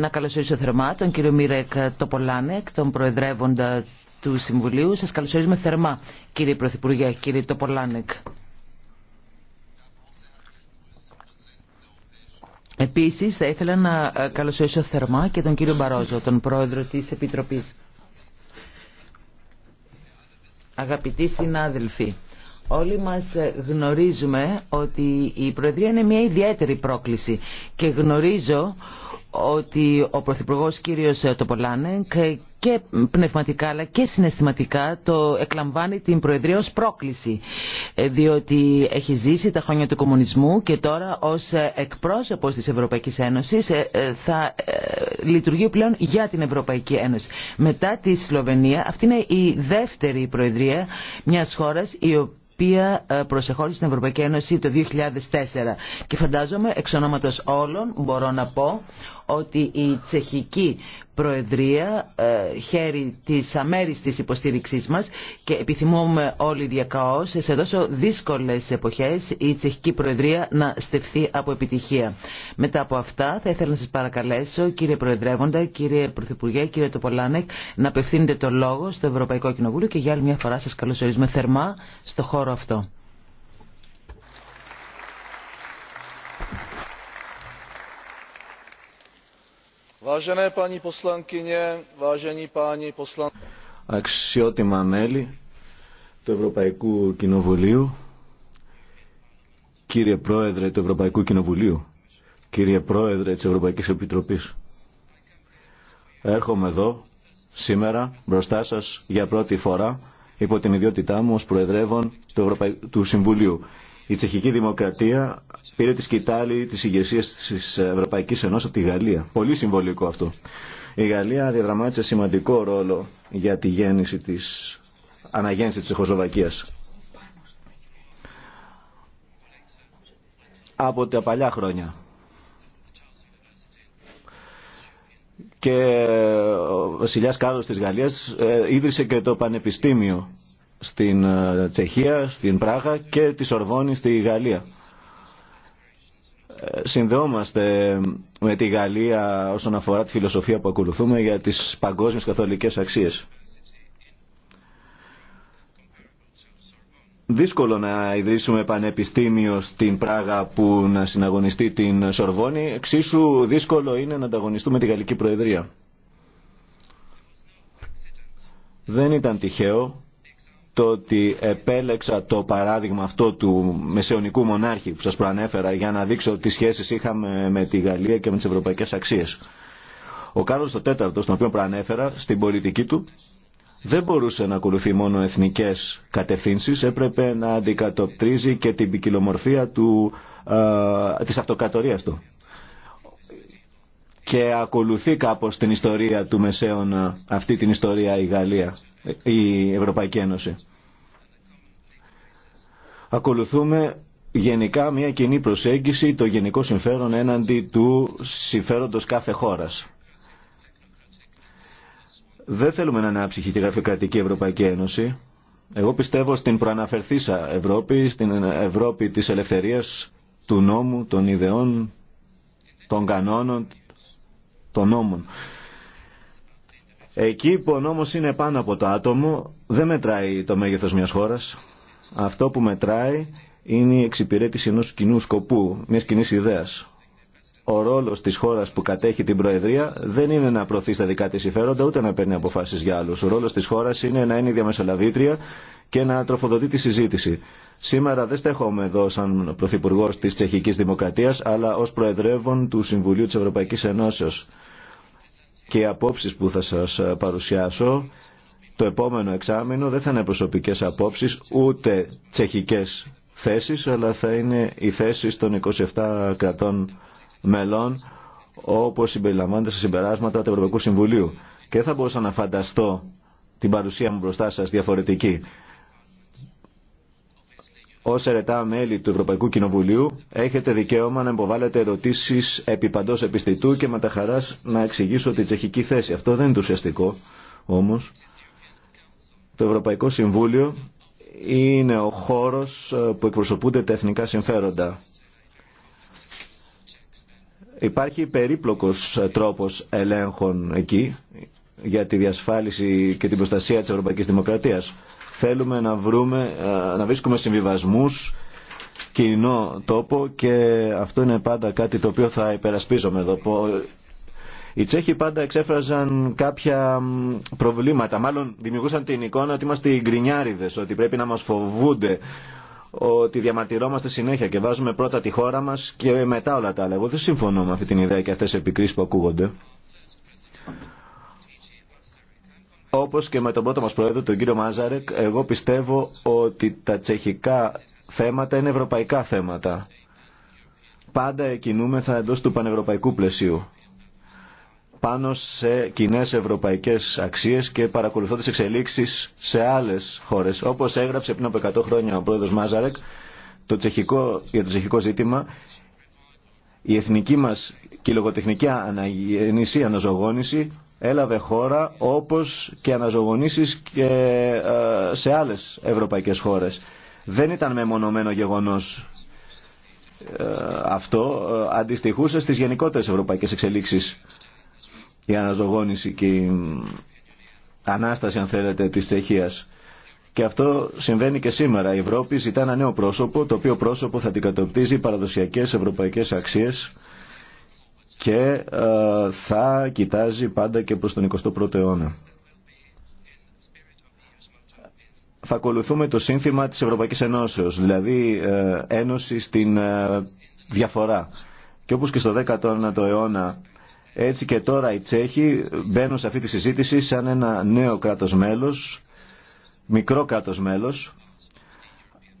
Να καλωσορίσω θερμά τον κύριο Μίρεκ Τοπολάνεκ, τον Προεδρεύοντα του Συμβουλίου. Σας καλωσορίζουμε θερμά, κύριε Πρωθυπουργέ, κύριε Τοπολάνεκ. Επίσης, θα ήθελα να ε, καλωσορίσω θερμά και τον κύριο Μπαρόζο, τον Πρόεδρο της Επιτροπής. Αγαπητοί συνάδελφοι, Όλοι μας ε, γνωρίζουμε ότι η Προεδρία είναι μια ιδιαίτερη πρόκληση και γνωρίζω ότι ο Πρωθυπουργό κύριος ε, Τοπολάνεκ ε, και πνευματικά αλλά και συναισθηματικά το εκλαμβάνει την Προεδρία ως πρόκληση ε, διότι έχει ζήσει τα χρόνια του κομμουνισμού και τώρα ως εκπρόσωπος της Ευρωπαϊκής Ένωσης θα λειτουργεί πλέον για την Ευρωπαϊκή Ένωση. Μετά τη Σλοβενία αυτή είναι η δεύτερη Προεδρία μιας χώρας η οποία προσεχώρησε στην Ευρωπαϊκή Ένωση το 2004. Και φαντάζομαι εξ όλων μπορώ να πω ότι η τσεχική Προεδρία ε, χέρι της αμέριστης υποστήριξής μας και επιθυμούμε όλοι διακαώς σε τόσο δύσκολες εποχές η Τσεχική Προεδρία να στεφθεί από επιτυχία. Μετά από αυτά θα ήθελα να σας παρακαλέσω κύριε Προεδρεύοντα, κύριε Πρωθυπουργέ, κύριε Τοπολάνεκ να απευθύνετε το λόγο στο Ευρωπαϊκό Κοινοβούλιο και για άλλη μια φορά σας καλωσορίζουμε θερμά στο χώρο αυτό. Vážené Αξιότιμα μέλη του Ευρωπαϊκού Κοινοβουλίου, κύριε Πρόεδρε του Ευρωπαϊκού Κοινοβουλίου, κύριε Πρόεδρε της Ευρωπαϊκής Επιτροπής. Έρχομαι εδώ σήμερα μπροστά σας για πρώτη φορά υπό την ιδιότητά μου ως Προεδρεύων του, του Συμβουλίου. Η τσεχική δημοκρατία πήρε τη σκητάλη τη ηγεσία τη Ευρωπαϊκή Ένωση από τη Γαλλία. Πολύ συμβολικό αυτό. Η Γαλλία διαδραμάτισε σημαντικό ρόλο για τη γέννηση της, αναγέννηση της Τσεχοσλοβακίας. Από τα παλιά χρόνια. Και ο βασιλιάς Κάρλος της Γαλλίας ε, ίδρυσε και το Πανεπιστήμιο στην ε, Τσεχία, στην Πράγα και τη Σορβόνη στη Γαλλία. Ε, συνδεόμαστε με τη Γαλλία όσον αφορά τη φιλοσοφία που ακολουθούμε για τις παγκόσμιες καθολικές αξίες. Δύσκολο να ιδρύσουμε πανεπιστήμιο στην Πράγα που να συναγωνιστεί την Σορβόνη. Εξίσου δύσκολο είναι να ανταγωνιστούμε τη Γαλλική Προεδρία. Δεν ήταν τυχαίο το ότι επέλεξα το παράδειγμα αυτό του μεσαιωνικού μονάρχη που σας προανέφερα για να δείξω τι σχέσεις είχαμε με τη Γαλλία και με τις ευρωπαϊκές αξίες. Ο Κάρλος IV, τον οποίο προανέφερα, στην πολιτική του δεν μπορούσε να ακολουθεί μόνο εθνικές κατευθύνσεις, έπρεπε να αντικατοπτρίζει και την ποικιλομορφία του, της αυτοκατορίας του. Και ακολουθεί κάπως την ιστορία του Μεσαίων αυτή την ιστορία η Γαλλία η Ευρωπαϊκή Ένωση. Ακολουθούμε γενικά μια κοινή προσέγγιση το γενικό συμφέρον έναντι του συμφέροντος κάθε χώρας. Δεν θέλουμε να ανάψυχει τη γραφειοκρατική Ευρωπαϊκή Ένωση. Εγώ πιστεύω στην προαναφερθήσα Ευρώπη, στην Ευρώπη της ελευθερίας, του νόμου, των ιδεών, των κανόνων, των νόμων. Εκεί που ο νόμος είναι πάνω από το άτομο, δεν μετράει το μέγεθος μιας χώρας. Αυτό που μετράει είναι η εξυπηρέτηση ενός κοινού σκοπού, μιας κοινή ιδέας. Ο ρόλος της χώρας που κατέχει την Προεδρία δεν είναι να προωθεί στα δικά της συμφέροντα ούτε να παίρνει αποφάσεις για άλλους. Ο ρόλος της χώρας είναι να είναι η διαμεσολαβήτρια και να τροφοδοτεί τη συζήτηση. Σήμερα δεν στέχομαι εδώ σαν Πρωθυπουργό της Τσεχικής Δημοκρατίας αλλά ως Προεδρεύων του Συμβουλίου της Ευρωπαϊκής Ενώσεως και οι απόψεις που θα σας ε, παρουσιάσω το επόμενο εξάμεινο δεν θα είναι προσωπικές απόψεις ούτε τσεχικές θέσεις αλλά θα είναι οι θέσεις των 27 κρατών μελών όπως συμπεριλαμβάνονται σε συμπεράσματα του Ευρωπαϊκού Συμβουλίου και δεν θα μπορούσα να φανταστώ την παρουσία μου μπροστά σας διαφορετική. Ως ερετά μέλη του Ευρωπαϊκού Κοινοβουλίου έχετε δικαίωμα να υποβάλλετε ερωτήσεις επί παντό επιστητού και με τα να εξηγήσω τη τσεχική θέση. Αυτό δεν είναι το ουσιαστικό όμως. Το Ευρωπαϊκό Συμβούλιο είναι ο χώρος ε, που εκπροσωπούνται τα εθνικά συμφέροντα. Υπάρχει περίπλοκος ε, τρόπος ελέγχων εκεί για τη διασφάλιση και την προστασία της Ευρωπαϊκής Δημοκρατίας. Θέλουμε να, βρούμε, ε, να βρίσκουμε συμβιβασμούς, κοινό τόπο και αυτό είναι πάντα κάτι το οποίο θα υπερασπίζομαι εδώ. Οι Τσέχοι πάντα εξέφραζαν κάποια προβλήματα, μάλλον δημιουργούσαν την εικόνα ότι είμαστε οι γκρινιάριδες, ότι πρέπει να μας φοβούνται ότι διαμαρτυρόμαστε συνέχεια και βάζουμε πρώτα τη χώρα μας και μετά όλα τα άλλα. Εγώ δεν συμφωνώ με αυτή την ιδέα και αυτές τι επικρίσεις που ακούγονται. Όπως και με τον πρώτο μας πρόεδρο, τον κύριο Μάζαρεκ, εγώ πιστεύω ότι τα τσεχικά θέματα είναι ευρωπαϊκά θέματα. Πάντα κινούμεθα εντός του πανευρωπαϊκού πλαισίου πάνω σε κοινέ ευρωπαϊκέ αξίε και παρακολουθώ τι εξελίξει σε άλλε χώρε. Όπω έγραψε πριν από 100 χρόνια ο πρόεδρο Μάζαρεκ το τσεχικό, για το τσεχικό ζήτημα, η εθνική μα και η λογοτεχνική αναγεννησία, αναζωογόνηση έλαβε χώρα όπως και αναζωογονήσεις και ε, σε άλλες ευρωπαϊκές χώρες. Δεν ήταν μεμονωμένο γεγονός ε, αυτό, ε, αντιστοιχούσε στις γενικότερες ευρωπαϊκές εξελίξεις η αναζωογόνηση και η ανάσταση αν θέλετε της Τσεχίας. Και αυτό συμβαίνει και σήμερα. Η Ευρώπη ζητά ένα νέο πρόσωπο, το οποίο πρόσωπο θα την κατοπτίζει παραδοσιακές ευρωπαϊκές αξίες και ε, θα κοιτάζει πάντα και προς τον 21ο αιώνα. Θα ακολουθούμε το σύνθημα της Ευρωπαϊκής Ενώσεως, δηλαδή ε, ένωση στην ε, διαφορά. Και όπως και στο 19ο αιώνα, έτσι και τώρα οι Τσέχοι μπαίνουν σε αυτή τη συζήτηση σαν ένα νέο κράτος μέλος, μικρό κράτος μέλος,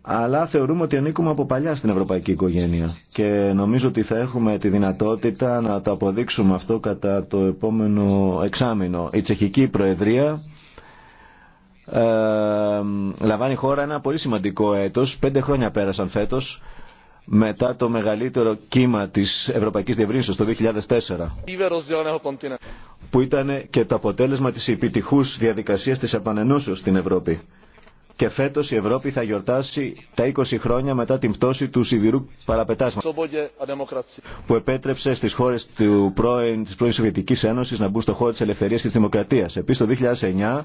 αλλά θεωρούμε ότι ανήκουμε από παλιά στην ευρωπαϊκή οικογένεια και νομίζω ότι θα έχουμε τη δυνατότητα να το αποδείξουμε αυτό κατά το επόμενο εξάμεινο. Η Τσεχική Προεδρία ε, λαμβάνει χώρα ένα πολύ σημαντικό έτος, πέντε χρόνια πέρασαν φέτος, μετά το μεγαλύτερο κύμα της Ευρωπαϊκής Διευρύνσεως το 2004, που ήταν και το αποτέλεσμα της επιτυχούς διαδικασίας της επανενώσεως στην Ευρώπη και φέτος η Ευρώπη θα γιορτάσει τα 20 χρόνια μετά την πτώση του σιδηρού παραπετάσματος που επέτρεψε στις χώρες του πρώην, της πρώην Σοβιετικής Ένωσης να μπουν στο χώρο της ελευθερίας και της δημοκρατίας. Επίσης το 2009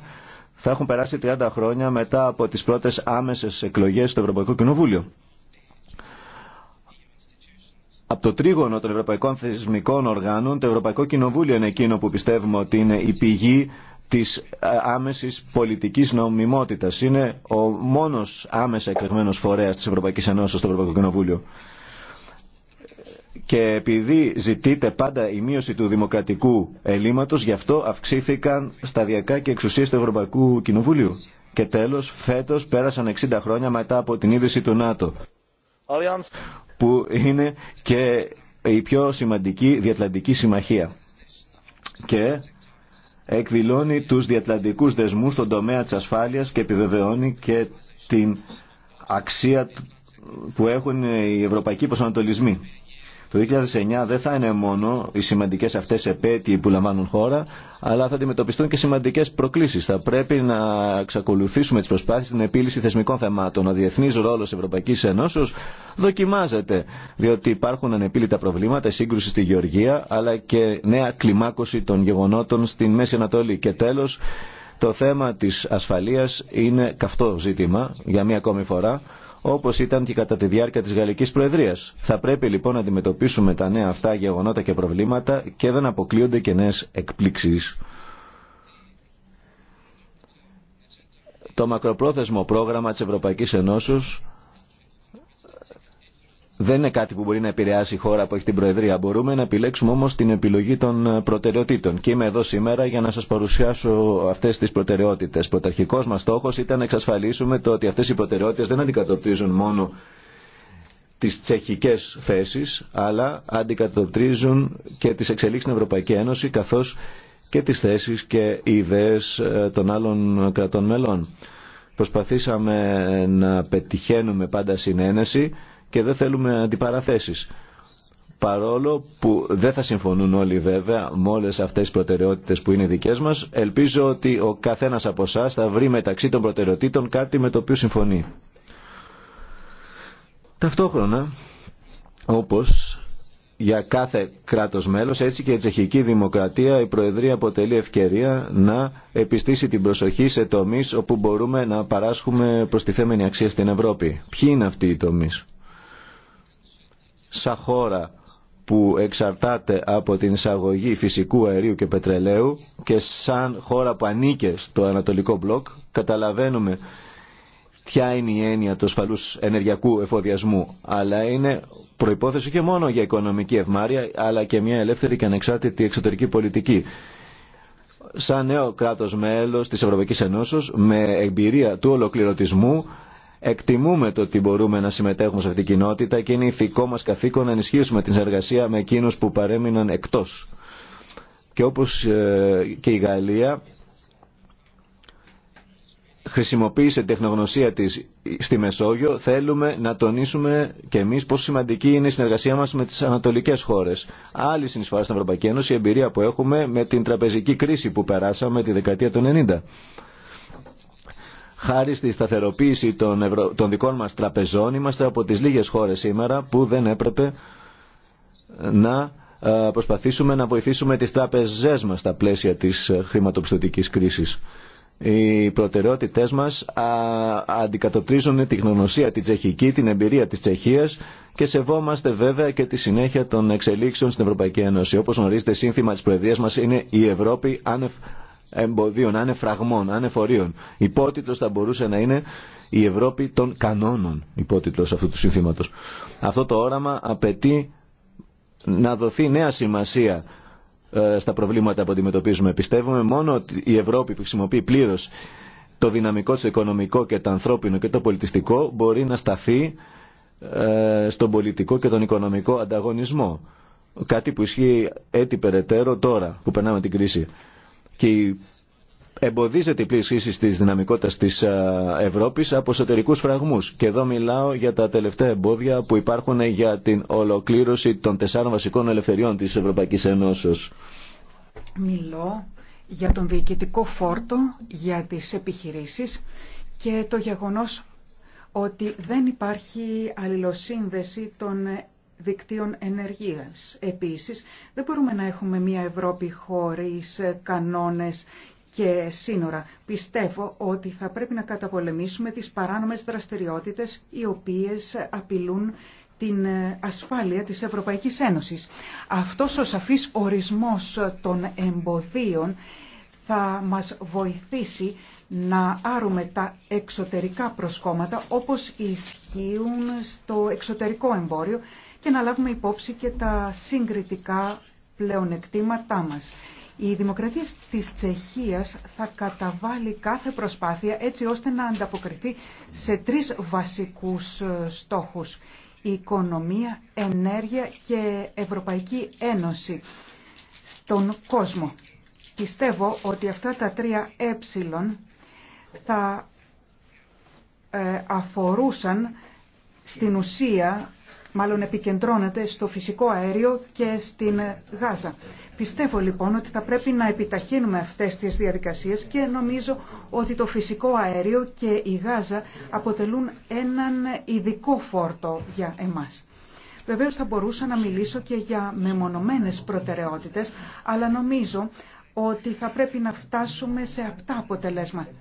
θα έχουν περάσει 30 χρόνια μετά από τις πρώτες άμεσες εκλογές στο Ευρωπαϊκό Κοινοβούλιο. Από το τρίγωνο των ευρωπαϊκών θεσμικών οργάνων, το Ευρωπαϊκό Κοινοβούλιο είναι εκείνο που πιστεύουμε ότι είναι η πηγή της ε, άμεσης πολιτικής νομιμότητας. Είναι ο μόνος άμεσα εκλεγμένος φορέας της Ευρωπαϊκής Ενώσης στο Ευρωπαϊκό Κοινοβούλιο. Και επειδή ζητείται πάντα η μείωση του δημοκρατικού ελλείμματος, γι' αυτό αυξήθηκαν σταδιακά και εξουσίες του Ευρωπαϊκού Κοινοβουλίου. Και τέλος, φέτος πέρασαν 60 χρόνια μετά από την είδηση του ΝΑΤΟ, που είναι και η πιο σημαντική διατλαντική συμμαχία εκδηλώνει τους διατλαντικούς δεσμούς στον τομέα της ασφάλειας και επιβεβαιώνει και την αξία που έχουν οι ευρωπαϊκοί προσανατολισμοί. Το 2009 δεν θα είναι μόνο οι σημαντικές αυτές επέτειοι που λαμβάνουν χώρα, αλλά θα αντιμετωπιστούν και σημαντικές προκλήσεις. Θα πρέπει να εξακολουθήσουμε τις προσπάθειες στην επίλυση θεσμικών θεμάτων. Ο διεθνής ρόλος Ευρωπαϊκής Ενώσεως δοκιμάζεται, διότι υπάρχουν ανεπίλητα προβλήματα, σύγκρουση στη Γεωργία, αλλά και νέα κλιμάκωση των γεγονότων στην Μέση Ανατολή. Και τέλος, το θέμα της ασφαλείας είναι καυτό ζήτημα για μία ακόμη φορά όπω ήταν και κατά τη διάρκεια τη Γαλλική Προεδρία. Θα πρέπει λοιπόν να αντιμετωπίσουμε τα νέα αυτά γεγονότα και προβλήματα και δεν αποκλείονται και νέε εκπλήξει. Το μακροπρόθεσμο πρόγραμμα της Ευρωπαϊκής Ενώσεως δεν είναι κάτι που μπορεί να επηρεάσει η χώρα που έχει την Προεδρία. Μπορούμε να επιλέξουμε όμω την επιλογή των ε, προτεραιοτήτων. Και είμαι εδώ σήμερα για να σα παρουσιάσω αυτές τις προτεραιότητε. Πρωταρχικός μα στόχο ήταν να εξασφαλίσουμε το ότι αυτέ οι προτεραιότητε δεν αντικατοπτρίζουν μόνο τι τσεχικέ θέσει, αλλά αντικατοπτρίζουν και τι εξελίξει στην Ευρωπαϊκή Ένωση, καθώ και τι θέσει και οι ιδέε ε, των άλλων κρατών μελών. Προσπαθήσαμε να πετυχαίνουμε πάντα συνένεση και δεν θέλουμε αντιπαραθέσεις. Παρόλο που δεν θα συμφωνούν όλοι βέβαια με όλε αυτέ τι προτεραιότητε που είναι δικέ μα, ελπίζω ότι ο καθένα από εσά θα βρει μεταξύ των προτεραιοτήτων κάτι με το οποίο συμφωνεί. Ταυτόχρονα, όπω για κάθε κράτο μέλο, έτσι και η τσεχική δημοκρατία, η Προεδρία αποτελεί ευκαιρία να επιστήσει την προσοχή σε τομεί όπου μπορούμε να παράσχουμε προστιθέμενη αξία στην Ευρώπη. Ποιοι είναι αυτοί οι τομεί, σαν χώρα που εξαρτάται από την εισαγωγή φυσικού αερίου και πετρελαίου και σαν χώρα που ανήκε στο Ανατολικό Μπλοκ καταλαβαίνουμε ποια είναι η έννοια του ασφαλούς ενεργειακού εφοδιασμού αλλά είναι προϋπόθεση και μόνο για οικονομική ευμάρεια αλλά και μια ελεύθερη και ανεξάρτητη εξωτερική πολιτική. Σαν νέο κράτος μέλος της Ευρωπαϊκής Ενώσεως με εμπειρία του ολοκληρωτισμού Εκτιμούμε το ότι μπορούμε να συμμετέχουμε σε αυτήν την κοινότητα και είναι ηθικό μας καθήκον να ενισχύσουμε την συνεργασία με εκείνους που παρέμειναν εκτός. Και όπως ε, και η Γαλλία χρησιμοποίησε τεχνογνωσία της στη Μεσόγειο, θέλουμε να τονίσουμε και εμείς πόσο σημαντική είναι η συνεργασία μας με τις ανατολικές χώρες. Άλλη συνεισφορά στην Ευρωπαϊκή Ένωση, η εμπειρία που έχουμε με την τραπεζική κρίση που περάσαμε τη δεκαετία των 90. Χάρη στη σταθεροποίηση των, δικών μας τραπεζών είμαστε από τις λίγες χώρες σήμερα που δεν έπρεπε να ε, προσπαθήσουμε να βοηθήσουμε τις τράπεζές μας στα πλαίσια της ε, χρηματοπιστωτικής κρίσης. Οι προτεραιότητές μας αντικατοπτρίζουν τη γνωσία τη τσεχική, την εμπειρία της Τσεχίας και σεβόμαστε βέβαια και τη συνέχεια των εξελίξεων στην Ευρωπαϊκή Ένωση. Όπως γνωρίζετε, σύνθημα της Προεδρίας μας είναι η Ευρώπη άνευ εμποδίων, ανεφραγμών, ανεφορίων. Υπότιτλος θα μπορούσε να είναι η Ευρώπη των κανόνων, υπότιτλος αυτού του συνθήματος. Αυτό το όραμα απαιτεί να δοθεί νέα σημασία ε, στα προβλήματα που αντιμετωπίζουμε. Πιστεύουμε μόνο ότι η Ευρώπη που χρησιμοποιεί πλήρως το δυναμικό το οικονομικό και το ανθρώπινο και το πολιτιστικό μπορεί να σταθεί ε, στον πολιτικό και τον οικονομικό ανταγωνισμό. Κάτι που ισχύει έτσι περαιτέρω τώρα που περνάμε την κρίση και εμποδίζεται η πλήρη χρήση τη δυναμικότητα τη Ευρώπη από εσωτερικού φραγμού. Και εδώ μιλάω για τα τελευταία εμπόδια που υπάρχουν για την ολοκλήρωση των τεσσάρων βασικών ελευθεριών τη Ευρωπαϊκή Ενώσεω. Μιλώ για τον διοικητικό φόρτο, για τις επιχειρήσεις και το γεγονός ότι δεν υπάρχει αλληλοσύνδεση των δικτύων ενεργείας. Επίσης, δεν μπορούμε να έχουμε μια Ευρώπη χωρίς κανόνες και σύνορα. Πιστεύω ότι θα πρέπει να καταπολεμήσουμε τις παράνομες δραστηριότητες οι οποίες απειλούν την ασφάλεια της Ευρωπαϊκής Ένωσης. Αυτός ο σαφής ορισμός των εμποδίων θα μας βοηθήσει να άρουμε τα εξωτερικά προσκόμματα όπως ισχύουν στο εξωτερικό εμπόριο και να λάβουμε υπόψη και τα συγκριτικά πλεονεκτήματά μας. Η δημοκρατία της Τσεχίας θα καταβάλει κάθε προσπάθεια έτσι ώστε να ανταποκριθεί σε τρεις βασικούς ε, στόχους. οικονομία, ενέργεια και Ευρωπαϊκή Ένωση στον κόσμο. Πιστεύω ότι αυτά τα τρία ε θα ε, αφορούσαν στην ουσία μάλλον επικεντρώνεται στο φυσικό αέριο και στην Γάζα. Πιστεύω λοιπόν ότι θα πρέπει να επιταχύνουμε αυτές τις διαδικασίες και νομίζω ότι το φυσικό αέριο και η Γάζα αποτελούν έναν ειδικό φόρτο για εμάς. Βεβαίως θα μπορούσα να μιλήσω και για μεμονωμένες προτεραιότητες, αλλά νομίζω ότι θα πρέπει να φτάσουμε σε αυτά αποτελέσματα.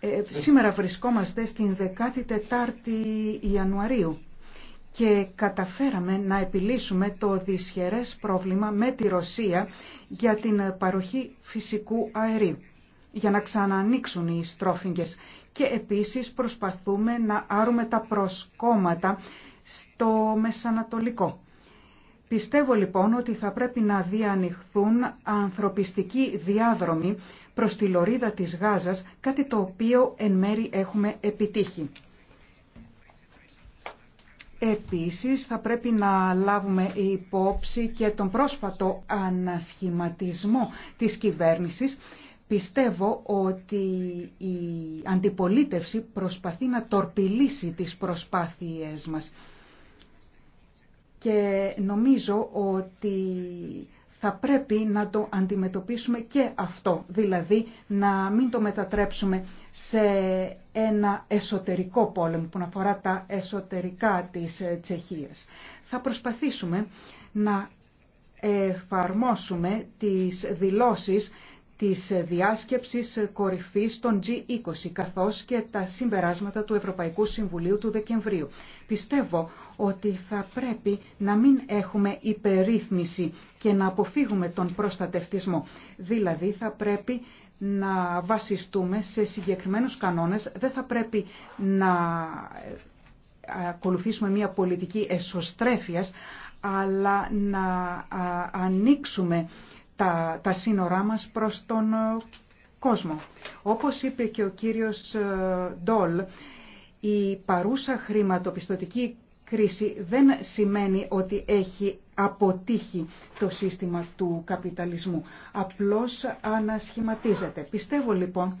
Ε, σήμερα βρισκόμαστε στην 14η Ιανουαρίου και καταφέραμε να επιλύσουμε το δυσχερές πρόβλημα με τη Ρωσία για την παροχή φυσικού αερίου για να ξανανοίξουν οι στρόφιγγες και επίσης προσπαθούμε να άρουμε τα προσκόμματα στο Μεσανατολικό. Πιστεύω λοιπόν ότι θα πρέπει να διανοιχθούν ανθρωπιστικοί διάδρομοι προς τη λωρίδα της Γάζας, κάτι το οποίο εν μέρη έχουμε επιτύχει. Επίσης θα πρέπει να λάβουμε υπόψη και τον πρόσφατο ανασχηματισμό της κυβέρνησης. Πιστεύω ότι η αντιπολίτευση προσπαθεί να τορπιλήσει τις προσπάθειές μας. Και νομίζω ότι θα πρέπει να το αντιμετωπίσουμε και αυτό, δηλαδή να μην το μετατρέψουμε σε ένα εσωτερικό πόλεμο που αφορά τα εσωτερικά της ε, Τσεχίας. Θα προσπαθήσουμε να εφαρμόσουμε τις δηλώσεις της διάσκεψης κορυφής των G20 καθώς και τα συμπεράσματα του Ευρωπαϊκού Συμβουλίου του Δεκεμβρίου. Πιστεύω ότι θα πρέπει να μην έχουμε υπερρύθμιση και να αποφύγουμε τον προστατευτισμό. Δηλαδή θα πρέπει να βασιστούμε σε συγκεκριμένους κανόνες, δεν θα πρέπει να ακολουθήσουμε μια πολιτική εσωστρέφειας, αλλά να ανοίξουμε τα, τα σύνορά μας προς τον ε, κόσμο. Όπως είπε και ο κύριος ε, Ντόλ, η παρούσα χρηματοπιστωτική κρίση δεν σημαίνει ότι έχει αποτύχει το σύστημα του καπιταλισμού. Απλώς ανασχηματίζεται. Πιστεύω λοιπόν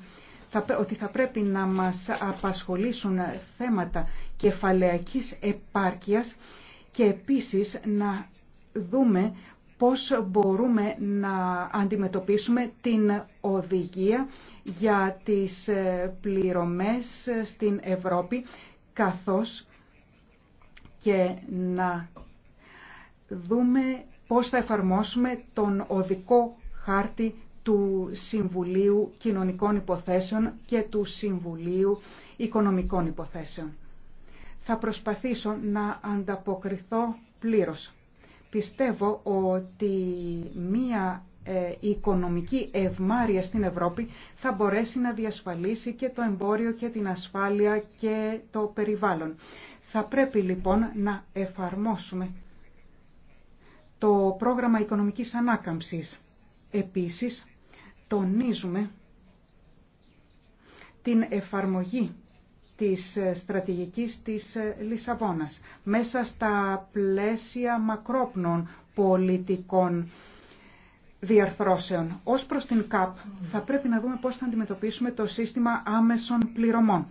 ότι θα πρέπει να μας απασχολήσουν θέματα κεφαλαιακής επάρκειας και επίσης να δούμε πώς μπορούμε να αντιμετωπίσουμε την οδηγία για τις ε, πληρωμές ε, στην Ευρώπη, καθώς και να δούμε πώς θα εφαρμόσουμε τον οδικό χάρτη του Συμβουλίου Κοινωνικών Υποθέσεων και του Συμβουλίου Οικονομικών Υποθέσεων. Θα προσπαθήσω να ανταποκριθώ πλήρως Πιστεύω ότι μία ε, οικονομική ευμάρεια στην Ευρώπη θα μπορέσει να διασφαλίσει και το εμπόριο και την ασφάλεια και το περιβάλλον. Θα πρέπει λοιπόν να εφαρμόσουμε το πρόγραμμα οικονομικής ανάκαμψης. Επίσης, τονίζουμε την εφαρμογή της στρατηγικής της Λισαβόνας μέσα στα πλαίσια μακρόπνων πολιτικών διαρθρώσεων. Ως προς την ΚΑΠ θα πρέπει να δούμε πώς θα αντιμετωπίσουμε το σύστημα άμεσων πληρωμών.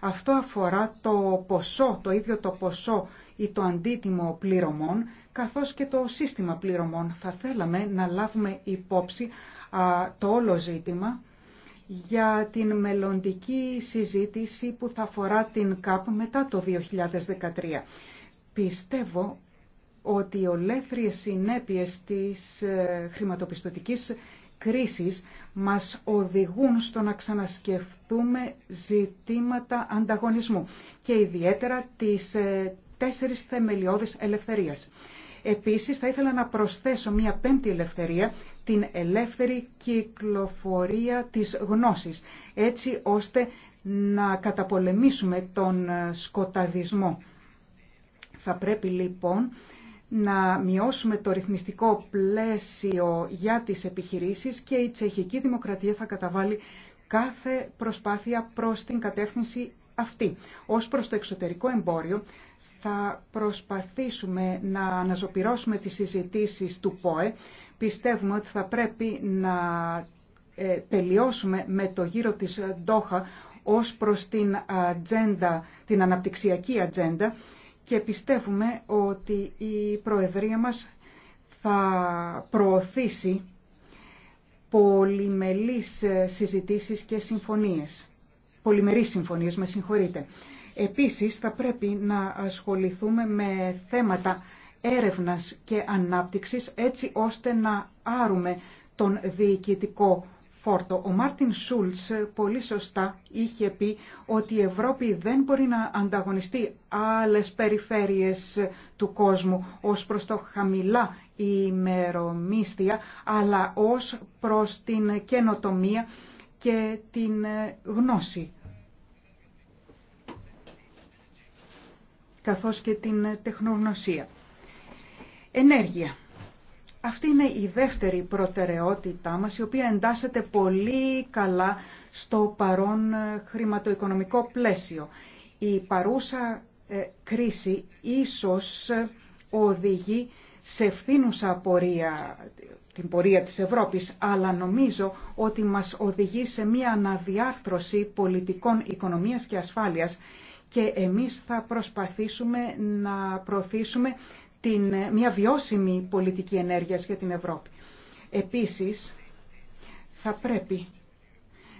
Αυτό αφορά το ποσό, το ίδιο το ποσό ή το αντίτιμο πληρωμών, καθώς και το σύστημα πληρωμών. Θα θέλαμε να λάβουμε υπόψη το όλο ζήτημα για την μελλοντική συζήτηση που θα αφορά την ΚΑΠ μετά το 2013. Πιστεύω ότι οι ολέθριες συνέπειες της ε, χρηματοπιστωτικής κρίσης μας οδηγούν στο να ξανασκεφτούμε ζητήματα ανταγωνισμού και ιδιαίτερα τις ε, τέσσερις θεμελιώδεις ελευθερίας. Επίσης θα ήθελα να προσθέσω μια πέμπτη ελευθερία, την ελεύθερη κυκλοφορία της γνώσης, έτσι ώστε να καταπολεμήσουμε τον ε, σκοταδισμό. Θα πρέπει λοιπόν να μειώσουμε το ρυθμιστικό πλαίσιο για τις επιχειρήσεις και η τσεχική δημοκρατία θα καταβάλει κάθε προσπάθεια προς την κατεύθυνση αυτή. Ως προς το εξωτερικό εμπόριο θα προσπαθήσουμε να αναζωπυρώσουμε τις συζητήσεις του ΠΟΕ πιστεύουμε ότι θα πρέπει να ε, τελειώσουμε με το γύρο της Ντόχα ως προς την, ατζέντα, την αναπτυξιακή ατζέντα και πιστεύουμε ότι η Προεδρία μας θα προωθήσει πολυμελείς συζητήσεις και συμφωνίες. Πολυμερείς συμφωνίες, με συγχωρείτε. Επίσης θα πρέπει να ασχοληθούμε με θέματα έρευνας και ανάπτυξης έτσι ώστε να άρουμε τον διοικητικό φόρτο. Ο Μάρτιν Σούλτς πολύ σωστά είχε πει ότι η Ευρώπη δεν μπορεί να ανταγωνιστεί άλλες περιφέρειες του κόσμου ως προς το χαμηλά ημερομίστια αλλά ως προς την καινοτομία και την γνώση. καθώς και την τεχνογνωσία. Ενέργεια. Αυτή είναι η δεύτερη προτεραιότητά μας, η οποία εντάσσεται πολύ καλά στο παρόν ε, χρηματοοικονομικό πλαίσιο. Η παρούσα ε, κρίση ίσως ε, οδηγεί σε ευθύνουσα πορεία, την πορεία της Ευρώπης, αλλά νομίζω ότι μας οδηγεί σε μια αναδιάρθρωση πολιτικών οικονομίας και ασφάλειας και εμείς θα προσπαθήσουμε να προωθήσουμε την, ε, μια βιώσιμη πολιτική ενέργειας για την Ευρώπη. Επίσης, θα πρέπει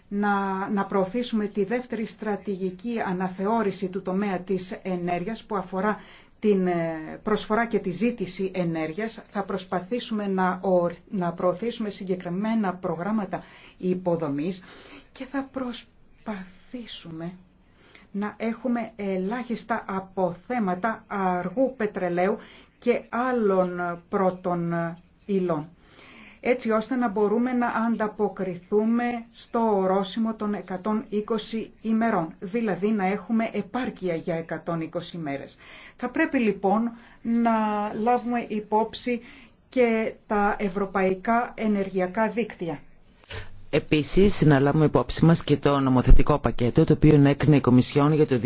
να, να προωθήσουμε τη δεύτερη στρατηγική αναθεώρηση του τομέα της ενέργειας που αφορά την ε, προσφορά και τη ζήτηση ενέργειας. Θα προσπαθήσουμε να, να προωθήσουμε συγκεκριμένα προγράμματα υποδομής και θα προσπαθήσουμε να έχουμε ελάχιστα αποθέματα αργού πετρελαίου και άλλων πρώτων υλών έτσι ώστε να μπορούμε να ανταποκριθούμε στο ορόσημο των 120 ημερών, δηλαδή να έχουμε επάρκεια για 120 ημέρες. Θα πρέπει λοιπόν να λάβουμε υπόψη και τα ευρωπαϊκά ενεργειακά δίκτυα. Επίσης, να υπόψη μας και το νομοθετικό πακέτο το οποίο έκρινε η Κομισιόν για το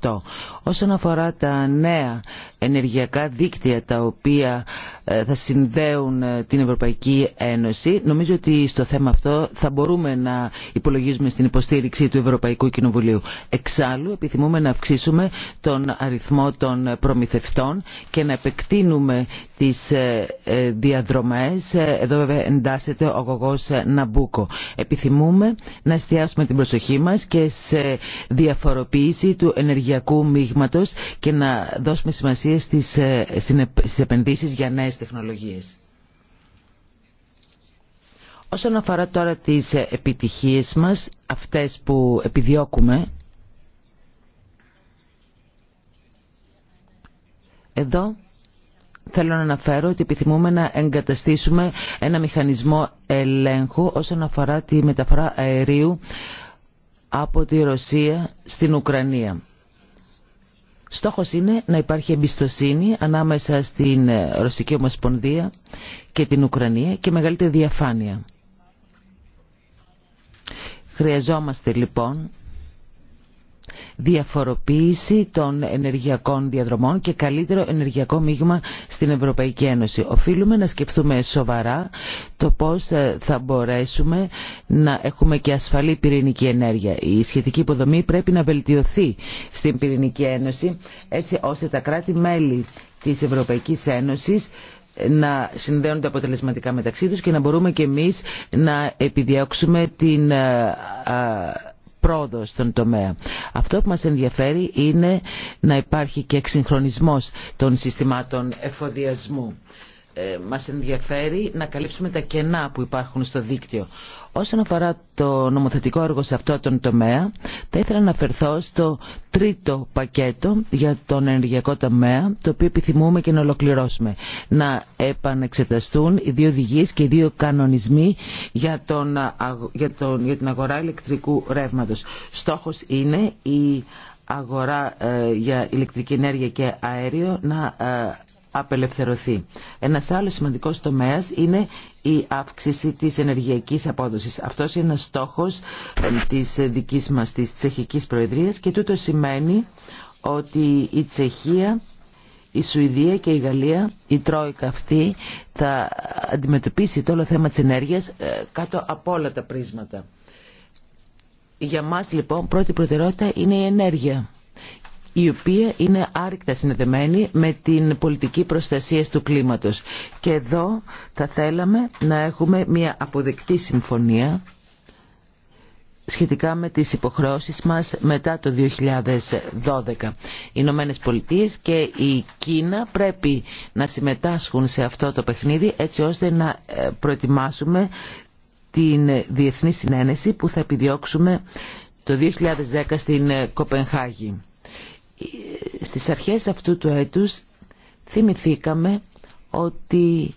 2008. Όσον αφορά τα νέα ενεργειακά δίκτυα τα οποία ε, θα συνδέουν ε, την Ευρωπαϊκή Ένωση, νομίζω ότι στο θέμα αυτό θα μπορούμε να υπολογίζουμε στην υποστήριξη του Ευρωπαϊκού Κοινοβουλίου. Εξάλλου, επιθυμούμε να αυξήσουμε τον αριθμό των προμηθευτών και να επεκτείνουμε τις ε, διαδρομές. Εδώ βέβαια εντάσσεται ο αγωγός Ναμπούκ Επιθυμούμε να εστιάσουμε την προσοχή μας και σε διαφοροποίηση του ενεργειακού μείγματος και να δώσουμε σημασία στις, ε, στις επενδύσεις για νέες τεχνολογίες. Όσον αφορά τώρα τις ε, επιτυχίες μας, αυτές που επιδιώκουμε, εδώ θέλω να αναφέρω ότι επιθυμούμε να εγκαταστήσουμε ένα μηχανισμό ελέγχου όσον αφορά τη μεταφορά αερίου από τη Ρωσία στην Ουκρανία. Στόχος είναι να υπάρχει εμπιστοσύνη ανάμεσα στην Ρωσική Ομοσπονδία και την Ουκρανία και μεγαλύτερη διαφάνεια. Χρειαζόμαστε λοιπόν διαφοροποίηση των ενεργειακών διαδρομών και καλύτερο ενεργειακό μείγμα στην Ευρωπαϊκή Ένωση. Οφείλουμε να σκεφτούμε σοβαρά το πώς ε, θα μπορέσουμε να έχουμε και ασφαλή πυρηνική ενέργεια. Η σχετική υποδομή πρέπει να βελτιωθεί στην Πυρηνική Ένωση έτσι ώστε τα κράτη-μέλη της Ευρωπαϊκής Ένωσης να συνδέονται αποτελεσματικά μεταξύ τους και να μπορούμε και εμείς να επιδιώξουμε την ε, αυτό που μας ενδιαφέρει είναι να υπάρχει και εξυγχρονισμός των συστημάτων εφοδιασμού. Ε, μας ενδιαφέρει να καλύψουμε τα κενά που υπάρχουν στο δίκτυο. Όσον αφορά το νομοθετικό έργο σε αυτό τον τομέα, θα ήθελα να αναφερθώ στο τρίτο πακέτο για τον ενεργειακό τομέα, το οποίο επιθυμούμε και να ολοκληρώσουμε. Να επανεξεταστούν οι δύο οδηγίε και οι δύο κανονισμοί για, τον, για, τον, για την αγορά ηλεκτρικού ρεύματος. Στόχος είναι η αγορά ε, για ηλεκτρική ενέργεια και αέριο να ε, απελευθερωθεί. Ένας άλλος σημαντικός τομέας είναι η αύξηση της ενεργειακής απόδοσης. Αυτός είναι ένας στόχος της δικής μας, της τσεχικής προεδρίας και τούτο σημαίνει ότι η Τσεχία η Σουηδία και η Γαλλία, η Τρόικα αυτή, θα αντιμετωπίσει το όλο θέμα της ενέργειας ε, κάτω από όλα τα πρίσματα. Για μας λοιπόν πρώτη προτεραιότητα είναι η ενέργεια η οποία είναι άρρηκτα συνδεδεμένη με την πολιτική προστασία του κλίματος. Και εδώ θα θέλαμε να έχουμε μια αποδεκτή συμφωνία σχετικά με τις υποχρεώσεις μας μετά το 2012. Οι Ηνωμένε Πολιτείε και η Κίνα πρέπει να συμμετάσχουν σε αυτό το παιχνίδι έτσι ώστε να ε, προετοιμάσουμε την διεθνή συνένεση που θα επιδιώξουμε το 2010 στην ε, Κοπενχάγη στις αρχές αυτού του έτους θυμηθήκαμε ότι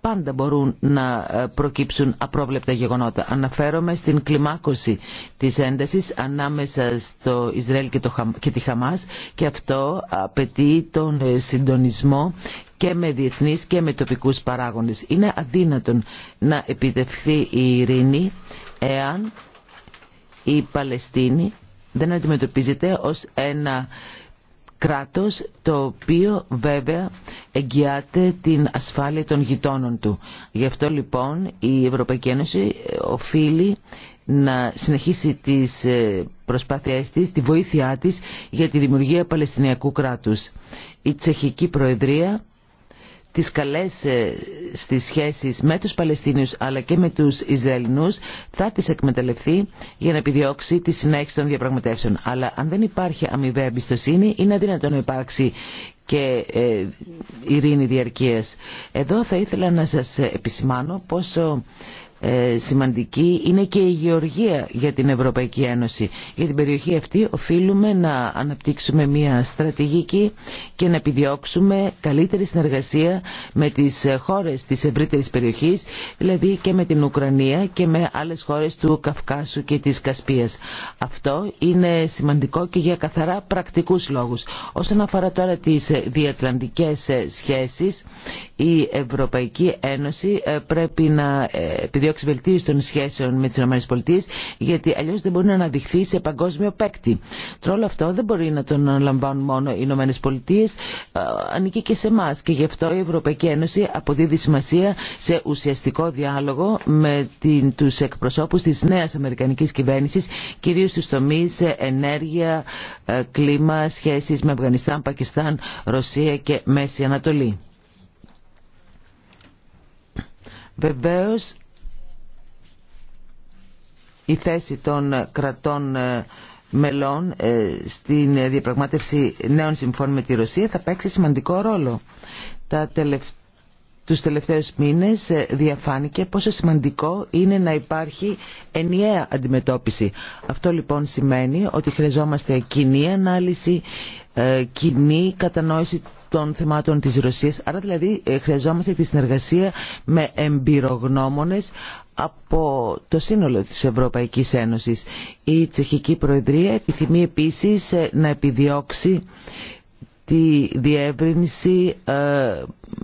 πάντα μπορούν να ε, προκύψουν απρόβλεπτα γεγονότα. Αναφέρομαι στην κλιμάκωση της έντασης ανάμεσα στο Ισραήλ και, το, τη Χαμάς και αυτό απαιτεί τον ε, συντονισμό και με διεθνείς και με τοπικούς παράγοντες. Είναι αδύνατον να επιτευχθεί η ειρήνη εάν η Παλαιστίνη δεν αντιμετωπίζεται ως ένα κράτος το οποίο βέβαια εγγυάται την ασφάλεια των γειτόνων του. Γι' αυτό λοιπόν η Ευρωπαϊκή Ένωση ε, οφείλει να συνεχίσει τις ε, προσπάθειές της, τη βοήθειά της για τη δημιουργία Παλαιστινιακού κράτους. Η Τσεχική Προεδρία τις καλές ε, στις σχέσεις με τους Παλαιστίνιους αλλά και με τους Ισραηλινούς θα τις εκμεταλλευτεί για να επιδιώξει τη συνέχιση των διαπραγματεύσεων. Αλλά αν δεν υπάρχει αμοιβαία εμπιστοσύνη είναι αδύνατο να υπάρξει και ε, ειρήνη διαρκείας. Εδώ θα ήθελα να σας επισημάνω πόσο ε, σημαντική είναι και η γεωργία για την Ευρωπαϊκή Ένωση. Για την περιοχή αυτή οφείλουμε να αναπτύξουμε μια στρατηγική και να επιδιώξουμε καλύτερη συνεργασία με τις χώρες της ευρύτερης περιοχής, δηλαδή και με την Ουκρανία και με άλλες χώρες του Καυκάσου και της Κασπίας. Αυτό είναι σημαντικό και για καθαρά πρακτικούς λόγους. Όσον αφορά τώρα τις διατλαντικές σχέσεις, η Ευρωπαϊκή Ένωση ε, πρέπει να ε, επιδιώξει εξβελτίωση των σχέσεων με τι ΗΠΑ, γιατί αλλιώ δεν μπορεί να αναδειχθεί σε παγκόσμιο παίκτη. Τώρα όλο αυτό δεν μπορεί να τον αναλαμβάνουν μόνο οι ΗΠΑ, ε, ανήκει και σε εμά. Και γι' αυτό η Ευρωπαϊκή Ένωση αποδίδει σημασία σε ουσιαστικό διάλογο με του εκπροσώπου τη νέα Αμερικανική κυβέρνηση, κυρίω στου τομεί ε, ενέργεια, ε, κλίμα, σχέσει με Αφγανιστάν, Πακιστάν, Ρωσία και Μέση Ανατολή. Βεβαίως η θέση των κρατών ε, μελών ε, στην διαπραγμάτευση νέων συμφώνων με τη Ρωσία θα παίξει σημαντικό ρόλο. Τα τους τελευταίους μήνες ε, διαφάνηκε πόσο σημαντικό είναι να υπάρχει ενιαία αντιμετώπιση. Αυτό λοιπόν σημαίνει ότι χρειαζόμαστε κοινή ανάλυση, κοινή κατανόηση των θεμάτων της Ρωσίας. Άρα δηλαδή ε, χρειαζόμαστε τη συνεργασία με εμπειρογνώμονες από το σύνολο της Ευρωπαϊκής Ένωσης. Η Τσεχική Προεδρία επιθυμεί επίσης ε, να επιδιώξει τη διεύρυνση ε,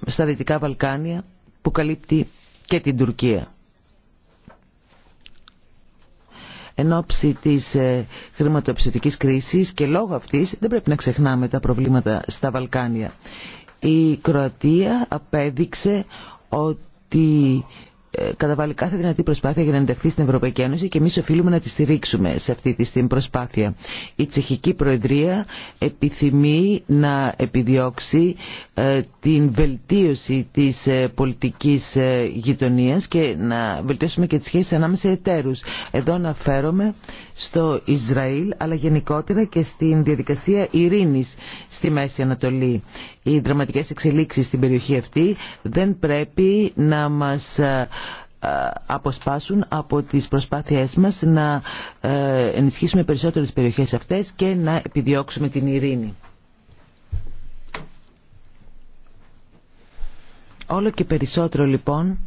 στα Δυτικά Βαλκάνια που καλύπτει και την Τουρκία. εν ώψη της ε, χρηματοεπιστωτικής κρίσης και λόγω αυτής δεν πρέπει να ξεχνάμε τα προβλήματα στα Βαλκάνια. Η Κροατία απέδειξε ότι ε, καταβάλει κάθε δυνατή προσπάθεια για να ενταχθεί στην Ευρωπαϊκή Ένωση και εμεί οφείλουμε να τη στηρίξουμε σε αυτή την προσπάθεια. Η Τσεχική Προεδρία επιθυμεί να επιδιώξει ε, την βελτίωση της ε, πολιτικής γειτονίας και να βελτιώσουμε και τις σχέσεις ανάμεσα εταίρους. Εδώ αναφέρομαι στο Ισραήλ αλλά γενικότερα και στην διαδικασία ειρήνης στη Μέση Ανατολή. Οι δραματικές εξελίξεις στην περιοχή αυτή δεν πρέπει να μας αποσπάσουν από τις προσπάθειές μας να ε, ενισχύσουμε περισσότερες περιοχές αυτές και να επιδιώξουμε την ειρήνη. Όλο και περισσότερο λοιπόν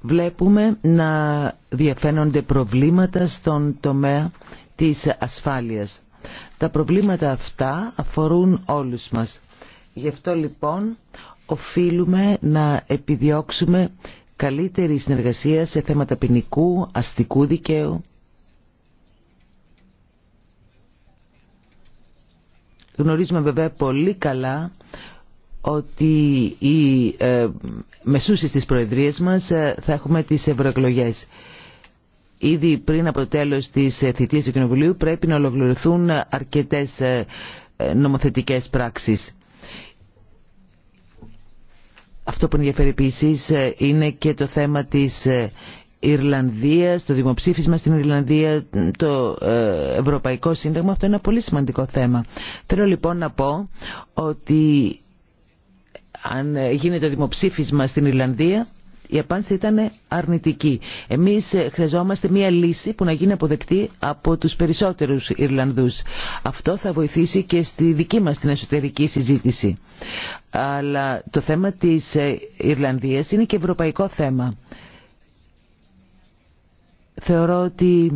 βλέπουμε να διαφαίνονται προβλήματα στον τομέα της ασφάλειας. Τα προβλήματα αυτά αφορούν όλους μας. Γι' αυτό λοιπόν οφείλουμε να επιδιώξουμε καλύτερη συνεργασία σε θέματα ποινικού, αστικού δικαίου. Γνωρίζουμε βέβαια πολύ καλά ότι οι ε, μεσούσεις της Προεδρίας μας ε, θα έχουμε τις ευρωεκλογέ. Ήδη πριν από το τέλος της ε, θητείας του Κοινοβουλίου πρέπει να ολοκληρωθούν αρκετές ε, νομοθετικές πράξεις. Αυτό που ενδιαφέρει επίση ε, είναι και το θέμα της ε, Ιρλανδίας, το δημοψήφισμα στην Ιρλανδία, το ε, Ευρωπαϊκό Σύνταγμα. Αυτό είναι ένα πολύ σημαντικό θέμα. Θέλω λοιπόν να πω ότι αν γίνεται το δημοψήφισμα στην Ιρλανδία η απάντηση ήταν αρνητική. Εμείς ε, χρειαζόμαστε μια λύση που να γίνει αποδεκτή από τους περισσότερους Ιρλανδούς. Αυτό θα βοηθήσει και στη δική μας την εσωτερική συζήτηση. Αλλά το θέμα της ε, Ιρλανδίας είναι και ευρωπαϊκό θέμα. Θεωρώ ότι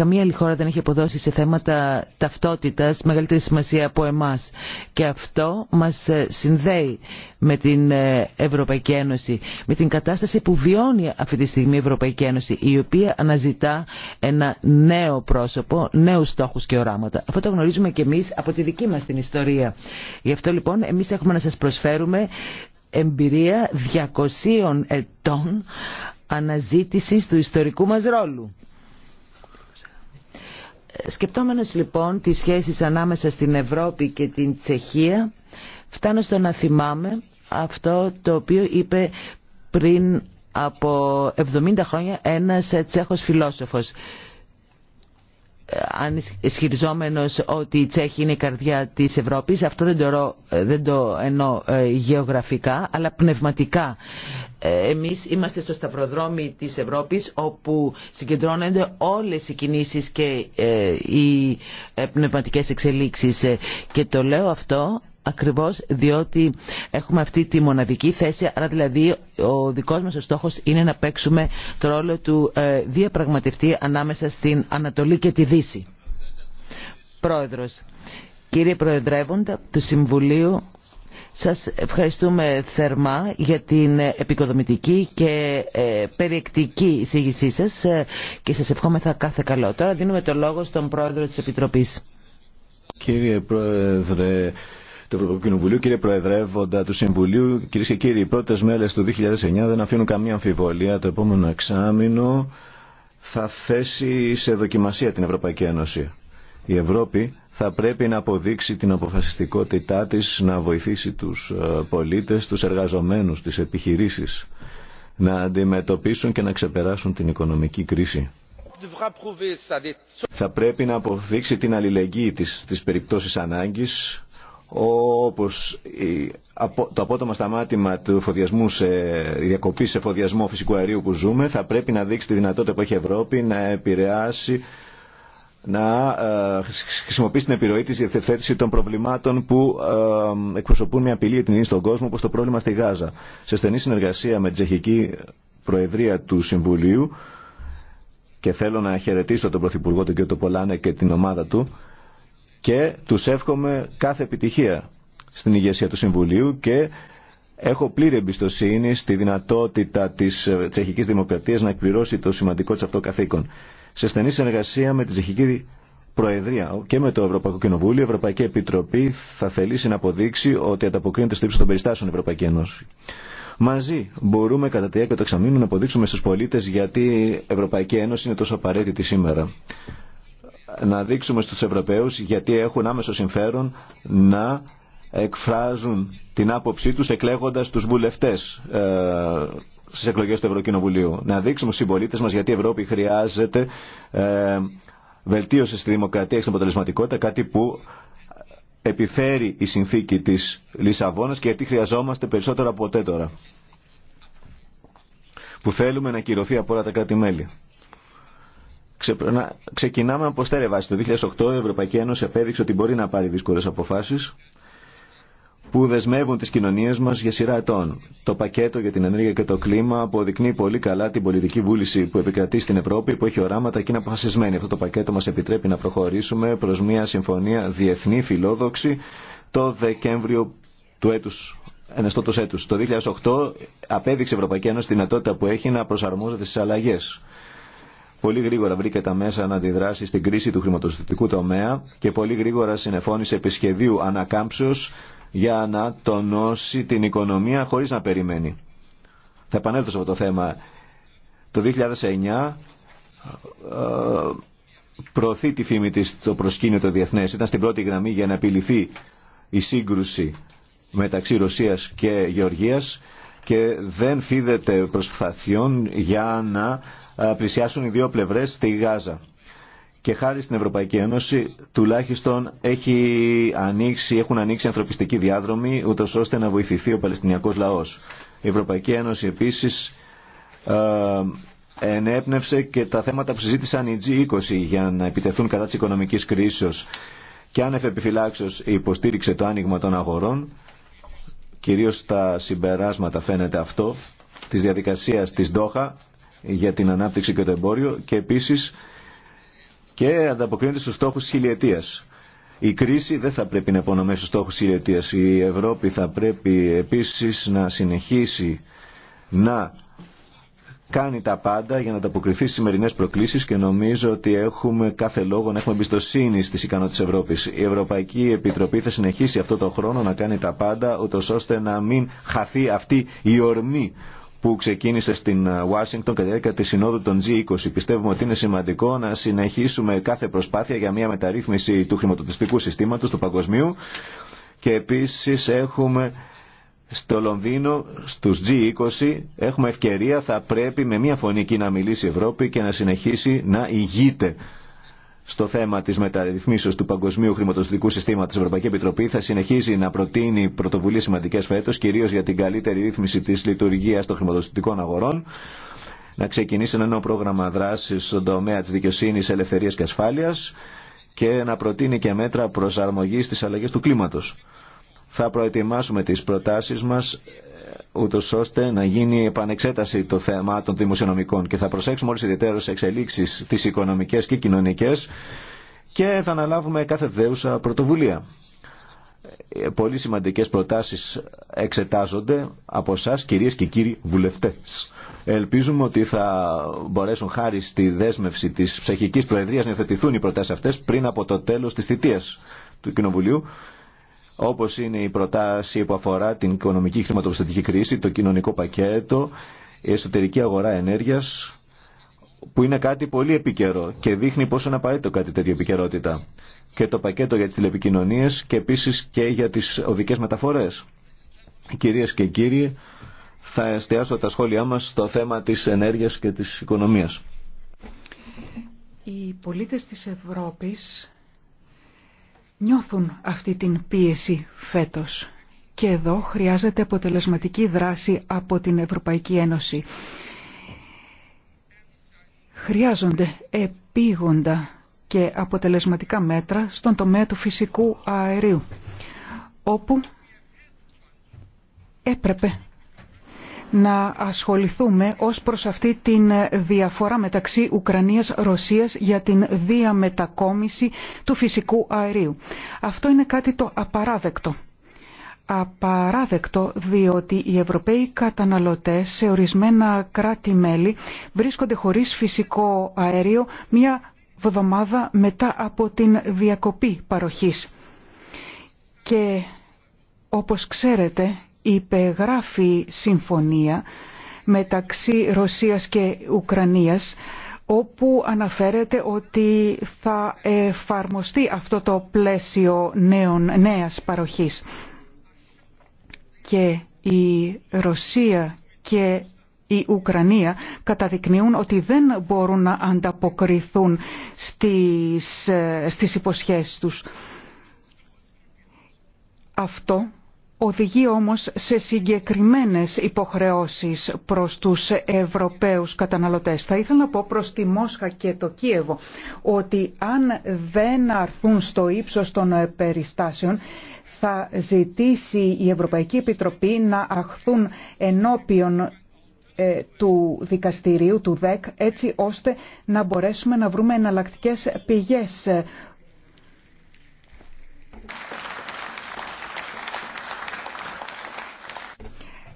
Καμία άλλη χώρα δεν έχει αποδώσει σε θέματα ταυτότητας μεγαλύτερη σημασία από εμάς. Και αυτό μας ε, συνδέει με την ε, Ευρωπαϊκή Ένωση, με την κατάσταση που βιώνει αυτή τη στιγμή η Ευρωπαϊκή Ένωση, η οποία αναζητά ένα νέο πρόσωπο, νέους στόχους και οράματα. Αυτό το γνωρίζουμε και εμείς από τη δική μας την ιστορία. Γι' αυτό λοιπόν εμείς έχουμε να σας προσφέρουμε εμπειρία 200 ετών αναζήτησης του ιστορικού μας ρόλου. Σκεπτόμενος λοιπόν τις σχέσεις ανάμεσα στην Ευρώπη και την Τσεχία, φτάνω στο να θυμάμαι αυτό το οποίο είπε πριν από 70 χρόνια ένας Τσέχος φιλόσοφος αν ισχυριζόμενος ότι η Τσέχη είναι η καρδιά της Ευρώπης, αυτό δεν το, δεν το εννοώ ε, γεωγραφικά, αλλά πνευματικά. Ε, εμείς είμαστε στο σταυροδρόμι της Ευρώπης όπου συγκεντρώνονται όλες οι κινήσεις και ε, οι πνευματικές εξελίξεις. Και το λέω αυτό Ακριβώς διότι έχουμε αυτή τη μοναδική θέση, άρα δηλαδή ο δικός μας ο στόχος είναι να παίξουμε το ρόλο του ε, διαπραγματευτή ανάμεσα στην Ανατολή και τη Δύση. Πρόεδρος, κύριε Προεδρεύοντα του Συμβουλίου, σας ευχαριστούμε θερμά για την ε, επικοδομητική και ε, περιεκτική εισήγησή σας και σας ευχόμεθα κάθε καλό. Τώρα δίνουμε το λόγο στον Πρόεδρο της Επιτροπής. Κύριε Πρόεδρε, του Ευρωπαϊκού Κοινοβουλίου, κύριε Προεδρεύοντα του Συμβουλίου, κυρίε και κύριοι, οι πρώτε μέρε του 2009 δεν αφήνουν καμία αμφιβολία. Το επόμενο εξάμεινο θα θέσει σε δοκιμασία την Ευρωπαϊκή Ένωση. Η Ευρώπη θα πρέπει να αποδείξει την αποφασιστικότητά τη, να βοηθήσει του ε, πολίτε, του εργαζομένου, τι επιχειρήσει, να αντιμετωπίσουν και να ξεπεράσουν την οικονομική κρίση. Θα πρέπει να αποδείξει την αλληλεγγύη της της περιπτώσεις ανάγκης όπως το απότομα σταμάτημα του φωδιασμού σε διακοπή σε φωδιασμό φυσικού αερίου που ζούμε θα πρέπει να δείξει τη δυνατότητα που έχει η Ευρώπη να επηρεάσει να ε, χρησιμοποιήσει την επιρροή της διευθέτηση των προβλημάτων που ε, εκπροσωπούν μια απειλή την στον κόσμο όπως το πρόβλημα στη Γάζα. Σε στενή συνεργασία με την Τσεχική Προεδρία του Συμβουλίου και θέλω να χαιρετήσω τον Πρωθυπουργό τον κ. Πολάνε και την ομάδα του και τους εύχομαι κάθε επιτυχία στην ηγεσία του Συμβουλίου και έχω πλήρη εμπιστοσύνη στη δυνατότητα της ε, τσεχικής δημοκρατίας να εκπληρώσει το σημαντικό της αυτό καθήκον. Σε στενή συνεργασία με τη τσεχική Προεδρία και με το Ευρωπαϊκό Κοινοβούλιο, η Ευρωπαϊκή Επιτροπή θα θελήσει να αποδείξει ότι ανταποκρίνεται στο ύψο των περιστάσεων η Ευρωπαϊκή Ένωση. Μαζί μπορούμε κατά τη διάρκεια του εξαμήνου να αποδείξουμε στου πολίτε γιατί η Ευρωπαϊκή Ένωση είναι τόσο απαραίτητη σήμερα να δείξουμε στους Ευρωπαίους γιατί έχουν άμεσο συμφέρον να εκφράζουν την άποψή τους εκλέγοντας τους βουλευτές ε, στις εκλογές του Ευρωκοινοβουλίου. Να δείξουμε στους συμπολίτες μας γιατί η Ευρώπη χρειάζεται ε, βελτίωση στη δημοκρατία και στην αποτελεσματικότητα, κάτι που επιφέρει η συνθήκη της Λισαβόνας και γιατί χρειαζόμαστε περισσότερο από ποτέ τώρα. Που θέλουμε να κυρωθεί από όλα τα κράτη-μέλη. Ξεκινάμε από στέρευα. Το 2008 η Ευρωπαϊκή Ένωση επέδειξε ότι μπορεί να πάρει δύσκολε αποφάσει που δεσμεύουν τι κοινωνίε μα για σειρά ετών. Το πακέτο για την ενέργεια και το κλίμα αποδεικνύει πολύ καλά την πολιτική βούληση που επικρατεί στην Ευρώπη, που έχει οράματα και είναι αποφασισμένη. Αυτό το πακέτο μα επιτρέπει να προχωρήσουμε προ μια συμφωνία διεθνή φιλόδοξη το Δεκέμβριο του έτου. έτους. Το 2008 απέδειξε η Ευρωπαϊκή Ένωση τη δυνατότητα που έχει να προσαρμόζεται στι αλλαγέ πολύ γρήγορα βρήκε τα μέσα να αντιδράσει στην κρίση του χρηματοδοτικού τομέα και πολύ γρήγορα συνεφώνησε επισχεδίου ανακάμψεως για να τονώσει την οικονομία χωρίς να περιμένει. Θα επανέλθω σε αυτό το θέμα. Το 2009 ε, προωθεί τη φήμη της στο προσκήνιο το διεθνές. Ήταν στην πρώτη γραμμή για να επιληθεί η σύγκρουση μεταξύ Ρωσίας και Γεωργίας και δεν φίδεται προσπαθειών για να πλησιάσουν οι δύο πλευρές στη Γάζα. Και χάρη στην Ευρωπαϊκή Ένωση τουλάχιστον έχει ανοίξει, έχουν ανοίξει ανθρωπιστικοί διάδρομοι ούτω ώστε να βοηθηθεί ο Παλαιστινιακός λαός. Η Ευρωπαϊκή Ένωση επίσης ενέπνευσε και τα θέματα που συζήτησαν οι G20 για να επιτεθούν κατά της οικονομικής κρίσεως και άνευ επιφυλάξεως υποστήριξε το άνοιγμα των αγορών κυρίως στα συμπεράσματα φαίνεται αυτό της διαδικασίας της Ντόχα για την ανάπτυξη και το εμπόριο και επίσης και ανταποκρίνεται στους στόχους της χιλιετίας. Η κρίση δεν θα πρέπει να υπονομεύσει στους στόχους της χιλιετίας. Η Ευρώπη θα πρέπει επίσης να συνεχίσει να κάνει τα πάντα για να ανταποκριθεί στις σημερινέ προκλήσεις και νομίζω ότι έχουμε κάθε λόγο να έχουμε εμπιστοσύνη στι ικανότητε Ευρώπης. Η Ευρωπαϊκή Επιτροπή θα συνεχίσει αυτό το χρόνο να κάνει τα πάντα, ούτω ώστε να μην χαθεί αυτή η ορμή που ξεκίνησε στην ε, Ουάσιγκτον κατά τη διάρκεια τη συνόδου των G20. Πιστεύουμε ότι είναι σημαντικό να συνεχίσουμε κάθε προσπάθεια για μια μεταρρύθμιση του χρηματοπιστικού συστήματος του παγκοσμίου και επίσης έχουμε στο Λονδίνο, στους G20, έχουμε ευκαιρία, θα πρέπει με μια φωνή εκεί να μιλήσει η Ευρώπη και να συνεχίσει να ηγείται στο θέμα τη μεταρρυθμίσεω του παγκοσμίου χρηματοστικού Συστήματος η Ευρωπαϊκή Επιτροπή θα συνεχίζει να προτείνει πρωτοβουλίε σημαντικέ φέτο, κυρίω για την καλύτερη ρύθμιση τη λειτουργία των χρηματοστικών αγορών, να ξεκινήσει ένα νέο πρόγραμμα δράση στον τομέα τη δικαιοσύνη, ελευθερία και ασφάλεια και να προτείνει και μέτρα προσαρμογή στι αλλαγέ του κλίματο. Θα προετοιμάσουμε τι προτάσει μα ούτως ώστε να γίνει επανεξέταση το θέμα των δημοσιονομικών και θα προσέξουμε όλες ιδιαίτερες εξελίξεις τις οικονομικές και κοινωνικές και θα αναλάβουμε κάθε δέουσα πρωτοβουλία. Ε, πολύ σημαντικές προτάσεις εξετάζονται από εσά, κυρίες και κύριοι βουλευτές. Ελπίζουμε ότι θα μπορέσουν χάρη στη δέσμευση της ψυχικής προεδρίας να υιοθετηθούν οι προτάσεις αυτές πριν από το τέλος της θητείας του Κοινοβουλίου όπως είναι η προτάση που αφορά την οικονομική χρηματοπιστωτική κρίση, το κοινωνικό πακέτο, η εσωτερική αγορά ενέργειας, που είναι κάτι πολύ επικαιρό και δείχνει πόσο είναι απαραίτητο κάτι τέτοια επικαιρότητα. Και το πακέτο για τις τηλεπικοινωνίες και επίσης και για τις οδικές μεταφορές. Κυρίες και κύριοι, θα εστιάσω τα σχόλιά μας στο θέμα της ενέργειας και της οικονομίας. Οι πολίτες της Ευρώπης νιώθουν αυτή την πίεση φέτος. Και εδώ χρειάζεται αποτελεσματική δράση από την Ευρωπαϊκή Ένωση. Χρειάζονται επίγοντα και αποτελεσματικά μέτρα στον τομέα του φυσικού αερίου, όπου έπρεπε να ασχοληθούμε ως προς αυτή την διαφορά μεταξύ Ουκρανίας-Ρωσίας για την διαμετακόμιση του φυσικού αερίου. Αυτό είναι κάτι το απαράδεκτο. Απαράδεκτο διότι οι Ευρωπαίοι καταναλωτές σε ορισμένα κράτη-μέλη βρίσκονται χωρίς φυσικό αέριο μία βδομάδα μετά από την διακοπή παροχής. Και όπως ξέρετε υπεγράφει συμφωνία μεταξύ Ρωσίας και Ουκρανίας όπου αναφέρεται ότι θα εφαρμοστεί αυτό το πλαίσιο νέων, νέας παροχής. Και η Ρωσία και η Ουκρανία καταδεικνύουν ότι δεν μπορούν να ανταποκριθούν στις, ε, στις υποσχέσεις τους. Αυτό οδηγεί όμως σε συγκεκριμένες υποχρεώσεις προς τους Ευρωπαίους καταναλωτές. Θα ήθελα να πω προς τη Μόσχα και το Κίεβο ότι αν δεν αρθούν στο ύψος των περιστάσεων θα ζητήσει η Ευρωπαϊκή Επιτροπή να αχθούν ενώπιον ε, του δικαστηρίου, του ΔΕΚ, έτσι ώστε να μπορέσουμε να βρούμε εναλλακτικές πηγές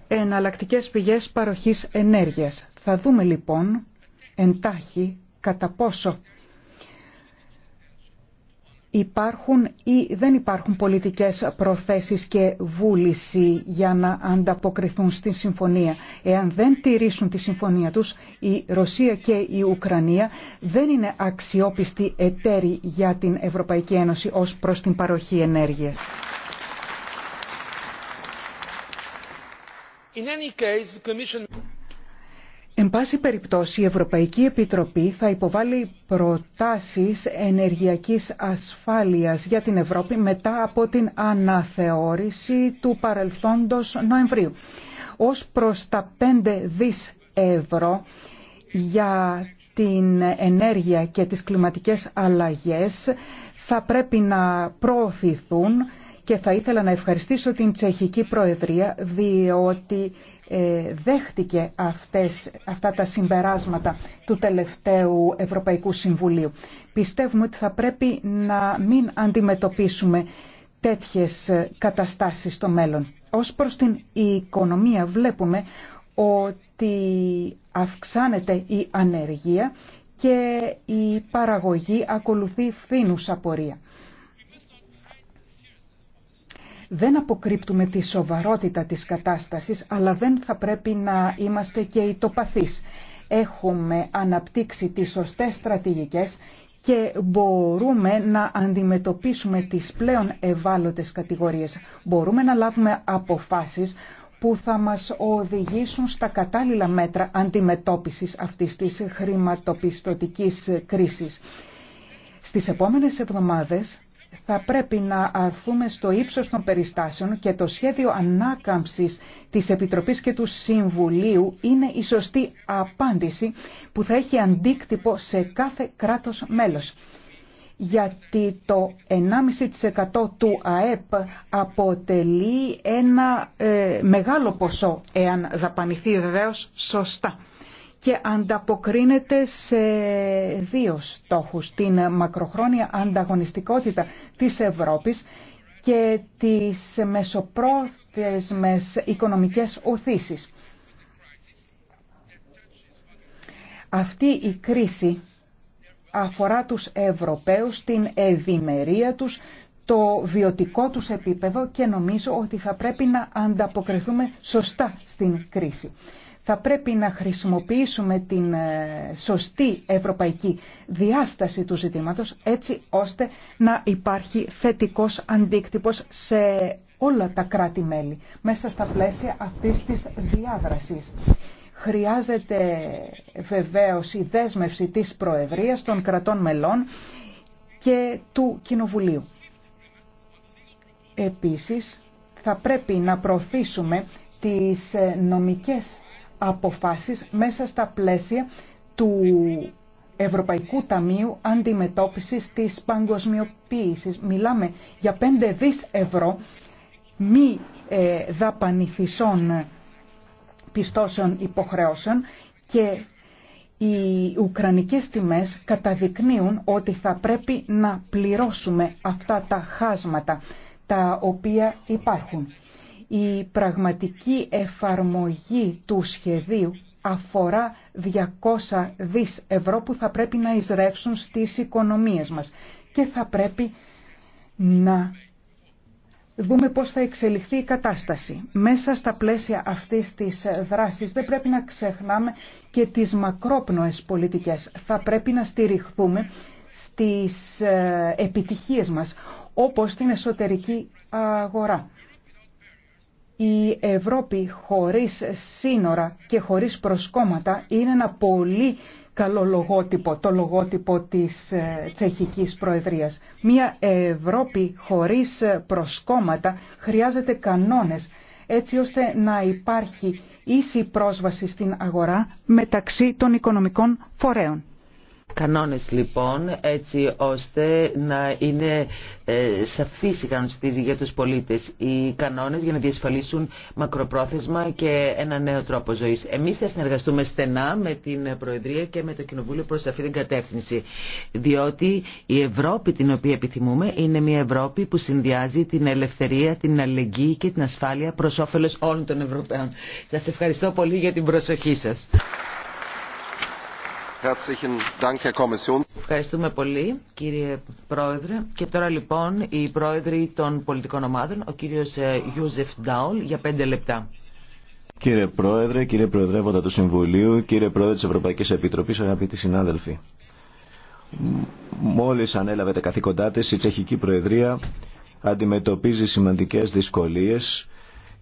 Εναλλακτικέ πηγές παροχής ενέργειας. Θα δούμε λοιπόν εντάχει κατά πόσο υπάρχουν ή δεν υπάρχουν πολιτικές προθέσεις και βούληση για να ανταποκριθούν στη συμφωνία. Εάν δεν τηρήσουν τη συμφωνία τους, η Ρωσία και η Ουκρανία δεν είναι αξιόπιστοι εταίροι για την Ευρωπαϊκή Ένωση ως προς την παροχή ενέργειας. Εν πάση περιπτώσει, η Ευρωπαϊκή Επιτροπή θα υποβάλει προτάσεις ενεργειακής ασφάλειας για την Ευρώπη μετά από την αναθεώρηση του παρελθόντος Νοεμβρίου. Ως προς τα 5 δις ευρώ για την ενέργεια και τις κλιματικές αλλαγές θα πρέπει να προωθηθούν και θα ήθελα να ευχαριστήσω την Τσεχική Προεδρία διότι ε, δέχτηκε αυτές, αυτά τα συμπεράσματα του τελευταίου Ευρωπαϊκού Συμβουλίου. Πιστεύουμε ότι θα πρέπει να μην αντιμετωπίσουμε τέτοιες ε, καταστάσεις στο μέλλον. Ως προς την οικονομία βλέπουμε ότι αυξάνεται η ανεργία και η παραγωγή ακολουθεί φθήνουσα πορεία. Δεν αποκρύπτουμε τη σοβαρότητα της κατάστασης, αλλά δεν θα πρέπει να είμαστε και ητοπαθείς. Έχουμε αναπτύξει τις σωστές στρατηγικές και μπορούμε να αντιμετωπίσουμε τις πλέον ευάλωτες κατηγορίες. Μπορούμε να λάβουμε αποφάσεις που θα μας οδηγήσουν στα κατάλληλα μέτρα αντιμετώπισης αυτής της χρηματοπιστωτικής κρίσης. Στις επόμενες εβδομάδες θα πρέπει να αρθούμε στο ύψος των περιστάσεων και το σχέδιο ανάκαμψης της Επιτροπής και του Συμβουλίου είναι η σωστή απάντηση που θα έχει αντίκτυπο σε κάθε κράτος μέλος. Γιατί το 1,5% του ΑΕΠ αποτελεί ένα ε, μεγάλο ποσό εάν δαπανηθεί βεβαίως σωστά και ανταποκρίνεται σε δύο στόχους, την μακροχρόνια ανταγωνιστικότητα της Ευρώπης και τις μεσοπρόθεσμες οικονομικές οθήσεις. Αυτή η κρίση αφορά τους Ευρωπαίους, την ευημερία τους, το βιωτικό τους επίπεδο και νομίζω ότι θα πρέπει να ανταποκριθούμε σωστά στην κρίση θα πρέπει να χρησιμοποιήσουμε την ε, σωστή ευρωπαϊκή διάσταση του ζητήματος έτσι ώστε να υπάρχει θετικός αντίκτυπος σε όλα τα κράτη-μέλη μέσα στα πλαίσια αυτής της διάδρασης. Χρειάζεται βεβαίως η δέσμευση της Προεδρίας των κρατών μελών και του Κοινοβουλίου. Επίσης, θα πρέπει να προωθήσουμε τις ε, νομικές αποφάσεις μέσα στα πλαίσια του Ευρωπαϊκού Ταμείου Αντιμετώπισης της Παγκοσμιοποίησης. Μιλάμε για 5 δις ευρώ μη ε, δαπανηθισών πιστώσεων υποχρεώσεων και οι ουκρανικές τιμές καταδεικνύουν ότι θα πρέπει να πληρώσουμε αυτά τα χάσματα τα οποία υπάρχουν. Η πραγματική εφαρμογή του σχεδίου αφορά 200 δις ευρώ που θα πρέπει να εισρεύσουν στις οικονομίες μας και θα πρέπει να δούμε πώς θα εξελιχθεί η κατάσταση. Μέσα στα πλαίσια αυτής της δράσης δεν πρέπει να ξεχνάμε και τις μακρόπνοες πολιτικές. Θα πρέπει να στηριχθούμε στις ε, επιτυχίες μας, όπως την εσωτερική αγορά. Η Ευρώπη χωρίς σύνορα και χωρίς προσκόμματα είναι ένα πολύ καλό λογότυπο, το λογότυπο της ε, Τσεχικής Προεδρίας. Μια Ευρώπη χωρίς προσκόμματα χρειάζεται κανόνες έτσι ώστε να υπάρχει ίση πρόσβαση στην αγορά μεταξύ των οικονομικών φορέων. Κανόνες λοιπόν έτσι ώστε να είναι ε, σαφείς οι κανόνες για τους πολίτες. Οι κανόνες για να διασφαλίσουν μακροπρόθεσμα και ένα νέο τρόπο ζωής. Εμείς θα συνεργαστούμε στενά με την Προεδρία και με το Κοινοβούλιο προς αυτή την κατεύθυνση. Διότι η Ευρώπη την οποία επιθυμούμε είναι μια Ευρώπη που συνδυάζει την ελευθερία, την αλληλεγγύη και την ασφάλεια προς όφελος όλων των Ευρωπαίων. Σας ευχαριστώ πολύ για την προσοχή σας. Ευχαριστούμε πολύ κύριε Πρόεδρε. Και τώρα λοιπόν οι πρόεδροι των πολιτικών ομάδων, ο κύριος ε, Ιούζεφ Ντάουλ για πέντε λεπτά. Κύριε Πρόεδρε, κύριε Προεδρεύοντα του Συμβουλίου, κύριε Πρόεδρε της Ευρωπαϊκής Επιτροπής, αγαπητοί συνάδελφοι. Μόλις ανέλαβε τα καθήκοντά της, η Τσεχική Προεδρία αντιμετωπίζει σημαντικές δυσκολίες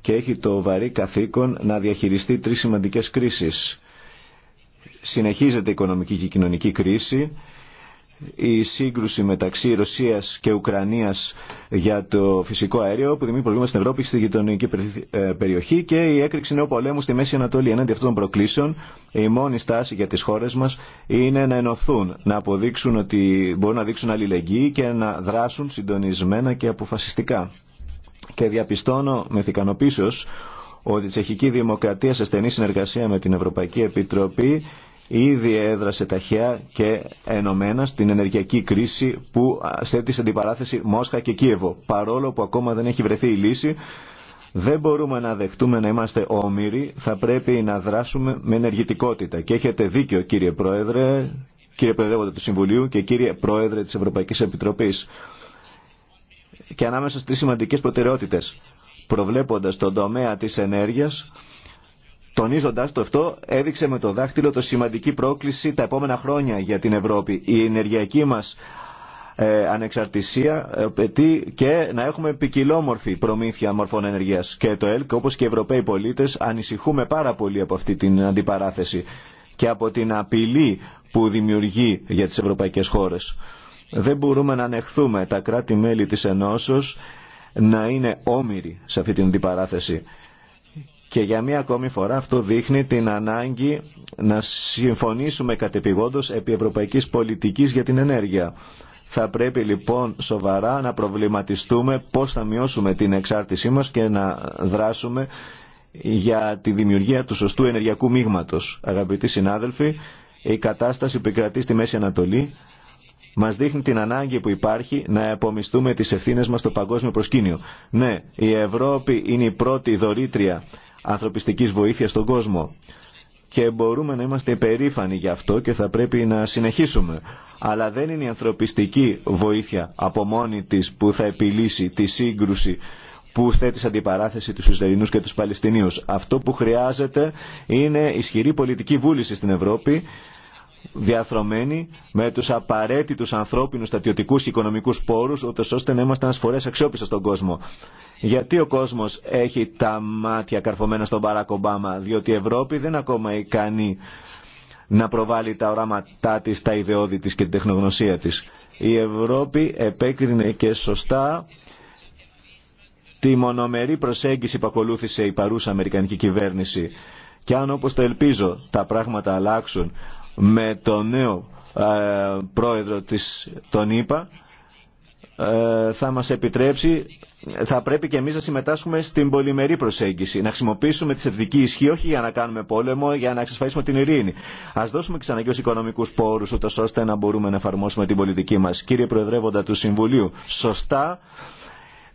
και έχει το βαρύ καθήκον να διαχειριστεί τρεις σημαντικές κρίσεις συνεχίζεται η οικονομική και η κοινωνική κρίση. Η σύγκρουση μεταξύ Ρωσίας και Ουκρανίας για το φυσικό αέριο που δημιουργεί προβλήματα στην Ευρώπη και στη γειτονική ε, περιοχή και η έκρηξη νέου πολέμου στη Μέση Ανατολή. Ενάντια αυτών των προκλήσεων η μόνη στάση για τις χώρες μας είναι να ενωθούν, να αποδείξουν ότι μπορούν να δείξουν αλληλεγγύη και να δράσουν συντονισμένα και αποφασιστικά. Και διαπιστώνω με θικανοποίησεως ότι η Τσεχική Δημοκρατία σε στενή συνεργασία με την Ευρωπαϊκή Επιτροπή ήδη έδρασε ταχαία και ενωμένα στην ενεργειακή κρίση που θέτει σε αντιπαράθεση Μόσχα και Κίεβο. Παρόλο που ακόμα δεν έχει βρεθεί η λύση, δεν μπορούμε να δεχτούμε να είμαστε όμοιροι, θα πρέπει να δράσουμε με ενεργητικότητα. Και έχετε δίκιο κύριε Πρόεδρε, κύριε Προεδρεύοντα του Συμβουλίου και κύριε Πρόεδρε της Ευρωπαϊκής Επιτροπής. Και ανάμεσα στις σημαντικές προτεραιότητες, προβλέποντας τον τομέα της ενέργειας, Τονίζοντας το αυτό, έδειξε με το δάχτυλο το σημαντική πρόκληση τα επόμενα χρόνια για την Ευρώπη. Η ενεργειακή μας ε, ανεξαρτησία απαιτεί και να έχουμε ποικιλόμορφη προμήθεια μορφών ενεργείας. Και το ΕΛΚ, όπως και οι Ευρωπαίοι πολίτες, ανησυχούμε πάρα πολύ από αυτή την αντιπαράθεση και από την απειλή που δημιουργεί για τις ευρωπαϊκές χώρες. Δεν μπορούμε να ανεχθούμε τα κράτη-μέλη της Ενώσεως να είναι όμοιροι σε αυτή την αντιπαράθεση. Και για μία ακόμη φορά αυτό δείχνει την ανάγκη να συμφωνήσουμε κατεπηγόντως επί ευρωπαϊκής πολιτικής για την ενέργεια. Θα πρέπει λοιπόν σοβαρά να προβληματιστούμε πώς θα μειώσουμε την εξάρτησή μας και να δράσουμε για τη δημιουργία του σωστού ενεργειακού μείγματος. Αγαπητοί συνάδελφοι, η κατάσταση που επικρατεί στη Μέση Ανατολή μας δείχνει την ανάγκη που υπάρχει να επομιστούμε τις ευθύνες μας στο παγκόσμιο προσκήνιο. Ναι, η Ευρώπη είναι η πρώτη δωρήτρια ανθρωπιστικής βοήθειας στον κόσμο. Και μπορούμε να είμαστε υπερήφανοι γι' αυτό και θα πρέπει να συνεχίσουμε. Αλλά δεν είναι η ανθρωπιστική βοήθεια από μόνη της που θα επιλύσει τη σύγκρουση που θέτει σε αντιπαράθεση τους Ισραηλινούς και τους Παλαιστινίους. Αυτό που χρειάζεται είναι ισχυρή πολιτική βούληση στην Ευρώπη διαθρωμένη με τους απαραίτητους ανθρώπινους, στατιωτικούς και οικονομικούς πόρους, ούτως ώστε να είμαστε ένας φορές αξιόπιστος στον κόσμο. Γιατί ο κόσμος έχει τα μάτια καρφωμένα στον Μπαράκ Ομπάμα, διότι η Ευρώπη δεν ακόμα ικανή να προβάλλει τα οράματά της, τα ιδεώδη της και την τεχνογνωσία της. Η Ευρώπη επέκρινε και σωστά τη μονομερή προσέγγιση που ακολούθησε η παρούσα Αμερικανική κυβέρνηση. Και αν όπως το ελπίζω τα πράγματα αλλάξουν, με τον νέο ε, πρόεδρο της, τον ΙΠΑ, ε, θα μας επιτρέψει, θα πρέπει και εμείς να συμμετάσχουμε στην πολυμερή προσέγγιση, να χρησιμοποιήσουμε τη θετική ισχύ όχι για να κάνουμε πόλεμο, για να εξασφαλίσουμε την ειρήνη. Ας δώσουμε και οικονομικούς πόρους, ώστε να μπορούμε να εφαρμόσουμε την πολιτική μας. Κύριε Προεδρεύοντα του Συμβουλίου, σωστά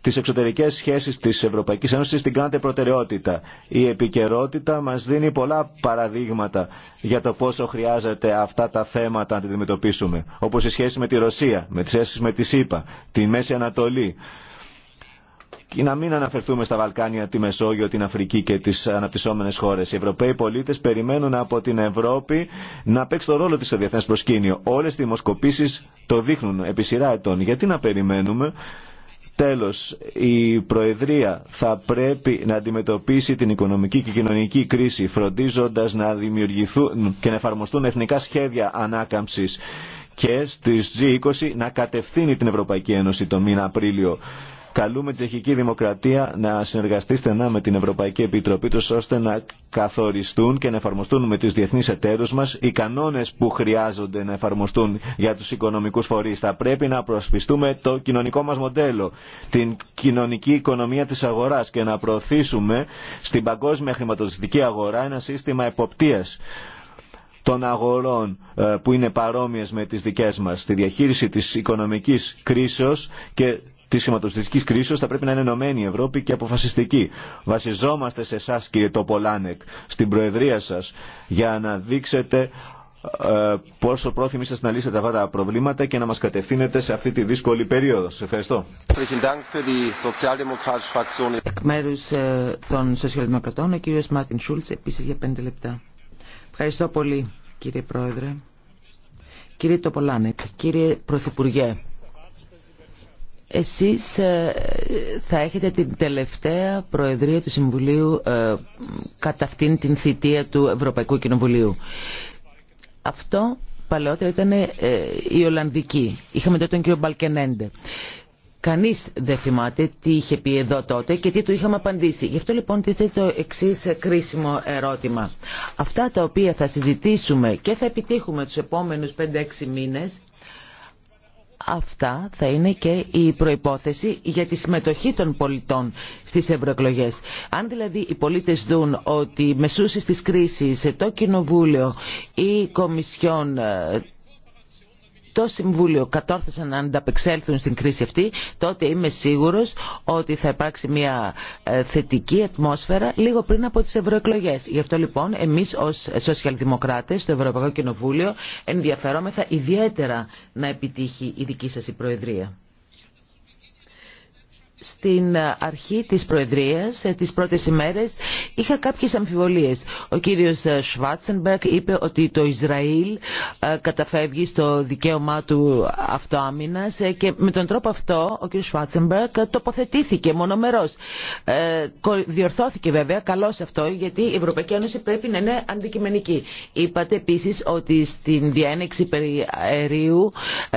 τι εξωτερικές σχέσεις της Ευρωπαϊκής Ένωσης την κάνετε προτεραιότητα. Η επικαιρότητα μας δίνει πολλά παραδείγματα για το πόσο χρειάζεται αυτά τα θέματα να αντιμετωπίσουμε. Όπως η σχέση με τη Ρωσία, με τις σχέσεις με τη ΣΥΠΑ, τη Μέση Ανατολή. Και να μην αναφερθούμε στα Βαλκάνια, τη Μεσόγειο, την Αφρική και τι αναπτυσσόμενε χώρε. Οι Ευρωπαίοι πολίτε περιμένουν από την Ευρώπη να παίξει το ρόλο τη στο διεθνέ προσκήνιο. Όλε οι δημοσκοπήσει το δείχνουν επί σειρά ετών. Γιατί να περιμένουμε Τέλος, η Προεδρία θα πρέπει να αντιμετωπίσει την οικονομική και κοινωνική κρίση, φροντίζοντας να δημιουργηθούν και να εφαρμοστούν εθνικά σχέδια ανάκαμψης και στις G20 να κατευθύνει την Ευρωπαϊκή Ένωση το μήνα Απρίλιο. Καλούμε την Τσεχική Δημοκρατία να συνεργαστεί στενά με την Ευρωπαϊκή Επιτροπή τους ώστε να καθοριστούν και να εφαρμοστούν με τους διεθνείς εταίρους μας οι κανόνες που χρειάζονται να εφαρμοστούν για τους οικονομικούς φορείς. Θα πρέπει να προσπιστούμε το κοινωνικό μας μοντέλο, την κοινωνική οικονομία της αγοράς και να προωθήσουμε στην παγκόσμια χρηματοδοτική αγορά ένα σύστημα εποπτείας των αγορών ε, που είναι παρόμοιες με τις δικές μας, στη διαχείριση της οικονομικής κρίσεως και τη χρηματοστατική κρίση θα πρέπει να είναι ενωμένη η Ευρώπη και αποφασιστική. Βασιζόμαστε σε εσά, κύριε Τοπολάνεκ, στην Προεδρία σας για να δείξετε ε, πόσο πρόθυμοι είστε να λύσετε αυτά τα προβλήματα και να μας κατευθύνετε σε αυτή τη δύσκολη περίοδο. Σας ευχαριστώ. Εκ μέρου ε, των Σοσιαλδημοκρατών, ο κύριος Μάρτιν Σούλτς επίσης για πέντε λεπτά. Ευχαριστώ πολύ, κύριε Πρόεδρε. Κύριε Τοπολάνεκ, κύριε Πρωθυπουργέ, εσείς ε, θα έχετε την τελευταία Προεδρία του Συμβουλίου ε, κατά αυτήν την θητεία του Ευρωπαϊκού Κοινοβουλίου. Αυτό παλαιότερα ήταν ε, η Ολλανδική. Είχαμε τότε τον κύριο Μπαλκενέντε. Κανείς δεν θυμάται τι είχε πει εδώ τότε και τι του είχαμε απαντήσει. Γι' αυτό λοιπόν τίθεται το εξής κρίσιμο ερώτημα. Αυτά τα οποία θα συζητήσουμε και θα επιτύχουμε τους επόμενους 5-6 μήνες αυτά θα είναι και η προϋπόθεση για τη συμμετοχή των πολιτών στις ευρωεκλογέ. Αν δηλαδή οι πολίτες δουν ότι μεσούσεις της κρίσης το Κοινοβούλιο ή η Κομισιόν το Συμβούλιο κατόρθωσαν να ανταπεξέλθουν στην κρίση αυτή, τότε είμαι σίγουρος ότι θα υπάρξει μια ε, θετική ατμόσφαιρα λίγο πριν από τις ευρωεκλογέ. Γι' αυτό λοιπόν εμείς ως σοσιαλδημοκράτες στο Ευρωπαϊκό Κοινοβούλιο ενδιαφερόμεθα ιδιαίτερα να επιτύχει η δική σας η Προεδρία στην αρχή της Προεδρίας, ε, τις πρώτες ημέρες, είχα κάποιες αμφιβολίες. Ο κύριος Σβάτσενμπερκ είπε ότι το Ισραήλ ε, καταφεύγει στο δικαίωμά του αυτοάμυνας ε, και με τον τρόπο αυτό ο κύριος Σβάτσενμπερκ τοποθετήθηκε μονομερός. Διορθώθηκε βέβαια, καλώς αυτό, γιατί η Ευρωπαϊκή Ένωση πρέπει να είναι αντικειμενική. Είπατε επίσης ότι στην διένεξη περί αερίου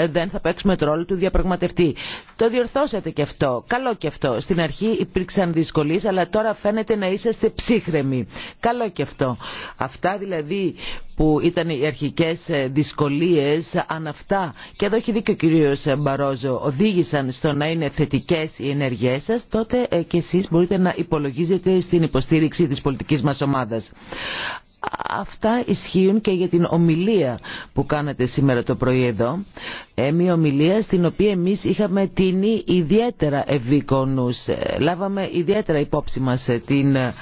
δεν θα παίξουμε το ρόλο του διαπραγματευτή. Το διορθώσατε και αυτό καλό και αυτό. Στην αρχή υπήρξαν δυσκολίες, αλλά τώρα φαίνεται να είσαστε ψύχρεμοι. Καλό και αυτό. Αυτά δηλαδή που ήταν οι αρχικές ε, δυσκολίες, αν αυτά, και εδώ έχει δίκιο ο κύριος ε, Μπαρόζο, οδήγησαν στο να είναι θετικές οι ενεργειές σας, τότε ε, και εσείς μπορείτε να υπολογίζετε στην υποστήριξη της πολιτικής μας ομάδας. Αυτά ισχύουν και για την ομιλία που κάνατε σήμερα το πρωί εδώ. Ε, μια ομιλία στην οποία εμείς είχαμε την ιδιαίτερα ευήκονους. Ε, λάβαμε ιδιαίτερα υπόψη μας ε, την ε,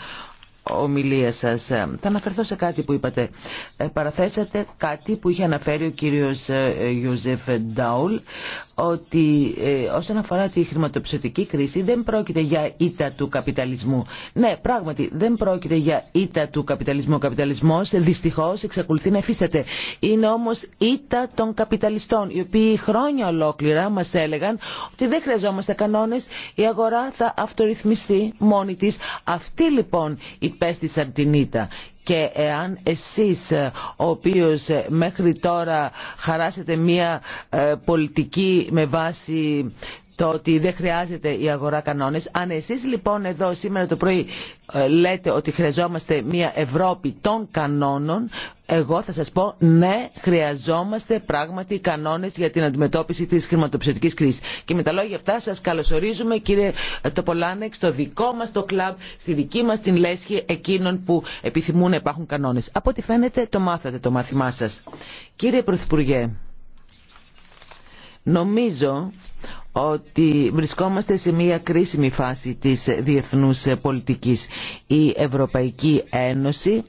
ομιλία σας. Θα αναφερθώ σε κάτι που είπατε. Παραθέσατε κάτι που είχε αναφέρει ο κύριος Ιούζεφ Ντάουλ ότι ε, όσον αφορά τη χρηματοπιστωτική κρίση δεν πρόκειται για ήττα του καπιταλισμού. Ναι, πράγματι δεν πρόκειται για ήττα του καπιταλισμού. Ο καπιταλισμός δυστυχώς εξακολουθεί να εφίσταται. Είναι όμως ήττα των καπιταλιστών, οι οποίοι χρόνια ολόκληρα μας έλεγαν ότι δεν χρειαζόμαστε κανόνες, η αγορά θα αυτορυθμιστεί μόνη της. Αυτοί λοιπόν υπέστησαν την ήττα και εάν εσείς ε, ο οποίος ε, μέχρι τώρα χαράσετε μια ε, πολιτική με βάση το ότι δεν χρειάζεται η αγορά κανόνες. Αν εσείς λοιπόν εδώ σήμερα το πρωί ε, λέτε ότι χρειαζόμαστε μια Ευρώπη των κανόνων, εγώ θα σας πω ναι, χρειαζόμαστε πράγματι κανόνες για την αντιμετώπιση της χρηματοπιστωτικής κρίσης. Και με τα λόγια αυτά σας καλωσορίζουμε κύριε Τοπολάνεκ στο δικό μας το κλαμπ, στη δική μας την λέσχη εκείνων που επιθυμούν να υπάρχουν κανόνες. Από ό,τι φαίνεται το μάθατε το μάθημά σας. Κύριε Πρωθυπουργέ, νομίζω ότι βρισκόμαστε σε μια κρίσιμη φάση της διεθνούς πολιτικής. Η Ευρωπαϊκή Ένωση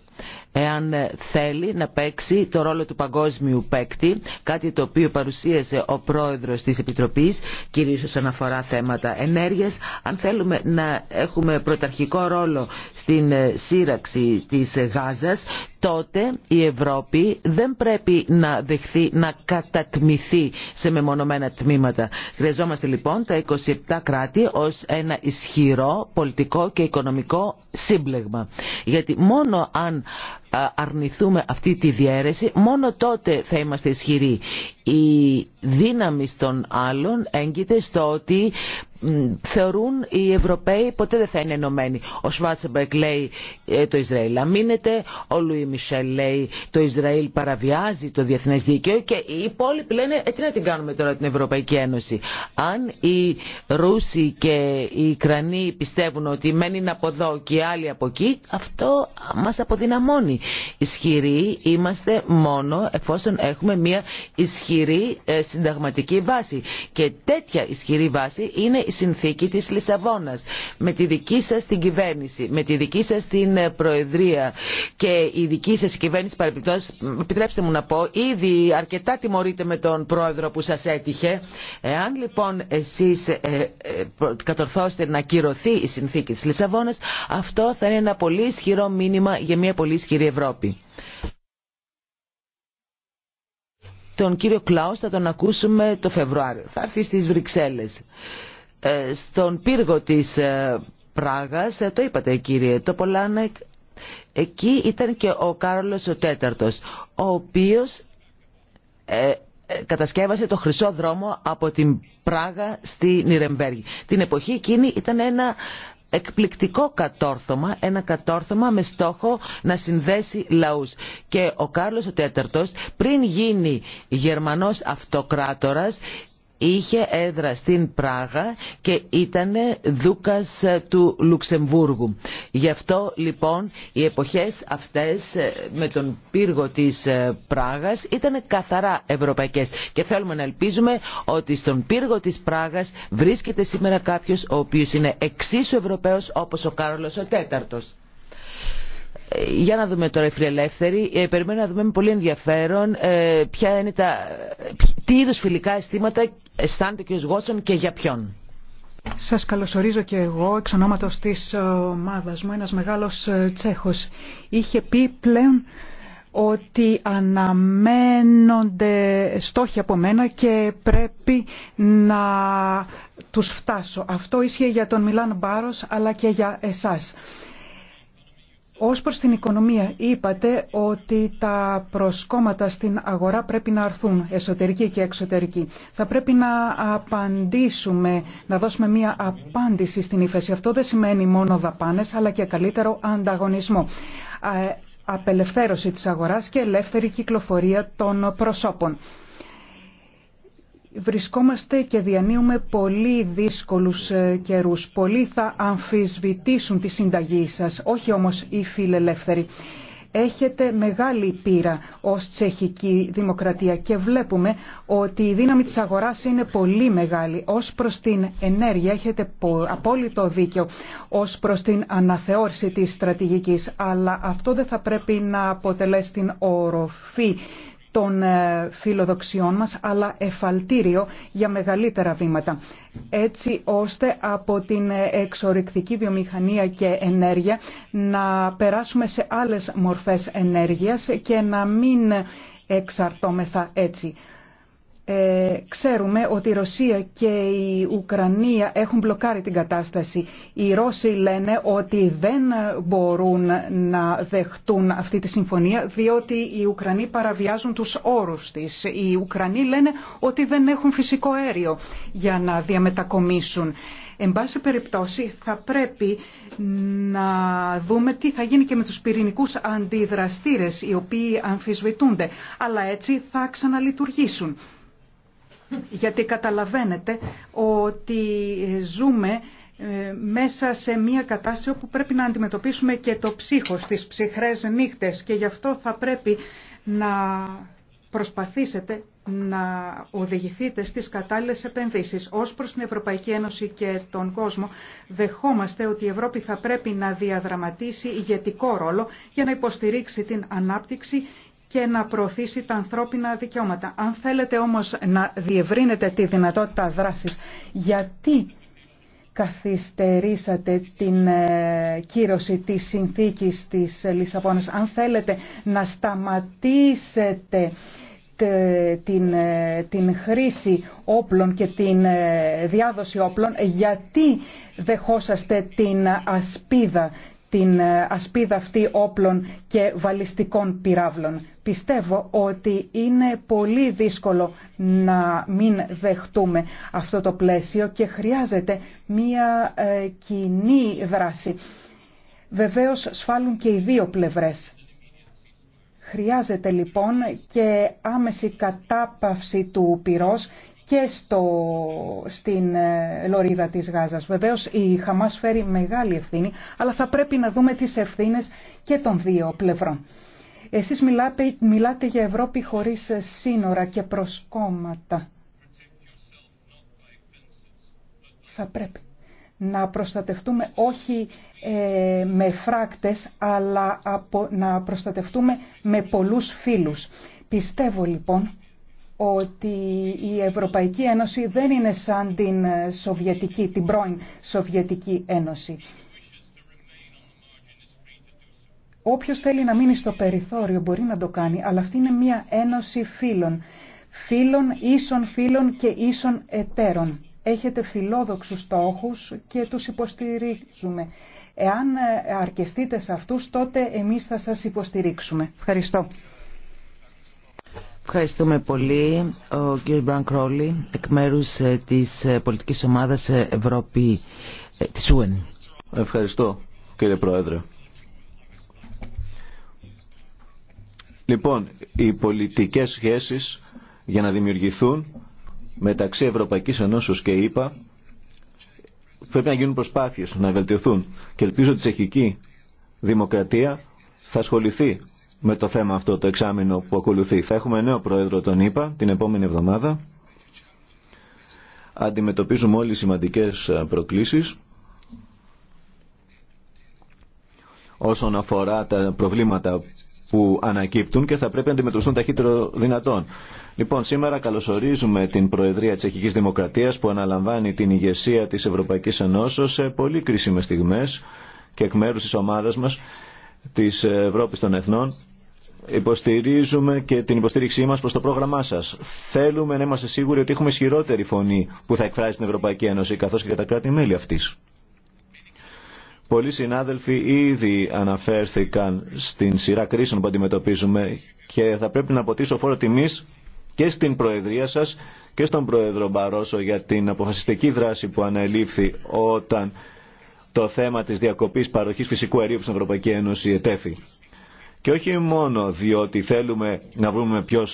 εάν θέλει να παίξει το ρόλο του παγκόσμιου παίκτη, κάτι το οποίο παρουσίασε ο πρόεδρος της Επιτροπής, κυρίως όσον αφορά θέματα ενέργειας. Αν θέλουμε να έχουμε πρωταρχικό ρόλο στην σύραξη της Γάζας, τότε η Ευρώπη δεν πρέπει να δεχθεί να κατατμηθεί σε μεμονωμένα τμήματα. Χρειαζόμαστε λοιπόν τα 27 κράτη ως ένα ισχυρό πολιτικό και οικονομικό σύμπλεγμα. Γιατί μόνο αν αρνηθούμε αυτή τη διαίρεση, μόνο τότε θα είμαστε ισχυροί. Η δύναμη των άλλων έγκυται στο ότι θεωρούν οι Ευρωπαίοι ποτέ δεν θα είναι ενωμένοι. Ο Σβάτσεμπεκ λέει ε, το Ισραήλ αμήνεται, ο Λουί Μισελ λέει το Ισραήλ παραβιάζει το διεθνές δίκαιο και οι υπόλοιποι λένε «Ε, τι να την κάνουμε τώρα την Ευρωπαϊκή Ένωση. Αν οι Ρούσοι και οι Ικρανοί πιστεύουν ότι μένουν από εδώ και οι άλλοι από εκεί, αυτό μας αποδυναμώνει. Ισχυροί είμαστε μόνο εφόσον έχουμε μια ισχυρή ε, συνταγματική βάση. Και τέτοια ισχυρή βάση είναι η συνθήκη της Λισαβόνας. Με τη δική σας την κυβέρνηση, με τη δική σας την ε, Προεδρία και η δική σας κυβέρνηση παρεπιπτώσει, επιτρέψτε μου να πω, ήδη αρκετά τιμωρείτε με τον Πρόεδρο που σας έτυχε. Εάν λοιπόν εσείς ε, ε κατορθώσετε να κυρωθεί η συνθήκη της Λισαβόνας, αυτό θα είναι ένα πολύ ισχυρό μήνυμα για μια πολύ ισχυρή Ευρώπη. Τον κύριο Κλάους θα τον ακούσουμε το Φεβρουάριο. Θα έρθει στις Βρυξέλλες. Ε, στον πύργο της ε, Πράγας, ε, το είπατε κύριε πολάνεκ εκεί ήταν και ο Κάρολος ο Τέταρτος, ο οποίος κατασκεύασε το χρυσό δρόμο από την Πράγα στη Νιρεμβέργη. Την εποχή εκείνη ήταν ένα εκπληκτικό κατόρθωμα, ένα κατόρθωμα με στόχο να συνδέσει λαούς. Και ο Κάρλος ο Τέταρτος πριν γίνει Γερμανός αυτοκράτορας είχε έδρα στην Πράγα και ήταν δούκας του Λουξεμβούργου. Γι' αυτό λοιπόν οι εποχές αυτές ε, με τον πύργο της ε, Πράγας ήταν καθαρά ευρωπαϊκές και θέλουμε να ελπίζουμε ότι στον πύργο της Πράγας βρίσκεται σήμερα κάποιος ο οποίος είναι εξίσου Ευρωπαίος όπως ο Κάρολος ο Τέταρτος. Ε, για να δούμε τώρα οι φιλελεύθεροι. Περιμένουμε να δούμε με πολύ ενδιαφέρον τι είδους φιλικά αισθήματα αισθάνεται ο κ. Γότσον και για ποιον. Σας καλωσορίζω και εγώ εξ ονόματος της ομάδας μου, ένας μεγάλος ε, Τσέχος. Είχε πει πλέον ότι αναμένονται στόχοι από μένα και πρέπει να τους φτάσω. Αυτό ίσχυε για τον Μιλάν Μπάρος αλλά και για εσάς. Ως προς την οικονομία, είπατε ότι τα προσκόμματα στην αγορά πρέπει να αρθούν, εσωτερική και εξωτερική. Θα πρέπει να απαντήσουμε, να δώσουμε μία απάντηση στην ύφεση. Αυτό δεν σημαίνει μόνο δαπάνες, αλλά και καλύτερο ανταγωνισμό. Ε, απελευθέρωση της αγοράς και ελεύθερη κυκλοφορία των προσώπων. Βρισκόμαστε και διανύουμε πολύ δύσκολους ε, καιρούς. Πολλοί θα αμφισβητήσουν τη συνταγή σας, όχι όμως οι φιλελεύθεροι. Έχετε μεγάλη πείρα ως τσεχική δημοκρατία και βλέπουμε ότι η δύναμη της αγοράς είναι πολύ μεγάλη. Ως προς την ενέργεια έχετε απόλυτο δίκιο, ως προς την αναθεώρηση της στρατηγικής, αλλά αυτό δεν θα πρέπει να αποτελέσει την οροφή των ε, φιλοδοξιών μας, αλλά εφαλτήριο για μεγαλύτερα βήματα. Έτσι ώστε από την ε, εξορυκτική βιομηχανία και ενέργεια να περάσουμε σε άλλες μορφές ενέργειας και να μην εξαρτώμεθα έτσι. Ε, ξέρουμε ότι η Ρωσία και η Ουκρανία έχουν μπλοκάρει την κατάσταση. Οι Ρώσοι λένε ότι δεν μπορούν να δεχτούν αυτή τη συμφωνία διότι οι Ουκρανοί παραβιάζουν τους όρους της. Οι Ουκρανοί λένε ότι δεν έχουν φυσικό αέριο για να διαμετακομίσουν. Εν πάση περιπτώσει θα πρέπει να δούμε τι θα γίνει και με τους πυρηνικούς αντιδραστήρες οι οποίοι αμφισβητούνται. Αλλά έτσι θα ξαναλειτουργήσουν γιατί καταλαβαίνετε ότι ζούμε ε, μέσα σε μια κατάσταση όπου πρέπει να αντιμετωπίσουμε και το ψύχος, τις ψυχρές νύχτες και γι' αυτό θα πρέπει να προσπαθήσετε να οδηγηθείτε στις κατάλληλες επενδύσεις. Ως προς την Ευρωπαϊκή Ένωση και τον κόσμο δεχόμαστε ότι η Ευρώπη θα πρέπει να διαδραματίσει ηγετικό ρόλο για να υποστηρίξει την ανάπτυξη και να προωθήσει τα ανθρώπινα δικαιώματα. Αν θέλετε όμως να διευρύνετε τη δυνατότητα δράσης, γιατί καθυστερήσατε την ε, κύρωση της συνθήκης της Λισαβόνας. Αν θέλετε να σταματήσετε την, ε, την χρήση όπλων και την ε, διάδοση όπλων, γιατί δεχόσαστε την ασπίδα την ε, ασπίδα αυτή όπλων και βαλιστικών πυράβλων. Πιστεύω ότι είναι πολύ δύσκολο να μην δεχτούμε αυτό το πλαίσιο και χρειάζεται μία ε, κοινή δράση. Βεβαίως σφάλουν και οι δύο πλευρές. Χρειάζεται λοιπόν και άμεση κατάπαυση του πυρός και στο, στην ε, λωρίδα της Γάζας. Βεβαίως η Χαμάς φέρει μεγάλη ευθύνη, αλλά θα πρέπει να δούμε τις ευθύνες και των δύο πλευρών. Εσείς μιλάτε, μιλάτε για Ευρώπη χωρίς σύνορα και προσκόμματα. Θα πρέπει να προστατευτούμε όχι ε, με φράκτες, αλλά να προστατευτούμε με πολλούς φίλους. Πιστεύω λοιπόν ότι η Ευρωπαϊκή Ένωση δεν είναι σαν την Σοβιετική, την πρώην Σοβιετική Ένωση. Όποιος θέλει να μείνει στο περιθώριο μπορεί να το κάνει, αλλά αυτή είναι μια ένωση φίλων. Φίλων, ίσων φίλων και ίσων εταίρων. Έχετε φιλόδοξους στόχους και τους υποστηρίζουμε. Εάν αρκεστείτε σε αυτούς, τότε εμείς θα σας υποστηρίξουμε. Ευχαριστώ. Ευχαριστούμε πολύ. Ο κ. Μπραν Κρόλι, εκ μέρου ε, τη ε, πολιτική ομάδα ε, Ευρώπη τη ΟΕΝ. Ευχαριστώ, κύριε Πρόεδρε. Λοιπόν, οι πολιτικές σχέσεις για να δημιουργηθούν μεταξύ Ευρωπαϊκής Ενώσεως και ΕΠΑ πρέπει να γίνουν προσπάθειες να βελτιωθούν και ελπίζω ότι η τσεχική δημοκρατία θα ασχοληθεί με το θέμα αυτό το εξάμεινο που ακολουθεί. Θα έχουμε νέο πρόεδρο τον ΗΠΑ την επόμενη εβδομάδα. Αντιμετωπίζουμε όλοι σημαντικές προκλήσεις όσον αφορά τα προβλήματα που ανακύπτουν και θα πρέπει να αντιμετωπιστούν ταχύτερο δυνατόν. Λοιπόν, σήμερα καλωσορίζουμε την Προεδρία της Δημοκρατία Δημοκρατίας που αναλαμβάνει την ηγεσία της Ευρωπαϊκής Ενώσεως σε πολύ κρίσιμες στιγμές και εκ μέρους της ομάδας μας της Ευρώπης των Εθνών υποστηρίζουμε και την υποστήριξή μας προς το πρόγραμμά σας. Θέλουμε να είμαστε σίγουροι ότι έχουμε ισχυρότερη φωνή που θα εκφράσει την Ευρωπαϊκή Ένωση καθώς και τα κράτη-μέλη αυτής. Πολλοί συνάδελφοι ήδη αναφέρθηκαν στην σειρά κρίσεων που αντιμετωπίζουμε και θα πρέπει να αποτίσω φόρο τιμής και στην Προεδρία σας και στον Πρόεδρο Μπαρόσο για την αποφασιστική δράση που αναλήφθη όταν το θέμα της διακοπής παροχής φυσικού αερίου στην Ευρωπαϊκή Ένωση ετέθη. Και όχι μόνο διότι θέλουμε να βρούμε ποιο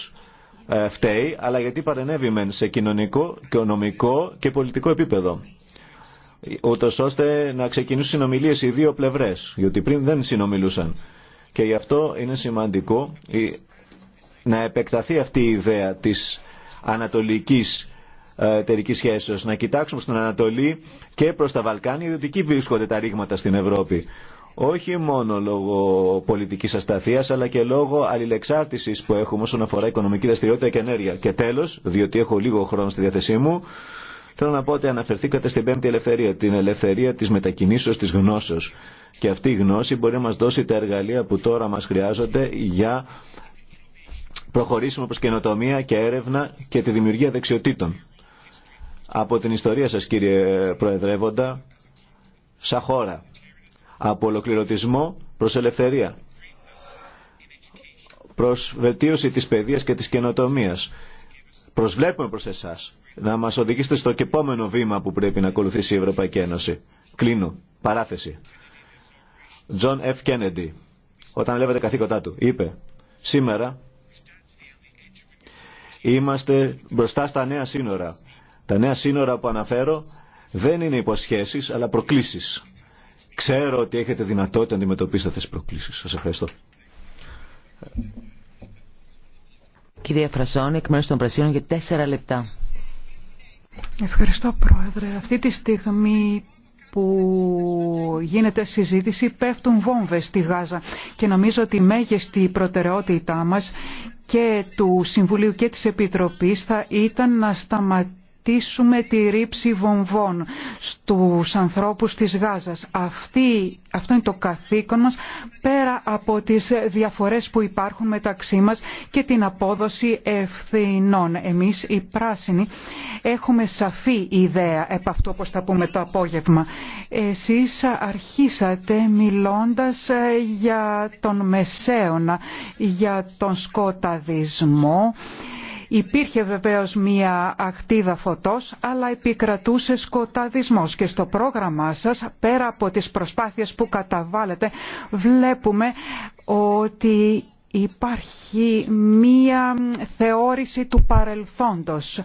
ε, φταίει, αλλά γιατί παρενέβημε σε κοινωνικό, οικονομικό και πολιτικό επίπεδο. Ούτω ώστε να ξεκινήσουν συνομιλίε οι δύο πλευρέ, γιατί πριν δεν συνομιλούσαν. Και γι' αυτό είναι σημαντικό να επεκταθεί αυτή η ιδέα της ανατολικής ε, εταιρική σχέση. Να κοιτάξουμε στην Ανατολή και προ τα Βαλκάνια, διότι εκεί βρίσκονται τα ρήγματα στην Ευρώπη. Όχι μόνο λόγω πολιτική ασταθία, αλλά και λόγω αλληλεξάρτηση που έχουμε όσον αφορά οικονομική δραστηριότητα και ενέργεια. Και τέλο, διότι έχω λίγο χρόνο στη διάθεσή μου, Θέλω να πω ότι αναφερθήκατε στην πέμπτη ελευθερία, την ελευθερία τη μετακινήσεω τη γνώσεω. Και αυτή η γνώση μπορεί να μα δώσει τα εργαλεία που τώρα μα χρειάζονται για προχωρήσουμε προς καινοτομία και έρευνα και τη δημιουργία δεξιοτήτων από την ιστορία σας κύριε Προεδρεύοντα σαν χώρα. Από ολοκληρωτισμό προς ελευθερία. Προς βελτίωση της παιδείας και της καινοτομίας. Προσβλέπουμε προς εσάς να μας οδηγήσετε στο επόμενο βήμα που πρέπει να ακολουθήσει η Ευρωπαϊκή Ένωση. Κλείνω. Παράθεση. Τζον F. Kennedy, όταν λέβεται καθήκοντά του, είπε «Σήμερα είμαστε μπροστά στα νέα σύνορα τα νέα σύνορα που αναφέρω δεν είναι υποσχέσεις αλλά προκλήσεις. Ξέρω ότι έχετε δυνατότητα να αντιμετωπίσετε αυτές τις προκλήσεις. Σας ευχαριστώ. Κυρία Φρασόν, εκ μέρους των Πρασίνων για τέσσερα λεπτά. Ευχαριστώ Πρόεδρε. Αυτή τη στιγμή που γίνεται συζήτηση πέφτουν βόμβες στη Γάζα και νομίζω ότι η μέγιστη προτεραιότητά μας και του Συμβουλίου και της Επιτροπής θα ήταν να σταματήσει σταματήσουμε τη ρήψη βομβών στους ανθρώπους της Γάζας. Αυτή, αυτό είναι το καθήκον μας πέρα από τις διαφορές που υπάρχουν μεταξύ μας και την απόδοση ευθυνών. Εμείς οι πράσινοι έχουμε σαφή ιδέα επ' αυτό όπως θα πούμε το απόγευμα. Εσείς αρχίσατε μιλώντας ε, για τον Μεσαίωνα, για τον σκοταδισμό Υπήρχε βεβαίως μία ακτίδα φωτός, αλλά επικρατούσε σκοταδισμός και στο πρόγραμμά σας, πέρα από τις προσπάθειες που καταβάλλετε, βλέπουμε ότι υπάρχει μία θεώρηση του παρελθόντος.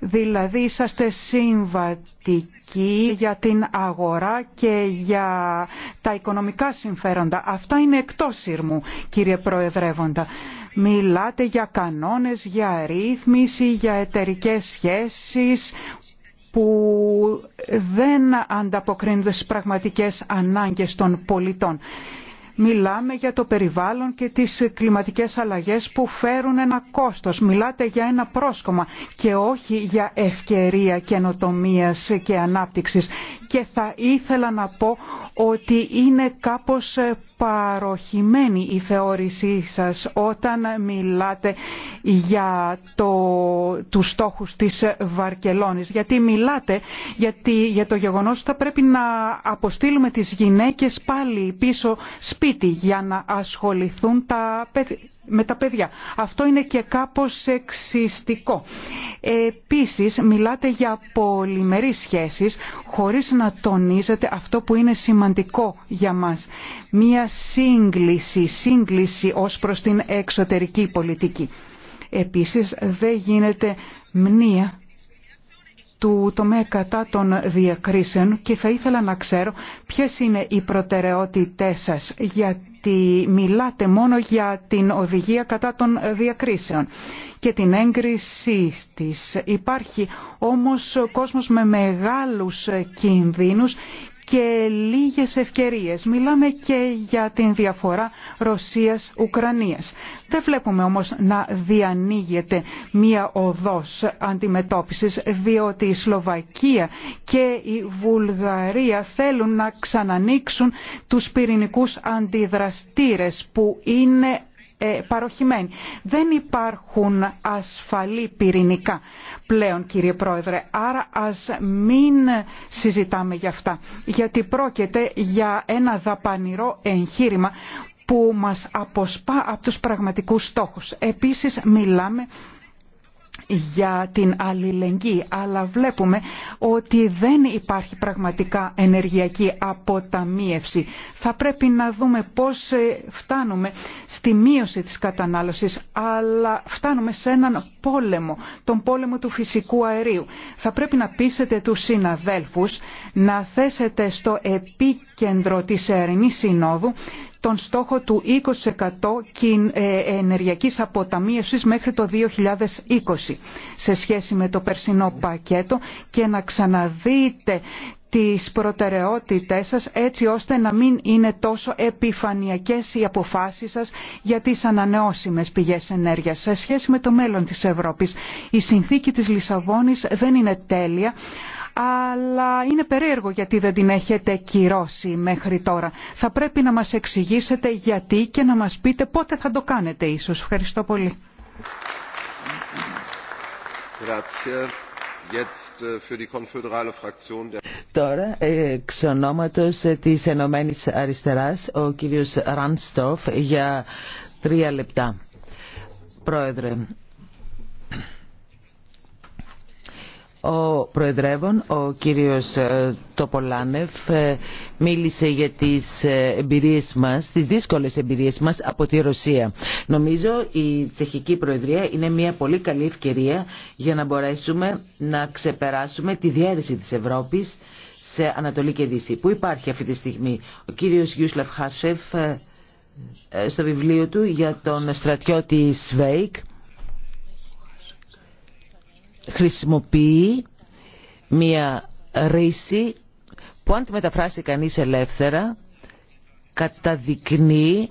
Δηλαδή είσαστε συμβατικοί για την αγορά και για τα οικονομικά συμφέροντα. Αυτά είναι εκτός σύρμου, κύριε Προεδρεύοντα. Μιλάτε για κανόνες, για ρύθμιση, για εταιρικές σχέσεις που δεν ανταποκρίνονται στις πραγματικές ανάγκες των πολιτών. Μιλάμε για το περιβάλλον και τις κλιματικές αλλαγές που φέρουν ένα κόστος. Μιλάτε για ένα πρόσκομα και όχι για ευκαιρία καινοτομία και ανάπτυξης. Και θα ήθελα να πω ότι είναι κάπως παροχημένη η θεώρησή σας όταν μιλάτε για το, τους στόχους της Βαρκελόνης. Γιατί μιλάτε γιατί, για το γεγονός ότι θα πρέπει να αποστείλουμε τις γυναίκες πάλι πίσω σπίτι σπίτι για να ασχοληθούν τα, με τα παιδιά. Αυτό είναι και κάπως εξιστικό. Επίσης, μιλάτε για πολυμερείς σχέσεις χωρίς να τονίζετε αυτό που είναι σημαντικό για μας. Μία σύγκληση, σύγκληση ως προς την εξωτερική πολιτική. Επίσης, δεν γίνεται μνήα του τομέα κατά των διακρίσεων και θα ήθελα να ξέρω ποιες είναι οι προτεραιότητές σας γιατί μιλάτε μόνο για την οδηγία κατά των διακρίσεων και την έγκριση της. Υπάρχει όμως κόσμος με μεγάλους κινδύνους και λίγες ευκαιρίες. Μιλάμε και για την διαφορά Ρωσίας-Ουκρανίας. Δεν βλέπουμε όμως να διανοίγεται μία οδός αντιμετώπισης, διότι η Σλοβακία και η Βουλγαρία θέλουν να ξανανοίξουν τους πυρηνικούς αντιδραστήρες που είναι ε, παροχημένη. Δεν υπάρχουν ασφαλή πυρηνικά πλέον κύριε Πρόεδρε, άρα ας μην συζητάμε για αυτά, γιατί πρόκειται για ένα δαπανηρό εγχείρημα που μας αποσπά από τους πραγματικούς στόχους. Επίσης μιλάμε για την αλληλεγγύη, αλλά βλέπουμε ότι δεν υπάρχει πραγματικά ενεργειακή αποταμίευση. Θα πρέπει να δούμε πώς ε, φτάνουμε στη μείωση της κατανάλωσης, αλλά φτάνουμε σε έναν πόλεμο, τον πόλεμο του φυσικού αερίου. Θα πρέπει να πείσετε τους συναδέλφους να θέσετε στο επίκεντρο της Ερηνής Συνόδου τον στόχο του 20% ε, ενεργειακής αποταμίευσης μέχρι το 2020 σε σχέση με το περσινό πακέτο και να ξαναδείτε τις προτεραιότητές σας έτσι ώστε να μην είναι τόσο επιφανειακές οι αποφάσεις σας για τις ανανεώσιμες πηγές ενέργειας. Σε σχέση με το μέλλον της Ευρώπης, η συνθήκη της Λισαβόνης δεν είναι τέλεια, αλλά είναι περίεργο γιατί δεν την έχετε κυρώσει μέχρι τώρα. Θα πρέπει να μας εξηγήσετε γιατί και να μας πείτε πότε θα το κάνετε ίσως. Ευχαριστώ πολύ. Äh, τώρα, εξ ονόματος ε, της Ενωμένης Αριστεράς, ο κύριος Ρανστοφ για τρία λεπτά. Πρόεδρε, Ο Προεδρεύων, ο κύριος ε, Τοπολάνεφ, ε, μίλησε για τις ε, εμπειρίες μας, τις δύσκολες εμπειρίες μας από τη Ρωσία. Νομίζω η Τσεχική Προεδρία είναι μια πολύ καλή ευκαιρία για να μπορέσουμε να ξεπεράσουμε τη διέρεση της Ευρώπης σε Ανατολή και Δύση. Πού υπάρχει αυτή τη στιγμή ο κύριος Γιούσλαφ Χάσεφ στο βιβλίο του για τον στρατιώτη Σβέικ χρησιμοποιεί μία ρίση που αν τη μεταφράσει κανείς ελεύθερα καταδεικνύει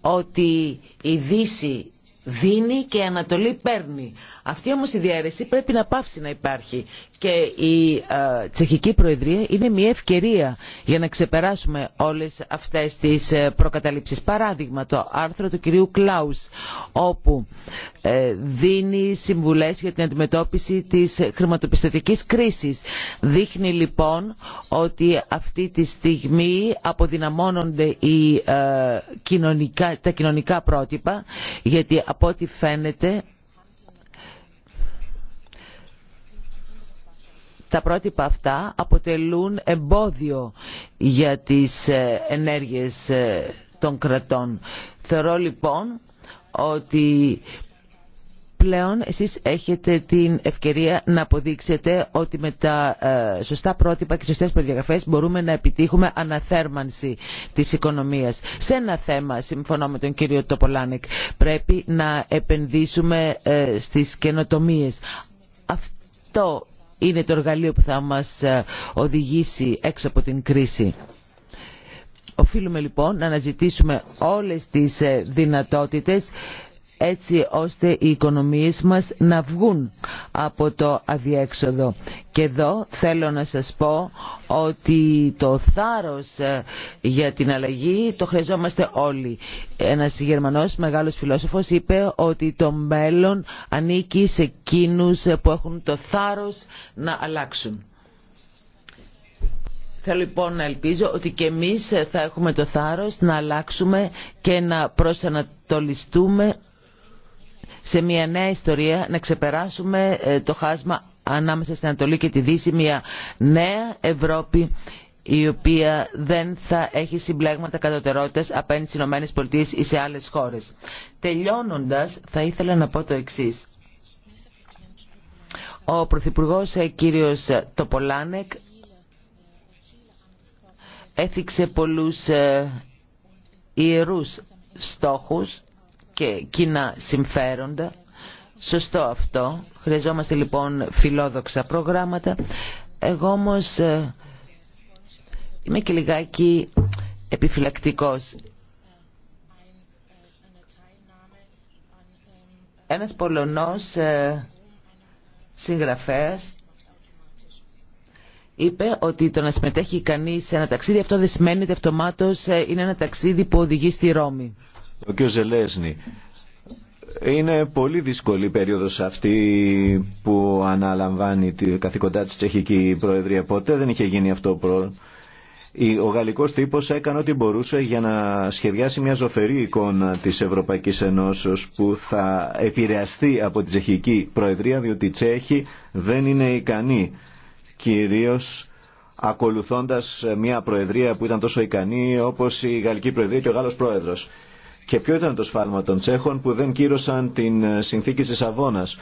ότι η Δύση δίνει και η Ανατολή παίρνει. Αυτή όμως η διαίρεση πρέπει να πάψει να υπάρχει και η ε, Τσεχική Προεδρία είναι μια ευκαιρία για να ξεπεράσουμε όλες αυτές τις ε, προκαταλήψεις. Παράδειγμα το άρθρο του κυρίου Κλάους όπου ε, δίνει συμβουλές για την αντιμετώπιση της χρηματοπιστωτικής κρίσης. Δείχνει λοιπόν ότι αυτή τη στιγμή αποδυναμώνονται ε, τα κοινωνικά πρότυπα γιατί από ό,τι φαίνεται Τα πρότυπα αυτά αποτελούν εμπόδιο για τις ε, ενέργειες ε, των κρατών. Θεωρώ λοιπόν ότι πλέον εσείς έχετε την ευκαιρία να αποδείξετε ότι με τα ε, σωστά πρότυπα και σωστές προδιαγραφές μπορούμε να επιτύχουμε αναθέρμανση της οικονομίας. Σε ένα θέμα, συμφωνώ με τον κύριο Τοπολάνικ, πρέπει να επενδύσουμε στις καινοτομίες. Αυτό είναι το εργαλείο που θα μας ε, οδηγήσει έξω από την κρίση. Οφείλουμε λοιπόν να αναζητήσουμε όλες τις ε, δυνατότητες έτσι ώστε οι οικονομίες μας να βγουν από το αδιέξοδο. Και εδώ θέλω να σας πω ότι το θάρρος ε, για την αλλαγή το χρειαζόμαστε όλοι. Ένας Γερμανός μεγάλος φιλόσοφος είπε ότι το μέλλον ανήκει σε εκείνους που έχουν το θάρρος να αλλάξουν. Θέλω λοιπόν να ελπίζω ότι και εμείς θα έχουμε το θάρρος να αλλάξουμε και να προσανατολιστούμε σε μια νέα ιστορία, να ξεπεράσουμε ε, το χάσμα ανάμεσα στην Ανατολή και τη Δύση, μια νέα Ευρώπη η οποία δεν θα έχει συμπλέγματα κατωτερότητας απέναντι στις Ηνωμένες Πολιτείες ή σε άλλες χώρες. Τελειώνοντας, θα ήθελα να πω το εξής. Ο Πρωθυπουργό ε, κύριος Τοπολάνεκ έθιξε πολλούς ε, ιερούς στόχους και κοινά συμφέροντα. Σωστό αυτό. Χρειαζόμαστε λοιπόν φιλόδοξα προγράμματα. Εγώ όμως ε, είμαι και λιγάκι επιφυλακτικός. Ένας Πολωνός ε, συγγραφέας είπε ότι το να συμμετέχει κανείς σε ένα ταξίδι αυτό δεν σημαίνει ότι αυτομάτως ε, είναι ένα ταξίδι που οδηγεί στη Ρώμη ο κ. Ζελέσνη. Είναι πολύ δύσκολη η περίοδος αυτή που αναλαμβάνει τη καθηκοντά της Τσεχική Προεδρία. Ποτέ δεν είχε γίνει αυτό πρώτο. Ο γαλλικός τύπος έκανε ό,τι μπορούσε για να σχεδιάσει μια ζωφερή εικόνα της Ευρωπαϊκής Ενώσεως που θα επηρεαστεί από την Τσεχική Προεδρία διότι οι Τσέχοι δεν είναι ικανή. κυρίως ακολουθώντας μια Προεδρία που ήταν τόσο ικανή όπως η Γαλλική Προεδρία και ο Γάλλος Πρόεδρος. Και ποιο ήταν το σφάλμα των Τσέχων που δεν κύρωσαν την ε, συνθήκη της Αβώνας.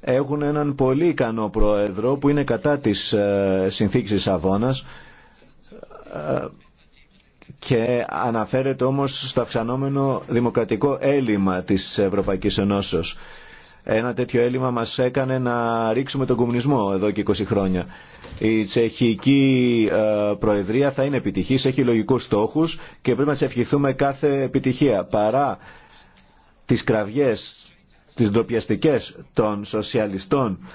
Έχουν έναν πολύ ικανό πρόεδρο που είναι κατά της ε, συνθήκης της Αβώνας ε, και αναφέρεται όμως στο αυξανόμενο δημοκρατικό έλλειμμα της Ευρωπαϊκής Ενώσεως. Ένα τέτοιο έλλειμμα μας έκανε να ρίξουμε τον κομμουνισμό εδώ και 20 χρόνια. Η τσεχική ε, προεδρία θα είναι επιτυχής, έχει λογικούς στόχους και πρέπει να της ευχηθούμε κάθε επιτυχία. Παρά τις κραυγές, τις ντροπιαστικές των σοσιαλιστών,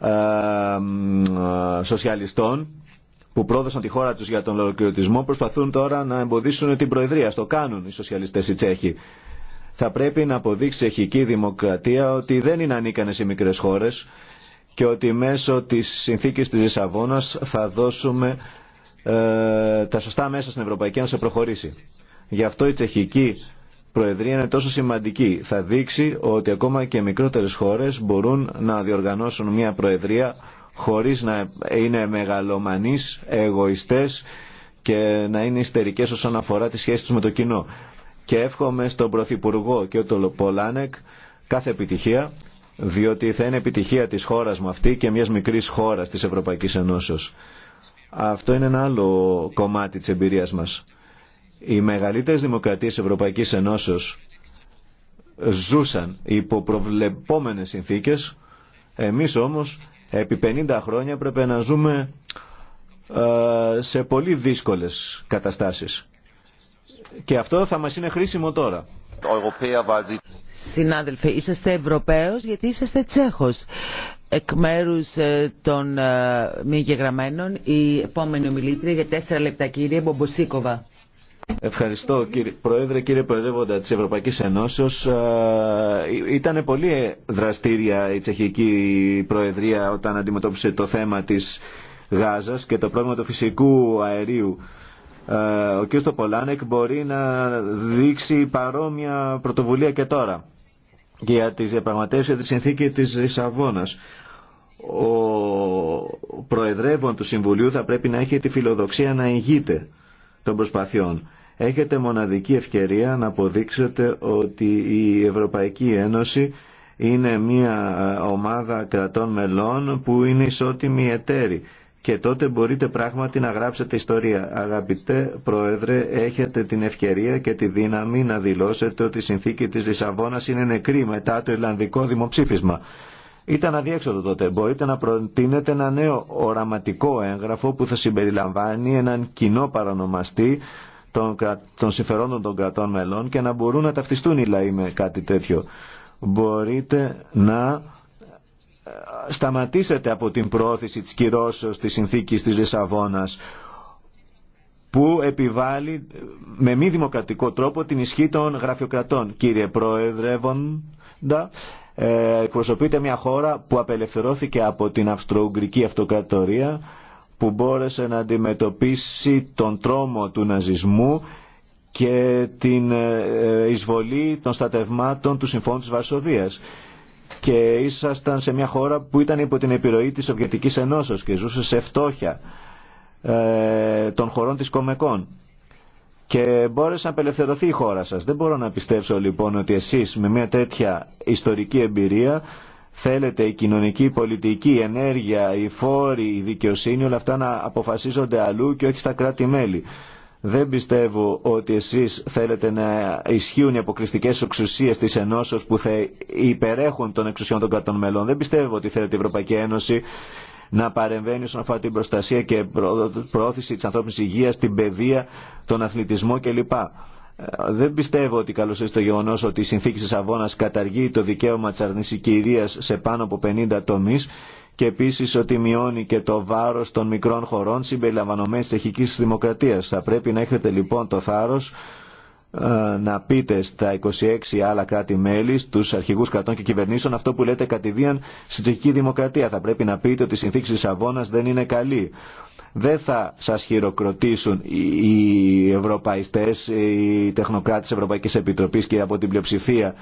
ε, σοσιαλιστών που πρόδωσαν τη χώρα τους για τον ολοκληρωτισμό προσπαθούν τώρα να εμποδίσουν την προεδρία. Στο κάνουν οι σοσιαλιστές οι Τσέχοι θα πρέπει να αποδείξει η εχική δημοκρατία ότι δεν είναι ανίκανε οι μικρές χώρες και ότι μέσω της συνθήκης της Λισαβόνα θα δώσουμε ε, τα σωστά μέσα στην Ευρωπαϊκή να σε προχωρήσει. Γι' αυτό η τσεχική προεδρία είναι τόσο σημαντική. Θα δείξει ότι ακόμα και μικρότερες χώρες μπορούν να διοργανώσουν μια προεδρία χωρίς να είναι μεγαλομανείς, εγωιστές και να είναι ιστερικές όσον αφορά τις σχέση τους με το κοινό και εύχομαι στον Πρωθυπουργό και τον Πολάνεκ κάθε επιτυχία διότι θα είναι επιτυχία της χώρας μου αυτή και μιας μικρής χώρας της Ευρωπαϊκής Ενώσεως. Αυτό είναι ένα άλλο κομμάτι της εμπειρίας μας. Οι μεγαλύτερες δημοκρατίες Ευρωπαϊκής Ενώσεως ζούσαν υπό προβλεπόμενες συνθήκες. Εμείς όμως επί 50 χρόνια πρέπει να ζούμε ε, σε πολύ δύσκολες καταστάσεις. Και αυτό θα μας είναι χρήσιμο τώρα. Συνάδελφε, είσαστε Ευρωπαίος γιατί είσαστε Τσέχος. Εκ μέρου ε, των ε, μη γεγραμμένων, η επόμενη ομιλήτρια για τέσσερα λεπτά, κύριε Μπομποσίκοβα. Ευχαριστώ κύριε Πρόεδρε, κύριε Προεδρεύοντα της Ευρωπαϊκής Ενώσεως. Ε, Ήταν πολύ δραστήρια η Τσεχική Προεδρία όταν αντιμετώπισε το θέμα της Γάζας και το πρόβλημα του φυσικού αερίου. Ε, ο κ. Πολάνεκ μπορεί να δείξει παρόμοια πρωτοβουλία και τώρα για τις διαπραγματεύσεις για τη συνθήκη της Λισαβόνας. Ο προεδρεύων του Συμβουλίου θα πρέπει να έχει τη φιλοδοξία να ηγείται των προσπαθειών. Έχετε μοναδική ευκαιρία να αποδείξετε ότι η Ευρωπαϊκή Ένωση είναι μια ομάδα κρατών μελών που είναι ισότιμη εταίρη και τότε μπορείτε πράγματι να γράψετε ιστορία. Αγαπητέ Πρόεδρε, έχετε την ευκαιρία και τη δύναμη να δηλώσετε ότι η συνθήκη της Λισαβόνας είναι νεκρή μετά το Ιρλανδικό δημοψήφισμα. Ήταν αδιέξοδο τότε. Μπορείτε να προτείνετε ένα νέο οραματικό έγγραφο που θα συμπεριλαμβάνει έναν κοινό παρανομαστή των συμφερόντων των κρατών μελών και να μπορούν να ταυτιστούν οι λαοί με κάτι τέτοιο. Μπορείτε να σταματήσετε από την πρόθεση της κυρώσεως της συνθήκης της Λισαβόνας που επιβάλλει με μη δημοκρατικό τρόπο την ισχύ των γραφειοκρατών. Κύριε Πρόεδρευοντα, ε, εκπροσωπείται μια χώρα που απελευθερώθηκε από την Αυστρο-Ουγγρική Αυτοκρατορία που μπόρεσε να αντιμετωπίσει τον τρόμο του ναζισμού και την ε, ε, εισβολή των στατευμάτων του Συμφώνου της Βαρσοβίας και ήσασταν σε μια χώρα που ήταν υπό την επιρροή της Σοβιετικής Ενώσεως και ζούσε σε φτώχεια ε, των χωρών της Κομεκών. Και μπόρεσε να απελευθερωθεί η χώρα σας. Δεν μπορώ να πιστέψω λοιπόν ότι εσείς με μια τέτοια ιστορική εμπειρία θέλετε η κοινωνική, η πολιτική, η ενέργεια, η φόροι, η δικαιοσύνη, όλα αυτά να αποφασίζονται αλλού και όχι στα κράτη-μέλη. Δεν πιστεύω ότι εσείς θέλετε να ισχύουν οι αποκλειστικές εξουσίες της Ενώσεως που θα υπερέχουν των εξουσιών των κρατών μελών. Δεν πιστεύω ότι θέλετε η Ευρωπαϊκή Ένωση να παρεμβαίνει όσον αφορά την προστασία και προώθηση της ανθρώπινης υγείας, την παιδεία, τον αθλητισμό κλπ. Ε, δεν πιστεύω ότι καλωσορίζει το γεγονό ότι η συνθήκη τη Αβώνα καταργεί το δικαίωμα τη αρνησικηρία σε πάνω από 50 τομεί και επίσης ότι μειώνει και το βάρος των μικρών χωρών συμπεριλαμβανόμενη τη δημοκρατίας. Θα πρέπει να έχετε λοιπόν το θάρρος ε, να πείτε στα 26 άλλα κράτη-μέλη, στου αρχηγού κρατών και κυβερνήσεων, αυτό που λέτε κατηδίαν στην τσεχική δημοκρατία. Θα πρέπει να πείτε ότι η συνθήκη τη Σαββόνα δεν είναι καλή. Δεν θα σα χειροκροτήσουν οι ευρωπαϊστέ, οι τεχνοκράτε Ευρωπαϊκή Επιτροπή και από την πλειοψηφία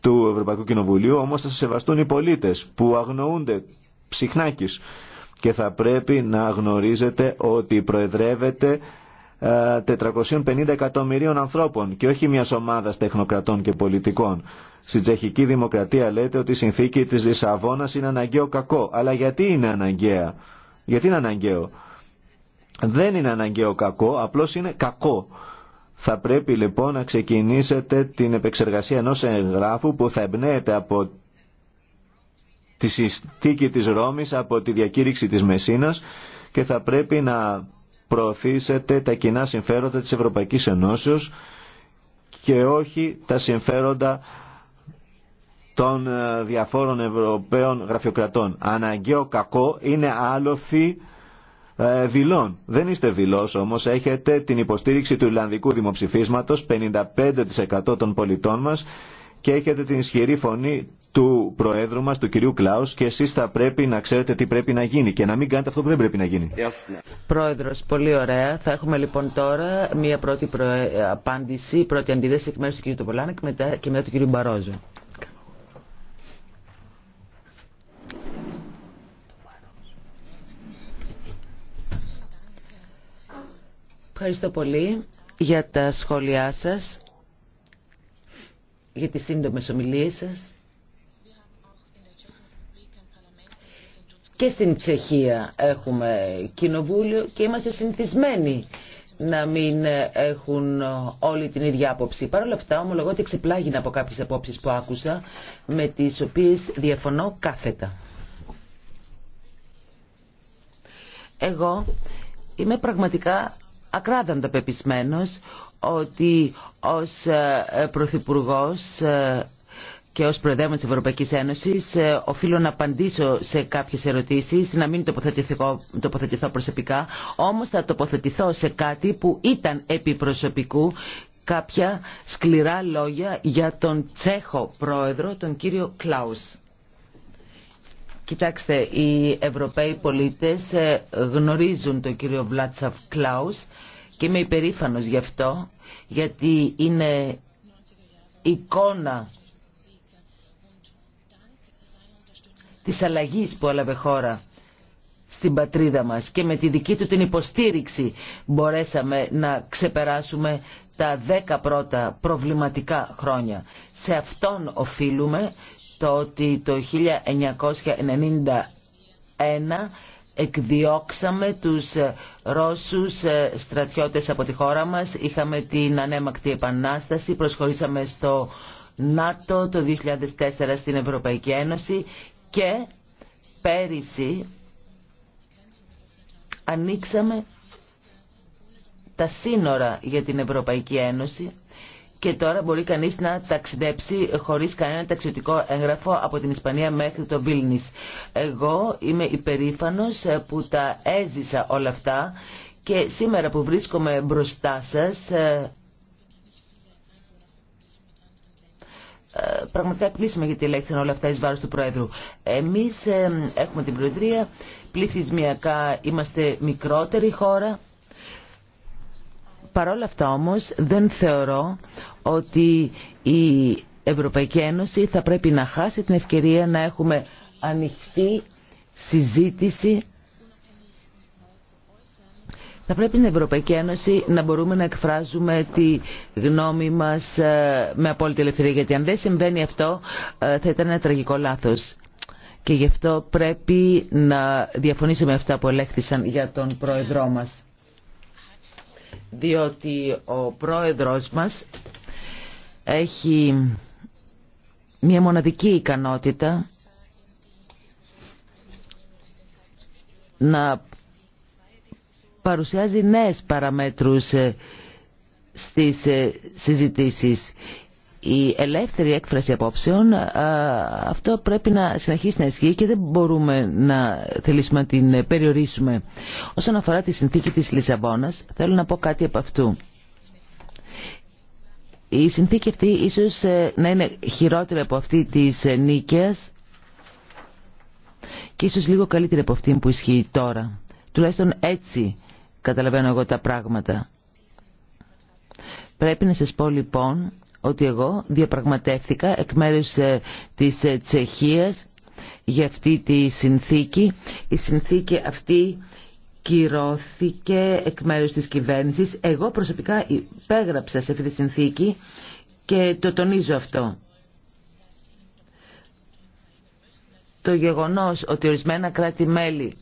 του Ευρωπαϊκού Κοινοβουλίου, όμω θα σα σεβαστούν οι πολίτε που αγνοούνται Ψυχνάκης και θα πρέπει να γνωρίζετε ότι προεδρεύεται 450 ε, εκατομμυρίων ανθρώπων και όχι μιας ομάδας τεχνοκρατών και πολιτικών. Στην τσεχική δημοκρατία λέτε ότι η συνθήκη της Λισαβόνας είναι αναγκαίο κακό. Αλλά γιατί είναι αναγκαία. Γιατί είναι αναγκαίο. Δεν είναι αναγκαίο κακό, απλώς είναι κακό. Θα πρέπει λοιπόν να ξεκινήσετε την επεξεργασία ενός εγγράφου που θα εμπνέεται από τη συστήκη της Ρώμης από τη διακήρυξη της Μεσίνας και θα πρέπει να προωθήσετε τα κοινά συμφέροντα της Ευρωπαϊκής Ενώσεως και όχι τα συμφέροντα των ε, διαφόρων Ευρωπαίων γραφειοκρατών. Αναγκαίο κακό είναι άλοθη ε, δηλών. Δεν είστε δηλός όμως, έχετε την υποστήριξη του ιλλανδικού Δημοψηφίσματος, 55% των πολιτών μας και έχετε την ισχυρή φωνή του Προέδρου μας, του κυρίου Κλάους και εσείς θα πρέπει να ξέρετε τι πρέπει να γίνει και να μην κάνετε αυτό που δεν πρέπει να γίνει. Πρόεδρος, πολύ ωραία. Θα έχουμε λοιπόν τώρα μία πρώτη απάντηση, πρώτη αντίδραση εκ μέρους του κυρίου Τοπολάνα και μετά, και μετά του κυρίου Μπαρόζου. Ευχαριστώ πολύ για τα σχόλιά σας, για τις σύντομες ομιλίες σας. Και στην Τσεχία έχουμε κοινοβούλιο και είμαστε συνηθισμένοι να μην έχουν όλη την ίδια άποψη. Παρ' όλα αυτά ομολογώ ότι ξεπλάγινα από κάποιες απόψεις που άκουσα με τις οποίες διαφωνώ κάθετα. Εγώ είμαι πραγματικά ακράδαντα πεπισμένος ότι ως ε, Πρωθυπουργός ε, και ως Προεδρεύον της Ευρωπαϊκής Ένωσης ε, οφείλω να απαντήσω σε κάποιες ερωτήσεις, να μην τοποθετηθώ προσωπικά, όμως θα τοποθετηθώ σε κάτι που ήταν επί προσωπικού κάποια σκληρά λόγια για τον Τσέχο Πρόεδρο, τον κύριο Κλάους. Κοιτάξτε, οι Ευρωπαίοι πολίτες ε, γνωρίζουν τον κύριο Βλάτσαφ Κλάους και είμαι υπερήφανος γι' αυτό, γιατί είναι εικόνα της αλλαγής που έλαβε χώρα στην πατρίδα μας και με τη δική του την υποστήριξη μπορέσαμε να ξεπεράσουμε τα δέκα πρώτα προβληματικά χρόνια. Σε αυτόν οφείλουμε το ότι το 1991 εκδιώξαμε τους ε, Ρώσους ε, στρατιώτες από τη χώρα μας, είχαμε την ανέμακτη επανάσταση, προσχωρήσαμε στο ΝΑΤΟ το 2004 στην Ευρωπαϊκή Ένωση και πέρυσι ανοίξαμε τα σύνορα για την Ευρωπαϊκή Ένωση και τώρα μπορεί κανείς να ταξιδέψει χωρίς κανένα ταξιδιωτικό έγγραφο από την Ισπανία μέχρι το Βίλνις. Εγώ είμαι υπερήφανος που τα έζησα όλα αυτά και σήμερα που βρίσκομαι μπροστά σας ε, Ε, πραγματικά κλείσουμε γιατί ελέγξαν όλα αυτά εις βάρος του Πρόεδρου. Εμείς ε, έχουμε την Προεδρία, πληθυσμιακά είμαστε μικρότερη χώρα. Παρόλα αυτά όμως δεν θεωρώ ότι η Ευρωπαϊκή Ένωση θα πρέπει να χάσει την ευκαιρία να έχουμε ανοιχτή συζήτηση θα πρέπει στην Ευρωπαϊκή Ένωση να μπορούμε να εκφράζουμε τη γνώμη μας ε, με απόλυτη ελευθερία. Γιατί αν δεν συμβαίνει αυτό ε, θα ήταν ένα τραγικό λάθος. Και γι' αυτό πρέπει να διαφωνήσουμε αυτά που ελέγχθησαν για τον πρόεδρό μας. Διότι ο πρόεδρος μας έχει μια μοναδική ικανότητα να παρουσιάζει νέες παραμέτρους ε, στις ε, συζητήσεις. Η ελεύθερη έκφραση απόψεων, ε, αυτό πρέπει να συνεχίσει να ισχύει και δεν μπορούμε να θελήσουμε να την περιορίσουμε. Όσον αφορά τη συνθήκη της Λισαβόνας, θέλω να πω κάτι από αυτού. Η συνθήκη αυτή ίσως να είναι χειρότερη από αυτή της Νίκαιας και ίσως λίγο καλύτερη από αυτή που ισχύει τώρα. Τουλάχιστον έτσι καταλαβαίνω εγώ τα πράγματα. Πρέπει να σας πω λοιπόν ότι εγώ διαπραγματεύτηκα εκ μέρους ε, της ε, Τσεχίας για αυτή τη συνθήκη. Η συνθήκη αυτή κυρώθηκε εκ μέρους της κυβέρνησης. Εγώ προσωπικά υπέγραψα σε αυτή τη συνθήκη και το τονίζω αυτό. Το γεγονός ότι ορισμένα κράτη-μέλη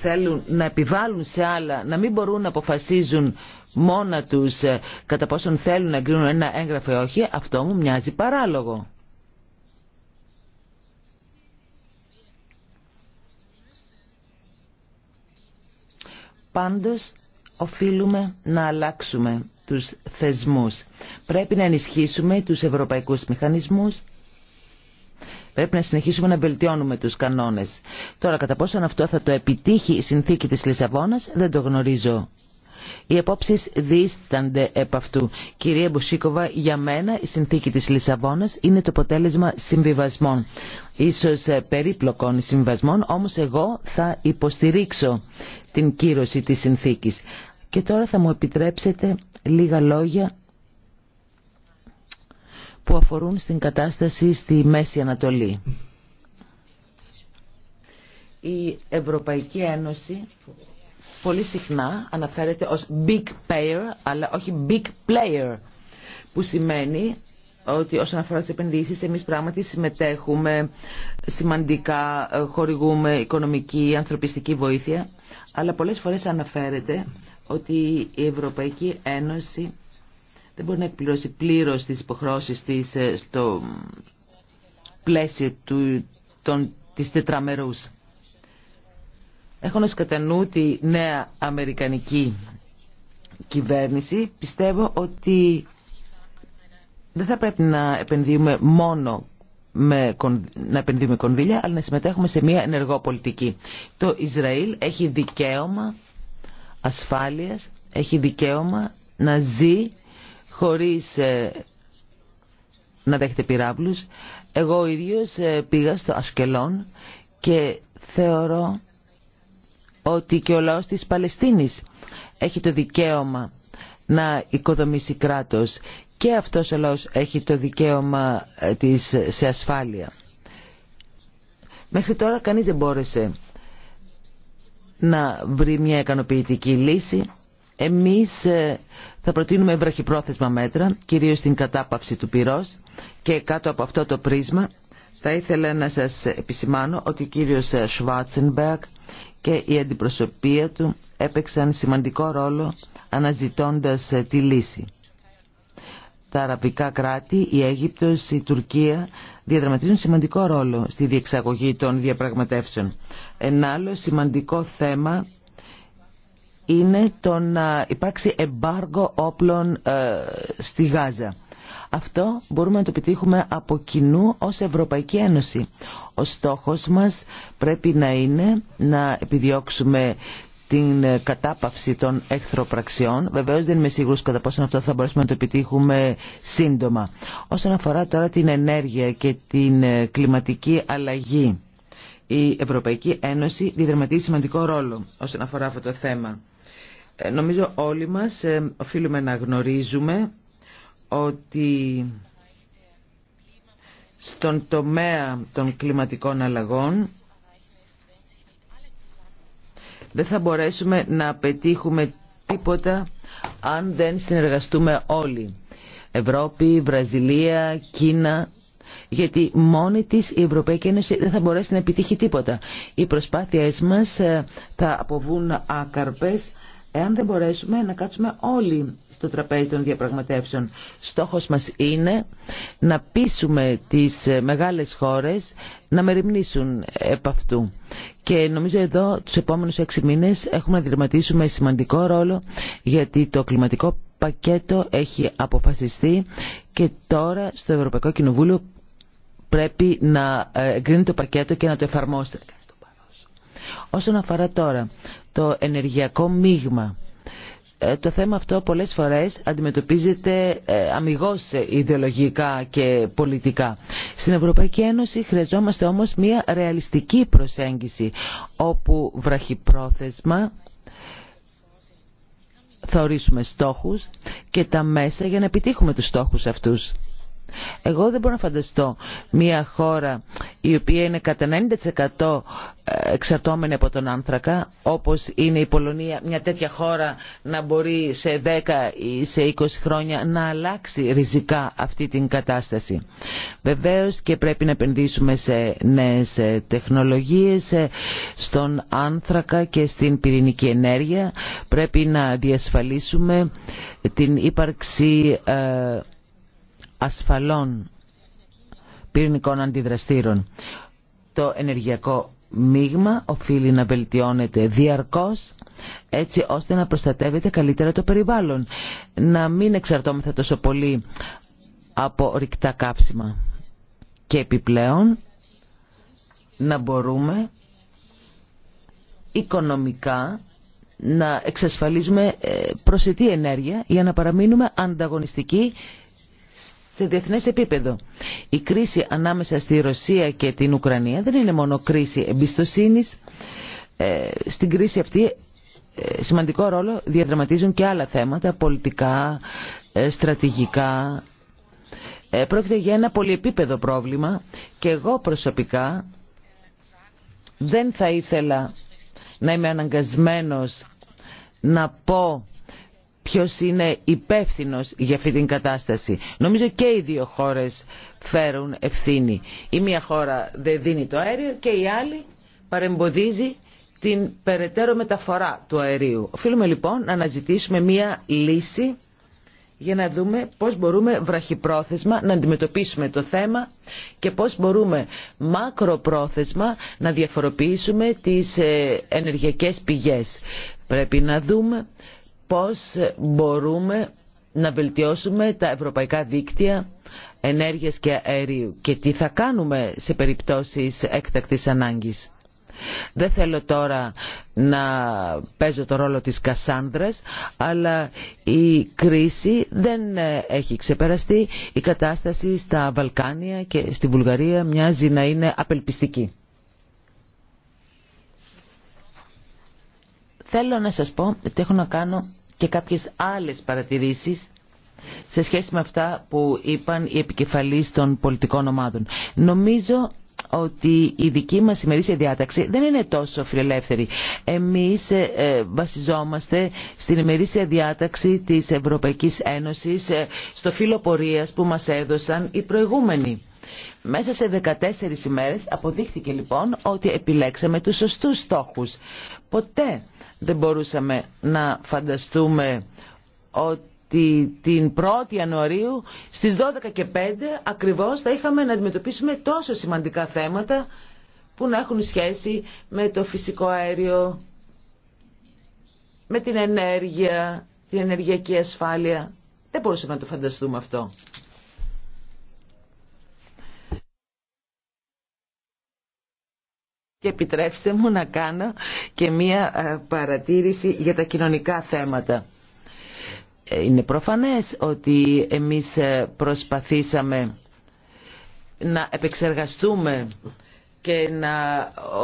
θέλουν να επιβάλλουν σε άλλα, να μην μπορούν να αποφασίζουν μόνα τους ε, κατά πόσον θέλουν να εγκρίνουν ένα έγγραφο ή όχι, αυτό μου μοιάζει παράλογο. Πάντως, οφείλουμε να αλλάξουμε τους θεσμούς. Πρέπει να ενισχύσουμε τους ευρωπαϊκούς μηχανισμούς, Πρέπει να συνεχίσουμε να βελτιώνουμε τους κανόνες. Τώρα κατά πόσο αυτό θα το επιτύχει η συνθήκη της Λισαβόνας δεν το γνωρίζω. Οι απόψεις δίστανται επ' αυτού. Κυρία Μπουσίκοβα, για μένα η συνθήκη της Λισαβόνας είναι το αποτέλεσμα συμβιβασμών. Ίσως ε, περίπλοκων συμβιβασμών, όμως εγώ θα υποστηρίξω την κύρωση της συνθήκης. Και τώρα θα μου επιτρέψετε λίγα λόγια που αφορούν στην κατάσταση στη Μέση Ανατολή. Η Ευρωπαϊκή Ένωση πολύ συχνά αναφέρεται ως big payer αλλά όχι big player που σημαίνει ότι όσον αφορά τις επενδύσεις εμείς πράγματι συμμετέχουμε σημαντικά, ε, χορηγούμε οικονομική, ανθρωπιστική βοήθεια αλλά πολλές φορές αναφέρεται ότι η Ευρωπαϊκή Ένωση δεν μπορεί να εκπληρώσει πλήρως τις υποχρώσεις της ε, στο πλαίσιο του, των, της τετραμερούς. Έχοντας κατά νου τη νέα αμερικανική κυβέρνηση, πιστεύω ότι δεν θα πρέπει να επενδύουμε μόνο με, να επενδύουμε κονδύλια, αλλά να συμμετέχουμε σε μια ενεργό πολιτική. Το Ισραήλ έχει δικαίωμα ασφάλειας, έχει δικαίωμα να ζει χωρίς ε, να δέχεται πυράβλους. Εγώ ίδιος ε, πήγα στο Ασκελόν και θεωρώ ότι και ο λαός της Παλαιστίνης έχει το δικαίωμα να οικοδομήσει κράτος και αυτός ο λαός έχει το δικαίωμα ε, της σε ασφάλεια. Μέχρι τώρα κανείς δεν μπόρεσε να βρει μια ικανοποιητική λύση. Εμείς θα προτείνουμε βραχυπρόθεσμα μέτρα, κυρίως στην κατάπαυση του πυρός και κάτω από αυτό το πρίσμα θα ήθελα να σας επισημάνω ότι ο κύριος Σβάτσενμπεργκ και η αντιπροσωπεία του έπαιξαν σημαντικό ρόλο αναζητώντας τη λύση. Τα αραβικά κράτη, η Αίγυπτος, η Τουρκία διαδραματίζουν σημαντικό ρόλο στη διεξαγωγή των διαπραγματεύσεων. Ένα άλλο σημαντικό θέμα είναι το να υπάρξει εμπάργο όπλων ε, στη Γάζα. Αυτό μπορούμε να το επιτύχουμε από κοινού ως Ευρωπαϊκή Ένωση. Ο στόχος μας πρέπει να είναι να επιδιώξουμε την κατάπαυση των εχθροπραξιών. Βεβαίως δεν είμαι σίγουρος κατά πόσο αυτό θα μπορέσουμε να το επιτύχουμε σύντομα. Όσον αφορά τώρα την ενέργεια και την ε, κλιματική αλλαγή, η Ευρωπαϊκή Ένωση διδραματίζει σημαντικό ρόλο όσον αφορά αυτό το θέμα. Ε, νομίζω όλοι μας ε, οφείλουμε να γνωρίζουμε ότι στον τομέα των κλιματικών αλλαγών δεν θα μπορέσουμε να πετύχουμε τίποτα αν δεν συνεργαστούμε όλοι. Ευρώπη, Βραζιλία, Κίνα, γιατί μόνη της η Ευρωπαϊκή Ένωση δεν θα μπορέσει να επιτύχει τίποτα. Οι προσπάθειές μας ε, θα αποβούν άκαρπες εάν δεν μπορέσουμε να κάτσουμε όλοι στο τραπέζι των διαπραγματεύσεων. Στόχος μας είναι να πείσουμε τις μεγάλες χώρες να μεριμνήσουν επ' αυτού. Και νομίζω εδώ τους επόμενους έξι μήνες έχουμε να διδραματίσουμε σημαντικό ρόλο γιατί το κλιματικό πακέτο έχει αποφασιστεί και τώρα στο Ευρωπαϊκό Κοινοβούλιο πρέπει να ε, εγκρίνει το πακέτο και να το εφαρμόσετε. Όσον αφορά τώρα το ενεργειακό μείγμα, ε, το θέμα αυτό πολλές φορές αντιμετωπίζεται ε, αμυγός ε, ιδεολογικά και πολιτικά. Στην Ευρωπαϊκή Ένωση χρειαζόμαστε όμως μια ρεαλιστική προσέγγιση όπου βραχυπρόθεσμα θα ορίσουμε στόχους και τα μέσα για να επιτύχουμε τους στόχους αυτούς. Εγώ δεν μπορώ να φανταστώ μια χώρα η οποία είναι κατά 90% ε, εξαρτώμενη από τον άνθρακα, όπως είναι η Πολωνία, μια τέτοια χώρα να μπορεί σε 10 ή σε 20 χρόνια να αλλάξει ριζικά αυτή την κατάσταση. Βεβαίως και πρέπει να επενδύσουμε σε νέες ε, τεχνολογίες, ε, στον άνθρακα και στην πυρηνική ενέργεια. Πρέπει να διασφαλίσουμε την ύπαρξη ασφαλών πυρηνικών αντιδραστήρων. Το ενεργειακό μείγμα οφείλει να βελτιώνεται διαρκώς έτσι ώστε να προστατεύεται καλύτερα το περιβάλλον. Να μην εξαρτώμεθα τόσο πολύ από ρηκτά κάψιμα. Και επιπλέον να μπορούμε οικονομικά να εξασφαλίζουμε ε, προσιτή ενέργεια για να παραμείνουμε ανταγωνιστικοί σε διεθνές επίπεδο. Η κρίση ανάμεσα στη Ρωσία και την Ουκρανία δεν είναι μόνο κρίση εμπιστοσύνης. Ε, στην κρίση αυτή ε, σημαντικό ρόλο διαδραματίζουν και άλλα θέματα, πολιτικά, ε, στρατηγικά. Πρόκειται για ένα πολυεπίπεδο πρόβλημα και εγώ προσωπικά δεν θα ήθελα να είμαι αναγκασμένος να πω ποιος είναι υπεύθυνο για αυτή την κατάσταση. Νομίζω και οι δύο χώρες φέρουν ευθύνη. Η μία χώρα δεν δίνει το αέριο και η άλλη παρεμποδίζει την περαιτέρω μεταφορά του αερίου. Οφείλουμε λοιπόν να αναζητήσουμε μία λύση για να δούμε πώς μπορούμε βραχυπρόθεσμα να αντιμετωπίσουμε το θέμα και πώς μπορούμε μακροπρόθεσμα να διαφοροποιήσουμε τις ε, ενεργειακές πηγές. Πρέπει να δούμε πώς μπορούμε να βελτιώσουμε τα ευρωπαϊκά δίκτυα ενέργειας και αερίου και τι θα κάνουμε σε περιπτώσεις έκτακτης ανάγκης. Δεν θέλω τώρα να παίζω το ρόλο της Κασάνδρας, αλλά η κρίση δεν έχει ξεπεραστεί. Η κατάσταση στα Βαλκάνια και στη Βουλγαρία μοιάζει να είναι απελπιστική. Θέλω να σας πω ότι έχω να κάνω και κάποιες άλλες παρατηρήσεις σε σχέση με αυτά που είπαν οι επικεφαλείς των πολιτικών ομάδων. Νομίζω ότι η δική μας ημερήσια διάταξη δεν είναι τόσο φιλελεύθερη. Εμείς ε, ε, βασιζόμαστε στην ημερήσια διάταξη της Ευρωπαϊκής Ένωσης ε, στο φύλλο πορείας που μας έδωσαν οι προηγούμενοι. Μέσα σε 14 ημέρες αποδείχθηκε λοιπόν ότι επιλέξαμε τους σωστούς στόχους. Ποτέ δεν μπορούσαμε να φανταστούμε ότι την 1η Ιανουαρίου στις 12 και 5 ακριβώς θα είχαμε να αντιμετωπίσουμε τόσο σημαντικά θέματα που να έχουν σχέση με το φυσικό αέριο, με την ενέργεια, την ενεργειακή ασφάλεια. Δεν μπορούσαμε να το φανταστούμε αυτό. Και επιτρέψτε μου να κάνω και μία ε, παρατήρηση για τα κοινωνικά θέματα. Ε, είναι προφανές ότι εμείς ε, προσπαθήσαμε να επεξεργαστούμε και να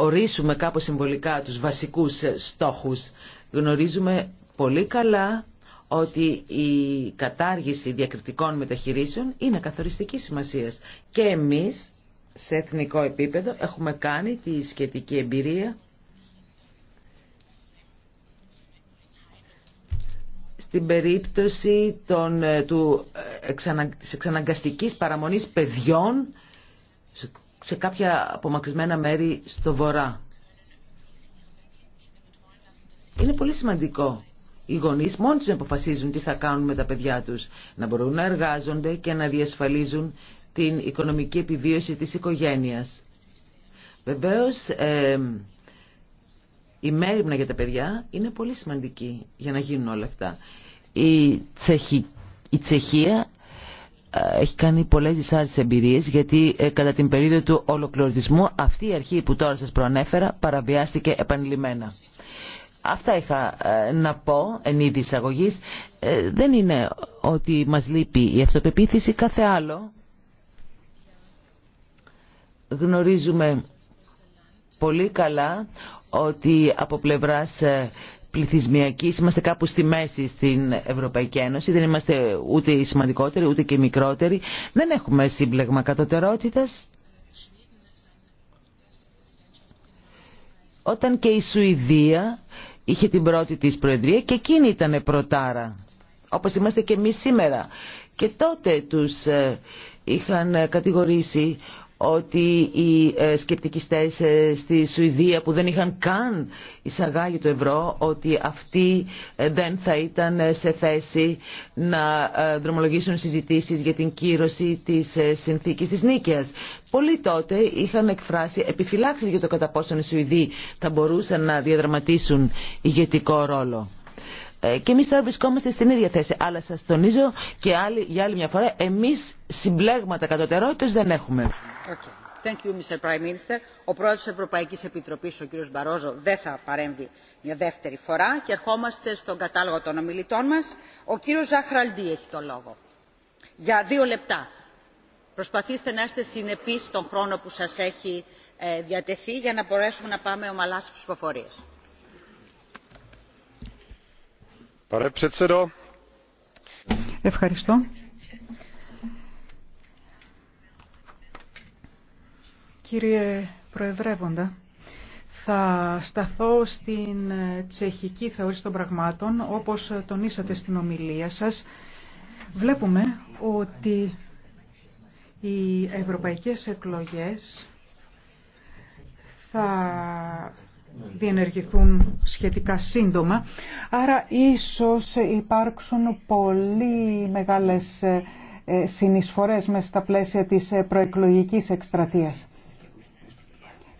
ορίσουμε κάπως συμβολικά τους βασικούς στόχους. Γνωρίζουμε πολύ καλά ότι η κατάργηση διακριτικών μεταχειρήσεων είναι καθοριστική σημασίας. Και εμείς σε εθνικό επίπεδο. Έχουμε κάνει τη σχετική εμπειρία. Στην περίπτωση των, ε, του, ε, εξανα, της εξαναγκαστικής παραμονής παιδιών σε κάποια απομακρυσμένα μέρη στο βορρά. Είναι πολύ σημαντικό οι γονείς μόνοι τους αποφασίζουν τι θα κάνουν με τα παιδιά τους. Να μπορούν να εργάζονται και να διασφαλίζουν την οικονομική επιβίωση της οικογένειας. Βεβαίως, ε, η μέρημνα για τα παιδιά είναι πολύ σημαντική για να γίνουν όλα αυτά. Η, η Τσεχία ε, έχει κάνει πολλές δυσάρτητες εμπειρίες γιατί ε, κατά την περίοδο του ολοκληρωτισμού αυτή η αρχή που τώρα σας προανέφερα παραβιάστηκε επανειλημμένα. Αυτά είχα ε, να πω εν είδη εισαγωγής. δεν είναι ότι μας λείπει η αυτοπεποίθηση κάθε άλλο. Γνωρίζουμε πολύ καλά ότι από πλευράς ε, πληθυσμιακής είμαστε κάπου στη μέση στην Ευρωπαϊκή Ένωση. Δεν είμαστε ούτε οι σημαντικότεροι ούτε και οι μικρότεροι. Δεν έχουμε σύμπλεγμα κατωτερότητας. Όταν και η Σουηδία είχε την πρώτη της Προεδρία και εκείνη ήταν πρωτάρα, όπως είμαστε και εμείς σήμερα. Και τότε τους ε, είχαν κατηγορήσει ότι οι ε, σκεπτικιστές ε, στη Σουηδία που δεν είχαν καν εισαγάγει το ευρώ ότι αυτοί ε, δεν θα ήταν σε θέση να δρομολογήσουν συζητήσεις για την κύρωση της συνθήκης της Νίκαιας. Πολλοί τότε είχαν εκφράσει επιφυλάξεις για το κατά πόσον οι Σουηδοί θα μπορούσαν να διαδραματίσουν ηγετικό ρόλο και εμεί τώρα βρισκόμαστε στην ίδια θέση. Αλλά σας τονίζω και για άλλη μια φορά, εμείς συμπλέγματα κατωτερότητε δεν έχουμε. Ο πρόεδρο τη Ευρωπαϊκή Επιτροπή, ο κ. Μπαρόζο, δεν θα παρέμβει μια δεύτερη φορά και ερχόμαστε στον κατάλογο των ομιλητών μα, Ο κ. Ζαχραλντή έχει το λόγο. Για δύο λεπτά. Προσπαθήστε να είστε συνεπεί στον χρόνο που σα έχει ε, διατεθεί για να μπορέσουμε να πάμε ομαλά στι ψηφοφορίε. Ευχαριστώ. Κύριε Προεδρεύοντα, θα σταθώ στην τσεχική θεώρηση των πραγμάτων, όπως τονίσατε στην ομιλία σας. Βλέπουμε ότι οι ευρωπαϊκές εκλογές θα διενεργηθούν σχετικά σύντομα, άρα ίσως υπάρξουν πολύ μεγάλες ε, συνεισφορές μέσα στα πλαίσια της ε, προεκλογικής εκστρατείας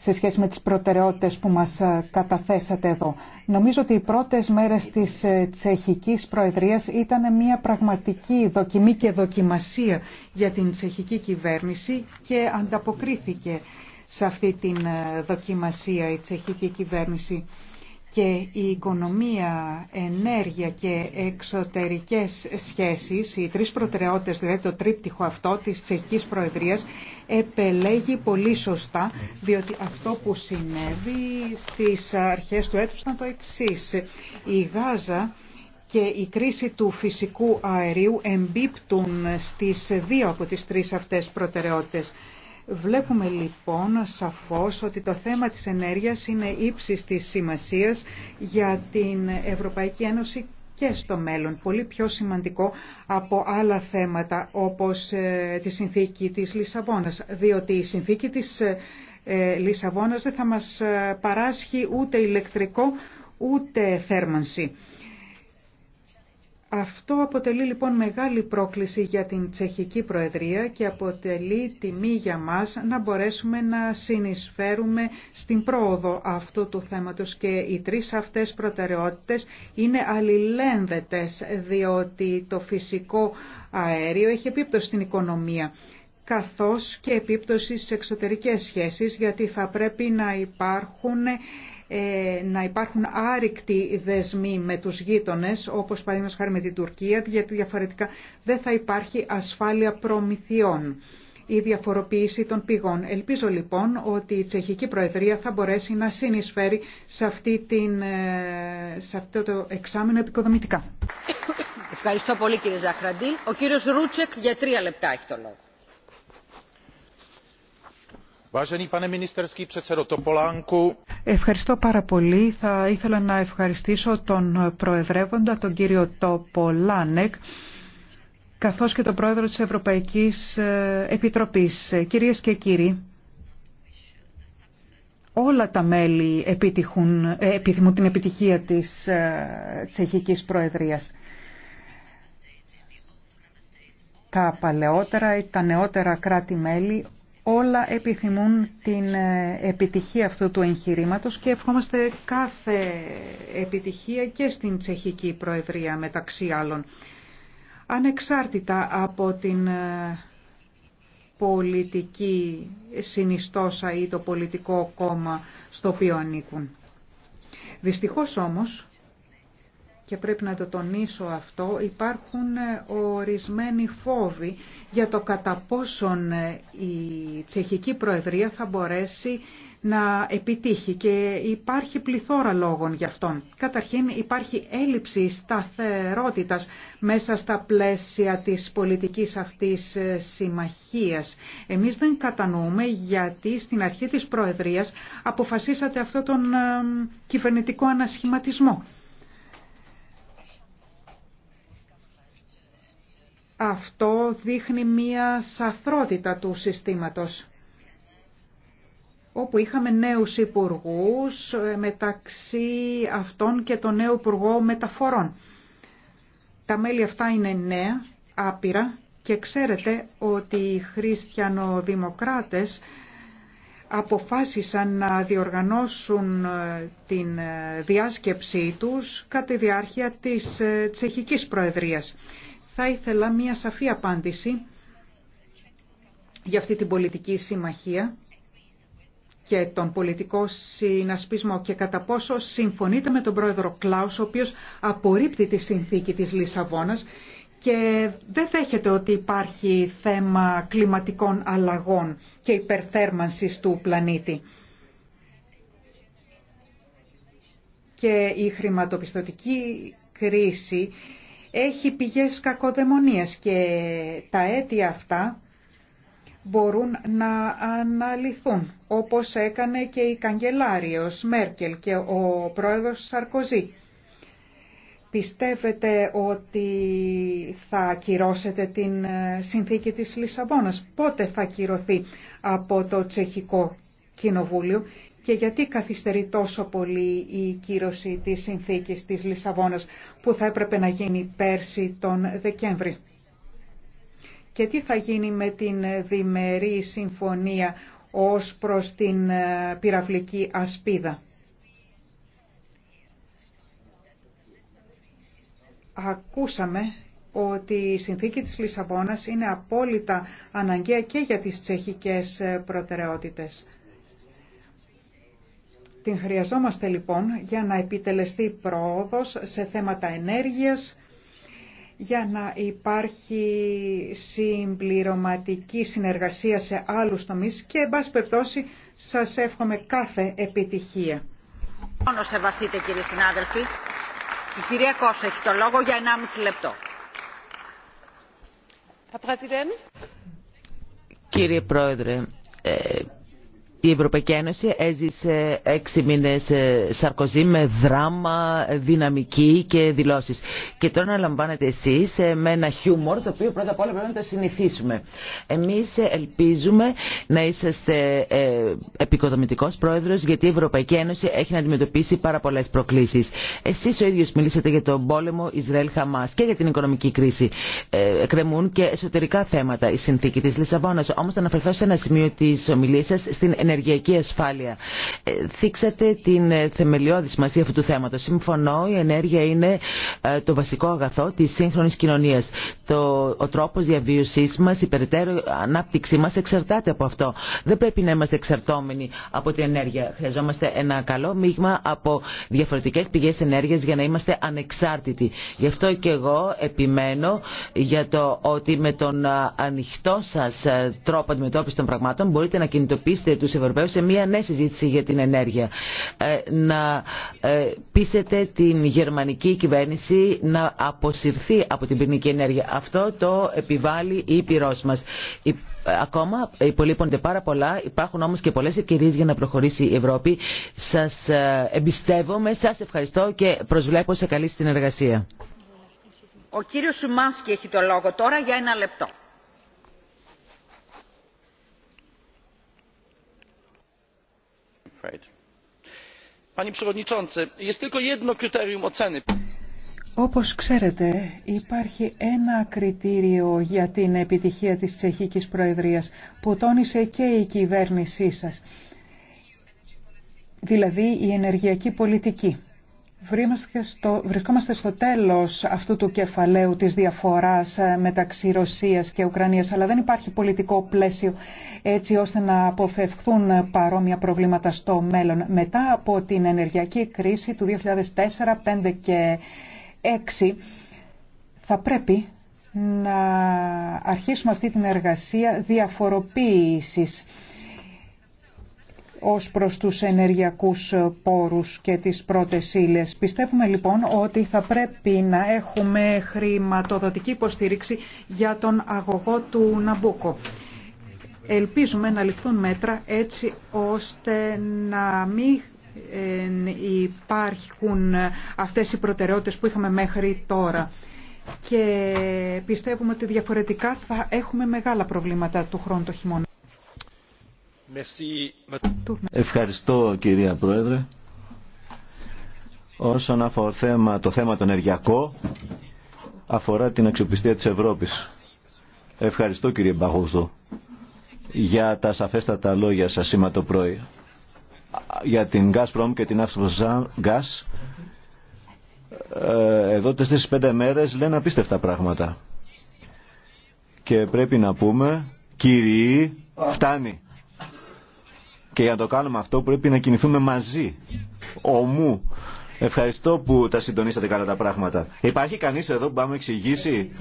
σε σχέση με τις προτεραιότητες που μας ε, καταθέσατε εδώ. Νομίζω ότι οι πρώτες μέρες της ε, Τσεχικής Προεδρίας ήταν μια πραγματική δοκιμή και δοκιμασία για την Τσεχική κυβέρνηση και ανταποκρίθηκε σε αυτή την ε, δοκιμασία η Τσεχική κυβέρνηση και η οικονομία, ενέργεια και εξωτερικές σχέσεις, οι τρεις προτεραιότητες, δηλαδή το τρίπτυχο αυτό της Τσεχικής Προεδρίας, επελέγει πολύ σωστά, διότι αυτό που συνέβη στις αρχές του έτους ήταν το εξή. Η Γάζα και η κρίση του φυσικού αερίου εμπίπτουν στις δύο από τις τρεις αυτές προτεραιότητες. Βλέπουμε λοιπόν σαφώς ότι το θέμα της ενέργειας είναι ύψης της σημασίας για την Ευρωπαϊκή Ένωση και στο μέλλον, πολύ πιο σημαντικό από άλλα θέματα όπως ε, τη συνθήκη της Λισαβόνας, διότι η συνθήκη της ε, ε, Λισαβόνας δεν θα μας παράσχει ούτε ηλεκτρικό ούτε θέρμανση. Αυτό αποτελεί λοιπόν μεγάλη πρόκληση για την Τσεχική Προεδρία και αποτελεί τιμή για μας να μπορέσουμε να συνεισφέρουμε στην πρόοδο αυτού του θέματος και οι τρεις αυτές προτεραιότητες είναι αλληλένδετες διότι το φυσικό αέριο έχει επίπτωση στην οικονομία καθώς και επίπτωση στις εξωτερικές σχέσεις γιατί θα πρέπει να υπάρχουν ε, να υπάρχουν άρρηκτοι δεσμοί με τους γείτονες, όπως παραδείγματος χάρη με την Τουρκία, γιατί διαφορετικά δεν θα υπάρχει ασφάλεια προμηθειών η διαφοροποίηση των πηγών. Ελπίζω λοιπόν ότι η Τσεχική Προεδρία θα μπορέσει να συνεισφέρει σε, αυτή την, ε, σε αυτό το εξάμεινο επικοδομητικά. Ευχαριστώ πολύ κύριε Ζαχραντή. Ο κύριος Ρούτσεκ για τρία λεπτά έχει το λόγο. Ευχαριστώ πάρα πολύ. Θα ήθελα να ευχαριστήσω τον Προεδρεύοντα, τον κύριο Τοπολάνεκ, καθώς και τον Πρόεδρο της Ευρωπαϊκής ε, Επιτροπής. Ε, κυρίες και κύριοι, όλα τα μέλη ε, επιθυμούν την επιτυχία της Τσεχικής Προεδρίας. Τα παλαιότερα ή τα νεότερα κράτη-μέλη όλα επιθυμούν την ε, επιτυχία αυτού του εγχειρήματος και ευχόμαστε κάθε επιτυχία και στην Τσεχική Προεδρία μεταξύ άλλων. Ανεξάρτητα από την ε, πολιτική συνιστόσα ή το πολιτικό κόμμα στο οποίο ανήκουν. Δυστυχώς όμως και πρέπει να το τονίσω αυτό, υπάρχουν ε, ορισμένοι φόβοι για το κατά πόσον ε, η τσεχική προεδρία θα μπορέσει να επιτύχει και υπάρχει πληθώρα λόγων γι' αυτόν. Καταρχήν υπάρχει έλλειψη σταθερότητας μέσα στα πλαίσια της πολιτικής αυτής ε, συμμαχίας. Εμείς δεν κατανοούμε γιατί στην αρχή της Προεδρίας αποφασίσατε αυτό τον κυβερνητικό ανασχηματισμό. Αυτό δείχνει μία σαθρότητα του συστήματος όπου είχαμε νέους υπουργούς ε, μεταξύ αυτών και τον νέο υπουργό μεταφορών. Τα μέλη αυτά είναι νέα, άπειρα και ξέρετε ότι οι χριστιανοδημοκράτες αποφάσισαν να διοργανώσουν ε, την ε, διάσκεψή τους κατά τη διάρκεια της τσεχικής προεδρίας. Θα ήθελα μία σαφή απάντηση για αυτή την πολιτική συμμαχία και τον πολιτικό συνασπισμό και κατά πόσο συμφωνείτε με τον πρόεδρο Κλάους, ο οποίος απορρίπτει τη συνθήκη της Λισαβόνας και δεν δέχεται ότι υπάρχει θέμα κλιματικών αλλαγών και υπερθέρμανσης του πλανήτη. Και η χρηματοπιστωτική κρίση έχει πηγές κακοδαιμονίας και τα αίτια αυτά μπορούν να αναλυθούν, όπως έκανε και η καγκελάριος Μέρκελ και ο πρόεδρος Σαρκοζή. Πιστεύετε ότι θα ακυρώσετε την ε, συνθήκη της Λισαβόνας. Πότε θα ακυρωθεί από το τσεχικό κοινοβούλιο και γιατί καθυστερεί τόσο πολύ η κύρωση της συνθήκης της Λισαβόνας που θα έπρεπε να γίνει πέρσι τον Δεκέμβρη. Και τι θα γίνει με την διμερή συμφωνία ως προς την ε, πυραυλική ασπίδα. Ακούσαμε ότι η συνθήκη της Λισαβόνας είναι απόλυτα αναγκαία και για τις τσεχικές ε, προτεραιότητες. Την χρειαζόμαστε λοιπόν για να επιτελεστεί πρόοδος σε θέματα ενέργειας, για να υπάρχει συμπληρωματική συνεργασία σε άλλους τομείς και, εν πάση περιπτώσει, σας εύχομαι κάθε επιτυχία. Μόνο σεβαστείτε, κύριε συνάδελφοι. Η κυρία Κόσο έχει το λόγο για 1,5 λεπτό. Κύριε Πρόεδρε, ε... Η Ευρωπαϊκή Ένωση έζησε έξι μήνες ε, Σαρκοζή με δράμα, δυναμική και δηλώσεις. Και τώρα λαμβάνετε εσείς ε, με ένα χιούμορ το οποίο πρώτα απ' όλα πρέπει να το συνηθίσουμε. Εμείς ε, ελπίζουμε να είσαστε επικοδομητικός πρόεδρος γιατί η Ευρωπαϊκή Ένωση έχει να αντιμετωπίσει πάρα πολλές προκλήσεις. Εσείς ο ίδιος μιλήσατε για τον πόλεμο Ισραήλ-Χαμάς και για την οικονομική κρίση. Ε, κρεμούν και εσωτερικά θέματα η συνθήκη της Λισαβόνας. Όμως θα αναφερθώ σε ένα σημείο της ομιλίας σας στην ενεργειακή ασφάλεια. Ε, θίξατε την ε, θεμελιώδη σημασία αυτού του θέματος. Συμφωνώ, η ενέργεια είναι ε, το βασικό αγαθό της σύγχρονης κοινωνίας. Το, ο τρόπος διαβίωσής μας, η περαιτέρω ανάπτυξή μας εξαρτάται από αυτό. Δεν πρέπει να είμαστε εξαρτώμενοι από την ενέργεια. Χρειαζόμαστε ένα καλό μείγμα από διαφορετικές πηγές ενέργειας για να είμαστε ανεξάρτητοι. Γι' αυτό και εγώ επιμένω για το ότι με τον ανοιχτό σας τρόπο αντιμετώπιση των πραγμάτων μπορείτε να κινητοποιήσετε τους Ευρωπαίου σε μια νέα συζήτηση για την ενέργεια. Ε, να ε, πείσετε την γερμανική κυβέρνηση να αποσυρθεί από την πυρηνική ενέργεια. Αυτό το επιβάλλει η πυρός μας. Ακόμα υπολείπονται πάρα πολλά, υπάρχουν όμως και πολλές ευκαιρίες για να προχωρήσει η Ευρώπη. Σας ε, εμπιστεύομαι, σας ευχαριστώ και προσβλέπω σε καλή συνεργασία. Ο κύριος Σουμάσκι έχει το λόγο τώρα για ένα λεπτό. Όπως ξέρετε υπάρχει ένα κριτήριο για την επιτυχία της Τσεχικής Προεδρίας που τόνισε και η κυβέρνησή σας, δηλαδή η ενεργειακή πολιτική στο, βρισκόμαστε στο τέλος αυτού του κεφαλαίου της διαφοράς ε, μεταξύ Ρωσίας και Ουκρανίας, αλλά δεν υπάρχει πολιτικό πλαίσιο έτσι ώστε να αποφευχθούν παρόμοια προβλήματα στο μέλλον. Μετά από την ενεργειακή κρίση του 2004, 2005 και 2006, θα πρέπει να αρχίσουμε αυτή την εργασία διαφοροποίησης ως προς τους ενεργειακούς πόρους και τις πρώτες ύλες. Πιστεύουμε λοιπόν ότι θα πρέπει να έχουμε χρηματοδοτική υποστήριξη για τον αγωγό του Ναμπούκο. Ελπίζουμε να ληφθούν μέτρα έτσι ώστε να μην ε, υπάρχουν αυτές οι προτεραιότητες που είχαμε μέχρι τώρα και πιστεύουμε ότι διαφορετικά θα έχουμε μεγάλα προβλήματα του χρόνου το χειμώνα. Ευχαριστώ κυρία Πρόεδρε. Όσον αφορά το θέμα, το θέμα ενεργειακό, αφορά την αξιοπιστία της Ευρώπης. Ευχαριστώ κύριε Μπαγούζο για τα σαφέστατα λόγια σας σήμερα το πρωί. Για την Gazprom και την Αυσποζά Gas, ε, εδώ τέσσερις πέντε μέρες λένε απίστευτα πράγματα. Και πρέπει να πούμε, κύριοι, φτάνει. Και για να το κάνουμε αυτό πρέπει να κινηθούμε μαζί, ομού. Ευχαριστώ που τα συντονίσατε καλά τα πράγματα. Υπάρχει κανείς εδώ που πάμε εξηγήσει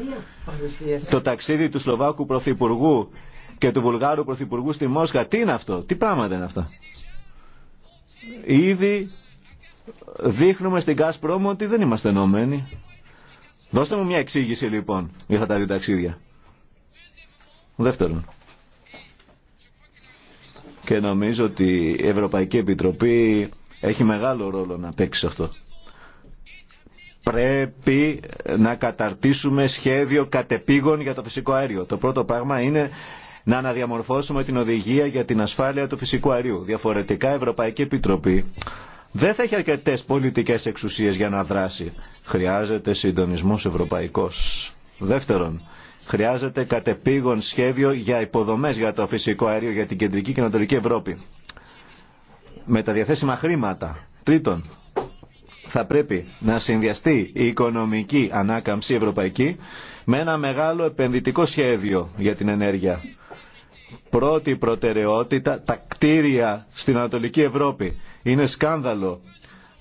το ταξίδι του Σλοβάκου Πρωθυπουργού και του Βουλγάρου Πρωθυπουργού στη Μόσχα. Τι είναι αυτό, τι πράγματα είναι αυτά. Ήδη δείχνουμε στην ΚΑΣΠΡΟΜΟ ότι δεν είμαστε ενωμένοι. Δώστε μου μια εξήγηση λοιπόν για τα δύο ταξίδια. Δεύτερον και νομίζω ότι η Ευρωπαϊκή Επιτροπή έχει μεγάλο ρόλο να παίξει σε αυτό. Πρέπει να καταρτήσουμε σχέδιο κατεπήγων για το φυσικό αέριο. Το πρώτο πράγμα είναι να αναδιαμορφώσουμε την οδηγία για την ασφάλεια του φυσικού αερίου. Διαφορετικά η Ευρωπαϊκή Επιτροπή δεν θα έχει αρκετέ πολιτικέ εξουσίε για να δράσει. Χρειάζεται συντονισμό ευρωπαϊκό. Δεύτερον, Χρειάζεται κατεπήγον σχέδιο για υποδομές για το φυσικό αέριο για την κεντρική και ανατολική Ευρώπη. Με τα διαθέσιμα χρήματα. Τρίτον, θα πρέπει να συνδυαστεί η οικονομική ανάκαμψη ευρωπαϊκή με ένα μεγάλο επενδυτικό σχέδιο για την ενέργεια. Πρώτη προτεραιότητα τα κτίρια στην Ανατολική Ευρώπη. Είναι σκάνδαλο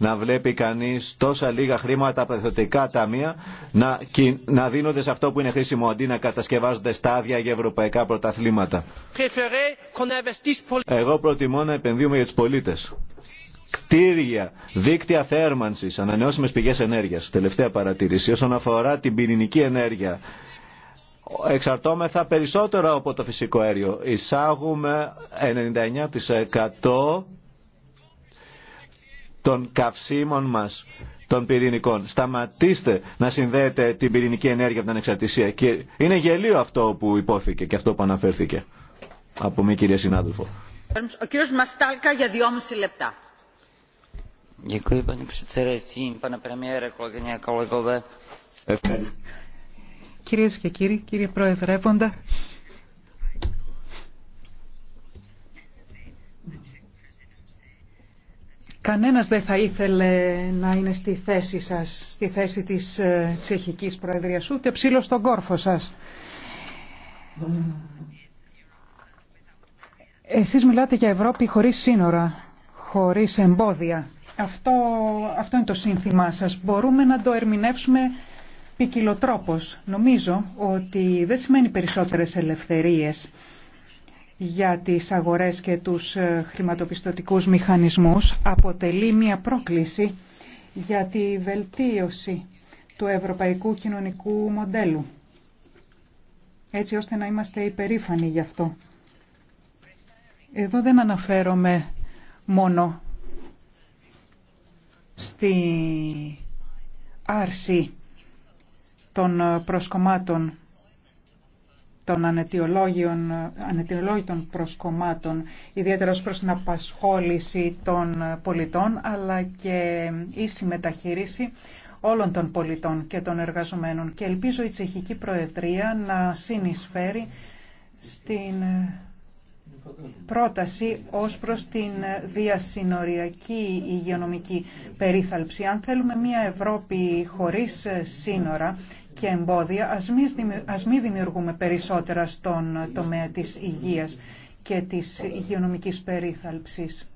να βλέπει κανείς τόσα λίγα χρήματα από τα ταμεία να, να δίνονται σε αυτό που είναι χρήσιμο αντί να κατασκευάζονται στάδια για ευρωπαϊκά πρωταθλήματα. Εγώ προτιμώ να επενδύουμε για τους πολίτες. Κτίρια, δίκτυα θέρμανσης, ανανεώσιμες πηγές ενέργειας. Τελευταία παρατήρηση όσον αφορά την πυρηνική ενέργεια εξαρτώμεθα περισσότερο από το φυσικό αέριο. Εισάγουμε 99% των καυσίμων μας των πυρηνικών. Σταματήστε να συνδέετε την πυρηνική ενέργεια από την ανεξαρτησία. είναι γελίο αυτό που υπόθηκε και αυτό που αναφέρθηκε από μια κυρία συνάδελφο. Ο κύριος Μαστάλκα για δυόμιση λεπτά. Κυρίες και κύριοι, κύριε Προεδρεύοντα, Κανένας δεν θα ήθελε να είναι στη θέση σας, στη θέση της ε, τσεχικής προεδρίας, ούτε ψήλο στον κόρφο σας. Εσείς μιλάτε για Ευρώπη χωρίς σύνορα, χωρίς εμπόδια. Αυτό, αυτό είναι το σύνθημά σας. Μπορούμε να το ερμηνεύσουμε ποικιλοτρόπως. Νομίζω ότι δεν σημαίνει περισσότερες ελευθερίες για τις αγορές και τους ε, χρηματοπιστωτικούς μηχανισμούς αποτελεί μια πρόκληση για τη βελτίωση του ευρωπαϊκού κοινωνικού μοντέλου, έτσι ώστε να είμαστε υπερήφανοι γι' αυτό. Εδώ δεν αναφέρομαι μόνο στη άρση των ε, προσκομμάτων των ανετιολόγητων προσκομμάτων, ιδιαίτερα προς την απασχόληση των πολιτών, αλλά και ίση μεταχείριση όλων των πολιτών και των εργαζομένων. Και ελπίζω η Τσεχική Προεδρία να συνεισφέρει στην πρόταση ως προς την διασυνοριακή υγειονομική περίθαλψη. Αν θέλουμε μια Ευρώπη χωρίς σύνορα, και εμπόδια, ας μην δημιουργούμε περισσότερα στον τομέα της υγείας και της υγειονομικής περίθαλψης.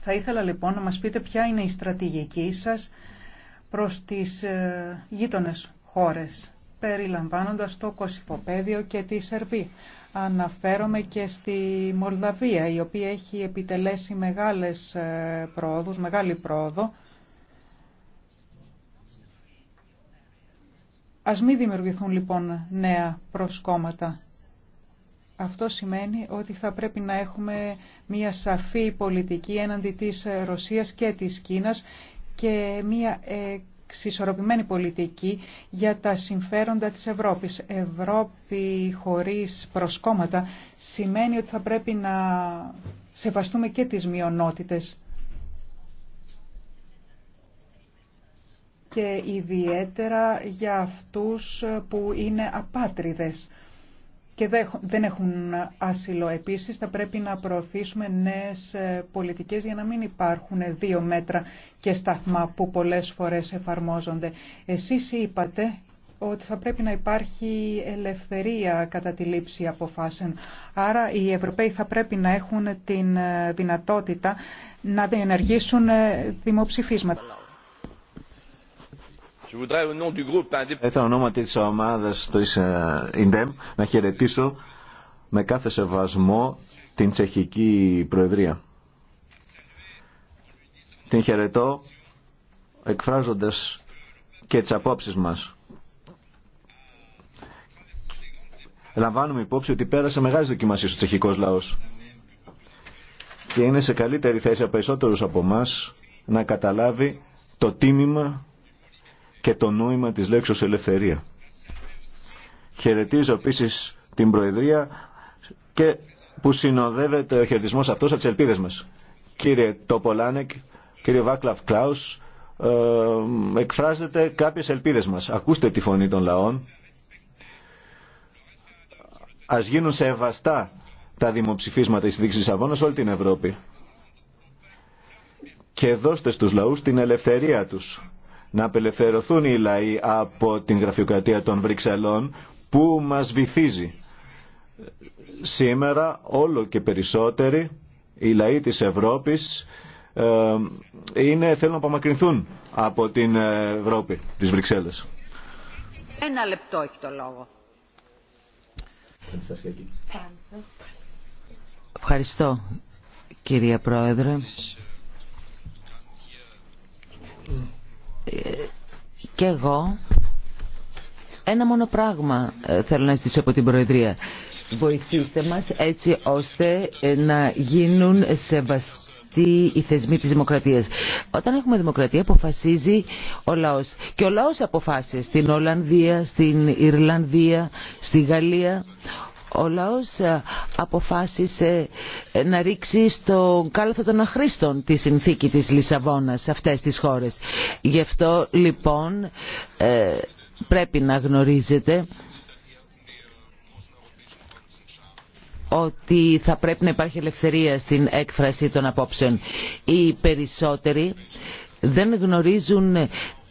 Θα ήθελα λοιπόν να μας πείτε ποια είναι η στρατηγική σας προς τις ε, γείτονες χώρες, περιλαμβάνοντας το Κωσυφοπαίδιο και τη Σερβή. Αναφέρομαι και στη Μολδαβία, η οποία έχει επιτελέσει μεγάλες ε, πρόοδους, μεγάλη πρόοδο, Ας μην δημιουργηθούν λοιπόν νέα προσκόμματα. Αυτό σημαίνει ότι θα πρέπει να έχουμε μια σαφή πολιτική έναντι της Ρωσίας και της Κίνας και μια εξισορροπημένη πολιτική για τα συμφέροντα της Ευρώπης. Ευρώπη χωρίς προσκόμματα σημαίνει ότι θα πρέπει να σεβαστούμε και τις μειονότητες και ιδιαίτερα για αυτούς που είναι απάτριδες και δεν έχουν άσυλο. Επίσης θα πρέπει να προωθήσουμε νέες ε, πολιτικές για να μην υπάρχουν δύο μέτρα και σταθμά που πολλές φορές εφαρμόζονται. Εσείς είπατε ότι θα πρέπει να υπάρχει ελευθερία κατά τη λήψη αποφάσεων. Άρα οι Ευρωπαίοι θα πρέπει να έχουν την ε, δυνατότητα να διενεργήσουν ε, δημοψηφίσματα. Θα ονόματι της ομάδας της ε, ΙΝΤΕΜ να χαιρετήσω με κάθε σεβασμό την Τσεχική Προεδρία. Την χαιρετώ εκφράζοντας και τις απόψεις μας. Λαμβάνουμε υπόψη ότι πέρασε μεγάλη δοκιμασία ο τσεχικός λαός και είναι σε καλύτερη θέση από περισσότερους από εμά να καταλάβει το τίμημα και το νόημα της λέξης ελευθερία. Χαιρετίζω επίση την Προεδρία και που συνοδεύεται ο χαιρετισμό αυτός από τις ελπίδες μας. Κύριε Τοπολάνεκ, κύριε Βάκλαβ Κλάους, ε, εκφράζεται κάποιες ελπίδες μας. Ακούστε τη φωνή των λαών. Ας γίνουν σεβαστά τα δημοψηφίσματα της Δίκης Αβώνας όλη την Ευρώπη. Και δώστε στους λαούς την ελευθερία τους να απελευθερωθούν οι λαοί από την γραφειοκρατία των Βρυξελών που μας βυθίζει. Σήμερα όλο και περισσότεροι οι λαοί της Ευρώπης ε, είναι, θέλουν να απομακρυνθούν από την Ευρώπη, τις Βρυξέλλες. Ένα λεπτό έχει το λόγο. Ευχαριστώ κυρία Πρόεδρε και εγώ ένα μόνο πράγμα ε, θέλω να ζητήσω από την Προεδρία. Βοηθήστε μας έτσι ώστε ε, να γίνουν σεβαστοί οι θεσμοί της δημοκρατίας. Όταν έχουμε δημοκρατία αποφασίζει ο λαός. Και ο λαός αποφάσισε στην Ολλανδία, στην Ιρλανδία, στη Γαλλία. Ο λαός ε, αποφάσισε ε, να ρίξει στον κάλαθο των αχρήστων τη συνθήκη της Λισαβόνας σε αυτές τις χώρες. Γι' αυτό λοιπόν ε, πρέπει να γνωρίζετε ότι θα πρέπει να υπάρχει ελευθερία στην έκφραση των απόψεων. Οι περισσότεροι δεν γνωρίζουν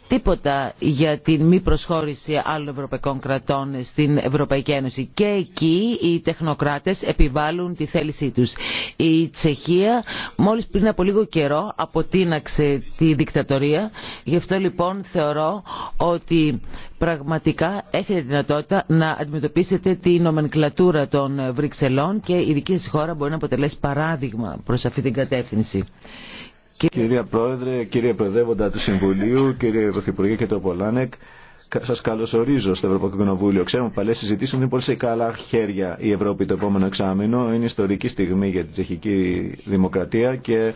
τίποτα για την μη προσχώρηση άλλων ευρωπαϊκών κρατών στην Ευρωπαϊκή Ένωση. Και εκεί οι τεχνοκράτες επιβάλλουν τη θέλησή τους. Η Τσεχία μόλις πριν από λίγο καιρό αποτείναξε τη δικτατορία. Γι' αυτό λοιπόν θεωρώ ότι πραγματικά έχετε δυνατότητα να αντιμετωπίσετε τη νομενκλατούρα των Βρυξελών και η δική σας χώρα μπορεί να αποτελέσει παράδειγμα προς αυτή την κατεύθυνση. Κυρία Πρόεδρε, κύριε Προεδρεύοντα του Συμβουλίου, κύριε Πρωθυπουργέ και το Πολάνεκ, σα καλωσορίζω στο Ευρωπαϊκό Κοινοβούλιο. Ξέρουμε ότι παλέ συζητήσει είναι πολύ σε καλά χέρια η Ευρώπη το επόμενο εξάμεινο. Είναι ιστορική στιγμή για την τσεχική δημοκρατία και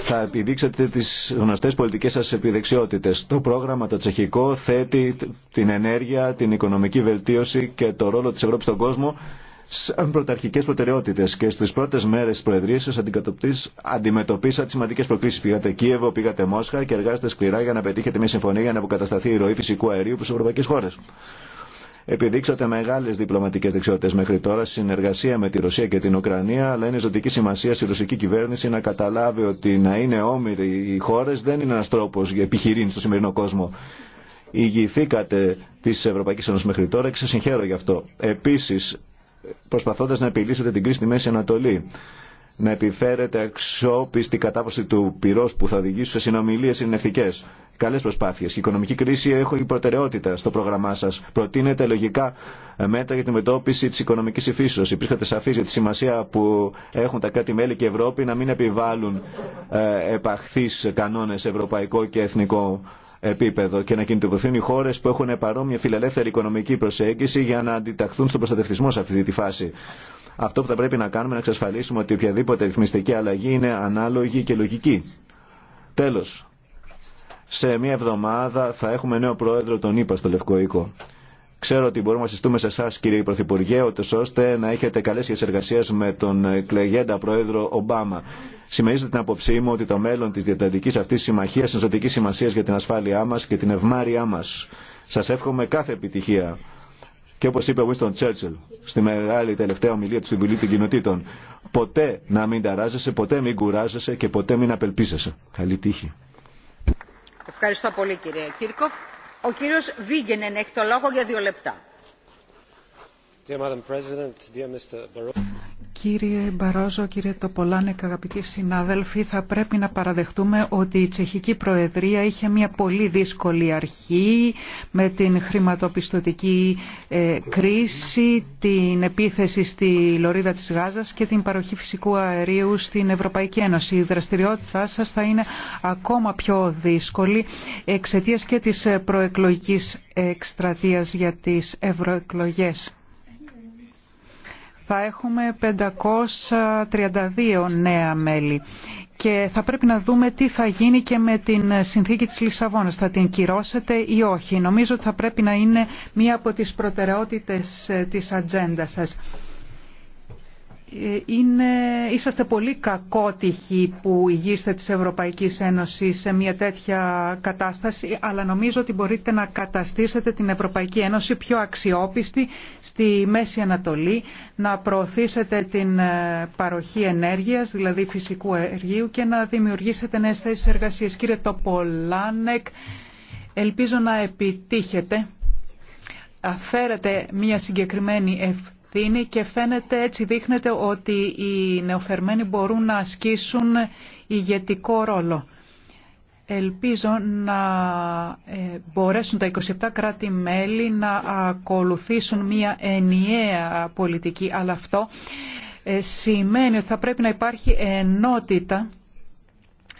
θα επιδείξετε τις γνωστές πολιτικές σας επιδεξιότητες. Το πρόγραμμα το τσεχικό θέτει την ενέργεια, την οικονομική βελτίωση και το ρόλο της Ευρώπης στον κόσμο σαν ε, πρωταρχικέ προτεραιότητε και στι πρώτε μέρε τη Προεδρία σα αντιμετωπίσατε σημαντικέ προκλήσει. Πήγατε Κίεβο, πήγατε Μόσχα και εργάζεστε σκληρά για να πετύχετε μια συμφωνία για να αποκατασταθεί η ροή φυσικού αερίου προ ευρωπαϊκέ χώρε. Επιδείξατε μεγάλε διπλωματικέ δεξιότητε μέχρι τώρα, συνεργασία με τη Ρωσία και την Ουκρανία, αλλά είναι ζωτική σημασία στη ρωσική κυβέρνηση να καταλάβει ότι να είναι όμοιροι οι χώρε δεν είναι ένα τρόπο για επιχειρήν στο σημερινό κόσμο Υγηθήκατε τη Ευρωπαϊκή Ένωση μέχρι τώρα και σα συγχαίρω γι' αυτό. Επίση, προσπαθώντας να επιλύσετε την κρίση στη Μέση Ανατολή. Να επιφέρετε αξιόπιστη κατάβαση του πυρός που θα οδηγήσει σε συνομιλίες συνευτικές. Καλές προσπάθειες. Η οικονομική κρίση έχει προτεραιότητα στο πρόγραμμά σας. Προτείνετε λογικά μέτρα για την μετώπιση της οικονομικής υφήσεως. Υπήρχατε σαφείς για τη σημασία που έχουν τα κράτη-μέλη και η Ευρώπη να μην επιβάλλουν ε, επαχθείς κανόνες ευρωπαϊκό και εθνικό επίπεδο και να κινητοποιηθούν οι χώρε που έχουν παρόμοια φιλελεύθερη οικονομική προσέγγιση για να αντιταχθούν στον προστατευτισμό σε αυτή τη φάση. Αυτό που θα πρέπει να κάνουμε είναι να εξασφαλίσουμε ότι οποιαδήποτε ρυθμιστική αλλαγή είναι ανάλογη και λογική. Τέλο, σε μία εβδομάδα θα έχουμε νέο πρόεδρο τον ΗΠΑ στο Λευκό Οίκο. Ξέρω ότι μπορούμε να συστούμε σε εσά, κύριε Πρωθυπουργέ, ώστε να έχετε καλέ σχέσει με τον κλαγέντα πρόεδρο Ομπάμα. Συμμερίζετε την άποψή μου ότι το μέλλον τη διατατική αυτή συμμαχία είναι ζωτική σημασία για την ασφάλειά μα και την ευμάρειά μα. Σα εύχομαι κάθε επιτυχία. Και όπω είπε ο Βίστον Τσέρτσελ στη μεγάλη τελευταία ομιλία του Συμβουλίου των Κοινοτήτων, ποτέ να μην ταράζεσαι, ποτέ μην κουράζεσαι και ποτέ μην απελπίσεσαι. Καλή τύχη. Ευχαριστώ πολύ κύριε Κύρκοφ. Ο κύριος Βίγγενεν έχει το λόγο για δύο λεπτά. Κύριε Μπαρόζο, κύριε Τοπολάνεκ, αγαπητοί συνάδελφοι, θα πρέπει να παραδεχτούμε ότι η Τσεχική Προεδρία είχε μια πολύ δύσκολη αρχή με την χρηματοπιστωτική ε, κρίση, την επίθεση στη Λωρίδα της Γάζας και την παροχή φυσικού αερίου στην Ευρωπαϊκή Ένωση. Η δραστηριότητά σας θα είναι ακόμα πιο δύσκολη εξαιτίας και της προεκλογικής εκστρατείας για τις ευρωεκλογές θα έχουμε 532 νέα μέλη και θα πρέπει να δούμε τι θα γίνει και με την συνθήκη της Λισαβόνας. Θα την κυρώσετε ή όχι. Νομίζω ότι θα πρέπει να είναι μία από τις προτεραιότητες ε, της ατζέντα σας είναι, είσαστε πολύ κακότυχοι που υγείστε της Ευρωπαϊκής Ένωσης σε μια τέτοια κατάσταση, αλλά νομίζω ότι μπορείτε να καταστήσετε την Ευρωπαϊκή Ένωση πιο αξιόπιστη στη Μέση Ανατολή, να προωθήσετε την ε, παροχή ενέργειας, δηλαδή φυσικού εργείου και να δημιουργήσετε νέες θέσεις εργασίας. Κύριε Τοπολάνεκ, ελπίζω να επιτύχετε. Αφέρετε μια συγκεκριμένη ευθύνη δίνει και φαίνεται έτσι δείχνεται ότι οι νεοφερμένοι μπορούν να ασκήσουν ηγετικό ρόλο. Ελπίζω να ε, μπορέσουν τα 27 κράτη-μέλη να ακολουθήσουν μια ενιαία πολιτική, αλλά αυτό ε, σημαίνει ότι θα πρέπει να υπάρχει ενότητα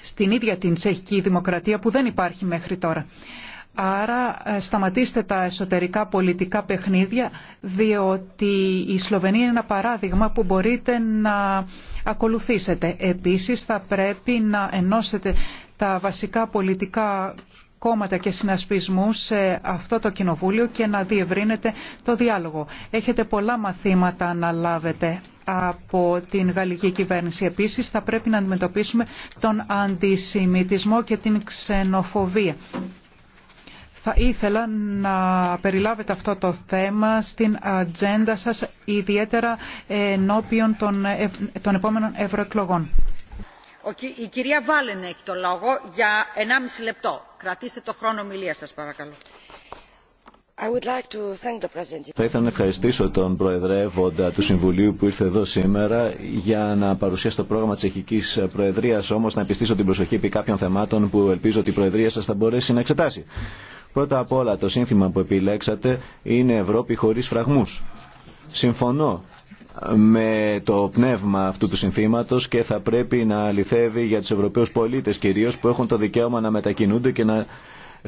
στην ίδια την τσεχική δημοκρατία που δεν υπάρχει μέχρι τώρα. Άρα ε, σταματήστε τα εσωτερικά πολιτικά παιχνίδια, διότι η Σλοβενία είναι ένα παράδειγμα που μπορείτε να ακολουθήσετε. Επίσης θα πρέπει να ενώσετε τα βασικά πολιτικά κόμματα και συνασπισμού σε αυτό το κοινοβούλιο και να διευρύνετε το διάλογο. Έχετε πολλά μαθήματα να λάβετε από την γαλλική κυβέρνηση. Επίσης θα πρέπει να αντιμετωπίσουμε τον αντισημιτισμό και την ξενοφοβία θα ήθελα να περιλάβετε αυτό το θέμα στην ατζέντα σας, ιδιαίτερα ενώπιον των, ευ... των επόμενων ευρωεκλογών. Η κυρία Βάλεν έχει το λόγο για 1,5 λεπτό. Κρατήστε το χρόνο μιλία σας παρακαλώ. Θα ήθελα να ευχαριστήσω τον Προεδρεύοντα του Συμβουλίου που ήρθε εδώ σήμερα για να παρουσιάσει το πρόγραμμα της Εχικής Προεδρίας, όμως να επιστήσω την προσοχή επί κάποιων θεμάτων που ελπίζω ότι η Προεδρία σας θα μπορέσει να εξετάσει. Πρώτα απ' όλα το σύνθημα που επιλέξατε είναι Ευρώπη χωρίς φραγμούς. Συμφωνώ με το πνεύμα αυτού του συνθήματος και θα πρέπει να αληθεύει για τους Ευρωπαίους πολίτες κυρίως που έχουν το δικαίωμα να μετακινούνται και να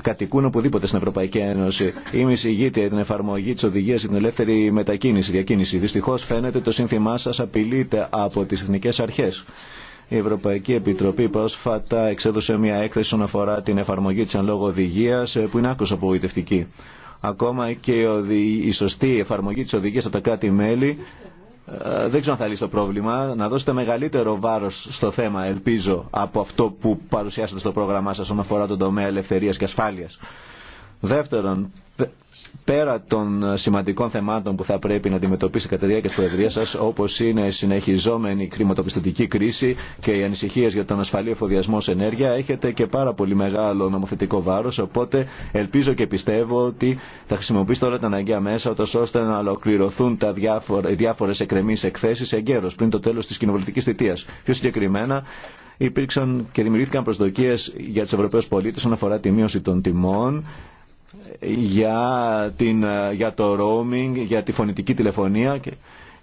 κατοικούν οπουδήποτε στην Ευρωπαϊκή Ένωση. Είμαι εισηγήτη για την εφαρμογή τη οδηγία για την ελεύθερη μετακίνηση, διακίνηση. Δυστυχώ φαίνεται το σύνθημά σα απειλείται από τι εθνικέ αρχέ. Η Ευρωπαϊκή Επιτροπή πρόσφατα εξέδωσε μια έκθεση όσον αφορά την εφαρμογή της εν λόγω ε, που είναι άκουσα απογοητευτική. Ακόμα και η σωστή εφαρμογή της οδηγία από τα κράτη-μέλη ε, δεν ξέρω αν θα λύσει το πρόβλημα. Να δώσετε μεγαλύτερο βάρο στο θέμα, ελπίζω, από αυτό που παρουσιάσατε στο πρόγραμμά σα όσον αφορά τον τομέα ελευθερία και ασφάλεια. Δεύτερον, πέρα των σημαντικών θεμάτων που θα πρέπει να αντιμετωπίσει κατά τη διάρκεια τη Προεδρία σα, όπω είναι η συνεχιζόμενη κρηματοπιστωτική κρίση και οι ανησυχίε για τον ασφαλή εφοδιασμό σε ενέργεια, έχετε και πάρα πολύ μεγάλο νομοθετικό βάρο. Οπότε ελπίζω και πιστεύω ότι θα χρησιμοποιήσετε όλα τα αναγκαία μέσα, ώστε να ολοκληρωθούν τα διάφορα, οι διάφορε εκκρεμεί εκθέσει εγκαίρω πριν το τέλο τη κοινοβουλευτική θητεία. Πιο συγκεκριμένα, υπήρξαν και δημιουργήθηκαν προσδοκίε για του Ευρωπαίου πολίτε όσον αφορά τη μείωση των τιμών για, την, για το roaming, για τη φωνητική τηλεφωνία και,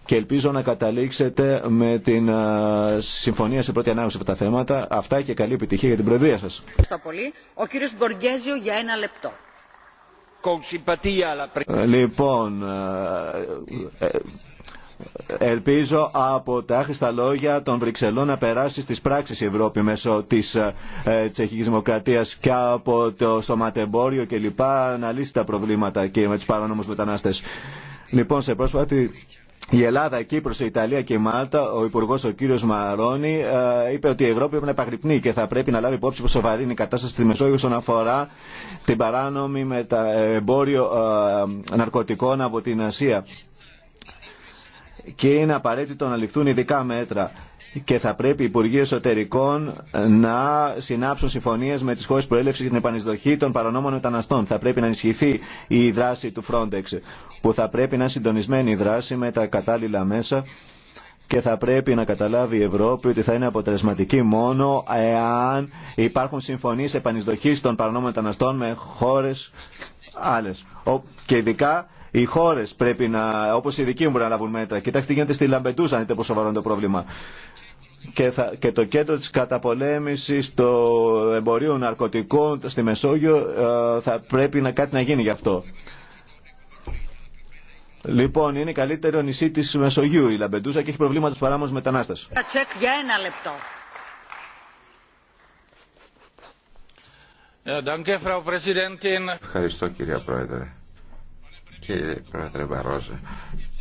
και ελπίζω να καταλήξετε με την ε, συμφωνία σε πρώτη ανάγνωση από τα θέματα. Αυτά και καλή επιτυχία για την Προεδρία σας. Ευχαριστώ πολύ. Ο κύριος για ένα λεπτό. Λοιπόν, ε, ε, Ελπίζω από τα άχρηστα λόγια των Βρυξελών να περάσει στις πράξεις η Ευρώπη μέσω της ε, τσεχικής δημοκρατίας και από το σωματεμπόριο κλπ. να λύσει τα προβλήματα και με τους παρανόμους μετανάστες. Λοιπόν, σε πρόσφατη η Ελλάδα, η Κύπρος, η Ιταλία και η Μάλτα, ο Υπουργό ο κύριος Μαρόνι ε, είπε ότι η Ευρώπη πρέπει να επαγρυπνεί και θα πρέπει να λάβει υπόψη που σοβαρή είναι η κατάσταση στη Μεσόγειο όσον αφορά την παράνομη με τα εμπόριο ε, ναρκωτικών από την Ασία και είναι απαραίτητο να ληφθούν ειδικά μέτρα και θα πρέπει οι Υπουργοί Εσωτερικών να συνάψουν συμφωνίες με τις χώρες προέλευση για την επανεισδοχή των παρανόμων μεταναστών. Θα πρέπει να ενισχυθεί η δράση του Frontex, που θα πρέπει να είναι συντονισμένη η δράση με τα κατάλληλα μέσα και θα πρέπει να καταλάβει η Ευρώπη ότι θα είναι αποτελεσματική μόνο εάν υπάρχουν συμφωνίες επανεισδοχής των παρανόμων μεταναστών με χώρες άλλε. Και ειδικά οι χώρε πρέπει να, όπω οι δικοί μου, να λάβουν μέτρα. Κοιτάξτε τι γίνεται στη Λαμπετούσα, αν δείτε πόσο σοβαρό είναι το πρόβλημα. Και, θα, και το κέντρο της καταπολέμησης το εμπορίου ναρκωτικών στη Μεσόγειο ε, θα πρέπει να κάτι να γίνει γι' αυτό. Λοιπόν, είναι καλύτερο νησί της Μεσογείου η Λαμπεντούσα και έχει προβλήματα παράμονους μετανάστες. Τσεκ για ένα λεπτό. Ε, Ευχαριστώ κυρία Πρόεδρε κύριε Πρόεδρε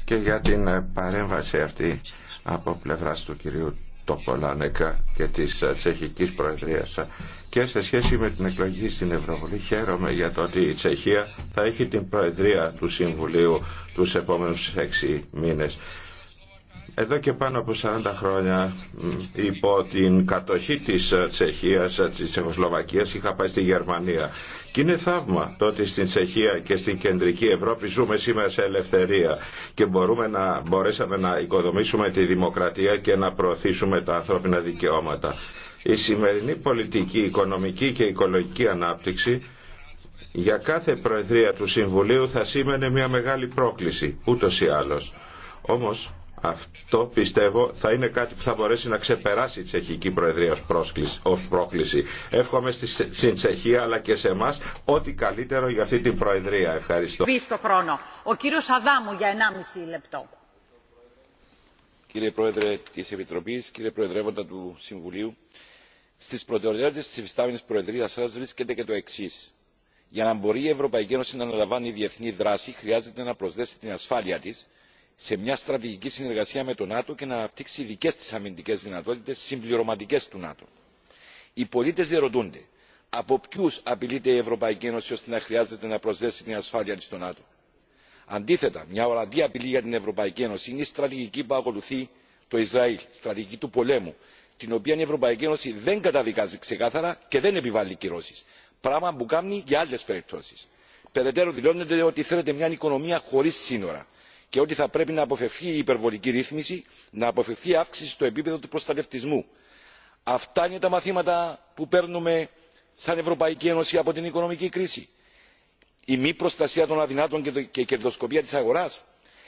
και για την παρέμβαση αυτή από πλευράς του κυρίου Τοπολάνεκα και της Τσεχικής Προεδρίας και σε σχέση με την εκλογή στην Ευρωβουλή χαίρομαι για το ότι η Τσεχία θα έχει την Προεδρία του Συμβουλίου τους επόμενους έξι μήνες. Εδώ και πάνω από 40 χρόνια υπό την κατοχή της Τσεχίας, της Τσεχοσλοβακίας είχα πάει στη Γερμανία και είναι θαύμα το ότι στην Τσεχία και στην κεντρική Ευρώπη ζούμε σήμερα σε ελευθερία και μπορούμε να, μπορέσαμε να οικοδομήσουμε τη δημοκρατία και να προωθήσουμε τα ανθρώπινα δικαιώματα. Η σημερινή πολιτική, οικονομική και οικολογική ανάπτυξη για κάθε προεδρία του Συμβουλίου θα σήμαινε μια μεγάλη πρόκληση, ούτως ή άλλως. Αυτό πιστεύω θα είναι κάτι που θα μπορέσει να ξεπεράσει η Τσεχική Προεδρία ω πρόκληση. Εύχομαι στην Τσεχία αλλά και σε εμά ό,τι καλύτερο για αυτή την Προεδρία. Ευχαριστώ. Στο χρόνο. Ο κύριο Αδάμου για 1,5 λεπτό. Κύριε Πρόεδρε τη Επιτροπή, κύριε Προεδρεύοντα του Συμβουλίου, στις προτεραιότητες τη υφιστάμενη Προεδρία σα βρίσκεται και το εξή. Για να μπορεί η Ευρωπαϊκή Ένωση να αναλαμβάνει διεθνή δράση, χρειάζεται να προσδέσει την ασφάλεια τη σε μια στρατηγική συνεργασία με το νατο και να αναπτύξει δικέ τη αμυντικέ δυνατότητε συμπληρωματικέ του νατο. οι πολίτε διαρωτούνται από ποιου απειλείται η ευρωπαϊκή ένωση ώστε να χρειάζεται να προσθέσει την ασφάλεια τη στο νατο. αντίθετα μια ορατή απειλή για την ευρωπαϊκή ένωση είναι η στρατηγική που ακολουθεί το ισραήλ στρατηγική του πολέμου την οποία η ευρωπαϊκή ένωση δεν καταδικάζει ξεκάθαρα και δεν επιβάλλει κυρώσει πράγμα που κάνει για άλλε περιπτώσει. περαιτέρω δηλώνεται ότι θέλετε μια οικονομία χωρί σύνορα και ότι θα πρέπει να αποφευθεί η υπερβολική ρύθμιση να αποφευθεί η αύξηση στο επίπεδο του προστατευτισμού. αυτά είναι τα μαθήματα που παίρνουμε σαν ευρωπαϊκή ένωση από την οικονομική κρίση. η μη προστασία των αδυνάτων και η κερδοσκοπία της αγοράς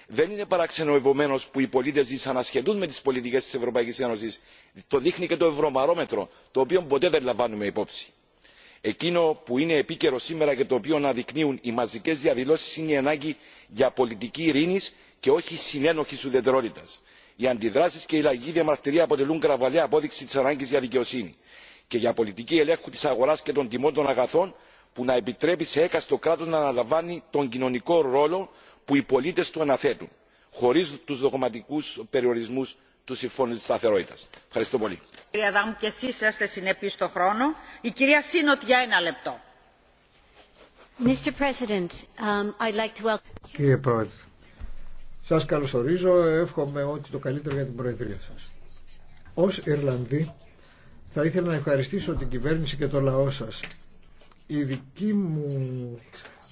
δεν είναι παράξενο επομένω που οι πολίτε δυσανασχετούν με τι πολιτικέ τη ευρωπαϊκή ένωση. το δείχνει και το ευρωβαρόμετρο το οποίο ποτέ δεν λαμβάνουμε υπόψη εκείνο που είναι επίκαιρο σήμερα και το οποίο αναδεικνύουν οι μαζικέ διαδηλώσει είναι η ανάγκη για πολιτική ειρήνη και όχι συνένοχη ουδετερότητα. οι αντιδράσει και η λαϊκή διαμαρτυρία αποτελούν κραβαλαία απόδειξη τη ανάγκη για δικαιοσύνη και για πολιτική ελέγχου τη αγορά και των τιμών των αγαθών που να επιτρέπει σε έκαστο κράτο να αναλαμβάνει τον κοινωνικό ρόλο που οι πολίτε του αναθέτουν χωρί του δογματικού περιορισμού του Συμφώνου της Σταθερότητας. Ευχαριστώ πολύ. Κυρία Δάμ, και εσείς είστε συνεπείς στο χρόνο. Η κυρία Σίνωτ για ένα λεπτό. Mr. President, um, I'd like to welcome... Κύριε Πρόεδρε, σας καλωσορίζω, εύχομαι ότι το καλύτερο για την Προεδρία σας. Ως Ιρλανδί θα ήθελα να ευχαριστήσω την κυβέρνηση και το λαό σας. Οι δικοί μου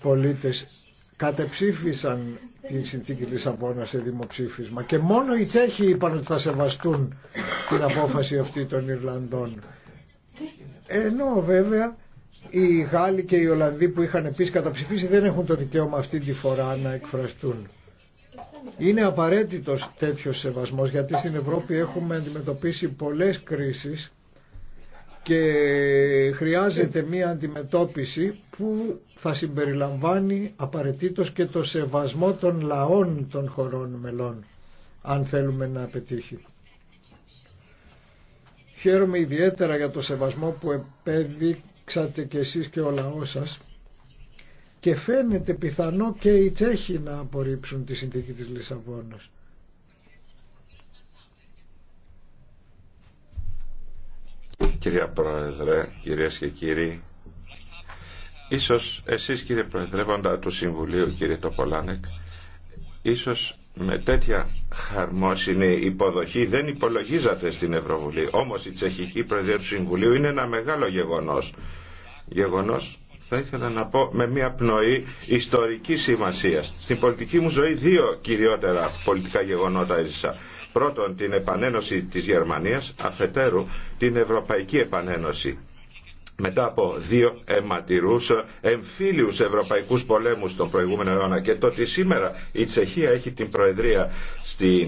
πολίτες κατεψήφισαν τη συνθήκη Λισαβόνα σε δημοψήφισμα και μόνο οι Τσέχοι είπαν ότι θα σεβαστούν την απόφαση αυτή των Ιρλανδών. Ενώ βέβαια οι Γάλλοι και οι Ολλανδοί που είχαν επίσης καταψηφίσει δεν έχουν το δικαίωμα αυτή τη φορά να εκφραστούν. Είναι απαραίτητος τέτοιος σεβασμός γιατί στην Ευρώπη έχουμε αντιμετωπίσει πολλές κρίσεις και χρειάζεται μία αντιμετώπιση που θα συμπεριλαμβάνει απαραίτητος και το σεβασμό των λαών των χωρών μελών αν θέλουμε να πετύχει. Χαίρομαι ιδιαίτερα για το σεβασμό που επέδειξατε κι εσείς και ο λαός σας και φαίνεται πιθανό και οι Τσέχοι να απορρίψουν τη συνθήκη της Λισαβόνας. κυρία Πρόεδρε, κυρίες και κύριοι. Ίσως εσείς κύριε Προεδρεύοντα του Συμβουλίου, κύριε Τοπολάνεκ, ίσως με τέτοια χαρμόσυνη υποδοχή δεν υπολογίζατε στην Ευρωβουλή. Όμως η Τσεχική Προεδρία του Συμβουλίου είναι ένα μεγάλο γεγονός. Γεγονός θα ήθελα να πω με μια πνοή ιστορική σημασία. Στην πολιτική μου ζωή δύο κυριότερα πολιτικά γεγονότα έζησα. Πρώτον την επανένωση της Γερμανίας, αφετέρου την Ευρωπαϊκή Επανένωση μετά από δύο αιματηρούς εμφύλιους ευρωπαϊκούς πολέμους τον προηγούμενο αιώνα και το ότι σήμερα η Τσεχία έχει την Προεδρία ε,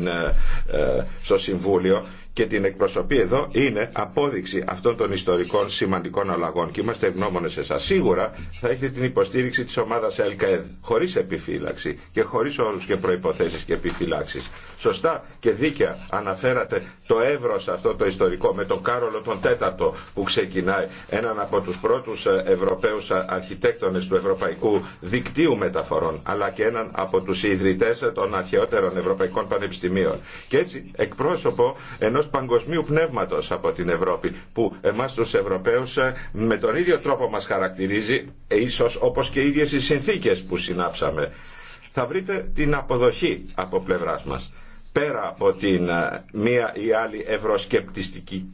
ε, στο Συμβούλιο και την εκπροσωπή εδώ είναι απόδειξη αυτών των ιστορικών σημαντικών αλλαγών και είμαστε ευγνώμονε σε εσά. Σίγουρα θα έχετε την υποστήριξη τη ομάδα ΕΛΚΕΔ χωρί επιφύλαξη και χωρί όρου και προποθέσει και επιφυλάξει. Σωστά και δίκαια αναφέρατε το εύρο αυτό το ιστορικό με τον Κάρολο τον Τέταρτο που ξεκινάει έναν από του πρώτου ε, Ευρωπαίου αρχιτέκτονε του Ευρωπαϊκού Δικτύου Μεταφορών αλλά και έναν από του ιδρυτέ των αρχαιότερων Ευρωπαϊκών Πανεπιστημίων. Και έτσι εκπρόσωπο ενός παγκοσμίου πνεύματος από την Ευρώπη που εμάς τους Ευρωπαίους ε, με τον ίδιο τρόπο μας χαρακτηρίζει ε, ίσως όπως και οι ίδιες οι συνθήκες που συνάψαμε. Θα βρείτε την αποδοχή από πλευράς μας πέρα από την ε, μία ή άλλη ευρωσκεπτιστική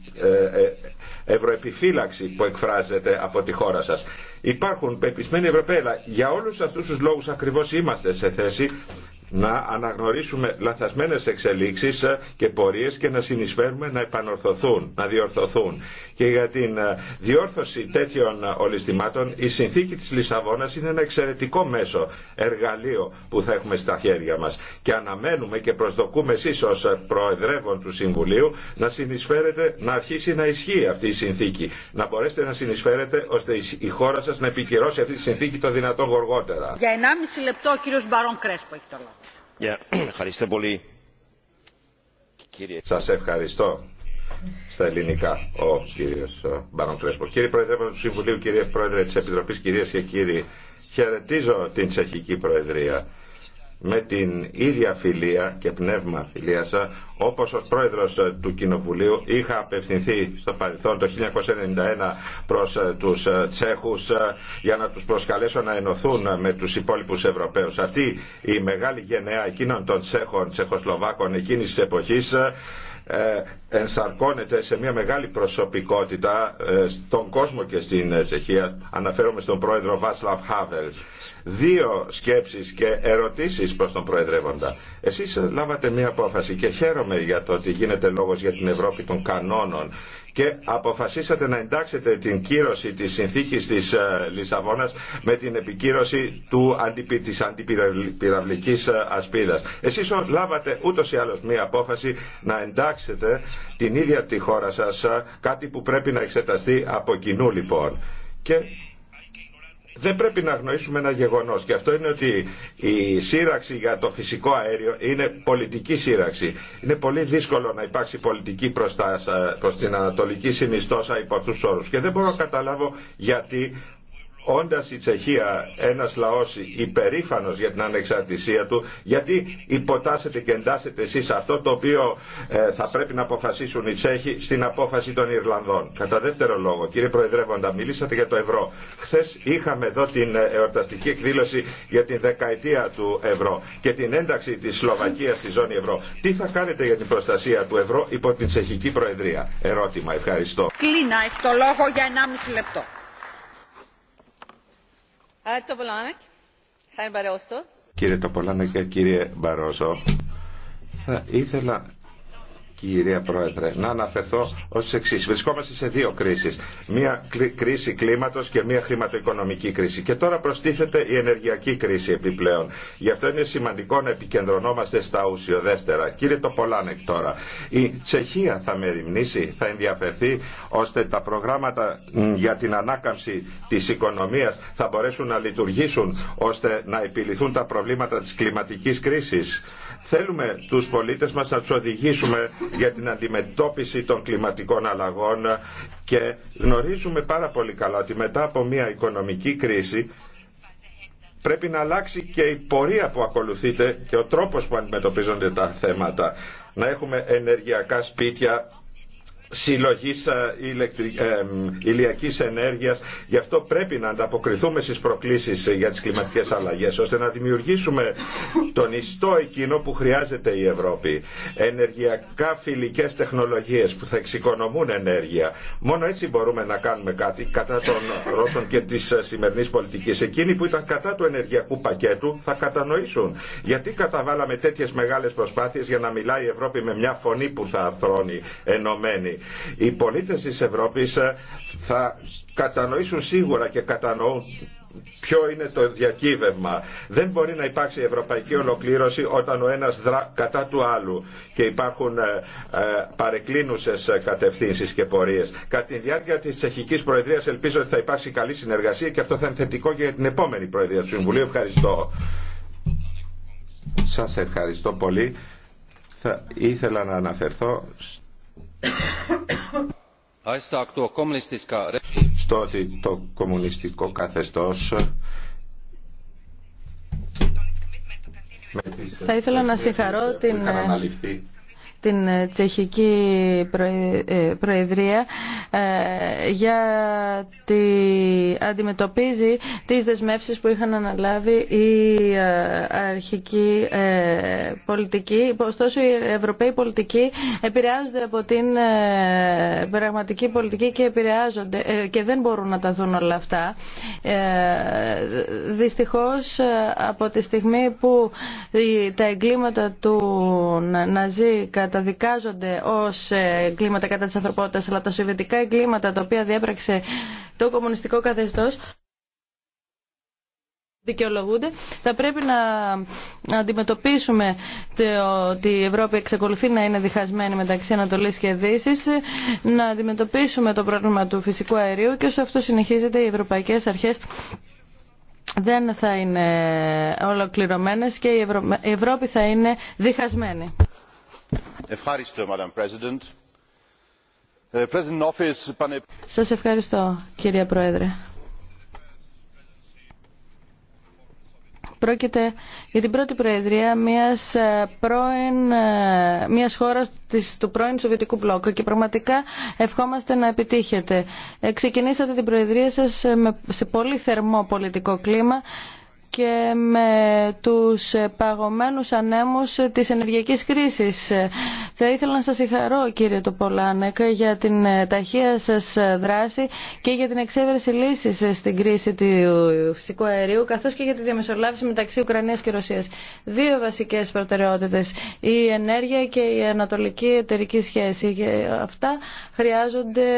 ευρωεπιφύλαξη που εκφράζεται από τη χώρα σας. Υπάρχουν πεπισμένοι Ευρωπαίοι, αλλά για όλους αυτούς τους λόγους ακριβώς είμαστε σε θέση να αναγνωρίσουμε λαθασμένες εξελίξεις ε, και πορείες και να συνεισφέρουμε να επανορθωθούν, να διορθωθούν. Και για την ε, διόρθωση τέτοιων ε, ολιστημάτων η συνθήκη της Λισαβόνας είναι ένα εξαιρετικό μέσο, εργαλείο που θα έχουμε στα χέρια μας. Και αναμένουμε και προσδοκούμε εσείς ως Προεδρεύων του Συμβουλίου να συνεισφέρετε, να αρχίσει να ισχύει αυτή η συνθήκη. Να μπορέσετε να συνεισφέρετε ώστε η χώρα σας να επικυρώσει αυτή τη συνθήκη το δυνατόν γοργότερα. Για 1,5 λεπτό κύριος Μπαρόν Κρέσπο Σα Ευχαριστώ Σας ευχαριστώ. Στα ελληνικά, ο κύριος Κρέσπο. Κύριε Πρόεδρε του Συμβουλίου, κύριε Πρόεδρε της Επιτροπής, κυρίες και κύριοι, χαιρετίζω την Τσεχική Προεδρία με την ίδια φιλία και πνεύμα φιλίας ε, όπω ω πρόεδρο ε, του Κοινοβουλίου είχα απευθυνθεί στο παρελθόν το 1991 προ του τσέχου για να του προσκαλέσω να ενωθούν ε, με του υπόλοιπου Ευρωπαίου. Αυτή η μεγάλη γενεά εκείνων των Τσέχων, Τσεχοσλοβάκων εκείνης της εποχής ενσαρκώνεται σε μια μεγάλη προσωπικότητα στον κόσμο και στην Τσεχία. Αναφέρομαι στον πρόεδρο Βάσλαβ Χάβελ. Δύο σκέψεις και ερωτήσεις προς τον Προεδρεύοντα. Εσείς λάβατε μια απόφαση και χαίρομαι για το ότι γίνεται λόγος για την Ευρώπη των κανόνων και αποφασίσατε να εντάξετε την κύρωση της συνθήκης της ε, Λισαβόνας με την επικύρωση του, της αντιπυραυλικής ε, ασπίδας. Εσείς λάβατε ούτως ή άλλως μία απόφαση να εντάξετε την ίδια τη χώρα σας, ε, κάτι που πρέπει να εξεταστεί από κοινού λοιπόν δεν πρέπει να γνωρίσουμε ένα γεγονός και αυτό είναι ότι η σύραξη για το φυσικό αέριο είναι πολιτική σύραξη. Είναι πολύ δύσκολο να υπάρξει πολιτική προς, προς την Ανατολική Συνιστόσα υπό αυτούς τους όρους και δεν μπορώ να καταλάβω γιατί όντας η Τσεχία ένας λαός υπερήφανος για την ανεξαρτησία του, γιατί υποτάσσετε και εντάσσετε εσείς αυτό το οποίο ε, θα πρέπει να αποφασίσουν οι Τσέχοι στην απόφαση των Ιρλανδών. Κατά δεύτερο λόγο, κύριε Προεδρεύοντα, μιλήσατε για το ευρώ. Χθε είχαμε εδώ την ε, εορταστική εκδήλωση για την δεκαετία του ευρώ και την ένταξη της Σλοβακίας στη ζώνη ευρώ. Τι θα κάνετε για την προστασία του ευρώ υπό την Τσεχική Προεδρία. Ερώτημα. Ευχαριστώ. Κλείνα, το λόγο για 1,5 λεπτό. Κύριε Τοπολάνο και κύριε Μπαρόζο, θα ήθελα Κύριε Πρόεδρε, να αναφερθώ ω εξή. Βρισκόμαστε σε δύο κρίσει. Μία κρίση κλίματο και μία χρηματοοικονομική κρίση. Και τώρα προστίθεται η ενεργειακή κρίση επιπλέον. Γι' αυτό είναι σημαντικό να επικεντρωνόμαστε στα ουσιοδέστερα. Κύριε Τοπολάνεκ τώρα, η Τσεχία θα μεριμνήσει, θα ενδιαφερθεί ώστε τα προγράμματα για την ανάκαμψη τη οικονομία θα μπορέσουν να λειτουργήσουν ώστε να επιληθούν τα προβλήματα τη κλιματική κρίση. Θέλουμε τους πολίτες μας να του οδηγήσουμε για την αντιμετώπιση των κλιματικών αλλαγών και γνωρίζουμε πάρα πολύ καλά ότι μετά από μια οικονομική κρίση πρέπει να αλλάξει και η πορεία που ακολουθείται και ο τρόπος που αντιμετωπίζονται τα θέματα. Να έχουμε ενεργειακά σπίτια συλλογής ε, ε, ηλιακής ενέργειας. Γι' αυτό πρέπει να ανταποκριθούμε στις προκλήσεις για τις κλιματικές αλλαγές, ώστε να δημιουργήσουμε τον ιστό εκείνο που χρειάζεται η Ευρώπη. Ενεργειακά φιλικές τεχνολογίες που θα εξοικονομούν ενέργεια. Μόνο έτσι μπορούμε να κάνουμε κάτι κατά των Ρώσων και της σημερινής πολιτικής. Εκείνοι που ήταν κατά του ενεργειακού πακέτου θα κατανοήσουν. Γιατί καταβάλαμε τέτοιες μεγάλες προσπάθειες για να μιλάει η Ευρώπη με μια φωνή που θα αρθρώνει ενωμένη οι πολίτες της Ευρώπης ε, θα κατανοήσουν σίγουρα και κατανοούν ποιο είναι το διακύβευμα. Δεν μπορεί να υπάρξει ευρωπαϊκή ολοκλήρωση όταν ο ένας δρά κατά του άλλου και υπάρχουν ε, ε παρεκκλίνουσες ε, κατευθύνσεις και πορείες. Κατά τη διάρκεια της τσεχικής προεδρίας ελπίζω ότι θα υπάρξει καλή συνεργασία και αυτό θα είναι θετικό και για την επόμενη προεδρία του Συμβουλίου. Ευχαριστώ. Σας ευχαριστώ πολύ. Θα ήθελα να αναφερθώ στο ότι το κομμουνιστικό καθεστώς θα ήθελα να συγχαρώ την ε, την ε, τσεχική ε, προεδρία ε, γιατί αντιμετωπίζει τις δεσμεύσεις που είχαν αναλάβει η αρχική πολιτική. Ωστόσο οι ευρωπαίοι πολιτικοί επηρεάζονται από την πραγματική πολιτική και επηρεάζονται και δεν μπορούν να τα δουν όλα αυτά. Δυστυχώς από τη στιγμή που τα εγκλήματα του ναζί κατά καταδικάζονται ως ε, εγκλήματα κατά της ανθρωπότητας, αλλά τα σοβιετικά εγκλήματα τα οποία διέπραξε το κομμουνιστικό καθεστώς δικαιολογούνται. Θα πρέπει να αντιμετωπίσουμε ότι η Ευρώπη εξακολουθεί να είναι διχασμένη μεταξύ Ανατολή και Δύσης, να αντιμετωπίσουμε το πρόβλημα του φυσικού αερίου και όσο αυτό συνεχίζεται οι ευρωπαϊκέ αρχέ δεν θα είναι ολοκληρωμένες και η Ευρώπη θα είναι διχασμένη. Ε, σας ευχαριστώ κύριε Πρόεδρε. Πρόκειται για την πρώτη προεδρία μιας, ε, πρώην, ε, μιας χώρας του πρώην Σοβιετικού Μπλόκου και πραγματικά ευχόμαστε να επιτύχετε. Ξεκινήσατε την προεδρία σας σε πολύ θερμό πολιτικό κλίμα και με τους παγωμένους ανέμους της ενεργειακής κρίσης. Θα ήθελα να σας συγχαρώ κύριε Τοπολάνεκ για την ταχεία σας δράση και για την εξέβρεση λύσης στην κρίση του φυσικού αερίου καθώς και για τη διαμεσολάβηση μεταξύ Ουκρανίας και Ρωσίας. Δύο βασικές προτεραιότητες, η ενέργεια και η ανατολική εταιρική σχέση. Αυτά χρειάζονται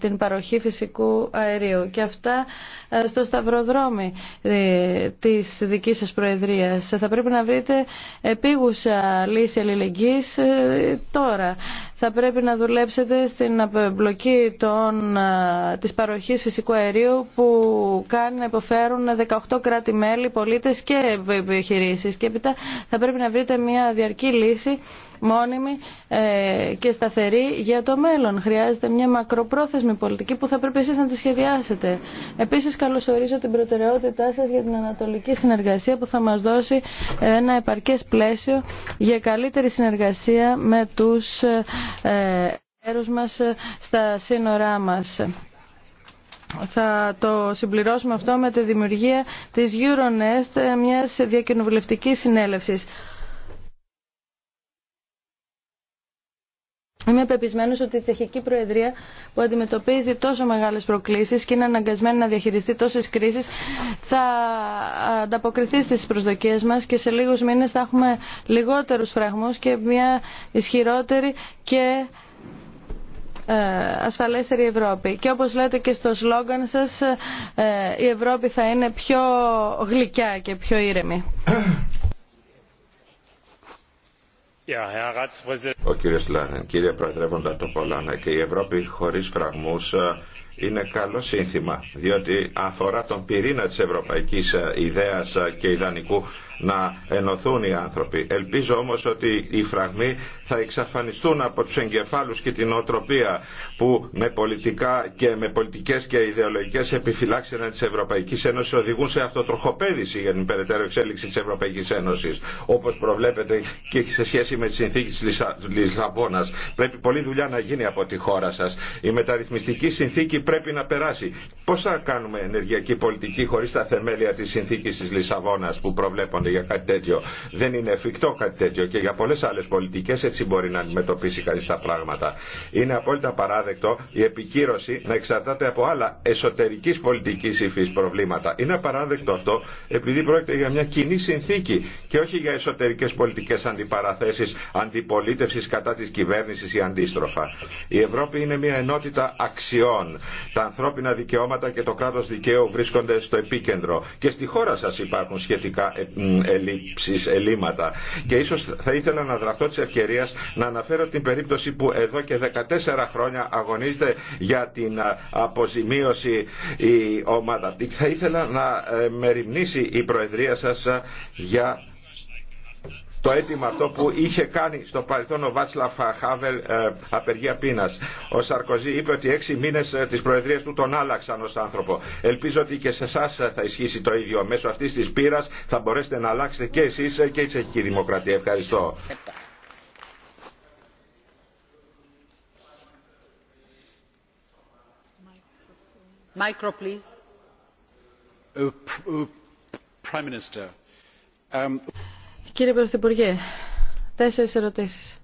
την παροχή φυσικού αερίου και αυτά ε, στο σταυροδρόμι ε, της δικής σας Προεδρίας. Θα πρέπει να βρείτε επίγουσα λύση αλληλεγγύης ε, τώρα θα πρέπει να δουλέψετε στην απεμπλοκή των, ε, της παροχής φυσικού αερίου που κάνει να υποφέρουν 18 κράτη-μέλη, πολίτες και επιχειρήσεις. Και έπειτα θα πρέπει να βρείτε μια διαρκή λύση μόνιμη ε, και σταθερή για το μέλλον. Χρειάζεται μια μακροπρόθεσμη πολιτική που θα πρέπει εσείς να τη σχεδιάσετε. Επίσης καλωσορίζω την προτεραιότητά σας για την ανατολική συνεργασία που θα μας δώσει ένα επαρκές πλαίσιο για καλύτερη συνεργασία με τους ε, ε, έρους μας ε, στα σύνορά μας. Θα το συμπληρώσουμε αυτό με τη δημιουργία της Euronest, ε, μιας διακοινοβουλευτικής συνέλευσης. Είμαι πεπισμένο ότι η Τσεχική Προεδρία που αντιμετωπίζει τόσο μεγάλες προκλήσεις και είναι αναγκασμένη να διαχειριστεί τόσες κρίσεις θα ανταποκριθεί στι προσδοκίες μας και σε λίγους μήνες θα έχουμε λιγότερους φραγμούς και μια ισχυρότερη και ε, ασφαλέστερη Ευρώπη. Και όπως λέτε και στο σλόγγαν σας, ε, η Ευρώπη θα είναι πιο γλυκιά και πιο ήρεμη. Ο κύριος Λάνεν, κύριε Προεδρεύοντα το Πολάνα και η Ευρώπη χωρίς φραγμούς ε, είναι καλό σύνθημα, διότι αφορά τον πυρήνα της ευρωπαϊκής ε, ιδέας ε, και ιδανικού να ενωθούν οι άνθρωποι. Ελπίζω όμως ότι οι φραγμοί θα εξαφανιστούν από τους εγκεφάλους και την οτροπία που με πολιτικά και με πολιτικές και ιδεολογικές επιφυλάξεις εναντί της Ευρωπαϊκής Ένωσης οδηγούν σε αυτοτροχοπαίδηση για την περαιτέρω εξέλιξη της Ευρωπαϊκής Ένωσης όπως προβλέπεται και σε σχέση με τη συνθήκη της Λισαβόνας. Πρέπει πολλή δουλειά να γίνει από τη χώρα σας. Η μεταρρυθμιστική συνθήκη πρέπει να περάσει. Πώς θα κάνουμε ενεργειακή πολιτική χωρί τα θεμέλια της συνθήκης της Λισαβόνας που προβλέπονται για κάτι τέτοιο. Δεν είναι εφικτό κάτι τέτοιο και για πολλέ άλλε πολιτικέ έτσι μπορεί να αντιμετωπίσει κανεί τα πράγματα. Είναι απόλυτα παράδεκτο η επικύρωση να εξαρτάται από άλλα εσωτερική πολιτική υφή προβλήματα. Είναι απαράδεκτο αυτό επειδή πρόκειται για μια κοινή συνθήκη και όχι για εσωτερικέ πολιτικέ αντιπαραθέσει, αντιπολίτευση κατά τη κυβέρνηση ή αντίστροφα. Η Ευρώπη είναι μια ενότητα αξιών. Τα ανθρώπινα δικαιώματα και το κράτο δικαίου βρίσκονται στο επίκεντρο. Και στη χώρα σα υπάρχουν σχετικά ε, ελλείψεις, ελλείμματα. Και ίσως θα ήθελα να δραχτώ της ευκαιρίας να αναφέρω την περίπτωση που εδώ και 14 χρόνια αγωνίζεται για την αποζημίωση η ομάδα. Θα ήθελα να ε, μεριμνήσει η Προεδρία σας για το αίτημα αυτό που είχε κάνει στο παρελθόν ο Βάτσλαφ Χάβελ απεργία πείνα. Ο Σαρκοζή είπε ότι έξι μήνε ε, τη Προεδρία του τον άλλαξαν ω άνθρωπο. Ελπίζω ότι και σε εσά ε, θα ισχύσει το ίδιο. Μέσω αυτή τη πείρα θα μπορέσετε να αλλάξετε και εσεί ε, και η Τσεχική Δημοκρατία. Ευχαριστώ. Micro, please. Prime Minister. Κύριε Πρωθυπουργέ, τέσσερις ερωτήσεις.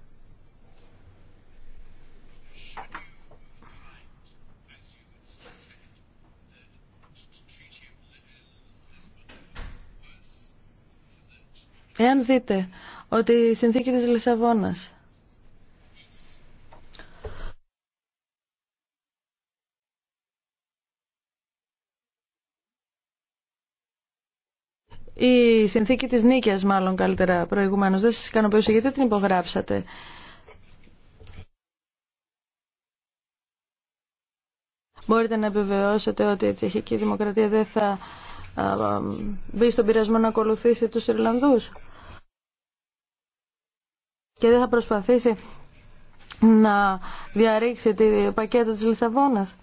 Εάν δείτε ότι η συνθήκη της Λισαβόνας η συνθήκη της νίκης μάλλον καλύτερα προηγουμένως. Δεν σας ικανοποιούσε γιατί την υπογράψατε. Μπορείτε να επιβεβαιώσετε ότι η τσεχική δημοκρατία δεν θα μπει στον πειρασμό να ακολουθήσει τους Ιρλανδούς και δεν θα προσπαθήσει να διαρρήξει το πακέτο της Λισαβόνας.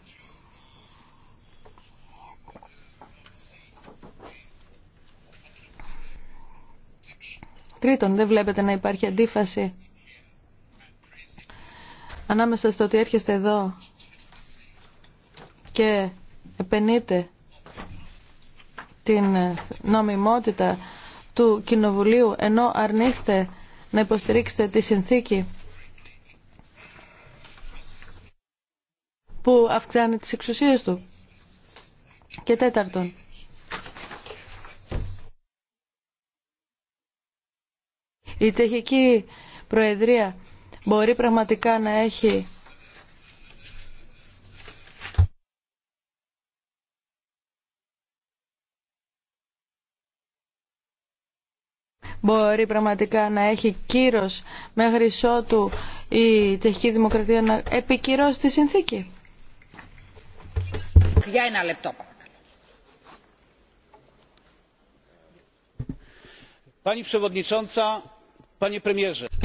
Τρίτον, δεν βλέπετε να υπάρχει αντίφαση ανάμεσα στο ότι έρχεστε εδώ και επενείτε την νομιμότητα του Κοινοβουλίου ενώ αρνείστε να υποστηρίξετε τη συνθήκη που αυξάνει τις εξουσίες του. Και τέταρτον, η Τεχική Προεδρία μπορεί πραγματικά να έχει μπορεί πραγματικά να έχει κύρος μέχρι ότου η τσεχική δημοκρατία να επικυρώσει τη συνθήκη. Για ένα λεπτό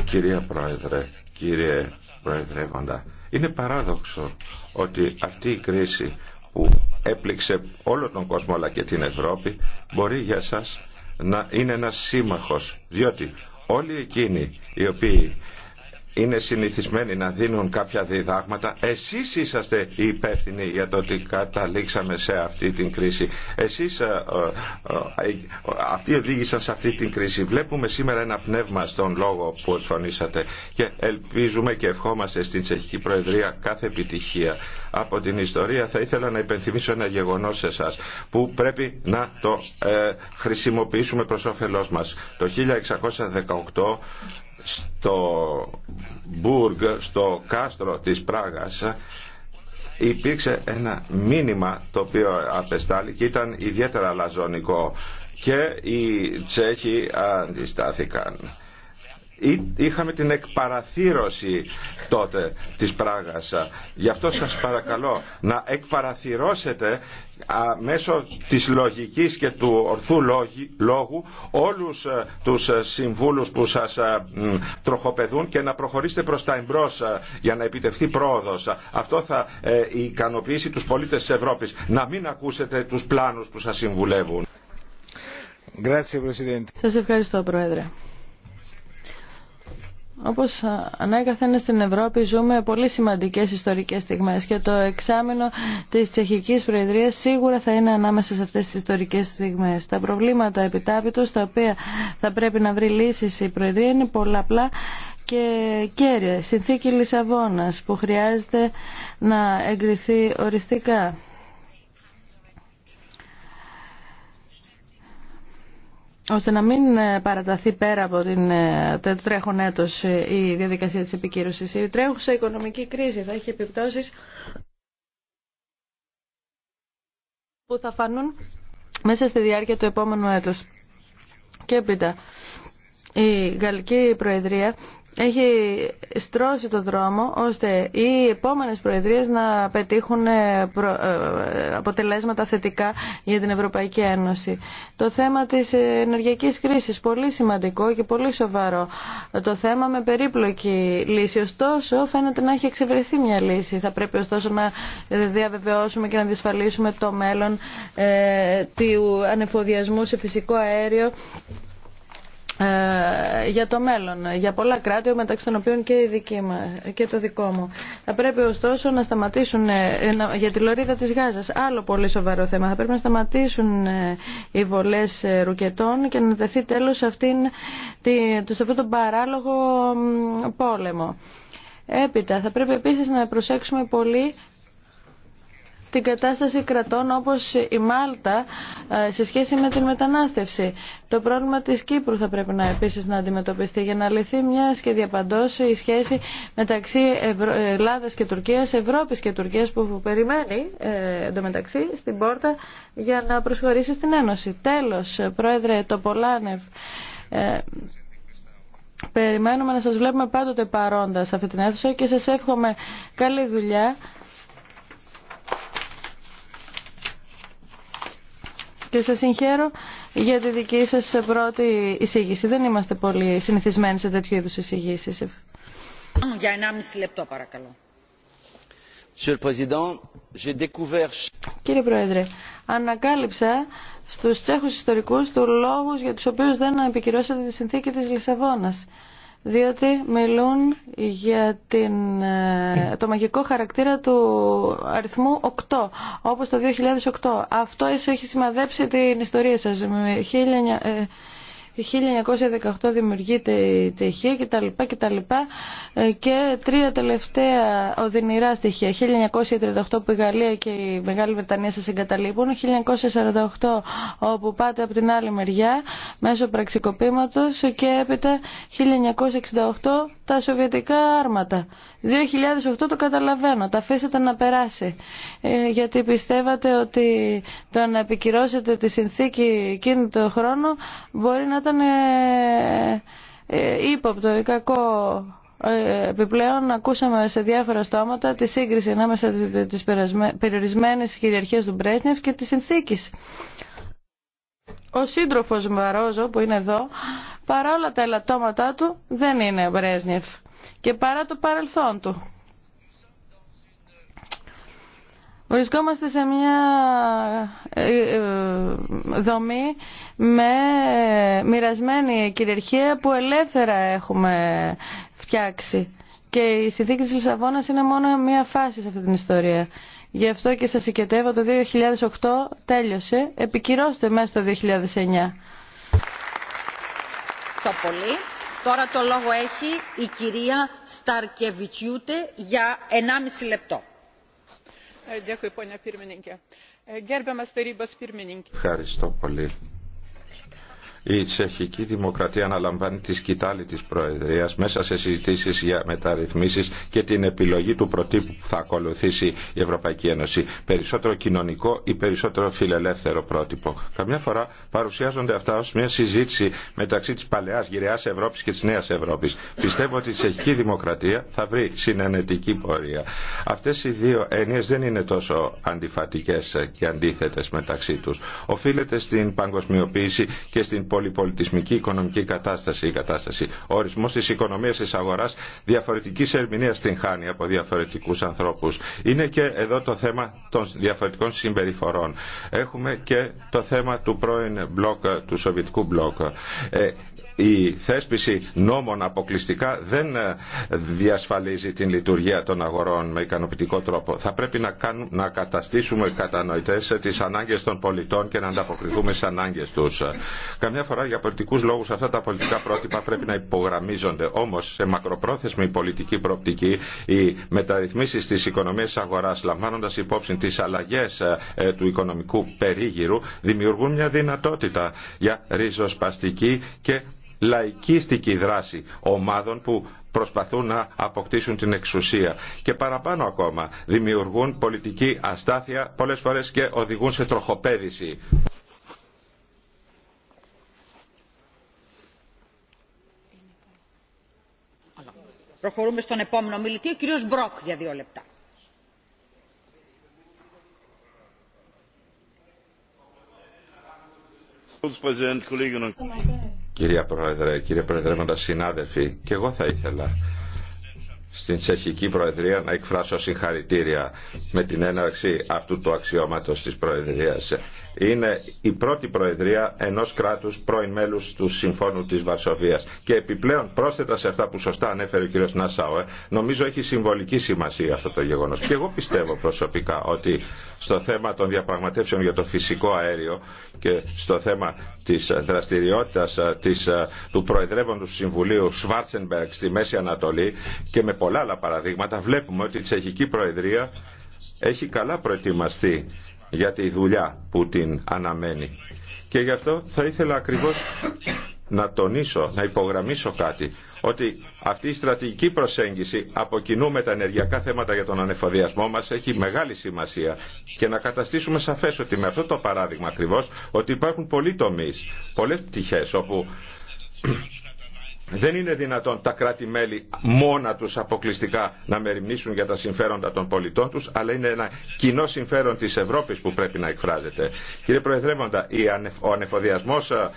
Κυρία Πρόεδρε, κύριε Προεδρεύοντα, είναι παράδοξο ότι αυτή η κρίση που έπληξε όλο τον κόσμο αλλά και την Ευρώπη μπορεί για σας να είναι ένας σύμμαχος διότι όλοι εκείνοι οι οποίοι είναι συνηθισμένοι να δίνουν κάποια διδάγματα. Εσείς είσαστε οι υπεύθυνοι για το ότι καταλήξαμε σε αυτή την κρίση. Εσείς, ε, ε, ε, αυτοί οδήγησαν σε αυτή την κρίση. Βλέπουμε σήμερα ένα πνεύμα στον λόγο που εκφωνήσατε και ελπίζουμε και ευχόμαστε στην Τσεχική Προεδρία κάθε επιτυχία. Από την ιστορία θα ήθελα να υπενθυμίσω ένα γεγονός σε εσά που πρέπει να το χρησιμοποιήσουμε προς όφελός μας. Το 1618 στο Μπουργ, στο κάστρο της Πράγας υπήρξε ένα μήνυμα το οποίο απεστάλλει και ήταν ιδιαίτερα λαζονικό και οι Τσέχοι αντιστάθηκαν είχαμε την εκπαραθύρωση τότε της Πράγας. Γι' αυτό σας παρακαλώ να εκπαραθυρώσετε μέσω της λογικής και του ορθού λόγου όλους τους συμβούλους που σας τροχοπεδούν και να προχωρήσετε προς τα εμπρός για να επιτευχθεί πρόοδος. Αυτό θα ε, ικανοποιήσει τους πολίτες της Ευρώπης. Να μην ακούσετε τους πλάνους που σας συμβουλεύουν. Σας ευχαριστώ Πρόεδρε. Όπως ανέκαθεν στην Ευρώπη ζούμε πολύ σημαντικές ιστορικές στιγμές και το εξάμεινο της τσεχικής προεδρίας σίγουρα θα είναι ανάμεσα σε αυτές τις ιστορικές στιγμές. Τα προβλήματα επιτάπητος τα οποία θα πρέπει να βρει λύσεις η προεδρία είναι πολλαπλά και κέρια. Συνθήκη Λισαβόνας που χρειάζεται να εγκριθεί οριστικά. ώστε να μην ε, παραταθεί πέρα από την, ε, το τρέχον έτος ε, η διαδικασία της επικύρωσης. Η τρέχουσα οικονομική κρίση θα έχει επιπτώσεις που θα φανούν μέσα στη διάρκεια του επόμενου έτους. Και έπειτα, η Γαλλική Προεδρία έχει στρώσει το δρόμο ώστε οι επόμενες προεδρίες να πετύχουν ε, ε, αποτελέσματα θετικά για την Ευρωπαϊκή Ένωση. Το θέμα της ενεργειακής κρίσης, πολύ σημαντικό και πολύ σοβαρό. Το θέμα με περίπλοκη λύση. Ωστόσο, φαίνεται να έχει εξευρεθεί μια λύση. Θα πρέπει ωστόσο να διαβεβαιώσουμε και να διασφαλίσουμε το μέλλον ε, του ανεφοδιασμού σε φυσικό αέριο ε, για το μέλλον, για πολλά κράτη, μεταξύ των οποίων και, η και το δικό μου. Θα πρέπει ωστόσο να σταματήσουν, ε, για τη λωρίδα της Γάζας, άλλο πολύ σοβαρό θέμα, θα πρέπει να σταματήσουν ε, οι βολές ρουκετών και να τεθεί τέλος σε, αυτήν, σε αυτόν τον παράλογο πόλεμο. Έπειτα, θα πρέπει επίσης να προσέξουμε πολύ την κατάσταση κρατών όπως η Μάλτα ε, σε σχέση με την μετανάστευση. Το πρόβλημα της Κύπρου θα πρέπει να επίσης να αντιμετωπιστεί για να λυθεί μια και η σχέση μεταξύ Ευρω... Ελλάδας και Τουρκίας, Ευρώπης και Τουρκίας που περιμένει ε, εντωμεταξύ στην πόρτα για να προσχωρήσει στην Ένωση. Τέλος, Πρόεδρε Τοπολάνευ, ε, περιμένουμε να σας βλέπουμε πάντοτε παρόντα σε αυτή την αίθουσα και σας εύχομαι καλή δουλειά. και σας συγχαίρω για τη δική σας πρώτη εισήγηση. Δεν είμαστε πολύ συνηθισμένοι σε τέτοιου είδους εισηγήσει. Για λεπτό παρακαλώ. Κύριε Πρόεδρε, ανακάλυψα στους τσέχους ιστορικούς του λόγους για τους οποίους δεν επικυρώσατε τη συνθήκη της Λισαβόνας διότι μιλούν για την, ε, το μαγικό χαρακτήρα του αριθμού 8, όπως το 2008. Αυτό έχει σημαδέψει την ιστορία σας. Ε, 1918 δημιουργείται η και κτλ. λοιπά ε, Και τρία τελευταία οδυνηρά στοιχεία. 1938 που η Γαλλία και η Μεγάλη Βρετανία σας εγκαταλείπουν. 1948 όπου πάτε από την άλλη μεριά μέσω πραξικοπήματος και έπειτα 1968 τα σοβιετικά άρματα. 2008 το καταλαβαίνω, τα αφήσατε να περάσει. Ε, γιατί πιστεύατε ότι το να επικυρώσετε τη συνθήκη εκείνη το χρόνο μπορεί να ήταν ε, ε, ύποπτο ή κακό ε, Επιπλέον ακούσαμε σε διάφορα στόματα τη σύγκριση ανάμεσα στις περιορισμένες κυριαρχίες του Μπρέσνιεφ και της συνθήκης. Ο σύντροφος Μπαρόζο που είναι εδώ, παρά όλα τα ελαττώματά του, δεν είναι ο και παρά το παρελθόν του. Βρισκόμαστε σε μια ε, ε, δομή με μοιρασμένη κυριαρχία που ελεύθερα έχουμε φτιάξει. Και η συνθήκη της Λισαβόνας είναι μόνο μια φάση σε αυτή την ιστορία. Γι' αυτό και σας συγκετεύω το 2008 τέλειωσε. Επικυρώστε μέσα το 2009. Το πολύ. Τώρα το λόγο έχει η κυρία Σταρκεβιτσιούτε για 1,5 λεπτό. Ευχαριστώ πολύ η τσεχική δημοκρατία αναλαμβάνει τη σκητάλη της Προεδρίας μέσα σε συζητήσεις για μεταρρυθμίσεις και την επιλογή του προτύπου που θα ακολουθήσει η Ευρωπαϊκή Ένωση. Περισσότερο κοινωνικό ή περισσότερο φιλελεύθερο πρότυπο. Καμιά φορά παρουσιάζονται αυτά ως μια συζήτηση μεταξύ της παλαιάς γυραιάς Ευρώπης και της νέας Ευρώπης. Πιστεύω ότι η τσεχική δημοκρατία θα βρει συνενετική πορεία. Αυτές οι δύο έννοιες δεν είναι τόσο αντιφατικές και αντίθετες μεταξύ τους. Οφείλεται στην παγκοσμιοποίηση και στην πολυπολιτισμική οικονομική κατάσταση η κατάσταση. Ο ορισμός της οικονομίας της αγοράς διαφορετική ερμηνεία την χάνει από διαφορετικούς ανθρώπους. Είναι και εδώ το θέμα των διαφορετικών συμπεριφορών. Έχουμε και το θέμα του πρώην μπλοκ, του Σοβιτικού μπλοκ. Ε, η θέσπιση νόμων αποκλειστικά δεν ε, διασφαλίζει την λειτουργία των αγορών με ικανοποιητικό τρόπο. Θα πρέπει να, κάνουμε, να καταστήσουμε κατανοητές ε, τις ανάγκες των πολιτών και να ανταποκριθούμε στις ανάγκες τους. Καμιά φορά για πολιτικούς λόγους αυτά τα πολιτικά πρότυπα πρέπει να υπογραμμίζονται. Όμως σε μακροπρόθεσμη πολιτική προοπτική οι μεταρρυθμίσεις της οικονομίας της αγοράς λαμβάνοντας υπόψη τις αλλαγές ε, του οικονομικού περίγυρου δημιουργούν μια δυνατότητα για ριζοσπαστική και λαϊκίστικη δράση ομάδων που προσπαθούν να αποκτήσουν την εξουσία. Και παραπάνω ακόμα, δημιουργούν πολιτική αστάθεια, πολλές φορές και οδηγούν σε τροχοπέδηση. Προχωρούμε στον επόμενο μιλητή, ο κύριος Μπρόκ, για δύο λεπτά. Herr Κυρία Πρόεδρε, κύριε Προεδρεύοντα, συνάδελφοι, και εγώ θα ήθελα στην Τσεχική Προεδρία να εκφράσω συγχαρητήρια με την έναρξη αυτού του αξιώματος της Προεδρίας. Είναι η πρώτη Προεδρία ενός κράτους πρώην μέλους του Συμφώνου της Βαρσοβίας και επιπλέον πρόσθετα σε αυτά που σωστά ανέφερε ο κ. Νασάουε νομίζω έχει συμβολική σημασία αυτό το γεγονός. Και εγώ πιστεύω προσωπικά ότι στο θέμα των διαπραγματεύσεων για το φυσικό αέριο και στο θέμα της δραστηριότητας ε, της, ε, του Προεδρεύοντος του Συμβουλίου Σβάρτσενμπεργκ στη Μέση Ανατολή και με πολλά άλλα παραδείγματα βλέπουμε ότι η Τσεχική Προεδρία έχει καλά προετοιμαστεί για τη δουλειά που την αναμένει. Και γι' αυτό θα ήθελα ακριβώς να τονίσω, να υπογραμμίσω κάτι, ότι αυτή η στρατηγική προσέγγιση από κοινού με τα ενεργειακά θέματα για τον ανεφοδιασμό μας έχει μεγάλη σημασία και να καταστήσουμε σαφές ότι με αυτό το παράδειγμα ακριβώς ότι υπάρχουν πολλοί τομείς, πολλές πτυχές όπου δεν είναι δυνατόν τα κράτη-μέλη μόνα τους αποκλειστικά να μεριμνήσουν για τα συμφέροντα των πολιτών τους, αλλά είναι ένα κοινό συμφέρον της Ευρώπης που πρέπει να εκφράζεται. Κύριε Προεδρεύοντα, ο ανεφοδιασμός ε,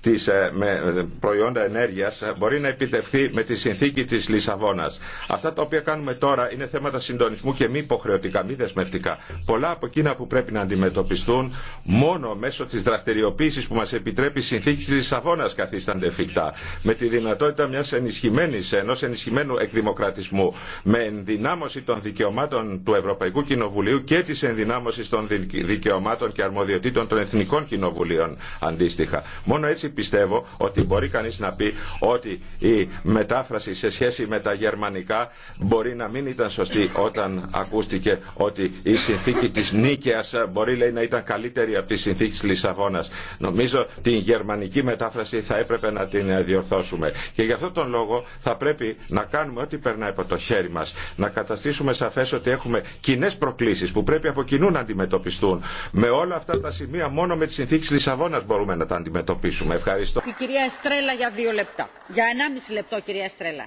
της, ε, ε, προϊόντα ενέργειας μπορεί να επιτευχθεί με τη συνθήκη της Λισαβόνας. Αυτά τα οποία κάνουμε τώρα είναι θέματα συντονισμού και μη υποχρεωτικά, μη δεσμευτικά. Πολλά από εκείνα που πρέπει να αντιμετωπιστούν μόνο μέσω της δραστηριοποίησης που μας επιτρέπει η συνθήκη της Λισαβόνας καθίστανται εφικτά. Με τη δυνατότητα δυνατότητα μια ενισχυμένη ενό ενισχυμένου εκδημοκρατισμού με ενδυνάμωση των δικαιωμάτων του Ευρωπαϊκού Κοινοβουλίου και τη ενδυνάμωση των δικαιωμάτων και αρμοδιοτήτων των Εθνικών Κοινοβουλίων αντίστοιχα. Μόνο έτσι πιστεύω ότι μπορεί κανεί να πει ότι η μετάφραση σε σχέση με τα γερμανικά μπορεί να μην ήταν σωστή όταν ακούστηκε ότι η συνθήκη τη Νίκαια μπορεί λέει να ήταν καλύτερη από τη συνθήκη τη Λισαβόνα. Νομίζω την γερμανική μετάφραση θα έπρεπε να την διορθώσουμε. Και γι' αυτόν τον λόγο θα πρέπει να κάνουμε ό,τι περνάει από το χέρι μα. Να καταστήσουμε σαφέ ότι έχουμε κοινέ προκλήσει που πρέπει από κοινού να αντιμετωπιστούν. Με όλα αυτά τα σημεία μόνο με τι συνθήκε Λισαβόνα μπορούμε να τα αντιμετωπίσουμε. Ευχαριστώ. Η κυρία Στρέλα για δύο λεπτά. Για ενάμιση λεπτό, κυρία Στρέλα.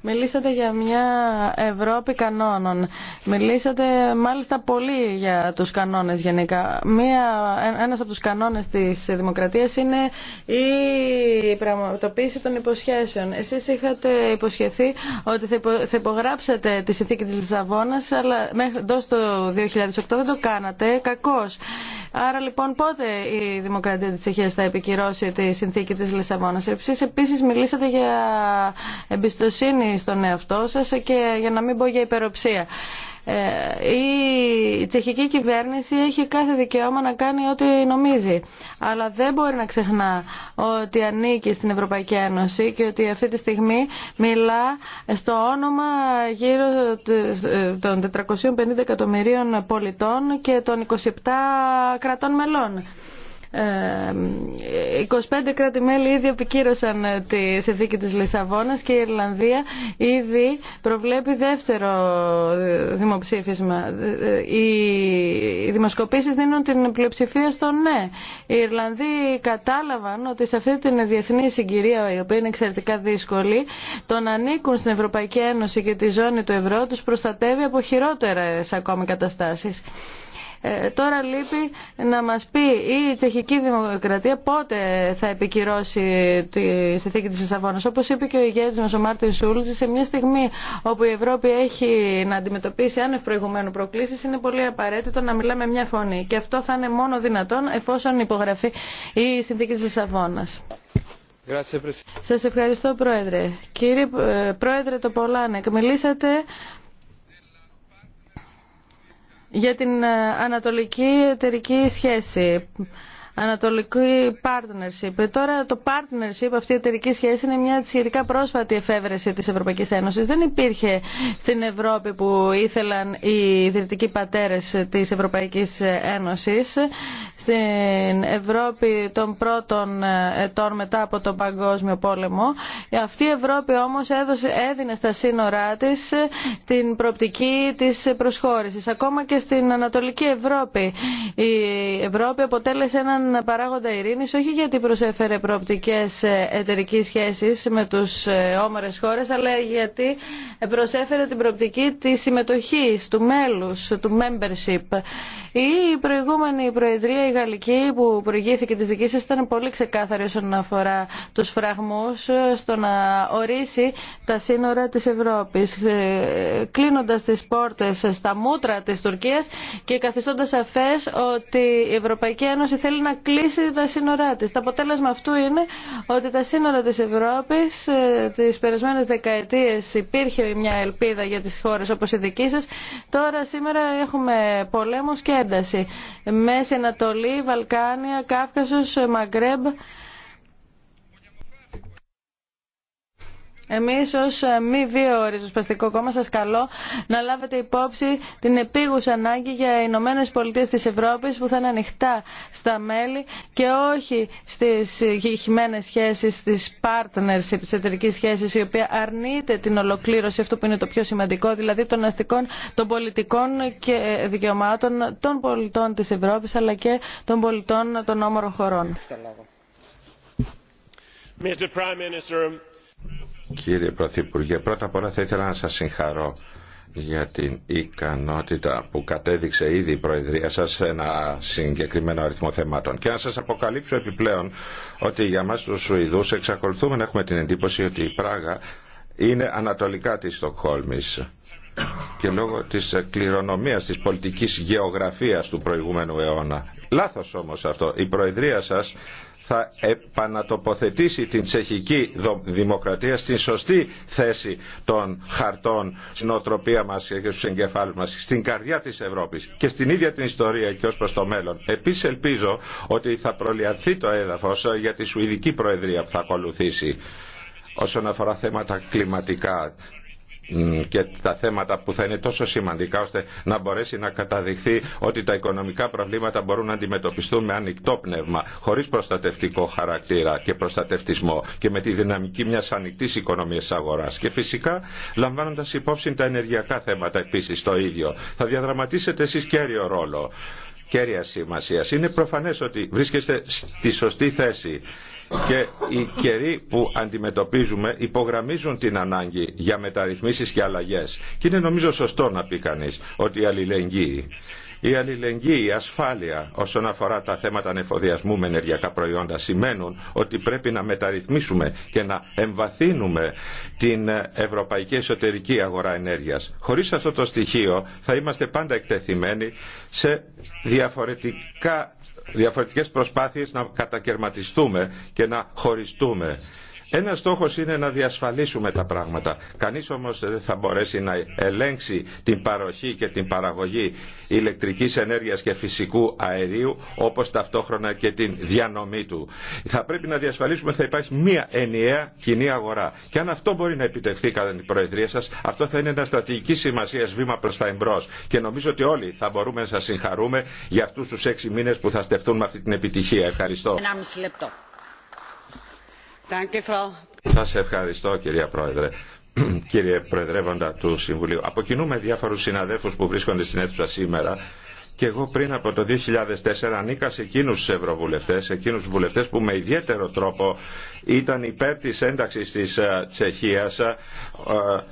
Μιλήσατε για μια Ευρώπη κανόνων. Μιλήσατε μάλιστα πολύ για τους κανόνες γενικά. Μια, ένας από τους κανόνες της δημοκρατίας είναι η πραγματοποίηση των υποσχέσεων. Εσείς είχατε υποσχεθεί ότι θα υπογράψετε τη συνθήκη της Λισαβόνας, αλλά μέχρι το 2008 δεν το κάνατε. Κακώς. Άρα λοιπόν πότε η Δημοκρατία της Τσεχίας θα επικυρώσει τη συνθήκη της Λισαβόνας. Εσείς επίσης μιλήσατε για εμπιστοσύνη στον εαυτό σας και για να μην πω για υπεροψία. Ε, η τσεχική κυβέρνηση έχει κάθε δικαίωμα να κάνει ό,τι νομίζει. Αλλά δεν μπορεί να ξεχνά ότι ανήκει στην Ευρωπαϊκή Ένωση και ότι αυτή τη στιγμή μιλά στο όνομα γύρω των 450 εκατομμυρίων πολιτών και των 27 κρατών μελών. 25 ε, ε, κράτη-μέλη ήδη επικύρωσαν ε, τη συνθήκη της Λισαβόνας και η Ιρλανδία ήδη προβλέπει δεύτερο δημοψήφισμα. Οι δημοσκοπήσεις δίνουν την πλειοψηφία στο ναι. Οι Ιρλανδοί κατάλαβαν ότι σε αυτή την διεθνή συγκυρία, η οποία είναι εξαιρετικά δύσκολη, το να ανήκουν στην Ευρωπαϊκή Ένωση και τη ζώνη του ευρώ τους προστατεύει από χειρότερες ακόμη καταστάσεις. Ε, τώρα λείπει να μας πει η τσεχική δημοκρατία πότε θα επικυρώσει τη συνθήκη της Λισαβόνας. Όπως είπε και ο ηγέτης μας ο Μάρτιν Σούλτζ, σε μια στιγμή όπου η Ευρώπη έχει να αντιμετωπίσει άνευ προηγουμένου προκλήσεις, είναι πολύ απαραίτητο να μιλάμε μια φωνή. Και αυτό θα είναι μόνο δυνατόν εφόσον υπογραφεί η συνθήκη της Λισαβόνας. Σας ευχαριστώ Πρόεδρε. Κύριε ε, Πρόεδρε το μιλήσατε για την ε, ανατολική εταιρική σχέση ανατολική partnership. Ε, τώρα το partnership, αυτή η εταιρική σχέση, είναι μια σχετικά πρόσφατη εφεύρεση της Ευρωπαϊκής Ένωσης. Δεν υπήρχε στην Ευρώπη που ήθελαν οι ιδρυτικοί πατέρες της Ευρωπαϊκής Ένωσης. Στην Ευρώπη των πρώτων ετών μετά από τον Παγκόσμιο Πόλεμο. Αυτή η Ευρώπη όμως έδινε στα σύνορά της την προοπτική της προσχώρησης. Ακόμα και στην Ανατολική Ευρώπη. Η Ευρώπη αποτέλεσε έναν παράγοντα ειρήνης όχι γιατί προσέφερε προοπτικέ εταιρικής σχέσης με τους ε, όμορε χώρες αλλά γιατί προσέφερε την προοπτική της συμμετοχή, του μέλους, του membership. Η προηγούμενη προεδρία η Γαλλική που προηγήθηκε τη δική σα ήταν πολύ ξεκάθαρη όσον αφορά τους φραγμούς ε, στο να ορίσει τα σύνορα της Ευρώπη, ε, κλείνοντα τι πόρτες στα μούτρα της Τουρκίας και καθιστώντα σαφές ότι η Ευρωπαϊκή Ένωση θέλει να κλείσει τα σύνορά της. Το αποτέλεσμα αυτού είναι ότι τα σύνορα της Ευρώπης ε, τις περασμένες δεκαετίες υπήρχε μια ελπίδα για τις χώρες όπως η δική σας. Τώρα σήμερα έχουμε πολέμους και ένταση. Μέση Ανατολή, Βαλκάνια, Κάυκασος, Μαγκρέμπ. Εμείς ως ε, μη βίαιο ριζοσπαστικό κόμμα σα καλώ να λάβετε υπόψη την επίγουσα ανάγκη για οι Ηνωμένε Πολιτείε τη Ευρώπης που θα είναι ανοιχτά στα μέλη και όχι στις γηχημένες σχέσεις στι partners τη εταιρική σχέση, η οποία αρνείται την ολοκλήρωση αυτό που είναι το πιο σημαντικό δηλαδή των αστικών, των πολιτικών και ε, δικαιωμάτων των πολιτών τη Ευρώπη, αλλά και των πολιτών των όμορων χωρών. Mr. Prime Minister, Κύριε Πρωθυπουργέ, πρώτα απ' όλα θα ήθελα να σας συγχαρώ για την ικανότητα που κατέδειξε ήδη η Προεδρία σας σε ένα συγκεκριμένο αριθμό θεμάτων. Και να σας αποκαλύψω επιπλέον ότι για μας τους Σουηδούς εξακολουθούμε να έχουμε την εντύπωση ότι η Πράγα είναι ανατολικά της Στοκχόλμης και λόγω της κληρονομίας της πολιτικής γεωγραφίας του προηγούμενου αιώνα. Λάθος όμως αυτό. Η Προεδρία σας θα επανατοποθετήσει την τσεχική δημοκρατία στην σωστή θέση των χαρτών στην οτροπία μας και στους εγκεφάλους μας, στην καρδιά της Ευρώπης και στην ίδια την ιστορία και ως προς το μέλλον. Επίσης ελπίζω ότι θα προλιαθεί το έδαφος για τη Σουηδική Προεδρία που θα ακολουθήσει όσον αφορά θέματα κλιματικά, και τα θέματα που θα είναι τόσο σημαντικά ώστε να μπορέσει να καταδειχθεί ότι τα οικονομικά προβλήματα μπορούν να αντιμετωπιστούν με ανοιχτό πνεύμα, χωρί προστατευτικό χαρακτήρα και προστατευτισμό και με τη δυναμική μια ανοιχτή οικονομία αγορά. Και φυσικά λαμβάνοντα υπόψη τα ενεργειακά θέματα επίση το ίδιο. Θα διαδραματίσετε εσεί κέριο ρόλο κέρια σημασία. Είναι προφανέ ότι βρίσκεστε στη σωστή θέση και οι καιροί που αντιμετωπίζουμε υπογραμμίζουν την ανάγκη για μεταρρυθμίσεις και αλλαγές. Και είναι νομίζω σωστό να πει κανείς ότι η αλληλεγγύη η αλληλεγγύη, η ασφάλεια όσον αφορά τα θέματα ανεφοδιασμού με ενεργειακά προϊόντα σημαίνουν ότι πρέπει να μεταρρυθμίσουμε και να εμβαθύνουμε την ευρωπαϊκή εσωτερική αγορά ενέργειας. Χωρίς αυτό το στοιχείο θα είμαστε πάντα εκτεθειμένοι σε διαφορετικά διαφορετικές προσπάθειες να κατακαιρματιστούμε και να χωριστούμε. Ένα στόχο είναι να διασφαλίσουμε τα πράγματα. Κανεί όμω δεν θα μπορέσει να ελέγξει την παροχή και την παραγωγή ηλεκτρική ενέργεια και φυσικού αερίου, όπω ταυτόχρονα και την διανομή του. Θα πρέπει να διασφαλίσουμε ότι θα υπάρχει μία ενιαία κοινή αγορά. Και αν αυτό μπορεί να επιτευχθεί κατά την Προεδρία σα, αυτό θα είναι ένα στρατηγική σημασία βήμα προ τα εμπρό. Και νομίζω ότι όλοι θα μπορούμε να σα συγχαρούμε για αυτού του έξι μήνε που θα στεφθούν με αυτή την επιτυχία. Ευχαριστώ. Σας ευχαριστώ κυρία Πρόεδρε κύριε Προεδρεύοντα του Συμβουλίου. Αποκινούμε διάφορους συναδέλφους που βρίσκονται στην αίθουσα σήμερα και εγώ πριν από το 2004 ανήκα σε εκείνους τους ευρωβουλευτές, εκείνους βουλευτές που με ιδιαίτερο τρόπο ήταν υπέρ της ένταξης της ε, Τσεχίας ε,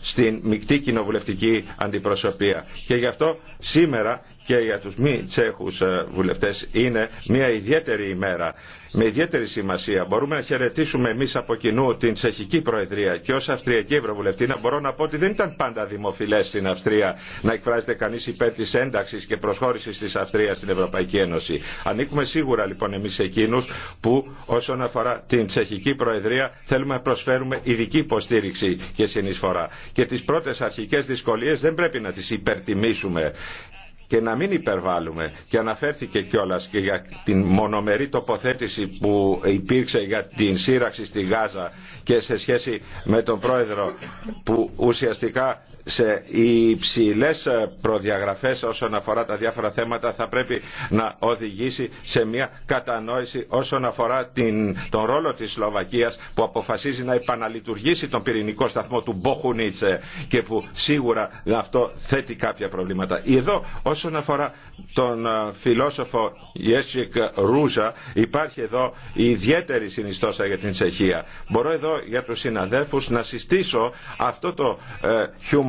στην μεικτή κοινοβουλευτική αντιπροσωπεία. Και γι' αυτό σήμερα και για τους μη Τσέχους ε, βουλευτές είναι μια ιδιαίτερη ημέρα με ιδιαίτερη σημασία. Μπορούμε να χαιρετήσουμε εμεί από κοινού την Τσεχική Προεδρία και ω Αυστριακή Ευρωβουλευτή να μπορώ να πω ότι δεν ήταν πάντα δημοφιλέ στην Αυστρία να εκφράζεται κανεί υπέρ τη ένταξη και προσχώρηση τη Αυστρία στην Ευρωπαϊκή Ένωση. Ανήκουμε σίγουρα λοιπόν εμεί εκείνου που όσον αφορά την Τσεχική Προεδρία θέλουμε να προσφέρουμε ειδική υποστήριξη και συνεισφορά. Και τι πρώτε αρχικέ δυσκολίε δεν πρέπει να τι υπερτιμήσουμε και να μην υπερβάλλουμε. Και αναφέρθηκε κιόλας και για την μονομερή τοποθέτηση που υπήρξε για την σύραξη στη Γάζα και σε σχέση με τον πρόεδρο που ουσιαστικά σε υψηλέ ε, προδιαγραφές όσον αφορά τα διάφορα θέματα θα πρέπει να οδηγήσει σε μια κατανόηση όσον αφορά την, τον ρόλο της Σλοβακία που αποφασίζει να επαναλειτουργήσει τον πυρηνικό σταθμό του Μποχουνίτσε και που σίγουρα αυτό θέτει κάποια προβλήματα. Εδώ όσον αφορά τον ε, φιλόσοφο Ιέσικ Ρούζα υπάρχει εδώ ιδιαίτερη συνιστόσα για την Τσεχία. Μπορώ εδώ για τους συναδέλφους να συστήσω αυτό το ε,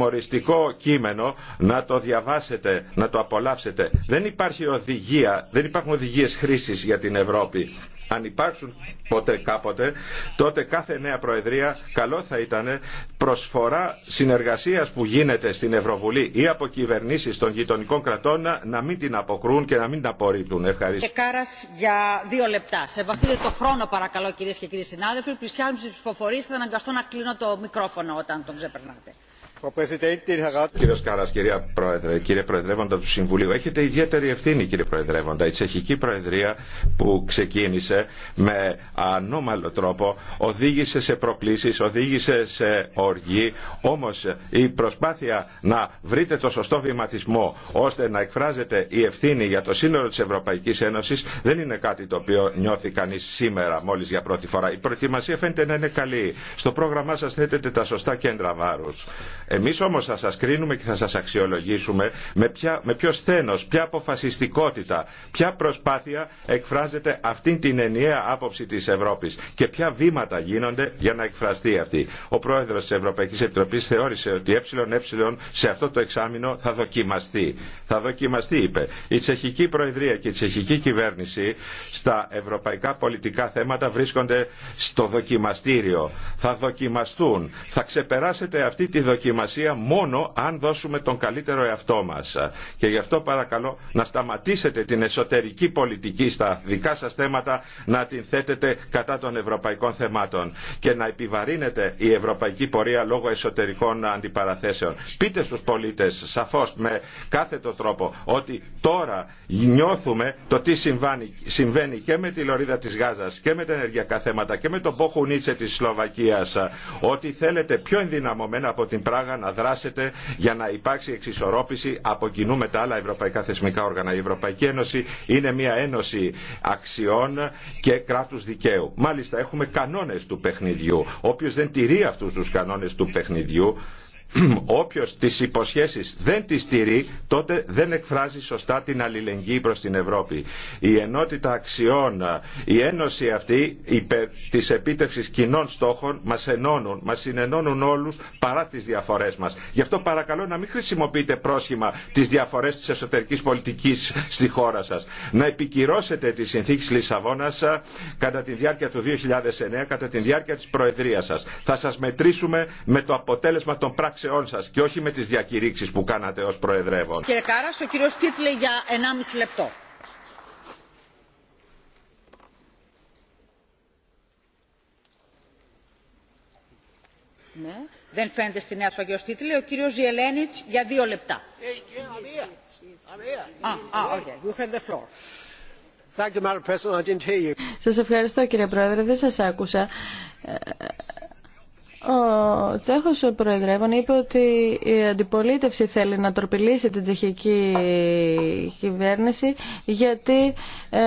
χωριστικό κείμενο να το διαβάσετε, να το απολαύσετε. Δεν υπάρχει οδηγία, δεν υπάρχουν οδηγίες χρήσης για την Ευρώπη. Αν υπάρξουν ποτέ κάποτε, τότε κάθε νέα Προεδρία καλό θα ήταν προσφορά συνεργασίας που γίνεται στην Ευρωβουλή ή από κυβερνήσει των γειτονικών κρατών να μην την αποκρούν και να μην την απορρίπτουν. Ευχαριστώ. Και Κάρας για δύο λεπτά. Σεβαστείτε το χρόνο παρακαλώ κυρίες και κύριοι συνάδελφοι. Πλησιάζουν στις ψηφοφορίες θα αναγκαστώ να κλείνω το μικρόφωνο όταν τον ξεπερνάτε. Κύριε Κάρα, κυρία Πρόεδρε, κύριε Προεδρεύοντα του Συμβουλίου, έχετε ιδιαίτερη ευθύνη, κύριε Προεδρεύοντα. Η Τσεχική Προεδρία που ξεκίνησε με ανώμαλο τρόπο οδήγησε σε προκλήσει, οδήγησε σε οργή. Όμω η προσπάθεια να βρείτε το σωστό βηματισμό ώστε να εκφράζεται η ευθύνη για το σύνολο τη Ευρωπαϊκή Ένωση δεν είναι κάτι το οποίο νιώθει κανείς σήμερα μόλι για πρώτη φορά. Η προετοιμασία φαίνεται να είναι καλή. Στο πρόγραμμά σα θέτετε τα σωστά κέντρα βάρου εμείς όμως θα σας κρίνουμε και θα σας αξιολογήσουμε με, ποια, με ποιο σθένος, ποια αποφασιστικότητα, ποια προσπάθεια εκφράζεται αυτή την ενιαία άποψη της Ευρώπης και ποια βήματα γίνονται για να εκφραστεί αυτή. Ο πρόεδρος της Ευρωπαϊκής Επιτροπής θεώρησε ότι ε, ΕΕ σε αυτό το εξάμεινο θα δοκιμαστεί. Θα δοκιμαστεί είπε. Η Τσεχική Προεδρία και η Τσεχική Κυβέρνηση στα ευρωπαϊκά πολιτικά θέματα βρίσκονται στο δοκιμαστήριο. Θα δοκιμαστούν. Θα ξεπεράσετε αυτή τη δοκιμασία μόνο αν δώσουμε τον καλύτερο εαυτό μας. Και γι' αυτό παρακαλώ να σταματήσετε την εσωτερική πολιτική στα δικά σας θέματα να την θέτετε κατά των ευρωπαϊκών θεμάτων και να επιβαρύνετε η ευρωπαϊκή πορεία λόγω εσωτερικών αντιπαραθέσεων. Πείτε στους πολίτες σαφώς με κάθε κάθετο τρόπο ότι τώρα νιώθουμε το τι συμβάνει, συμβαίνει και με τη λωρίδα της Γάζας και με τα ενεργειακά θέματα και με τον Πόχου Νίτσε της Σλοβακίας ότι θέλετε πιο ενδυναμωμένα από την πράγμα να δράσετε για να υπάρξει εξισορρόπηση από κοινού με τα άλλα ευρωπαϊκά θεσμικά όργανα. Η Ευρωπαϊκή Ένωση είναι μια ένωση αξιών και κράτους δικαίου. Μάλιστα έχουμε κανόνες του παιχνιδιού. Όποιος δεν τηρεί αυτούς τους κανόνες του παιχνιδιού όποιος τις υποσχέσεις δεν τις στηρεί, τότε δεν εκφράζει σωστά την αλληλεγγύη προς την Ευρώπη. Η ενότητα αξιών, η ένωση αυτή υπέ της επίτευξης κοινών στόχων μας ενώνουν, μας συνενώνουν όλους παρά τις διαφορές μας. Γι' αυτό παρακαλώ να μην χρησιμοποιείτε πρόσχημα τις διαφορές της εσωτερικής πολιτικής στη χώρα σας. Να επικυρώσετε τις συνθήκες Λισαβόνας ε, κατά τη διάρκεια του 2009, κατά τη διάρκεια της Προεδρίας σας. Θα σας μετρήσουμε με το αποτέλεσμα των πράξεων πράξεών σα και όχι με τι διακηρύξει που κάνατε ω Προεδρεύον. Κύριε Κάρα, ο κύριο Τίτλε για 1,5 λεπτό. Ναι. Δεν φαίνεται στην Νέα Σφαγιός τίτλη. Ο κύριος Ζιελένιτς για δύο λεπτά. Σας ευχαριστώ κύριε Πρόεδρε. Δεν σας άκουσα. Ε, ο Τσέχος Προεδρεύων είπε ότι η αντιπολίτευση θέλει να τορπιλήσει την τσεχική κυβέρνηση γιατί ε,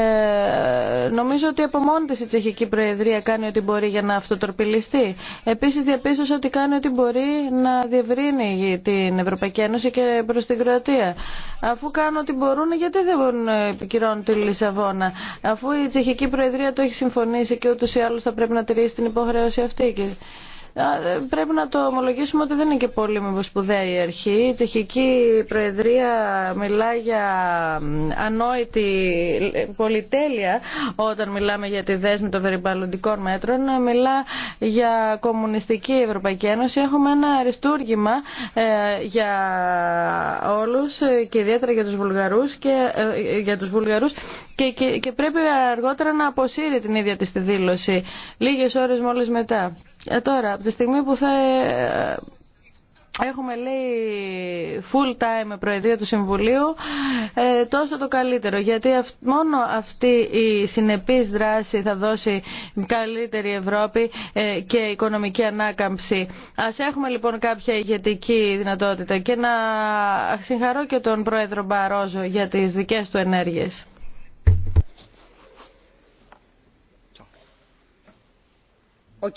νομίζω ότι από μόνη της η τσεχική προεδρία κάνει ό,τι μπορεί για να αυτοτορπιλιστεί. Επίσης διαπίστωσε ότι κάνει ό,τι μπορεί να διευρύνει την Ευρωπαϊκή Ένωση και προς την Κροατία. Αφού κάνουν ό,τι μπορούν, γιατί δεν μπορούν να επικυρώνουν τη Λισαβόνα. Αφού η τσεχική προεδρία το έχει συμφωνήσει και ούτως ή άλλως θα πρέπει να τηρήσει την υποχρέωση αυτή. Πρέπει να το ομολογήσουμε ότι δεν είναι και πολύ σπουδαία η αρχή. Η Τσεχική Προεδρία μιλά για ανόητη πολυτέλεια όταν μιλάμε για τη δέσμη των περιβαλλοντικών μέτρων. Μιλά για κομμουνιστική Ευρωπαϊκή Ένωση. Έχουμε ένα αριστούργημα ε, για όλους και ιδιαίτερα για τους Βουλγαρούς και, ε, για τους Βουλγαρούς και, πρέπει αργότερα να αποσύρει την ίδια της τη δήλωση λίγες ώρες μόλις μετά. Ε, τώρα, από τη στιγμή που θα ε, Έχουμε λέει full time προεδρία του Συμβουλίου, ε, τόσο το καλύτερο, γιατί μόνο αυτή η συνεπής δράση θα δώσει καλύτερη Ευρώπη ε, και οικονομική ανάκαμψη. Ας έχουμε λοιπόν κάποια ηγετική δυνατότητα και να συγχαρώ και τον Πρόεδρο Μπαρόζο για τις δικές του ενέργειες. Ο ε,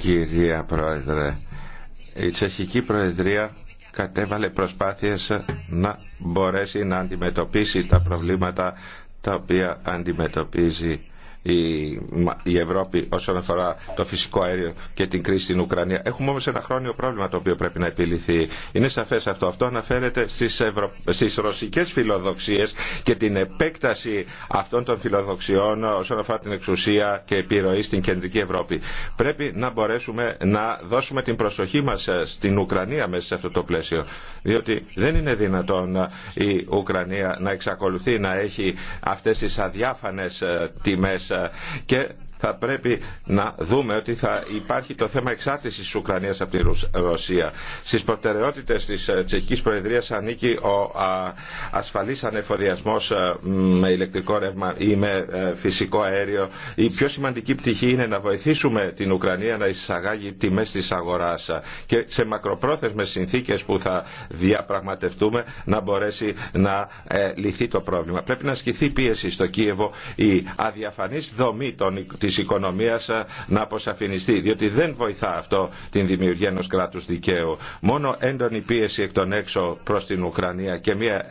Κυρία Πρόεδρε, η Τσεχική Προεδρία κατέβαλε προσπάθειες να μπορέσει να αντιμετωπίσει τα προβλήματα τα οποία αντιμετωπίζει η Ευρώπη όσον αφορά το φυσικό αέριο και την κρίση στην Ουκρανία. Έχουμε όμω ένα χρόνιο πρόβλημα το οποίο πρέπει να επιληθεί. Είναι σαφέ αυτό. Αυτό αναφέρεται στι Ευρω... στις ρωσικέ φιλοδοξίε και την επέκταση αυτών των φιλοδοξιών όσον αφορά την εξουσία και επιρροή στην κεντρική Ευρώπη. Πρέπει να μπορέσουμε να δώσουμε την προσοχή μα στην Ουκρανία μέσα σε αυτό το πλαίσιο. Διότι δεν είναι δυνατόν η Ουκρανία να εξακολουθεί να έχει αυτέ τι αδιάφανε τιμέ και θα πρέπει να δούμε ότι θα υπάρχει το θέμα εξάρτηση τη Ουκρανίας από τη Ρωσία. Στις προτεραιότητες της ε, Τσεχικής Προεδρία ανήκει ο ασφαλή ανεφοδιασμός ε, με ηλεκτρικό ρεύμα ή με ε, φυσικό αέριο. Η πιο σημαντική πτυχή είναι να βοηθήσουμε την Ουκρανία να εισαγάγει τιμές τη αγορά και σε μακροπρόθεσμε συνθήκε που θα διαπραγματευτούμε να μπορέσει να λυθεί το πρόβλημα. Πρέπει να ασκηθεί πίεση στο Κίεβο η αδιαφανή δομή των της οικονομίας ε, να αποσαφινιστεί, διότι δεν βοηθά αυτό την δημιουργία ενός κράτους δικαίου. Μόνο έντονη πίεση εκ των έξω προς την Ουκρανία και μια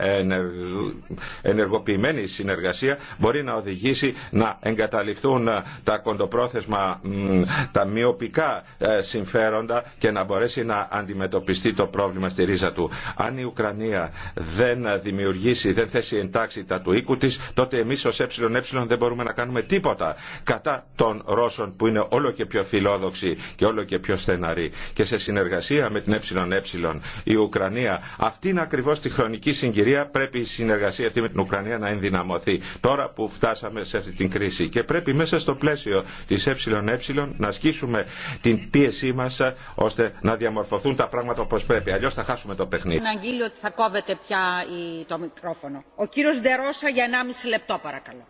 ενεργοποιημένη συνεργασία μπορεί να οδηγήσει να εγκαταλειφθούν ε, τα κοντοπρόθεσμα, τα μειοπικά ε, συμφέροντα και να μπορέσει να αντιμετωπιστεί το πρόβλημα στη ρίζα του. Αν η Ουκρανία δεν δημιουργήσει, δεν θέσει εντάξει τα του οίκου της, τότε εμείς ως ΕΕ δεν μπορούμε να κάνουμε τίποτα κατά των Ρώσων που είναι όλο και πιο φιλόδοξοι και όλο και πιο στεναροί και σε συνεργασία με την ΕΕ η Ουκρανία. Αυτή είναι ακριβώ τη χρονική συγκυρία. Πρέπει η συνεργασία αυτή με την Ουκρανία να ενδυναμωθεί. Τώρα που φτάσαμε σε αυτή την κρίση και πρέπει μέσα στο πλαίσιο τη ΕΕ να ασκήσουμε την πίεσή μα ώστε να διαμορφωθούν τα πράγματα όπω πρέπει. Αλλιώ θα χάσουμε το παιχνίδι. Να ότι θα κόβεται πια το μικρόφωνο. Ο κύριο Ντερόσα για 1,5 λεπτό παρακαλώ.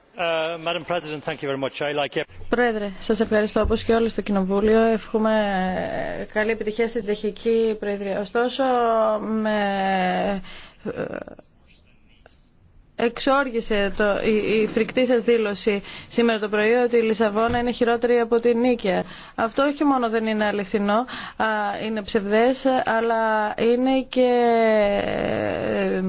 Πρόεδρε, σας ευχαριστώ όπως και όλοι στο Κοινοβούλιο. Εύχομαι ε, καλή επιτυχία στην Τσεχική Προεδρία. Ωστόσο, με ε, εξόργησε το, η, φρικτή σας δήλωση σήμερα το πρωί ότι η Λισαβόνα είναι χειρότερη από την Νίκαια. Αυτό όχι μόνο δεν είναι αληθινό, α, είναι ψευδές, αλλά είναι και... Ε,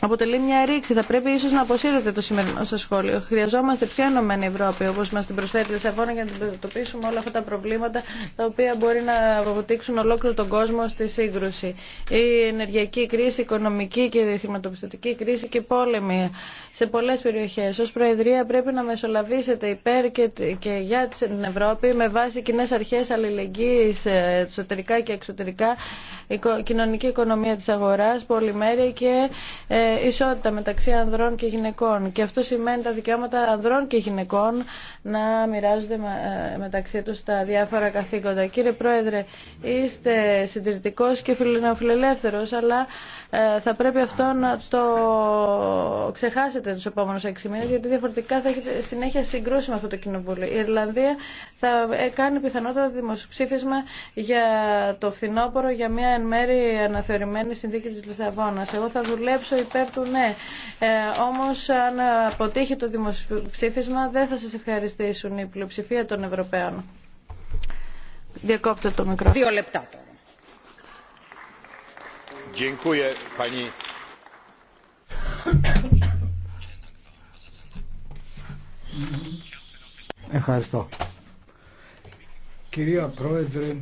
αποτελεί μια ρήξη. Θα πρέπει ίσω να αποσύρετε το σημερινό σα σχόλιο. Χρειαζόμαστε πιο ενωμένη Ευρώπη, όπω μα την προσφέρει η Λισαβόνα, για να αντιμετωπίσουμε όλα αυτά τα προβλήματα τα οποία μπορεί να αποτύξουν ολόκληρο τον κόσμο στη σύγκρουση. Η ενεργειακή κρίση, η οικονομική και η χρηματοπιστωτική κρίση και πόλεμη σε πολλέ περιοχέ. Ω Προεδρία πρέπει να μεσολαβήσετε υπέρ και, για την Ευρώπη με βάση κοινέ αρχέ αλληλεγγύη ε, εσωτερικά και εξωτερικά, κοινωνική οικονομία τη αγορά, πολυμέρεια και ε, ισότητα μεταξύ ανδρών και γυναικών. Και αυτό σημαίνει τα δικαιώματα ανδρών και γυναικών να μοιράζονται ε, μεταξύ τους τα διάφορα καθήκοντα. Κύριε Πρόεδρε, είστε συντηρητικός και φιλελεύθερος, αλλά ε, θα πρέπει αυτό να το ξεχάσετε τους επόμενους έξι μήνες, γιατί διαφορετικά θα έχετε συνέχεια συγκρούσει με αυτό το κοινοβούλιο. Η Ιρλανδία θα ε, κάνει πιθανότατα δημοψήφισμα για το φθινόπωρο για μια εν μέρη αναθεωρημένη συνθήκη της Λισαβόνας. Εγώ θα δουλέψω υπέρ του ναι. Ε, όμως αν αποτύχει το δημοψήφισμα δεν θα σας ευχαριστήσω ψηφίσουν η πλειοψηφία των Ευρωπαίων. Διακόπτω το μικρό. Δύο λεπτά τώρα. Ευχαριστώ. Κυρία Πρόεδρε,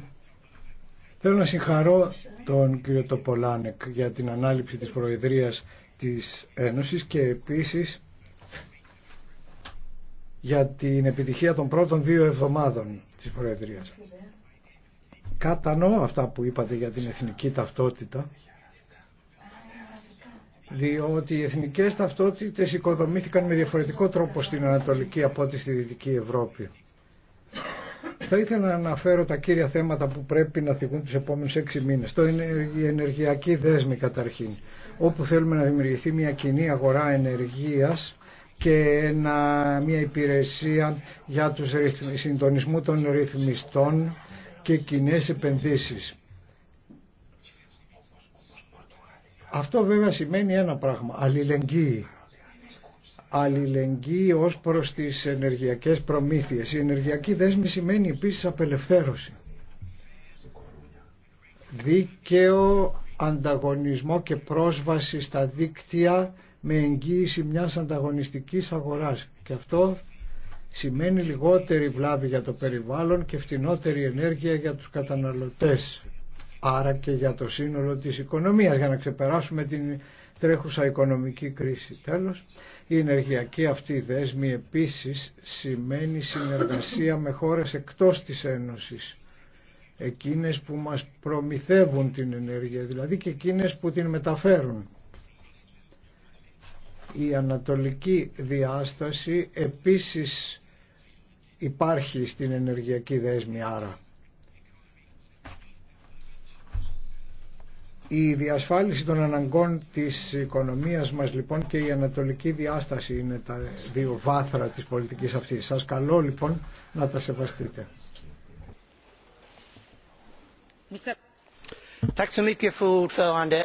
θέλω να συγχαρώ τον κύριο Τοπολάνεκ για την ανάληψη της Προεδρίας της Ένωσης και επίσης για την επιτυχία των πρώτων δύο εβδομάδων της Προεδρίας. Κατανοώ αυτά που είπατε για την εθνική ταυτότητα, διότι οι εθνικές ταυτότητες οικοδομήθηκαν με διαφορετικό τρόπο στην Ανατολική από ό,τι στη Δυτική Ευρώπη. Θα ήθελα να αναφέρω τα κύρια θέματα που πρέπει να θυγούν τους επόμενους έξι μήνες. Το είναι η ενεργειακή δέσμη καταρχήν, όπου θέλουμε να δημιουργηθεί μια κοινή αγορά ενεργείας και ένα, μια υπηρεσία για τους συντονισμού των ρυθμιστών και κοινέ επενδύσεις. Αυτό βέβαια σημαίνει ένα πράγμα, αλληλεγγύη. Αλληλεγγύη ως προς τις ενεργειακές προμήθειες. Η ενεργειακή δέσμη σημαίνει επίσης απελευθέρωση. Δίκαιο, ανταγωνισμό και πρόσβαση στα δίκτυα με εγγύηση μιας ανταγωνιστικής αγοράς και αυτό σημαίνει λιγότερη βλάβη για το περιβάλλον και φτηνότερη ενέργεια για τους καταναλωτές άρα και για το σύνολο της οικονομίας για να ξεπεράσουμε την τρέχουσα οικονομική κρίση. Τέλος, η ενεργειακή αυτή δέσμη επίσης σημαίνει συνεργασία με χώρες εκτός της Ένωσης εκείνες που μας προμηθεύουν την ενέργεια, δηλαδή και εκείνες που την μεταφέρουν. Η ανατολική διάσταση επίσης υπάρχει στην ενεργειακή δέσμη άρα. Η διασφάλιση των αναγκών της οικονομίας μας λοιπόν και η ανατολική διάσταση είναι τα δύο βάθρα της πολιτικής αυτής. Σας καλώ λοιπόν να τα σεβαστείτε.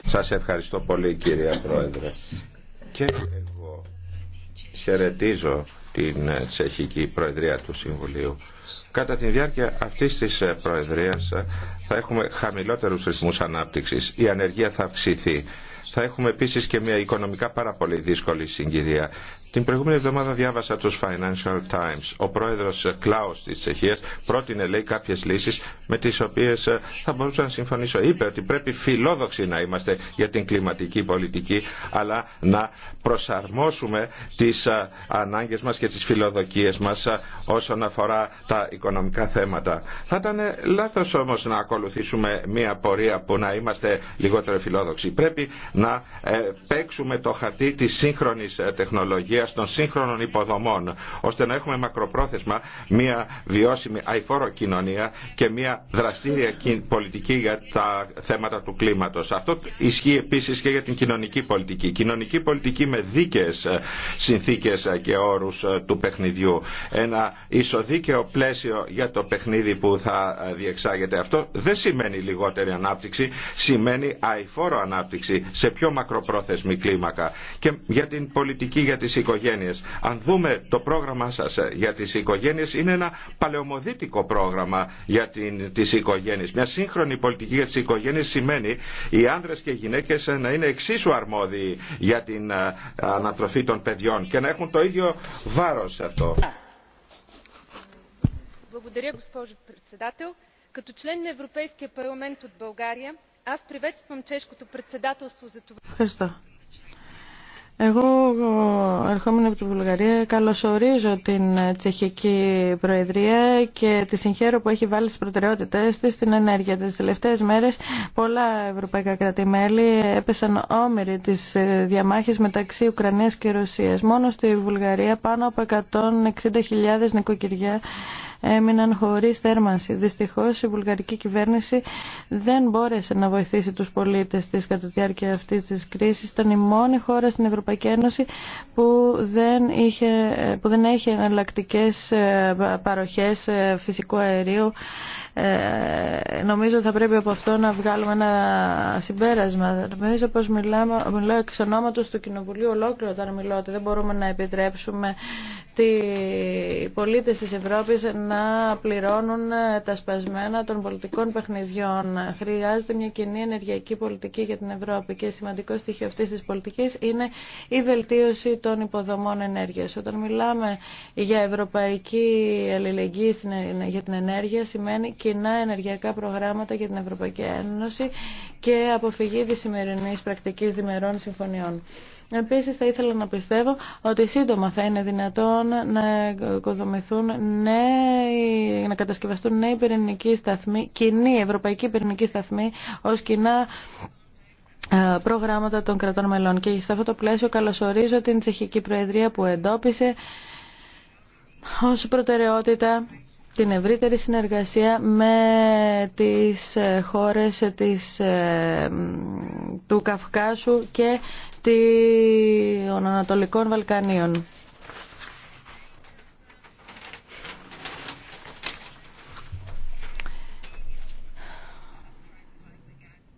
Σας ευχαριστώ πολύ κύριε Πρόεδρε. Και εγώ χαιρετίζω την τσεχική προεδρία του Συμβουλίου. Κατά τη διάρκεια αυτής της ε, προεδρίας ε, θα έχουμε χαμηλότερους ρυθμούς ανάπτυξης. Η ανεργία θα αυξηθεί. Θα έχουμε επίσης και μια οικονομικά πάρα πολύ δύσκολη συγκυρία. Την προηγούμενη εβδομάδα διάβασα τους Financial Times. Ο πρόεδρος Κλάους της Τσεχίας πρότεινε λέει κάποιες λύσεις με τις οποίες ε, θα μπορούσα να συμφωνήσω. Είπε ότι πρέπει φιλόδοξοι να είμαστε για την κλιματική πολιτική αλλά να προσαρμόσουμε τις ε, ανάγκες μας και τις φιλοδοκίες μας ε, όσον αφορά τα οικονομικά θέματα. Θα ήταν λάθος όμως να ακολουθήσουμε μια πορεία που να είμαστε λιγότερο φιλόδοξοι. Πρέπει να παίξουμε το χαρτί της σύγχρονης τεχνολογίας των σύγχρονων υποδομών, ώστε να έχουμε μακροπρόθεσμα μια βιώσιμη αηφόρο κοινωνία και μια δραστήρια πολιτική για τα θέματα του κλίματος. Αυτό ισχύει επίσης και για την κοινωνική πολιτική. Κοινωνική πολιτική με δίκαιες ε, συνθήκες ε, και όρους ε, του παιχνιδιού. Ένα ισοδίκαιο πλαίσιο για το παιχνίδι που θα διεξάγεται. Αυτό δεν σημαίνει λιγότερη ανάπτυξη, σημαίνει αηφόρο ανάπτυξη σε πιο μακροπρόθεσμη κλίμακα. Και για την πολιτική για τις οικογένειες. Αν δούμε το πρόγραμμά σας ε, για τις οικογένειες είναι ένα παλαιομοδίτικο πρόγραμμα για την, τις οικογένειες. Μια σύγχρονη πολιτική για τις οικογένειες σημαίνει οι άνδρες και οι γυναίκες ε, να είναι εξίσου αρμόδιοι για την ε, ανατροφή των παιδιών και να έχουν το ίδιο βάρος σε αυτό. Ευχαριστώ. Εγώ ερχόμενη από τη Βουλγαρία καλωσορίζω την ε, τσεχική προεδρία και τη συγχαίρω που έχει βάλει στις προτεραιότητες της την ενέργεια. Τις τελευταίες μέρες πολλά ευρωπαϊκά κράτη-μέλη έπεσαν όμοιροι της ε, διαμάχης μεταξύ Ουκρανίας και Ρωσίας. Μόνο στη Βουλγαρία πάνω από 160.000 νοικοκυριά έμειναν χωρίς θέρμανση. Δυστυχώς η βουλγαρική κυβέρνηση δεν μπόρεσε να βοηθήσει τους πολίτες της κατά τη διάρκεια αυτής της κρίσης. Ήταν η μόνη χώρα στην Ευρωπαϊκή Ένωση που δεν, είχε, που δεν έχει εναλλακτικέ ε, παροχές ε, φυσικού αερίου ε, νομίζω θα πρέπει από αυτό να βγάλουμε ένα συμπέρασμα. Νομίζω πως μιλάμε, μιλάω εξ ονόματος του Κοινοβουλίου ολόκληρο όταν μιλώ ότι δεν μπορούμε να επιτρέψουμε οι πολίτες της Ευρώπης να πληρώνουν ε, τα σπασμένα των πολιτικών παιχνιδιών. Χρειάζεται μια κοινή ενεργειακή πολιτική για την Ευρώπη και σημαντικό στοιχείο αυτής της πολιτικής είναι η βελτίωση των υποδομών ενέργειας. Όταν μιλάμε για ευρωπαϊκή αλληλεγγύη για την ενέργεια σημαίνει κοινά ενεργειακά προγράμματα για την Ευρωπαϊκή Ένωση και αποφυγή τη σημερινή πρακτική διμερών συμφωνιών. Επίση θα ήθελα να πιστεύω ότι σύντομα θα είναι δυνατόν να οικοδομηθούν νέοι, να κατασκευαστούν νέοι πυρηνικοί σταθμοί, κοινή ευρωπαϊκή πυρηνική σταθμή ω κοινά ε, προγράμματα των κρατών μελών. Και σε αυτό το πλαίσιο καλωσορίζω την Τσεχική Προεδρία που εντόπισε ως προτεραιότητα την ευρύτερη συνεργασία με τις ε, χώρες της, ε, του Καυκάσου και των Ανατολικών Βαλκανίων.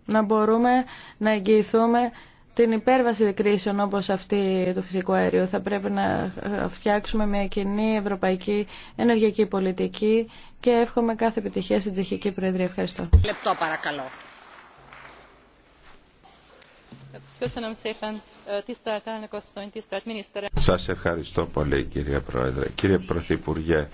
Να μπορούμε να εγγυηθούμε την υπέρβαση κρίσεων όπως αυτή του φυσικού αερίου. Θα πρέπει να φτιάξουμε μια κοινή ευρωπαϊκή ενεργειακή πολιτική και εύχομαι κάθε επιτυχία στην Τσεχική Προεδρία. Ευχαριστώ. Λεπτό παρακαλώ. Σας ευχαριστώ πολύ κύριε Πρόεδρε. Κύριε Πρωθυπουργέ,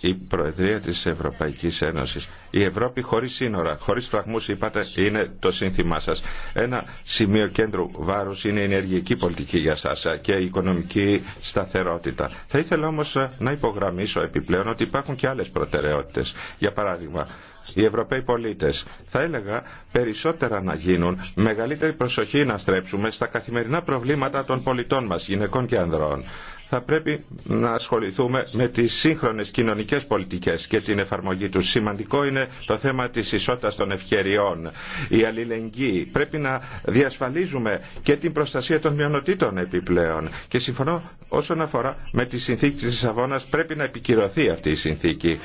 η Προεδρία της Ευρωπαϊκής Ένωσης. Η Ευρώπη χωρίς σύνορα, χωρίς φραγμούς είπατε είναι το σύνθημά σας. Ένα σημείο κέντρου βάρους είναι η ενεργειακή πολιτική για σας και η οικονομική σταθερότητα. Θα ήθελα όμως να υπογραμμίσω επιπλέον ότι υπάρχουν και άλλες προτεραιότητες. Για παράδειγμα, οι Ευρωπαίοι πολίτες. Θα έλεγα περισσότερα να γίνουν, μεγαλύτερη προσοχή να στρέψουμε στα καθημερινά προβλήματα των πολιτών μας, γυναικών και ανδρών θα πρέπει να ασχοληθούμε με τις σύγχρονες κοινωνικές πολιτικές και την εφαρμογή του. Σημαντικό είναι το θέμα της ισότητας των ευκαιριών, η αλληλεγγύη. Πρέπει να διασφαλίζουμε και την προστασία των μειονοτήτων επιπλέον. Και συμφωνώ όσον αφορά με τη συνθήκη της πρέπει να επικυρωθεί αυτή η συνθήκη.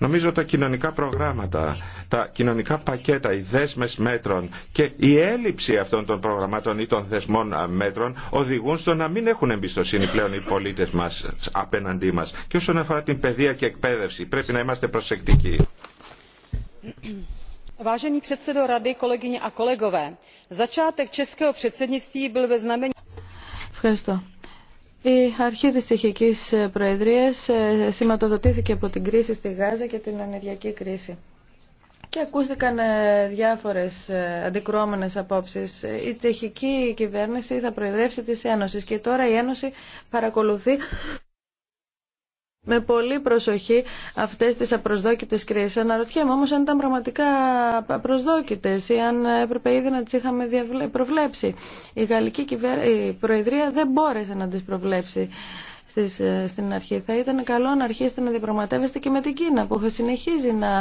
Νομίζω τα κοινωνικά προγράμματα, τα κοινωνικά πακέτα, οι δέσμες μέτρων και η έλλειψη αυτών των προγραμμάτων ή των δεσμών μέτρων οδηγούν στο να μην έχουν εμπιστοσύνη πλέον οι πολίτες μας απέναντί μας. Και όσον αφορά την παιδεία και εκπαίδευση πρέπει να είμαστε προσεκτικοί. předsedo η αρχή της τσεχικής ε, προεδρίας ε, σηματοδοτήθηκε από την κρίση στη Γάζα και την ενεργειακή κρίση. Και ακούστηκαν ε, διάφορες αντικρώμενες απόψεις. Η τσεχική κυβέρνηση θα προεδρεύσει της Ένωσης και τώρα η Ένωση παρακολουθεί με πολύ προσοχή αυτέ τι απροσδόκητε κρίσεις. Αναρωτιέμαι Όμω αν ήταν πραγματικά απροσδόκητε ή αν έπρεπε ήδη να τι είχαμε προβλέψει. Η γαλλική προεδρία δεν μπόρεσε να τι προβλέψει ε, στην αρχή. Θα ήταν καλό να αρχίσετε να διαπραγματεύεστε και με την Κίνα που συνεχίζει να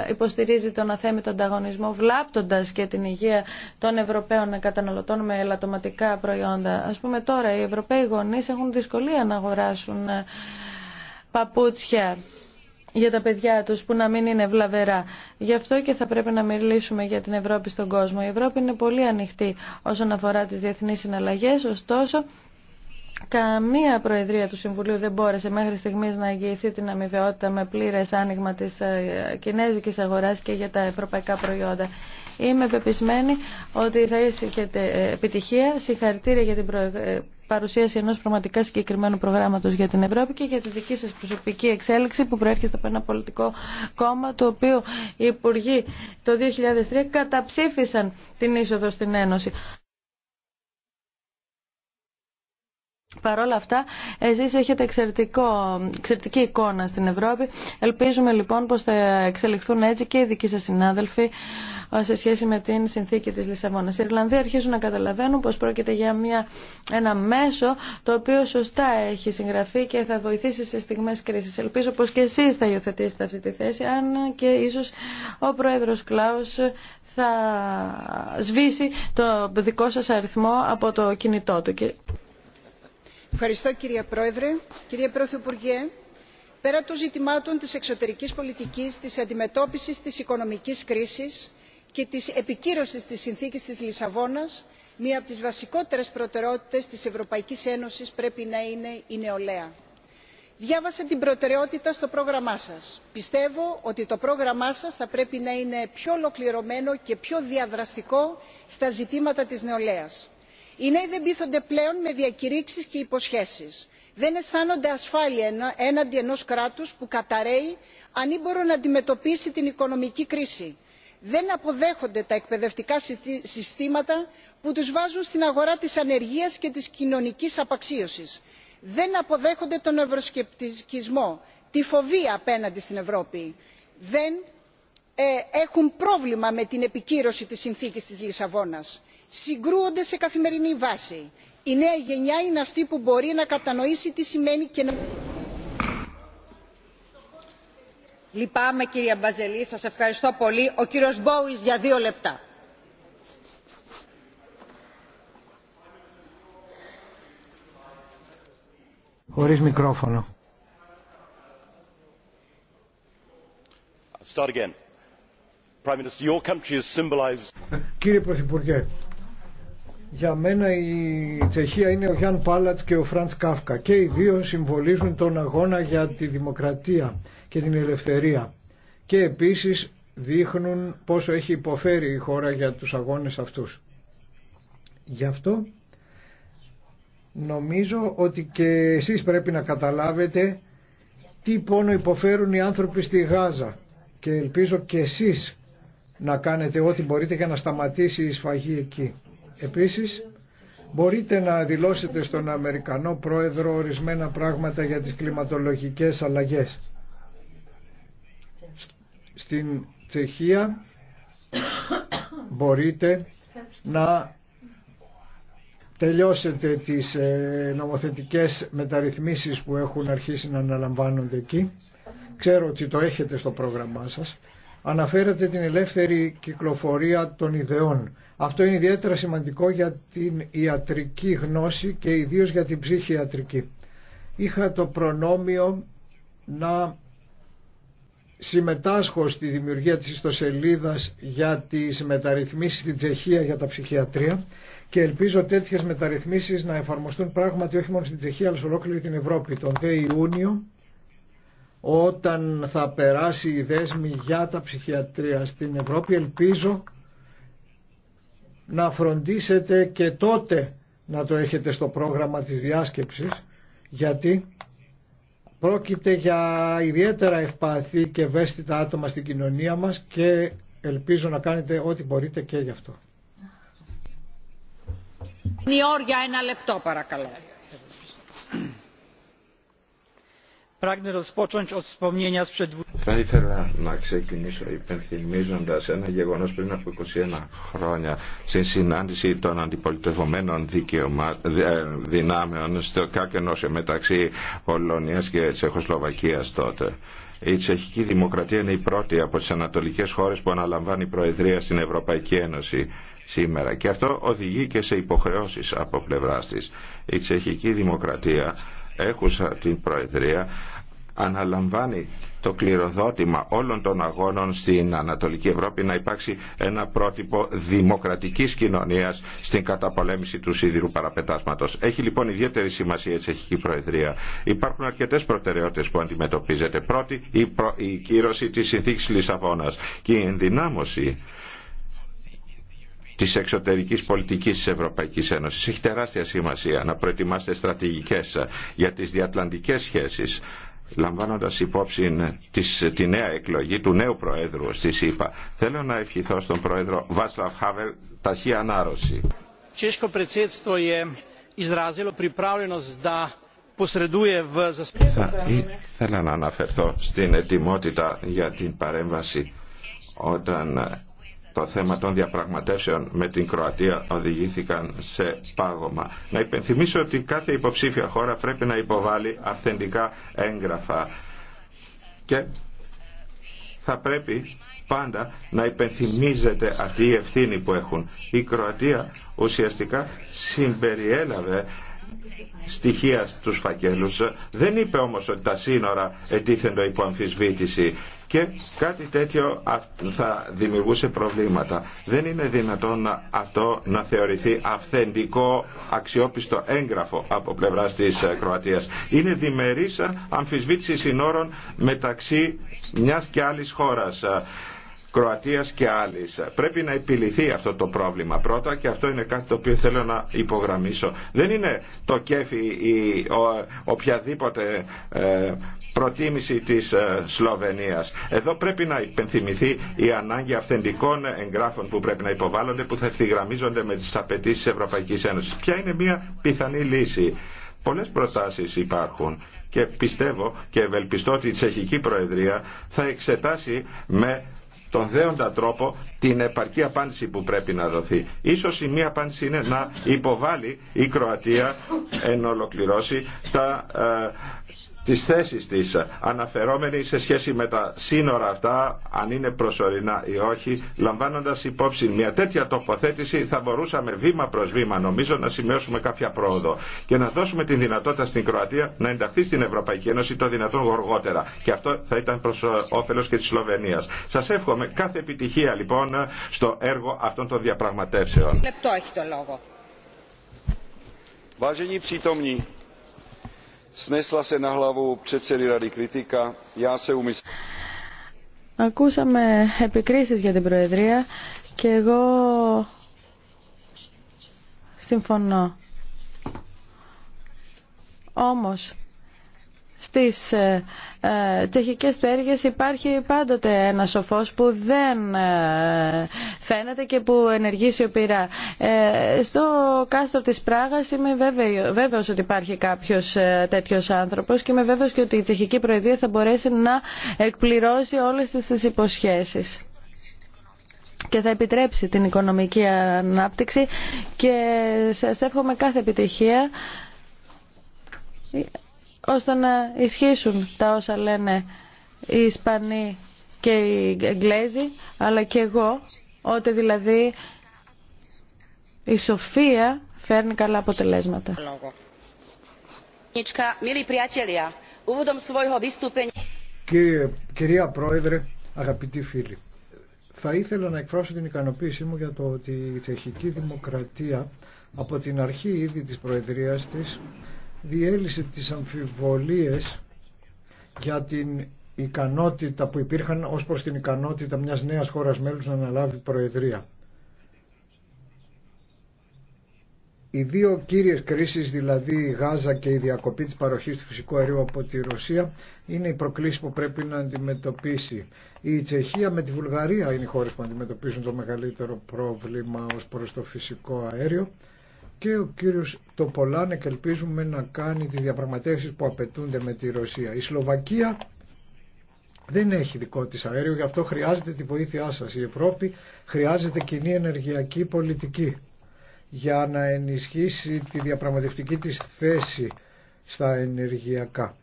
ε, υποστηρίζει τον αθέμητο ανταγωνισμό βλάπτοντας και την υγεία των Ευρωπαίων καταναλωτών με ελαττωματικά προϊόντα. Α πούμε τώρα οι Ευρωπαίοι γονεί έχουν δυσκολία να αγοράσουν ε, παπούτσια για τα παιδιά τους που να μην είναι βλαβερά. Γι' αυτό και θα πρέπει να μιλήσουμε για την Ευρώπη στον κόσμο. Η Ευρώπη είναι πολύ ανοιχτή όσον αφορά τις διεθνείς συναλλαγές, ωστόσο Καμία Προεδρία του Συμβουλίου δεν μπόρεσε μέχρι στιγμής να εγγυηθεί την αμοιβαιότητα με πλήρες άνοιγμα της ε, κινέζικης αγορά και για τα ευρωπαϊκά προϊόντα. Είμαι πεπισμένη ότι θα είσαι ε, επιτυχία. Συγχαρητήρια για την ε, παρουσίαση ενός πραγματικά συγκεκριμένου προγράμματος για την Ευρώπη και για τη δική σας προσωπική εξέλιξη που προέρχεται από ένα πολιτικό κόμμα το οποίο οι υπουργοί το 2003 καταψήφισαν την είσοδο στην Ένωση. Παρ' όλα αυτά, εσείς έχετε εξαιρετικό, εξαιρετική εικόνα στην Ευρώπη. Ελπίζουμε λοιπόν πως θα εξελιχθούν έτσι και οι δικοί σας συνάδελφοι ε, σε σχέση με την συνθήκη της Λισαβόνας. Οι Ιρλανδοί αρχίζουν να καταλαβαίνουν πως πρόκειται για μια, ένα μέσο το οποίο σωστά έχει συγγραφεί και θα βοηθήσει σε στιγμές κρίσης. Ελπίζω πως και εσείς θα υιοθετήσετε αυτή τη θέση, αν και ίσως ο Πρόεδρος Κλάους θα σβήσει το δικό σας αριθμό από το κινητό του. Ευχαριστώ κύριε Πρόεδρε. Κύριε Πρωθυπουργέ, πέρα των ζητημάτων της εξωτερικής πολιτικής, της αντιμετώπισης της οικονομικής κρίσης και της επικύρωσης της συνθήκης της Λισαβόνας, μία από τις βασικότερες προτεραιότητες της Ευρωπαϊκής Ένωσης πρέπει να είναι η νεολαία. Διάβασα την προτεραιότητα στο πρόγραμμά σας. Πιστεύω ότι το πρόγραμμά σας θα πρέπει να είναι πιο ολοκληρωμένο και πιο διαδραστικό στα ζητήματα της νεολαίας οι νέοι δεν πείθονται πλέον με διακηρύξεις και υποσχέσεις δεν αισθάνονται ασφάλεια έναντι ενός κράτους που καταραίει ανήμπορο να αντιμετωπίσει την οικονομική κρίση δεν αποδέχονται τα εκπαιδευτικά συστήματα που τους βάζουν στην αγορά της ανεργίας και της κοινωνικής απαξίωσης δεν αποδέχονται τον ευρωσκεπτικισμό τη φοβία απέναντι στην ευρώπη δεν ε, έχουν πρόβλημα με την επικύρωση της συνθήκης της λισαβόνας συγκρούονται σε καθημερινή βάση. η νέα γενιά είναι αυτή που μπορεί να κατανοήσει τι σημαίνει και να Λυπάμαι κυρία Μπαζελή, σας ευχαριστώ πολύ. Ο κύριος Μπόουις για δύο λεπτά. Χωρίς μικρόφωνο. Κύριε Πρωθυπουργέ, για μένα η Τσεχία είναι ο Γιάν Πάλατ και ο Φράντ Κάφκα και οι δύο συμβολίζουν τον αγώνα για τη δημοκρατία και την ελευθερία και επίσης δείχνουν πόσο έχει υποφέρει η χώρα για τους αγώνες αυτούς. Γι' αυτό νομίζω ότι και εσείς πρέπει να καταλάβετε τι πόνο υποφέρουν οι άνθρωποι στη Γάζα και ελπίζω και εσείς να κάνετε ό,τι μπορείτε για να σταματήσει η σφαγή εκεί. Επίσης, μπορείτε να δηλώσετε στον Αμερικανό Πρόεδρο ορισμένα πράγματα για τις κλιματολογικές αλλαγές. Στην Τσεχία μπορείτε να τελειώσετε τις ε, νομοθετικές μεταρρυθμίσεις που έχουν αρχίσει να αναλαμβάνονται εκεί. Ξέρω ότι το έχετε στο πρόγραμμά σας αναφέρατε την ελεύθερη κυκλοφορία των ιδεών. Αυτό είναι ιδιαίτερα σημαντικό για την ιατρική γνώση και ιδίως για την ψυχιατρική. Είχα το προνόμιο να συμμετάσχω στη δημιουργία της ιστοσελίδας για τις μεταρρυθμίσεις στην Τσεχία για τα ψυχιατρία και ελπίζω τέτοιες μεταρρυθμίσεις να εφαρμοστούν πράγματι όχι μόνο στην Τσεχία αλλά σε ολόκληρη την Ευρώπη. Τον 2 Ιούνιο όταν θα περάσει η δέσμη για τα ψυχιατρία στην Ευρώπη. Ελπίζω να φροντίσετε και τότε να το έχετε στο πρόγραμμα της διάσκεψης γιατί πρόκειται για ιδιαίτερα ευπαθή και ευαίσθητα άτομα στην κοινωνία μας και ελπίζω να κάνετε ό,τι μπορείτε και γι' αυτό. Νιώργια, ένα λεπτό παρακαλώ. Θα ήθελα να ξεκινήσω υπενθυμίζοντας ένα γεγονός πριν από 21 χρόνια στην συνάντηση των αντιπολιτευομένων ε, δυνάμεων στο Κάκενόσε μεταξύ Πολωνίας και Τσεχοσλοβακίας τότε. Η Τσεχική Δημοκρατία είναι η πρώτη από τις ανατολικές χώρες που αναλαμβάνει προεδρία στην Ευρωπαϊκή Ένωση σήμερα και αυτό οδηγεί και σε υποχρεώσεις από πλευράς της. Η Τσεχική Δημοκρατία έχουσα την Προεδρία αναλαμβάνει το κληροδότημα όλων των αγώνων στην Ανατολική Ευρώπη να υπάρξει ένα πρότυπο δημοκρατικής κοινωνίας στην καταπολέμηση του σίδηρου παραπετάσματος. Έχει λοιπόν ιδιαίτερη σημασία η Τσεχική Προεδρία. Υπάρχουν αρκετές προτεραιότητες που αντιμετωπίζεται. Πρώτη, η, η κύρωση της συνθήκης Λισαβόνας και η ενδυνάμωση τη εξωτερική πολιτική τη Ευρωπαϊκή Ένωση. Έχει τεράστια σημασία να προετοιμάστε στρατηγικέ για τι διατλαντικέ σχέσει λαμβάνοντας υπόψη τη νέα εκλογή του νέου Προέδρου στη ΣΥΠΑ. Θέλω να ευχηθώ στον Πρόεδρο Βάσλαβ Χάβελ ταχύ ανάρρωση. Θέλω να αναφερθώ στην ετοιμότητα για την παρέμβαση όταν το θέμα των διαπραγματεύσεων με την Κροατία οδηγήθηκαν σε πάγωμα. Να υπενθυμίσω ότι κάθε υποψήφια χώρα πρέπει να υποβάλει αυθεντικά έγγραφα και θα πρέπει πάντα να υπενθυμίζεται αυτή η ευθύνη που έχουν. Η Κροατία ουσιαστικά συμπεριέλαβε στοιχεία στους φακέλους. Δεν είπε όμως ότι τα σύνορα ετίθενται υπό αμφισβήτηση και κάτι τέτοιο θα δημιουργούσε προβλήματα. Δεν είναι δυνατόν αυτό να θεωρηθεί αυθεντικό αξιόπιστο έγγραφο από πλευρά της ε, Κροατία. Είναι διμερή ε, αμφισβήτηση συνόρων μεταξύ μιας και άλλη χώρα. Ε, Κροατίας και άλλης. Πρέπει να επιληθεί αυτό το πρόβλημα πρώτα και αυτό είναι κάτι το οποίο θέλω να υπογραμμίσω. Δεν είναι το κέφι ή οποιαδήποτε ε, προτίμηση της ε, Σλοβενίας. Εδώ πρέπει να υπενθυμηθεί η ανάγκη αυθεντικών εγγράφων που πρέπει να υποβάλλονται που θα ευθυγραμμίζονται με τις απαιτήσεις Ευρωπαϊκής Ένωσης. Ποια είναι μια πιθανή λύση. Πολλές προτάσεις υπάρχουν και πιστεύω και ευελπιστώ ότι η Τσεχική Προεδρία θα εξετάσει με τον δέοντα τρόπο την επαρκή απάντηση που πρέπει να δοθεί. Ίσως η μία απάντηση είναι να υποβάλει η Κροατία εν ολοκληρώσει τα ε, τις θέσεις της ε, αναφερόμενη σε σχέση με τα σύνορα αυτά αν είναι προσωρινά ή όχι λαμβάνοντας υπόψη μια τέτοια τοποθέτηση θα μπορούσαμε βήμα προς βήμα νομίζω να σημειώσουμε κάποια πρόοδο και να δώσουμε τη δυνατότητα στην Κροατία να ενταχθεί στην Ευρωπαϊκή Ένωση το δυνατόν γοργότερα και αυτό θα ήταν προς ε, όφελος και της Σλοβενίας Σας εύχομαι κάθε επιτυχία λοιπόν ε, στο έργο αυτών των διαπραγματεύσεων Λεπτό το λόγο snesla se na hlavu předsedy rady kritika já se umyslím. Ακούσαμε επικρίσεις για την Προεδρία και εγώ συμφωνώ. Όμως, στις ε, ε, τσεχικές τέργες υπάρχει πάντοτε ένα σοφός που δεν ε, φαίνεται και που ενεργεί σιωπηρά. Στο κάστρο της Πράγας είμαι βέβαιος ότι υπάρχει κάποιος τέτοιος άνθρωπος και είμαι βέβαιος και ότι η τσεχική προεδρία θα μπορέσει να εκπληρώσει όλες τις υποσχέσεις και θα επιτρέψει την οικονομική ανάπτυξη και σας εύχομαι κάθε επιτυχία ώστε να ισχύσουν τα όσα λένε οι Ισπανοί και οι Εγγλέζοι, αλλά και εγώ, ότι δηλαδή η σοφία φέρνει καλά αποτελέσματα. Κύριε, κυρία Πρόεδρε, αγαπητοί φίλοι, θα ήθελα να εκφράσω την ικανοποίησή μου για το ότι η τσεχική δημοκρατία από την αρχή ήδη της Προεδρίας της διέλυσε τις αμφιβολίες για την ικανότητα που υπήρχαν ως προς την ικανότητα μιας νέας χώρας μέλους να αναλάβει προεδρία. Οι δύο κύριες κρίσεις, δηλαδή η Γάζα και η διακοπή της παροχής του φυσικού αερίου από τη Ρωσία, είναι οι προκλήσεις που πρέπει να αντιμετωπίσει. Η Τσεχία με τη Βουλγαρία είναι οι χώρες που αντιμετωπίζουν το μεγαλύτερο πρόβλημα ως προς το φυσικό αέριο και ο κύριος πολλάνε και ελπίζουμε να κάνει τις διαπραγματεύσεις που απαιτούνται με τη Ρωσία. Η Σλοβακία δεν έχει δικό της αέριο, γι' αυτό χρειάζεται τη βοήθειά σας. Η Ευρώπη χρειάζεται κοινή ενεργειακή πολιτική για να ενισχύσει τη διαπραγματευτική της θέση στα ενεργειακά.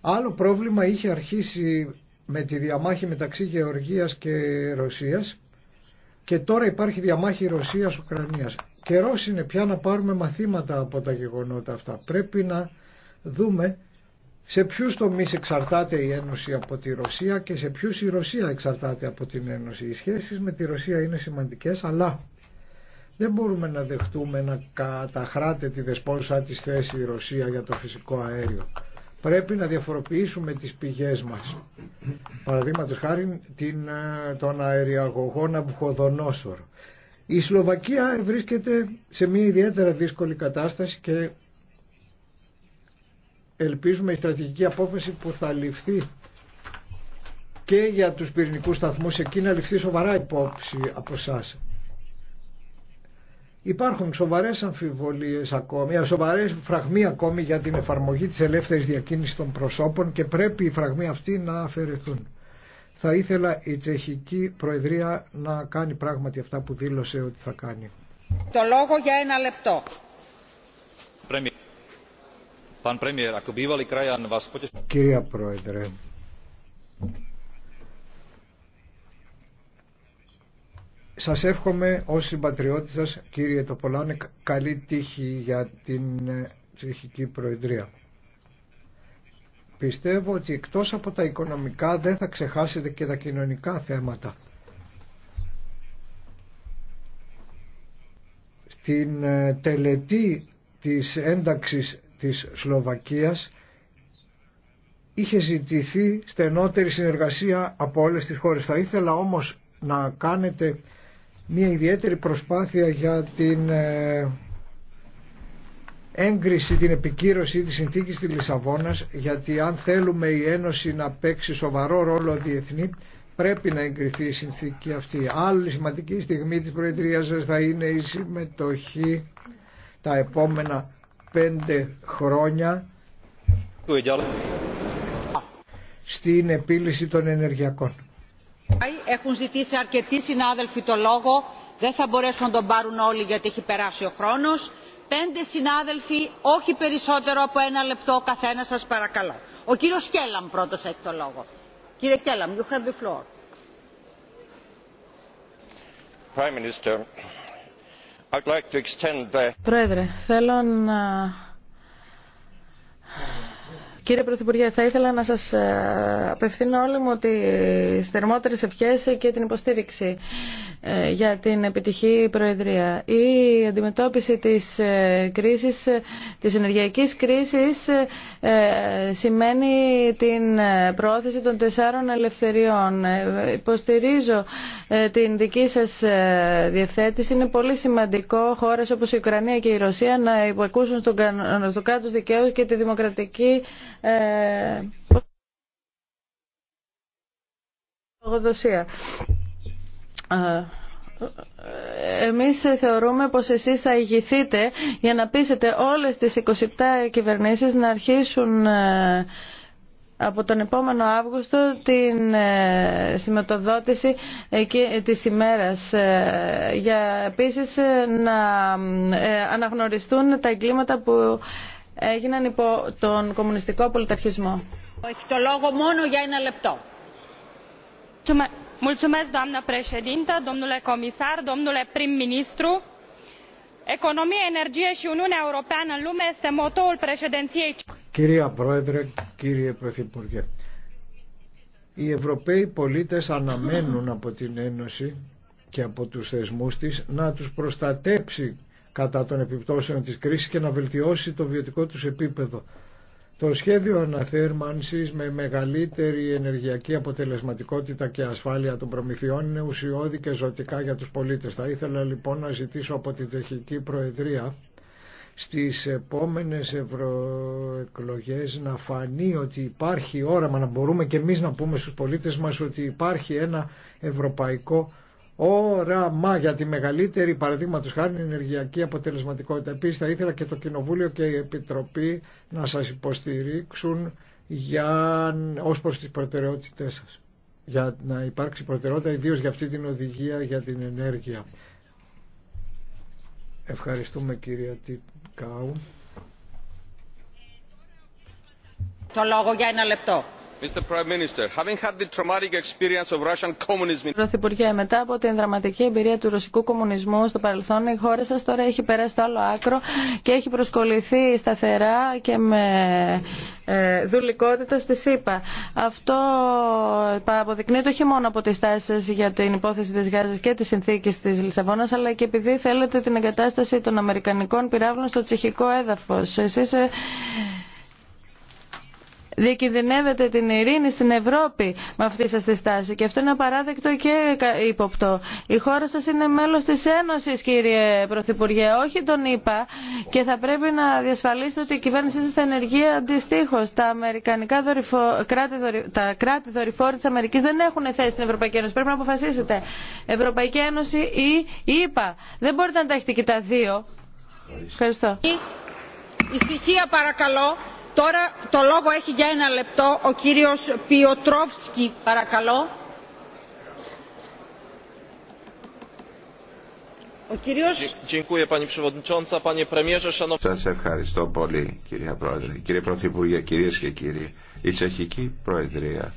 Άλλο πρόβλημα είχε αρχίσει με τη διαμάχη μεταξύ Γεωργίας και Ρωσίας και τώρα υπάρχει διαμάχη Ρωσίας-Ουκρανίας. Καιρό είναι πια να πάρουμε μαθήματα από τα γεγονότα αυτά. Πρέπει να δούμε σε ποιους τομείς εξαρτάται η Ένωση από τη Ρωσία και σε ποιους η Ρωσία εξαρτάται από την Ένωση. Οι σχέσεις με τη Ρωσία είναι σημαντικές, αλλά δεν μπορούμε να δεχτούμε να καταχράτε τη δεσπόζουσα της θέση η Ρωσία για το φυσικό αέριο. Πρέπει να διαφοροποιήσουμε τις πηγές μας. Παραδείγματο χάρη την, ε, τον αεριαγωγό Ναμπουχοδονόσορο. Η Σλοβακία βρίσκεται σε μια ιδιαίτερα δύσκολη κατάσταση και ελπίζουμε η στρατηγική απόφαση που θα ληφθεί και για τους πυρηνικούς σταθμούς εκεί να ληφθεί σοβαρά υπόψη από εσά. Υπάρχουν σοβαρές αμφιβολίες ακόμη, σοβαρές φραγμοί ακόμη για την εφαρμογή της ελεύθερης διακίνησης των προσώπων και πρέπει οι φραγμοί αυτοί να αφαιρεθούν. Θα ήθελα η Τσεχική Προεδρία να κάνει πράγματι αυτά που δήλωσε ότι θα κάνει. Το λόγο για ένα λεπτό. Κυρία Πρόεδρε, σας εύχομαι ως συμπατριώτη σας, κύριε Τοπολάνεκ, καλή τύχη για την ε, Τσεχική Προεδρία. Πιστεύω ότι εκτός από τα οικονομικά δεν θα ξεχάσετε και τα κοινωνικά θέματα. Στην ε, τελετή της ένταξης της Σλοβακίας είχε ζητηθεί στενότερη συνεργασία από όλες τις χώρες. Θα ήθελα όμως να κάνετε μια ιδιαίτερη προσπάθεια για την ε, έγκριση την επικύρωση της συνθήκης της Λισαβόνας γιατί αν θέλουμε η Ένωση να παίξει σοβαρό ρόλο διεθνή πρέπει να εγκριθεί η συνθήκη αυτή. Άλλη σημαντική στιγμή της Προεδρίας σας θα είναι η συμμετοχή τα επόμενα πέντε χρόνια στην επίλυση των ενεργειακών. Έχουν ζητήσει αρκετοί συνάδελφοι το λόγο. Δεν θα μπορέσουν να τον πάρουν όλοι γιατί έχει περάσει ο χρόνος. Πέντε συνάδελφοι, όχι περισσότερο από ένα λεπτό ο καθένας σας παρακαλώ. Ο κύριος Κέλαμ πρώτος έχει το λόγο. Κύριε Κέλαμ, you have the floor. Prime Minister, I'd like to extend the... Πρόεδρε, θέλω να Κύριε Πρωθυπουργέ, θα ήθελα να σας ε, απευθύνω όλοι μου τις θερμότερες ευχές και την υποστήριξη. Ε, για την επιτυχή Προεδρία. Η αντιμετώπιση της ε, κρίσης, ε, της ενεργειακής κρίσης σημαίνει την πρόθεση των τεσσάρων ελευθεριών. Υποστηρίζω την δική σας διευθέτηση. Είναι πολύ σημαντικό χώρες όπως η Ουκρανία και η Ρωσία να υποκούσουν στον στο κράτος δικαίου και τη δημοκρατική εμείς θεωρούμε πως εσείς θα ηγηθείτε για να πείσετε όλες τις 27 κυβερνήσεις να αρχίσουν ε, από τον επόμενο Αύγουστο την ε, σηματοδότηση ε, της ημέρας για επίσης να αναγνωριστούν τα εγκλήματα που έγιναν υπό τον κομμουνιστικό πολιταρχισμό. Έχει το λόγο μόνο για ένα λεπτό doamnă președintă domnule comisar domnule Πριν ministru economie energie și uniunea europeană în lume este motoul președinției. κυρία πρόεδρε κύριε πρωθυπουργέ οι ευρωπαίοι πολίτες αναμένουν από την ένωση και από τους θεσμούς της να τους προστατέψει κατά των επιπτώσεων της κρίσης και να βελτιώσει το βιωτικό τους επίπεδο. Το σχέδιο αναθέρμανσης με μεγαλύτερη ενεργειακή αποτελεσματικότητα και ασφάλεια των προμηθειών είναι ουσιώδη και ζωτικά για τους πολίτες. Θα ήθελα λοιπόν να ζητήσω από την τεχική Προεδρία στις επόμενες ευρωεκλογές να φανεί ότι υπάρχει όραμα να μπορούμε και εμείς να πούμε στους πολίτες μας ότι υπάρχει ένα ευρωπαϊκό όραμα για τη μεγαλύτερη παραδείγματο χάρη ενεργειακή αποτελεσματικότητα. Επίση θα ήθελα και το Κοινοβούλιο και η Επιτροπή να σας υποστηρίξουν για, ως προς τις προτεραιότητές σας. Για να υπάρξει προτεραιότητα ιδίως για αυτή την οδηγία για την ενέργεια. Ευχαριστούμε κυρία Τικάου. Το λόγο για ένα λεπτό. Πρωθυπουργέ, μετά από την δραματική εμπειρία του ρωσικού κομμουνισμού στο παρελθόν, η χώρα σα τώρα έχει περάσει στο άλλο άκρο και έχει προσκοληθεί σταθερά και με ε, δουλικότητα στη ΣΥΠΑ. Αυτό αποδεικνύεται όχι μόνο από τι τάσει για την υπόθεση τη Γάζας και τη συνθήκη τη Λισαβόνα, αλλά και επειδή θέλετε την εγκατάσταση των Αμερικανικών πυράβλων στο τσεχικό έδαφο διακινδυνεύεται την ειρήνη στην Ευρώπη με αυτή σα τη στάση και αυτό είναι απαράδεκτο και ύποπτο. Η χώρα σα είναι μέλο τη Ένωση, κύριε Πρωθυπουργέ, όχι τον ΙΠΑ. και θα πρέπει να διασφαλίσετε ότι η κυβέρνησή σα θα ενεργεί αντιστοίχω. Τα, αμερικανικά δορυφο... κράτη, τα κράτη δορυφόρη τη Αμερική δεν έχουν θέση στην Ευρωπαϊκή Ένωση. Πρέπει να αποφασίσετε. Ευρωπαϊκή Ένωση ή ΗΠΑ. Δεν μπορείτε να τα έχετε και τα δύο. Ευχαριστώ. Ησυχία παρακαλώ. Τώρα το λόγο έχει για ένα λεπτό ο κύριος Πιοτρόφσκι, παρακαλώ. Ο κύριος... Σας ευχαριστώ πολύ κύριε Πρόεδρε, κύριε Πρωθυπουργέ, κυρίες και κύριοι. Η Τσεχική Προεδρία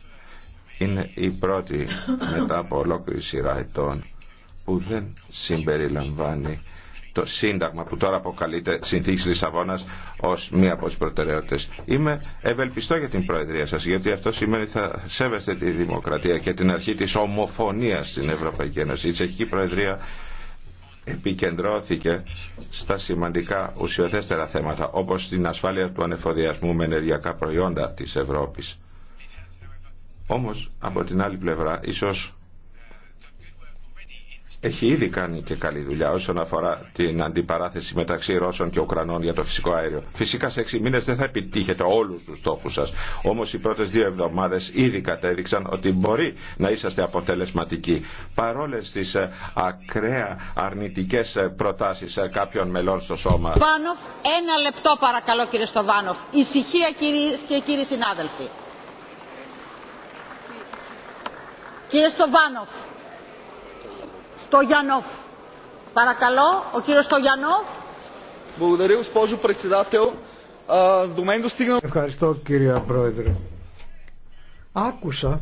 είναι η πρώτη μετά από ολόκληρη σειρά ετών που δεν συμπεριλαμβάνει το Σύνταγμα που τώρα αποκαλείται Συνθήκη Λισαβόνα ω μία από τι προτεραιότητε. Είμαι ευελπιστό για την Προεδρία σα, γιατί αυτό σημαίνει θα σέβεστε τη δημοκρατία και την αρχή τη ομοφωνία στην Ευρωπαϊκή Ένωση. Η Τσεχική Προεδρία επικεντρώθηκε στα σημαντικά ουσιοθέστερα θέματα, όπω την ασφάλεια του ανεφοδιασμού με ενεργειακά προϊόντα τη Ευρώπη. Όμω, από την άλλη πλευρά, ίσω έχει ήδη κάνει και καλή δουλειά όσον αφορά την αντιπαράθεση μεταξύ Ρώσων και Ουκρανών για το φυσικό αέριο. Φυσικά σε έξι μήνε δεν θα επιτύχετε όλους τους στόχου σας. Όμως οι πρώτες δύο εβδομάδες ήδη κατέδειξαν ότι μπορεί να είσαστε αποτελεσματικοί. παρόλε τι ε, ακραία αρνητικές ε, προτάσεις ε, κάποιων μελών στο σώμα. Βάνοφ, ένα λεπτό παρακαλώ κύριε Στοβάνοφ. Ησυχία κύριε και κύριοι συνάδελφοι. Κύριε Στοβάνοφ. Стоянов. Παρακαλώ, ο κύριος Στογιανόφ. Ευχαριστώ κύριε Πρόεδρε. Άκουσα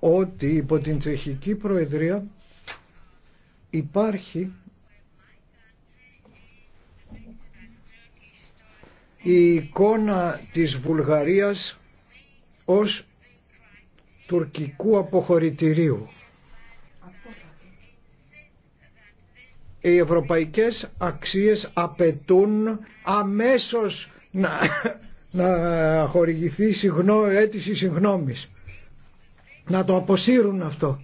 ότι υπό την Τσεχική Προεδρία υπάρχει η εικόνα της Βουλγαρίας ως τουρκικού αποχωρητηρίου. οι ευρωπαϊκές αξίες απαιτούν αμέσως να, να χορηγηθεί αίτηση συγγνώμης. Να το αποσύρουν αυτό.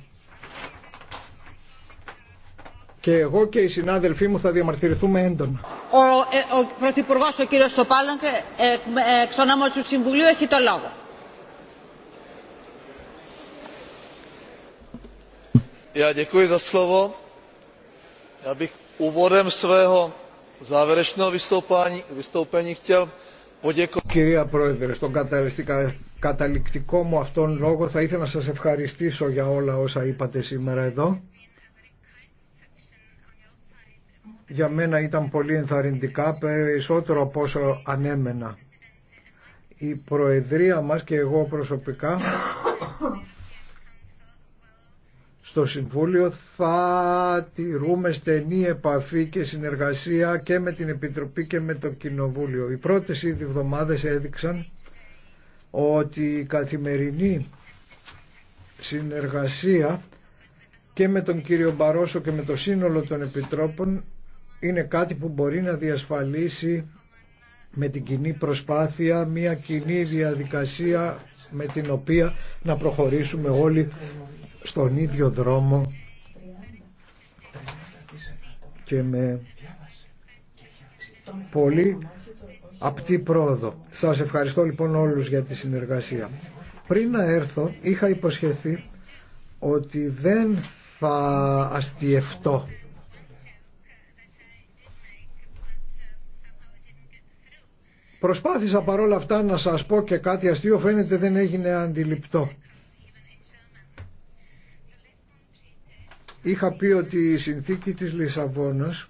Και εγώ και οι συνάδελφοί μου θα διαμαρτυρηθούμε έντονα. Ο, ε, ο Πρωθυπουργός, ο κύριος Στοπάλαν, ε, ε, εξ του Συμβουλίου, έχει το λόγο. Ja Κυρία Πρόεδρε, στον καταληκτικό μου αυτόν λόγο θα ήθελα να σας ευχαριστήσω για όλα όσα είπατε σήμερα εδώ. Για μένα ήταν πολύ ενθαρρυντικά, περισσότερο από όσο ανέμενα. Η Προεδρία μας και εγώ προσωπικά το Συμβούλιο θα τηρούμε στενή επαφή και συνεργασία και με την Επιτροπή και με το Κοινοβούλιο. Οι πρώτες ήδη εβδομάδες έδειξαν ότι η καθημερινή συνεργασία και με τον κύριο Μπαρόσο και με το σύνολο των Επιτρόπων είναι κάτι που μπορεί να διασφαλίσει με την κοινή προσπάθεια μια κοινή διαδικασία με την οποία να προχωρήσουμε όλοι στον ίδιο δρόμο και με πολύ απτή πρόοδο. Σας ευχαριστώ λοιπόν όλους για τη συνεργασία. Πριν να έρθω είχα υποσχεθεί ότι δεν θα αστιευτώ Προσπάθησα παρόλα αυτά να σας πω και κάτι αστείο φαίνεται δεν έγινε αντιληπτό. είχα πει ότι η συνθήκη της Λισαβόνας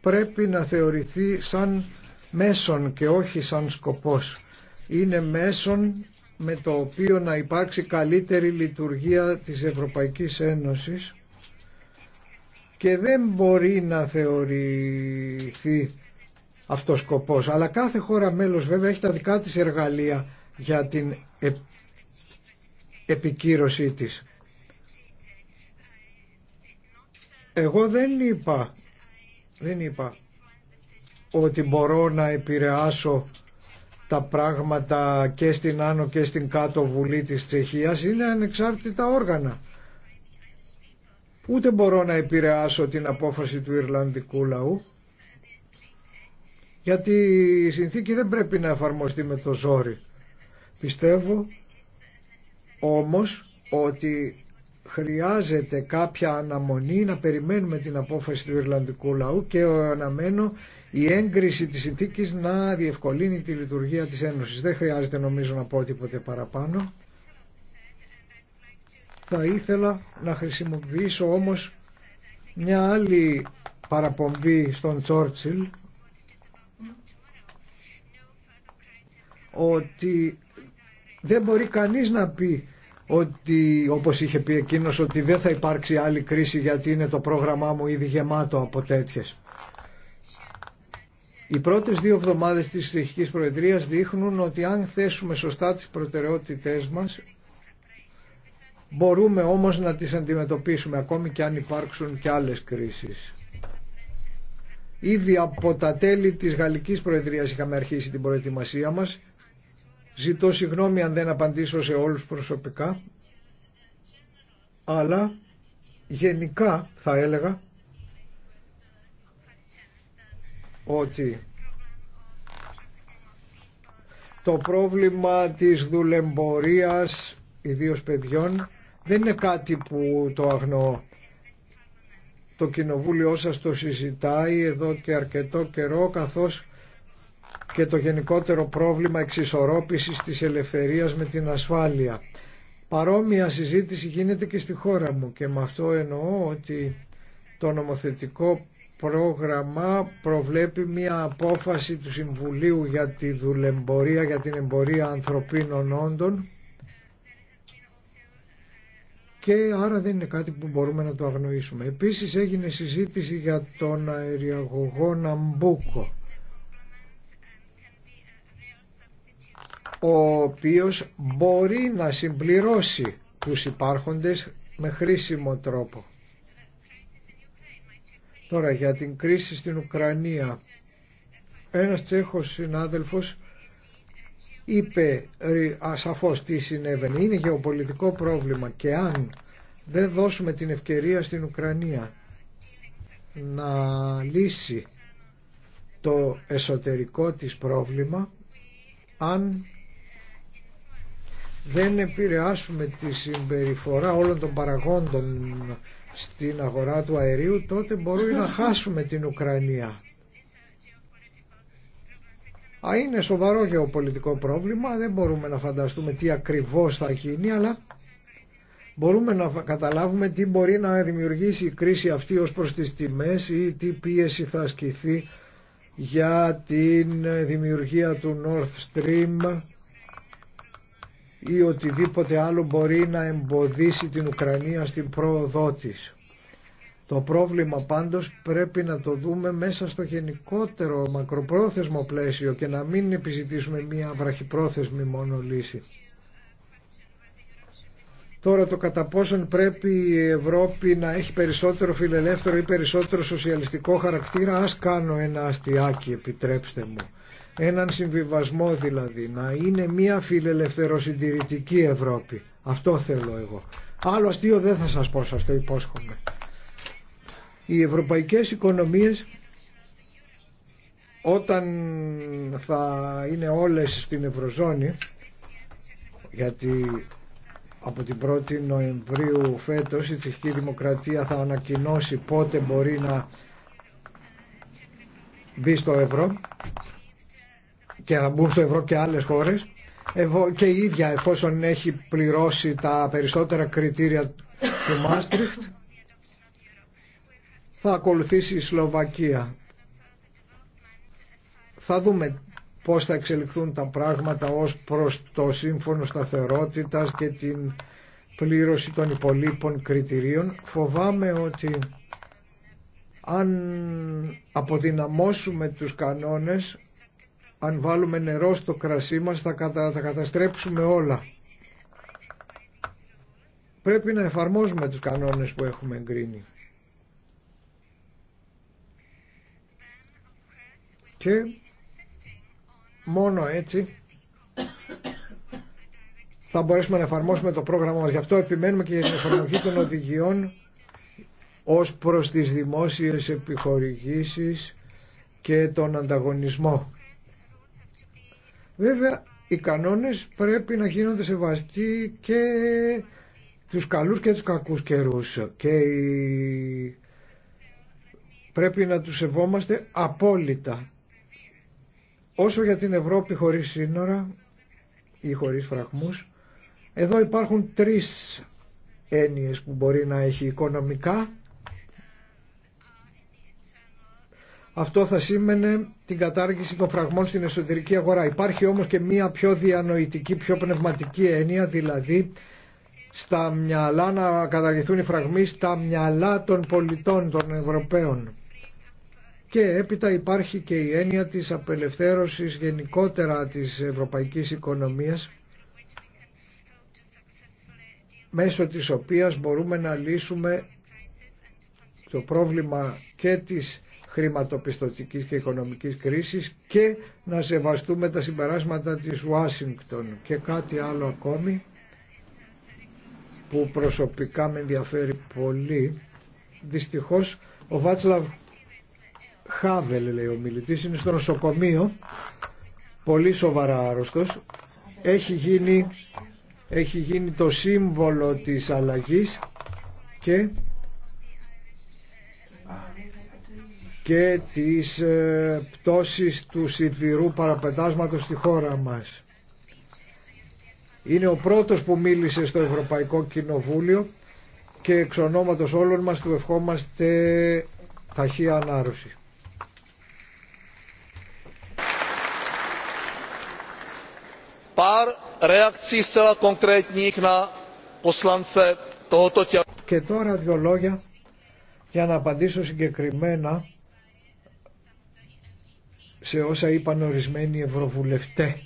πρέπει να θεωρηθεί σαν μέσον και όχι σαν σκοπός. Είναι μέσον με το οποίο να υπάρξει καλύτερη λειτουργία της Ευρωπαϊκής Ένωσης και δεν μπορεί να θεωρηθεί αυτό σκοπός. Αλλά κάθε χώρα μέλος βέβαια έχει τα δικά της εργαλεία για την επικύρωσή της. Εγώ δεν είπα, δεν είπα ότι μπορώ να επηρεάσω τα πράγματα και στην Άνω και στην Κάτω Βουλή της Τσεχίας είναι ανεξάρτητα όργανα. Ούτε μπορώ να επηρεάσω την απόφαση του Ιρλανδικού λαού γιατί η συνθήκη δεν πρέπει να εφαρμοστεί με το ζόρι. Πιστεύω όμως ότι χρειάζεται κάποια αναμονή να περιμένουμε την απόφαση του Ιρλανδικού λαού και αναμένω η έγκριση της συνθήκη να διευκολύνει τη λειτουργία της Ένωσης. Δεν χρειάζεται νομίζω να πω τίποτε παραπάνω. Θα ήθελα να χρησιμοποιήσω όμως μια άλλη παραπομπή στον Τσόρτσιλ ότι δεν μπορεί κανείς να πει ότι όπως είχε πει εκείνος ότι δεν θα υπάρξει άλλη κρίση γιατί είναι το πρόγραμμά μου ήδη γεμάτο από τέτοιες. Οι πρώτες δύο εβδομάδες της Τσεχικής Προεδρίας δείχνουν ότι αν θέσουμε σωστά τις προτεραιότητές μας μπορούμε όμως να τις αντιμετωπίσουμε ακόμη και αν υπάρξουν και άλλες κρίσεις. Ήδη από τα τέλη της Γαλλικής Προεδρίας είχαμε αρχίσει την προετοιμασία μας Ζητώ συγγνώμη αν δεν απαντήσω σε όλους προσωπικά, αλλά γενικά θα έλεγα ότι το πρόβλημα της δουλεμπορίας ιδίως παιδιών δεν είναι κάτι που το αγνοώ. Το κοινοβούλιο σας το συζητάει εδώ και αρκετό καιρό καθώς και το γενικότερο πρόβλημα εξισορρόπησης της ελευθερίας με την ασφάλεια. Παρόμοια συζήτηση γίνεται και στη χώρα μου και με αυτό εννοώ ότι το νομοθετικό πρόγραμμα προβλέπει μια απόφαση του Συμβουλίου για τη δουλεμπορία, για την εμπορία ανθρωπίνων όντων και άρα δεν είναι κάτι που μπορούμε να το αγνοήσουμε. Επίσης έγινε συζήτηση για τον αεριαγωγό Ναμπούκο ο οποίος μπορεί να συμπληρώσει τους υπάρχοντες με χρήσιμο τρόπο. Τώρα για την κρίση στην Ουκρανία. Ένας τσέχος συνάδελφος είπε ε, ασαφώς τι συνέβαινε. Είναι γεωπολιτικό πρόβλημα και αν δεν δώσουμε την ευκαιρία στην Ουκρανία να λύσει το εσωτερικό της πρόβλημα αν δεν επηρεάσουμε τη συμπεριφορά όλων των παραγόντων στην αγορά του αερίου, τότε μπορούμε να χάσουμε την Ουκρανία. Α, είναι σοβαρό γεωπολιτικό πρόβλημα, δεν μπορούμε να φανταστούμε τι ακριβώς θα γίνει, αλλά μπορούμε να καταλάβουμε τι μπορεί να δημιουργήσει η κρίση αυτή ως προς τις τιμές ή τι πίεση θα ασκηθεί για την δημιουργία του North Stream ή οτιδήποτε άλλο μπορεί να εμποδίσει την Ουκρανία στην πρόοδό της. Το πρόβλημα πάντως πρέπει να το δούμε μέσα στο γενικότερο μακροπρόθεσμο πλαίσιο και να μην επιζητήσουμε μία βραχυπρόθεσμη μόνο λύση. Τώρα το κατά πόσον πρέπει η Ευρώπη να έχει περισσότερο φιλελεύθερο ή περισσότερο σοσιαλιστικό χαρακτήρα, ας κάνω ένα αστιάκι επιτρέψτε μου έναν συμβιβασμό δηλαδή, να είναι μια φιλελευθεροσυντηρητική Ευρώπη. Αυτό θέλω εγώ. Άλλο αστείο δεν θα σας πω, σας το υπόσχομαι. Οι ευρωπαϊκές οικονομίες όταν θα είναι όλες στην Ευρωζώνη, γιατί από την 1η Νοεμβρίου φέτος η Τσεχική Δημοκρατία θα ανακοινώσει πότε μπορεί να μπει στο ευρώ και θα μπουν στο ευρώ και άλλες χώρες και η ίδια εφόσον έχει πληρώσει τα περισσότερα κριτήρια του Μάστριχτ θα ακολουθήσει η Σλοβακία. Θα δούμε πώς θα εξελιχθούν τα πράγματα ως προς το σύμφωνο σταθερότητας και την πλήρωση των υπολείπων κριτηρίων. Φοβάμαι ότι αν αποδυναμώσουμε τους κανόνες αν βάλουμε νερό στο κρασί μας θα, καταστρέψουμε όλα. Πρέπει να εφαρμόζουμε τους κανόνες που έχουμε εγκρίνει. Και μόνο έτσι θα μπορέσουμε να εφαρμόσουμε το πρόγραμμα μας. Γι' αυτό επιμένουμε και για την εφαρμογή των οδηγιών ως προς τις δημόσιες επιχορηγήσεις και τον ανταγωνισμό. Βέβαια οι κανόνες πρέπει να γίνονται σεβαστοί και τους καλούς και τους κακούς καιρούς και πρέπει να τους σεβόμαστε απόλυτα. Όσο για την Ευρώπη χωρίς σύνορα ή χωρίς φραγμούς, εδώ υπάρχουν τρεις έννοιες που μπορεί να έχει οικονομικά, Αυτό θα σήμαινε την κατάργηση των φραγμών στην εσωτερική αγορά. Υπάρχει όμως και μία πιο διανοητική, πιο πνευματική έννοια, δηλαδή στα μυαλά να καταργηθούν οι φραγμοί στα μυαλά των πολιτών, των Ευρωπαίων. Και έπειτα υπάρχει και η έννοια της απελευθέρωσης γενικότερα της ευρωπαϊκής οικονομίας μέσω της οποίας μπορούμε να λύσουμε το πρόβλημα και της χρηματοπιστωτικής και οικονομικής κρίσης και να σεβαστούμε τα συμπεράσματα της Ουάσιγκτον και κάτι άλλο ακόμη που προσωπικά με ενδιαφέρει πολύ. Δυστυχώς ο Βάτσλαβ Χάβελ λέει ο μιλητής είναι στο νοσοκομείο πολύ σοβαρά άρρωστος έχει γίνει, έχει γίνει το σύμβολο της αλλαγής και και τις ε, πτώσεις του σιδηρού παραπετάσματος στη χώρα μας. Είναι ο πρώτος που μίλησε στο Ευρωπαϊκό Κοινοβούλιο και εξ ονόματος όλων μας του ευχόμαστε ταχεία ανάρρωση. Και τώρα δύο λόγια για να απαντήσω συγκεκριμένα σε όσα είπαν ορισμένοι ευρωβουλευτέ.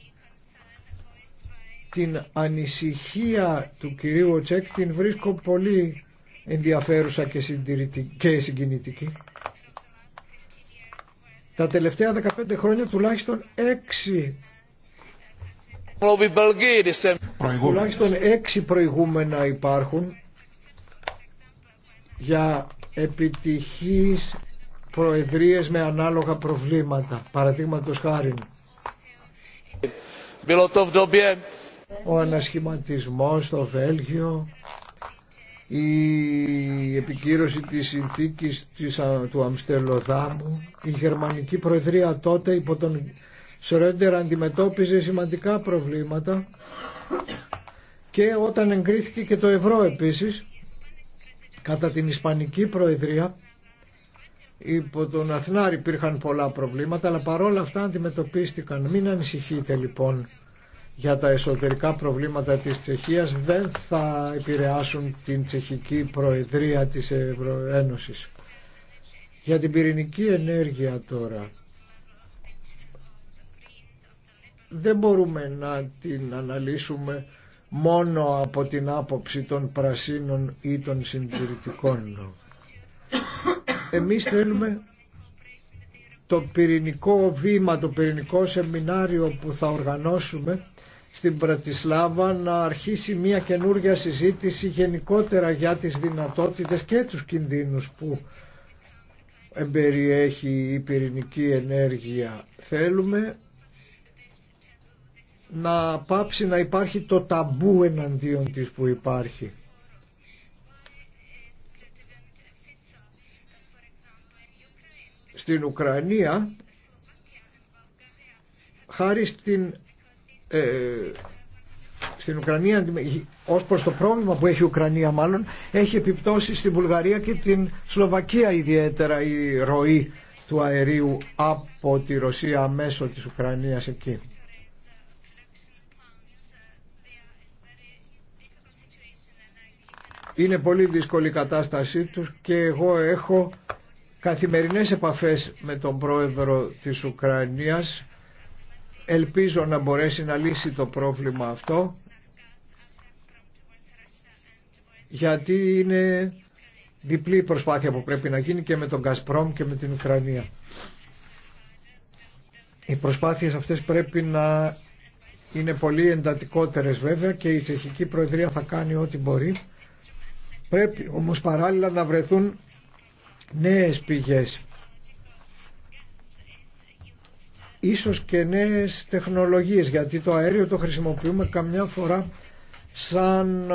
Την ανησυχία του κυρίου Τσέκ την βρίσκω πολύ ενδιαφέρουσα και, και συγκινητική. Τα τελευταία 15 χρόνια τουλάχιστον 6 ε. τουλάχιστον έξι προηγούμενα υπάρχουν για επιτυχής προεδρίες με ανάλογα προβλήματα. Παραδείγματος χάρη. Ο ανασχηματισμός στο Βέλγιο, η επικύρωση της συνθήκης του Αμστελοδάμου, η γερμανική προεδρία τότε υπό τον Σρέντερ αντιμετώπιζε σημαντικά προβλήματα και όταν εγκρίθηκε και το ευρώ επίσης, κατά την Ισπανική Προεδρία Υπό τον Αθνάρη υπήρχαν πολλά προβλήματα, αλλά παρόλα αυτά αντιμετωπίστηκαν. Μην ανησυχείτε λοιπόν για τα εσωτερικά προβλήματα της Τσεχίας δεν θα επηρεάσουν την τσεχική προεδρία της Ευρωένωσης. Για την πυρηνική ενέργεια τώρα δεν μπορούμε να την αναλύσουμε μόνο από την άποψη των πρασίνων ή των συντηρητικών. Εμείς θέλουμε το πυρηνικό βήμα, το πυρηνικό σεμινάριο που θα οργανώσουμε στην Πρατισλάβα να αρχίσει μια καινούργια συζήτηση γενικότερα για τις δυνατότητες και τους κινδύνους που εμπεριέχει η πυρηνική ενέργεια. Θέλουμε να πάψει να υπάρχει το ταμπού εναντίον της που υπάρχει. στην Ουκρανία χάρη στην ε, στην Ουκρανία ως προς το πρόβλημα που έχει η Ουκρανία μάλλον έχει επιπτώσει στην Βουλγαρία και την Σλοβακία ιδιαίτερα η ροή του αερίου από τη Ρωσία μέσω της Ουκρανίας εκεί. Είναι πολύ δύσκολη η κατάστασή τους και εγώ έχω καθημερινές επαφές με τον πρόεδρο της Ουκρανίας. Ελπίζω να μπορέσει να λύσει το πρόβλημα αυτό γιατί είναι διπλή η προσπάθεια που πρέπει να γίνει και με τον Κασπρόμ και με την Ουκρανία. Οι προσπάθειες αυτές πρέπει να είναι πολύ εντατικότερες βέβαια και η Τσεχική Προεδρία θα κάνει ό,τι μπορεί. Πρέπει όμως παράλληλα να βρεθούν νέες πηγές ίσως και νέες τεχνολογίες γιατί το αέριο το χρησιμοποιούμε καμιά φορά σαν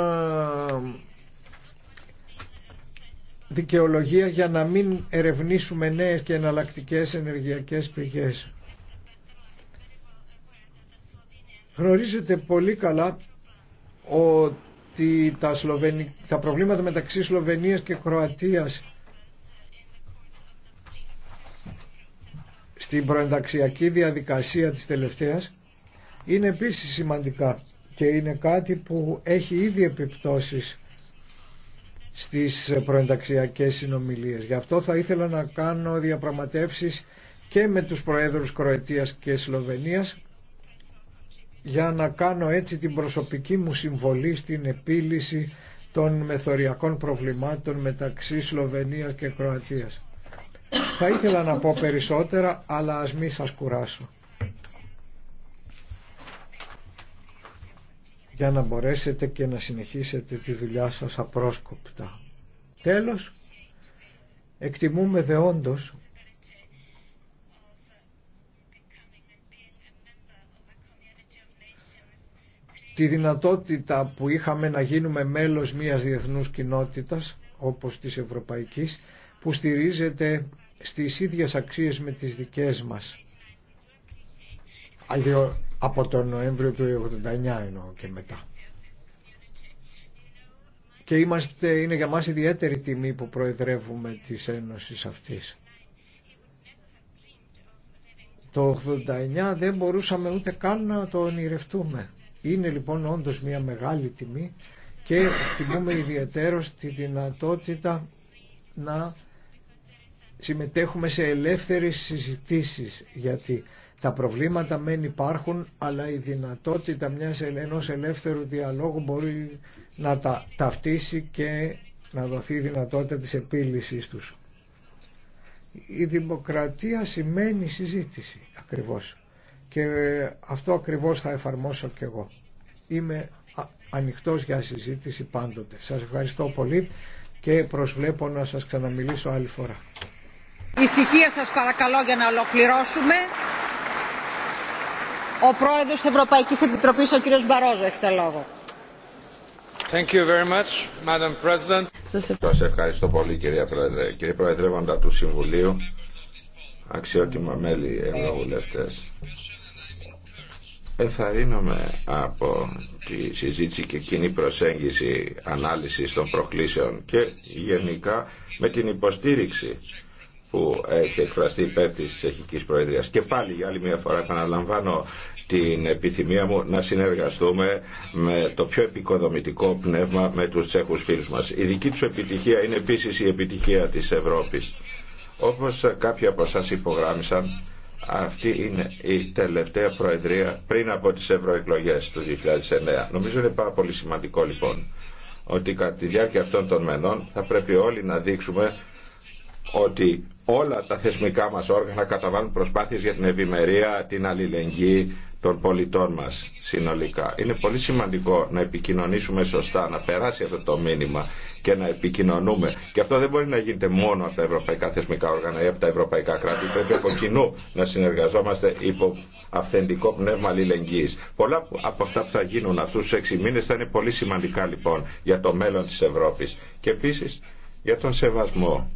δικαιολογία για να μην ερευνήσουμε νέες και εναλλακτικές ενεργειακές πηγές. Γνωρίζετε πολύ καλά ότι τα, Σλοβενι... τα προβλήματα μεταξύ Σλοβενίας και Κροατίας στην προενταξιακή διαδικασία της τελευταίας είναι επίσης σημαντικά και είναι κάτι που έχει ήδη επιπτώσεις στις προενταξιακές συνομιλίες. Γι' αυτό θα ήθελα να κάνω διαπραγματεύσεις και με τους Προέδρους Κροατίας και Σλοβενίας για να κάνω έτσι την προσωπική μου συμβολή στην επίλυση των μεθοριακών προβλημάτων μεταξύ Σλοβενίας και Κροατίας. Θα ήθελα να πω περισσότερα, αλλά ας μην σας κουράσω. Για να μπορέσετε και να συνεχίσετε τη δουλειά σας απρόσκοπτα. Τέλος, εκτιμούμε δεόντως τη δυνατότητα που είχαμε να γίνουμε μέλος μιας διεθνούς κοινότητας όπως της Ευρωπαϊκής που στηρίζεται στις ίδιες αξίες με τις δικές μας. από τον Νοέμβριο του 89 εννοώ και μετά. Και είμαστε, είναι για μας ιδιαίτερη τιμή που προεδρεύουμε της Ένωσης αυτής. Το 89 δεν μπορούσαμε ούτε καν να το ονειρευτούμε. Είναι λοιπόν όντως μια μεγάλη τιμή και τιμούμε ιδιαίτερο τη δυνατότητα να συμμετέχουμε σε ελεύθερες συζητήσεις γιατί τα προβλήματα μεν υπάρχουν αλλά η δυνατότητα μιας, ενός ελεύθερου διαλόγου μπορεί να τα ταυτίσει και να δοθεί η δυνατότητα της επίλυσης τους. Η δημοκρατία σημαίνει συζήτηση ακριβώς και αυτό ακριβώς θα εφαρμόσω και εγώ. Είμαι ανοιχτός για συζήτηση πάντοτε. Σας ευχαριστώ πολύ και προσβλέπω να σας ξαναμιλήσω άλλη φορά. Ησυχία σας παρακαλώ για να ολοκληρώσουμε. Ο πρόεδρος της Ευρωπαϊκής Επιτροπής, ο κύριος Μπαρόζο, έχετε λόγο. Thank you very much, Madam President. Σας ευχαριστώ πολύ κυρία Πρόεδρε. Κύριε Προεδρεύοντα του Συμβουλίου, αξιότιμα μέλη ευρωβουλευτές. Ενθαρρύνομαι από τη συζήτηση και κοινή προσέγγιση ανάλυσης των προκλήσεων και γενικά με την υποστήριξη που έχει εκφραστεί υπέρ τη Τσεχική Προεδρίας. Και πάλι για άλλη μια φορά επαναλαμβάνω την επιθυμία μου να συνεργαστούμε με το πιο επικοδομητικό πνεύμα με τους Τσέχους φίλους μας. Η δική του επιτυχία είναι επίσης η επιτυχία της Ευρώπης. Όπως κάποιοι από εσάς υπογράμμισαν, αυτή είναι η τελευταία προεδρία πριν από τις ευρωεκλογές του 2009. Νομίζω είναι πάρα πολύ σημαντικό λοιπόν ότι κατά τη διάρκεια αυτών των μενών θα πρέπει όλοι να δείξουμε ότι όλα τα θεσμικά μας όργανα καταβάλουν προσπάθειες για την ευημερία, την αλληλεγγύη των πολιτών μας συνολικά. Είναι πολύ σημαντικό να επικοινωνήσουμε σωστά, να περάσει αυτό το μήνυμα και να επικοινωνούμε. Και αυτό δεν μπορεί να γίνεται μόνο από τα ευρωπαϊκά θεσμικά όργανα ή από τα ευρωπαϊκά κράτη. Πρέπει από κοινού να συνεργαζόμαστε υπό αυθεντικό πνεύμα αλληλεγγύης. Πολλά από αυτά που θα γίνουν αυτούς τους έξι μήνες θα είναι πολύ σημαντικά λοιπόν για το μέλλον της Ευρώπης. Και επίσης για τον σεβασμό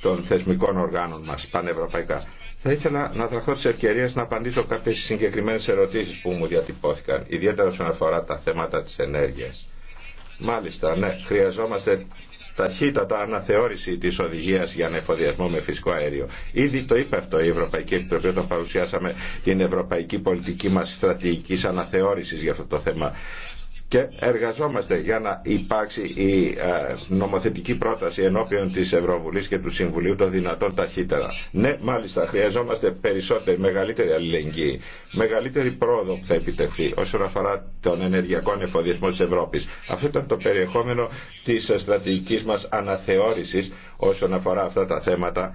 των θεσμικών οργάνων μας πανευρωπαϊκά. Θα ήθελα να δραχθώ τη ευκαιρία να απαντήσω κάποιε συγκεκριμένες ερωτήσεις που μου διατυπώθηκαν, ιδιαίτερα όσον αφορά τα θέματα της ενέργειας. Μάλιστα, ναι, χρειαζόμαστε ταχύτατα αναθεώρηση της οδηγίας για ανεφοδιασμό με φυσικό αέριο. Ήδη το είπε αυτό η Ευρωπαϊκή Επιτροπή όταν παρουσιάσαμε την ευρωπαϊκή πολιτική μας στρατηγικής αναθεώρησης για αυτό το θέμα και εργαζόμαστε για να υπάρξει η ε, νομοθετική πρόταση ενώπιον της Ευρωβουλής και του Συμβουλίου των δυνατών ταχύτερα. Ναι, μάλιστα, χρειαζόμαστε περισσότερη, μεγαλύτερη αλληλεγγύη, μεγαλύτερη πρόοδο που θα επιτευχθεί όσον αφορά τον ενεργειακό εφοδιασμό της Ευρώπης. Αυτό ήταν το περιεχόμενο της στρατηγικής μας αναθεώρησης όσον αφορά αυτά τα θέματα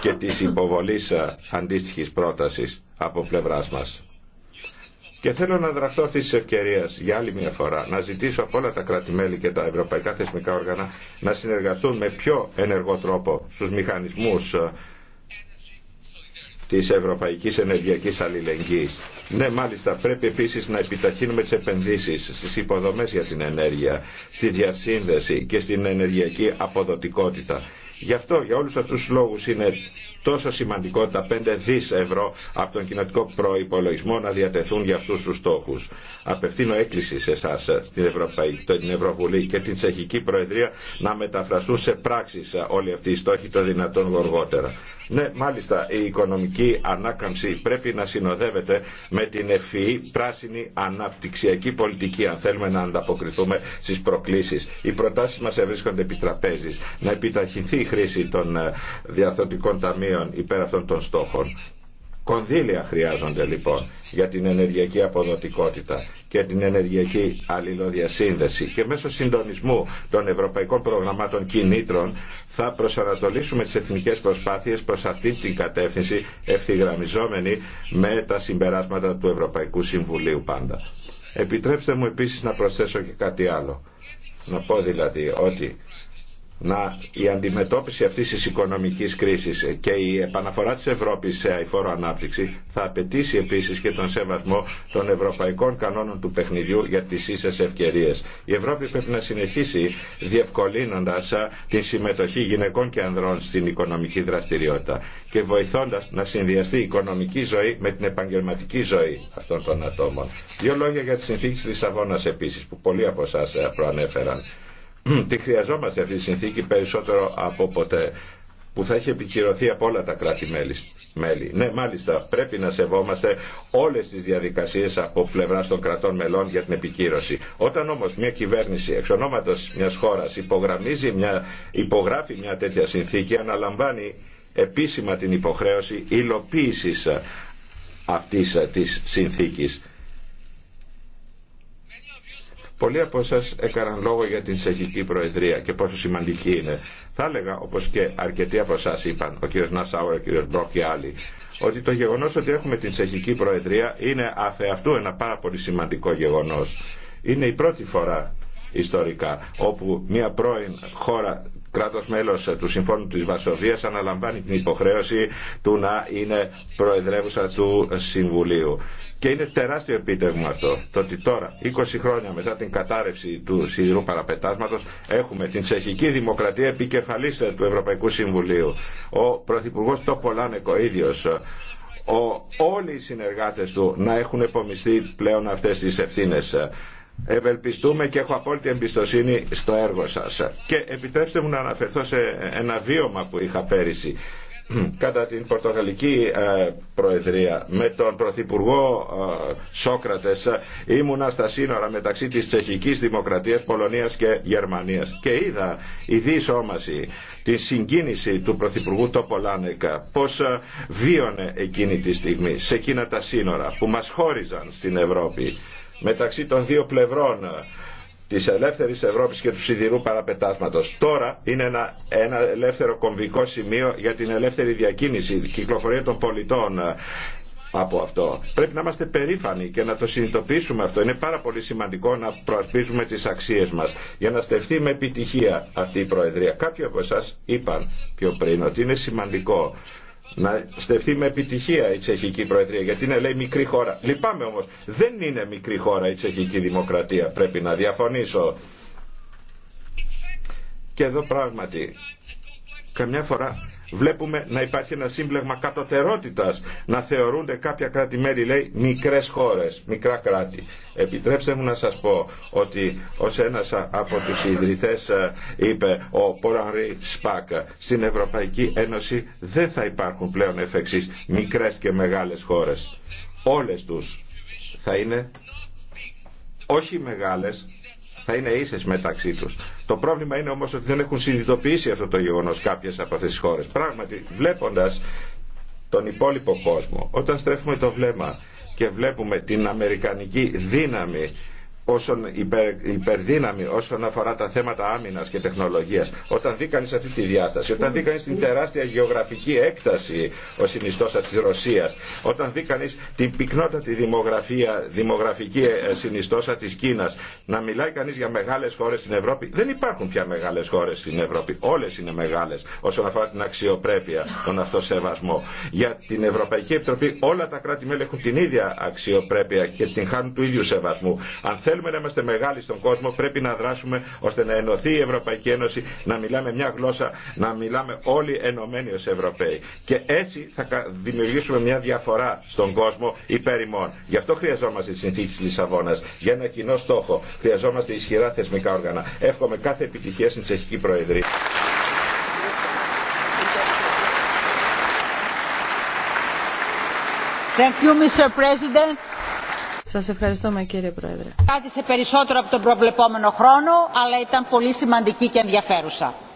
και της υποβολής ε, αντίστοιχης πρότασης από πλευρά μας. Και θέλω να δραχτώ αυτή τη ευκαιρία για άλλη μια φορά να ζητήσω από όλα τα κράτη-μέλη και τα ευρωπαϊκά θεσμικά όργανα να συνεργαστούν με πιο ενεργό τρόπο στους μηχανισμούς ε, της Ευρωπαϊκής Ενεργειακής Αλληλεγγύης. Ναι, μάλιστα, πρέπει επίσης να επιταχύνουμε τις επενδύσεις στις υποδομές για την ενέργεια, στη διασύνδεση και στην ενεργειακή αποδοτικότητα. Γι' αυτό για όλους αυτούς τους λόγους είναι τόσο σημαντικό τα 5 δις ευρώ από τον κοινοτικό προϋπολογισμό να διατεθούν για αυτούς τους στόχους. Απευθύνω έκκληση σε εσάς, στην Ευρωπαϊκή, την Ευρωβουλή και την Τσεχική Προεδρία να μεταφραστούν σε πράξεις όλοι αυτοί οι στόχοι το δυνατόν γοργότερα. Ναι, μάλιστα η οικονομική ανάκαμψη πρέπει να συνοδεύεται με την ευφυή πράσινη αναπτυξιακή πολιτική αν θέλουμε να ανταποκριθούμε στι προκλήσει. Οι προτάσει μα ευρίσκονται επί τραπέζης. Να επιταχυνθεί η χρήση των ε, διαθωτικών ταμείων υπέρ αυτών των στόχων Κονδύλια χρειάζονται λοιπόν για την ενεργειακή αποδοτικότητα και την ενεργειακή αλληλοδιασύνδεση και μέσω συντονισμού των ευρωπαϊκών προγραμμάτων κινήτρων θα προσανατολίσουμε τις εθνικές προσπάθειες προς αυτή την κατεύθυνση ευθυγραμμιζόμενη με τα συμπεράσματα του Ευρωπαϊκού Συμβουλίου πάντα. Επιτρέψτε μου επίσης να προσθέσω και κάτι άλλο. Να πω δηλαδή ότι να η αντιμετώπιση αυτής της οικονομικής κρίσης και η επαναφορά της Ευρώπης σε αηφόρο ανάπτυξη θα απαιτήσει επίσης και τον σεβασμό των ευρωπαϊκών κανόνων του παιχνιδιού για τις ίσες ευκαιρίες. Η Ευρώπη πρέπει να συνεχίσει διευκολύνοντας την συμμετοχή γυναικών και ανδρών στην οικονομική δραστηριότητα και βοηθώντας να συνδυαστεί η οικονομική ζωή με την επαγγελματική ζωή αυτών των ατόμων. Δύο λόγια για συνθήκη της Λισαβόνας επίσης που πολλοί από ε, προανέφεραν τη χρειαζόμαστε αυτή τη συνθήκη περισσότερο από ποτέ που θα έχει επικυρωθεί από όλα τα κράτη-μέλη. Ναι, μάλιστα, πρέπει να σεβόμαστε όλε τι διαδικασίε από πλευρά των κρατών μελών για την επικύρωση. Όταν όμω μια κυβέρνηση εξ ονόματο μια χώρα υπογραμμίζει, μια, υπογράφει μια τέτοια συνθήκη, αναλαμβάνει επίσημα την υποχρέωση υλοποίηση αυτής της συνθήκης Πολλοί από εσά έκαναν λόγο για την Σεχική Προεδρία και πόσο σημαντική είναι. Θα έλεγα, όπω και αρκετοί από εσά είπαν, ο κ. Νασάουερ, ο κ. Μπροκ και άλλοι, ότι το γεγονό ότι έχουμε την Σεχική Προεδρία είναι αφεαυτού ένα πάρα πολύ σημαντικό γεγονό. Είναι η πρώτη φορά ιστορικά, όπου μια πρώην χώρα κράτος μέλος του Συμφώνου της Βασοβίας αναλαμβάνει την υποχρέωση του να είναι προεδρεύουσα του Συμβουλίου. Και είναι τεράστιο επίτευγμα αυτό, το ότι τώρα, 20 χρόνια μετά την κατάρρευση του σιδηρού παραπετάσματος, έχουμε την τσεχική δημοκρατία επικεφαλής του Ευρωπαϊκού Συμβουλίου. Ο Πρωθυπουργός Τοπολάνεκο ίδιος, ο, όλοι οι συνεργάτες του να έχουν επομιστεί πλέον αυτές τις ευθύνες. Ευελπιστούμε και έχω απόλυτη εμπιστοσύνη στο έργο σας. Και επιτρέψτε μου να αναφερθώ σε ένα βίωμα που είχα πέρυσι κατά την Πορτογαλική ε, Προεδρία με τον Πρωθυπουργό ε, Σόκρατες ήμουνα στα σύνορα μεταξύ της Τσεχικής Δημοκρατίας, Πολωνίας και Γερμανίας και είδα η δύσόμαση τη συγκίνηση του Πρωθυπουργού Τοπολάνεκα πώς ε, βίωνε εκείνη τη στιγμή σε εκείνα τα σύνορα που μας χώριζαν στην Ευρώπη μεταξύ των δύο πλευρών της ελεύθερης Ευρώπης και του σιδηρού παραπετάσματος. Τώρα είναι ένα, ένα ελεύθερο κομβικό σημείο για την ελεύθερη διακίνηση, κυκλοφορία των πολιτών ε, από αυτό. Πρέπει να είμαστε περήφανοι και να το συνειδητοποιήσουμε αυτό. Είναι πάρα πολύ σημαντικό να προασπίζουμε τις αξίες μας για να στεφθεί με επιτυχία αυτή η Προεδρία. Κάποιοι από εσά είπαν πιο πριν ότι είναι σημαντικό να στεφτεί με επιτυχία η Τσεχική Προεδρία, γιατί είναι λέει μικρή χώρα. Λυπάμαι όμως, δεν είναι μικρή χώρα η Τσεχική Δημοκρατία, πρέπει να διαφωνήσω. Και εδώ πράγματι, καμιά φορά βλέπουμε να υπάρχει ένα σύμπλεγμα κατωτερότητας, να θεωρούνται κάποια κράτη-μέλη, λέει, μικρές χώρες, μικρά κράτη. Επιτρέψτε μου να σας πω ότι ως ένας από τους ιδρυτές ε, είπε ο Πορανρή Σπάκ, στην Ευρωπαϊκή Ένωση δεν θα υπάρχουν πλέον εφ' μικρές και μεγάλες χώρες. Όλες τους θα είναι όχι μεγάλες, θα είναι ίσες μεταξύ τους. Το πρόβλημα είναι όμως ότι δεν έχουν συνειδητοποιήσει αυτό το γεγονός κάποιες από αυτές τις χώρες. Πράγματι, βλέποντας τον υπόλοιπο κόσμο, όταν στρέφουμε το βλέμμα και βλέπουμε την αμερικανική δύναμη όσον υπερ, υπερδύναμη όσον αφορά τα θέματα άμυνα και τεχνολογία. Όταν δει κανεί αυτή τη διάσταση, όταν δει κανεί την τεράστια γεωγραφική έκταση ο συνιστόσα τη Ρωσία, όταν δει κανεί την πυκνότατη δημογραφία, δημογραφική ε, συνιστόσα τη Κίνα, να μιλάει κανεί για μεγάλε χώρε στην Ευρώπη, δεν υπάρχουν πια μεγάλε χώρε στην Ευρώπη. Όλε είναι μεγάλε όσον αφορά την αξιοπρέπεια, τον αυτοσεβασμό. Για την Ευρωπαϊκή Επιτροπή όλα τα κράτη-μέλη έχουν την ίδια αξιοπρέπεια και την χάνουν του ίδιου σεβασμού. Αν θέλουμε να είμαστε μεγάλοι στον κόσμο, πρέπει να δράσουμε ώστε να ενωθεί η Ευρωπαϊκή Ένωση, να μιλάμε μια γλώσσα, να μιλάμε όλοι ενωμένοι ως Ευρωπαίοι. Και έτσι θα δημιουργήσουμε μια διαφορά στον κόσμο υπέρ ημών. Γι' αυτό χρειαζόμαστε τη συνθήκη τη Λισαβόνα. Για ένα κοινό στόχο. Χρειαζόμαστε ισχυρά θεσμικά όργανα. Εύχομαι κάθε επιτυχία στην Τσεχική Προεδρία. Thank you, Mr. President. Σας ευχαριστούμε κύριε Πρόεδρε. Κάτι περισσότερο από τον προβλεπόμενο χρόνο, αλλά ήταν πολύ σημαντική και ενδιαφέρουσα.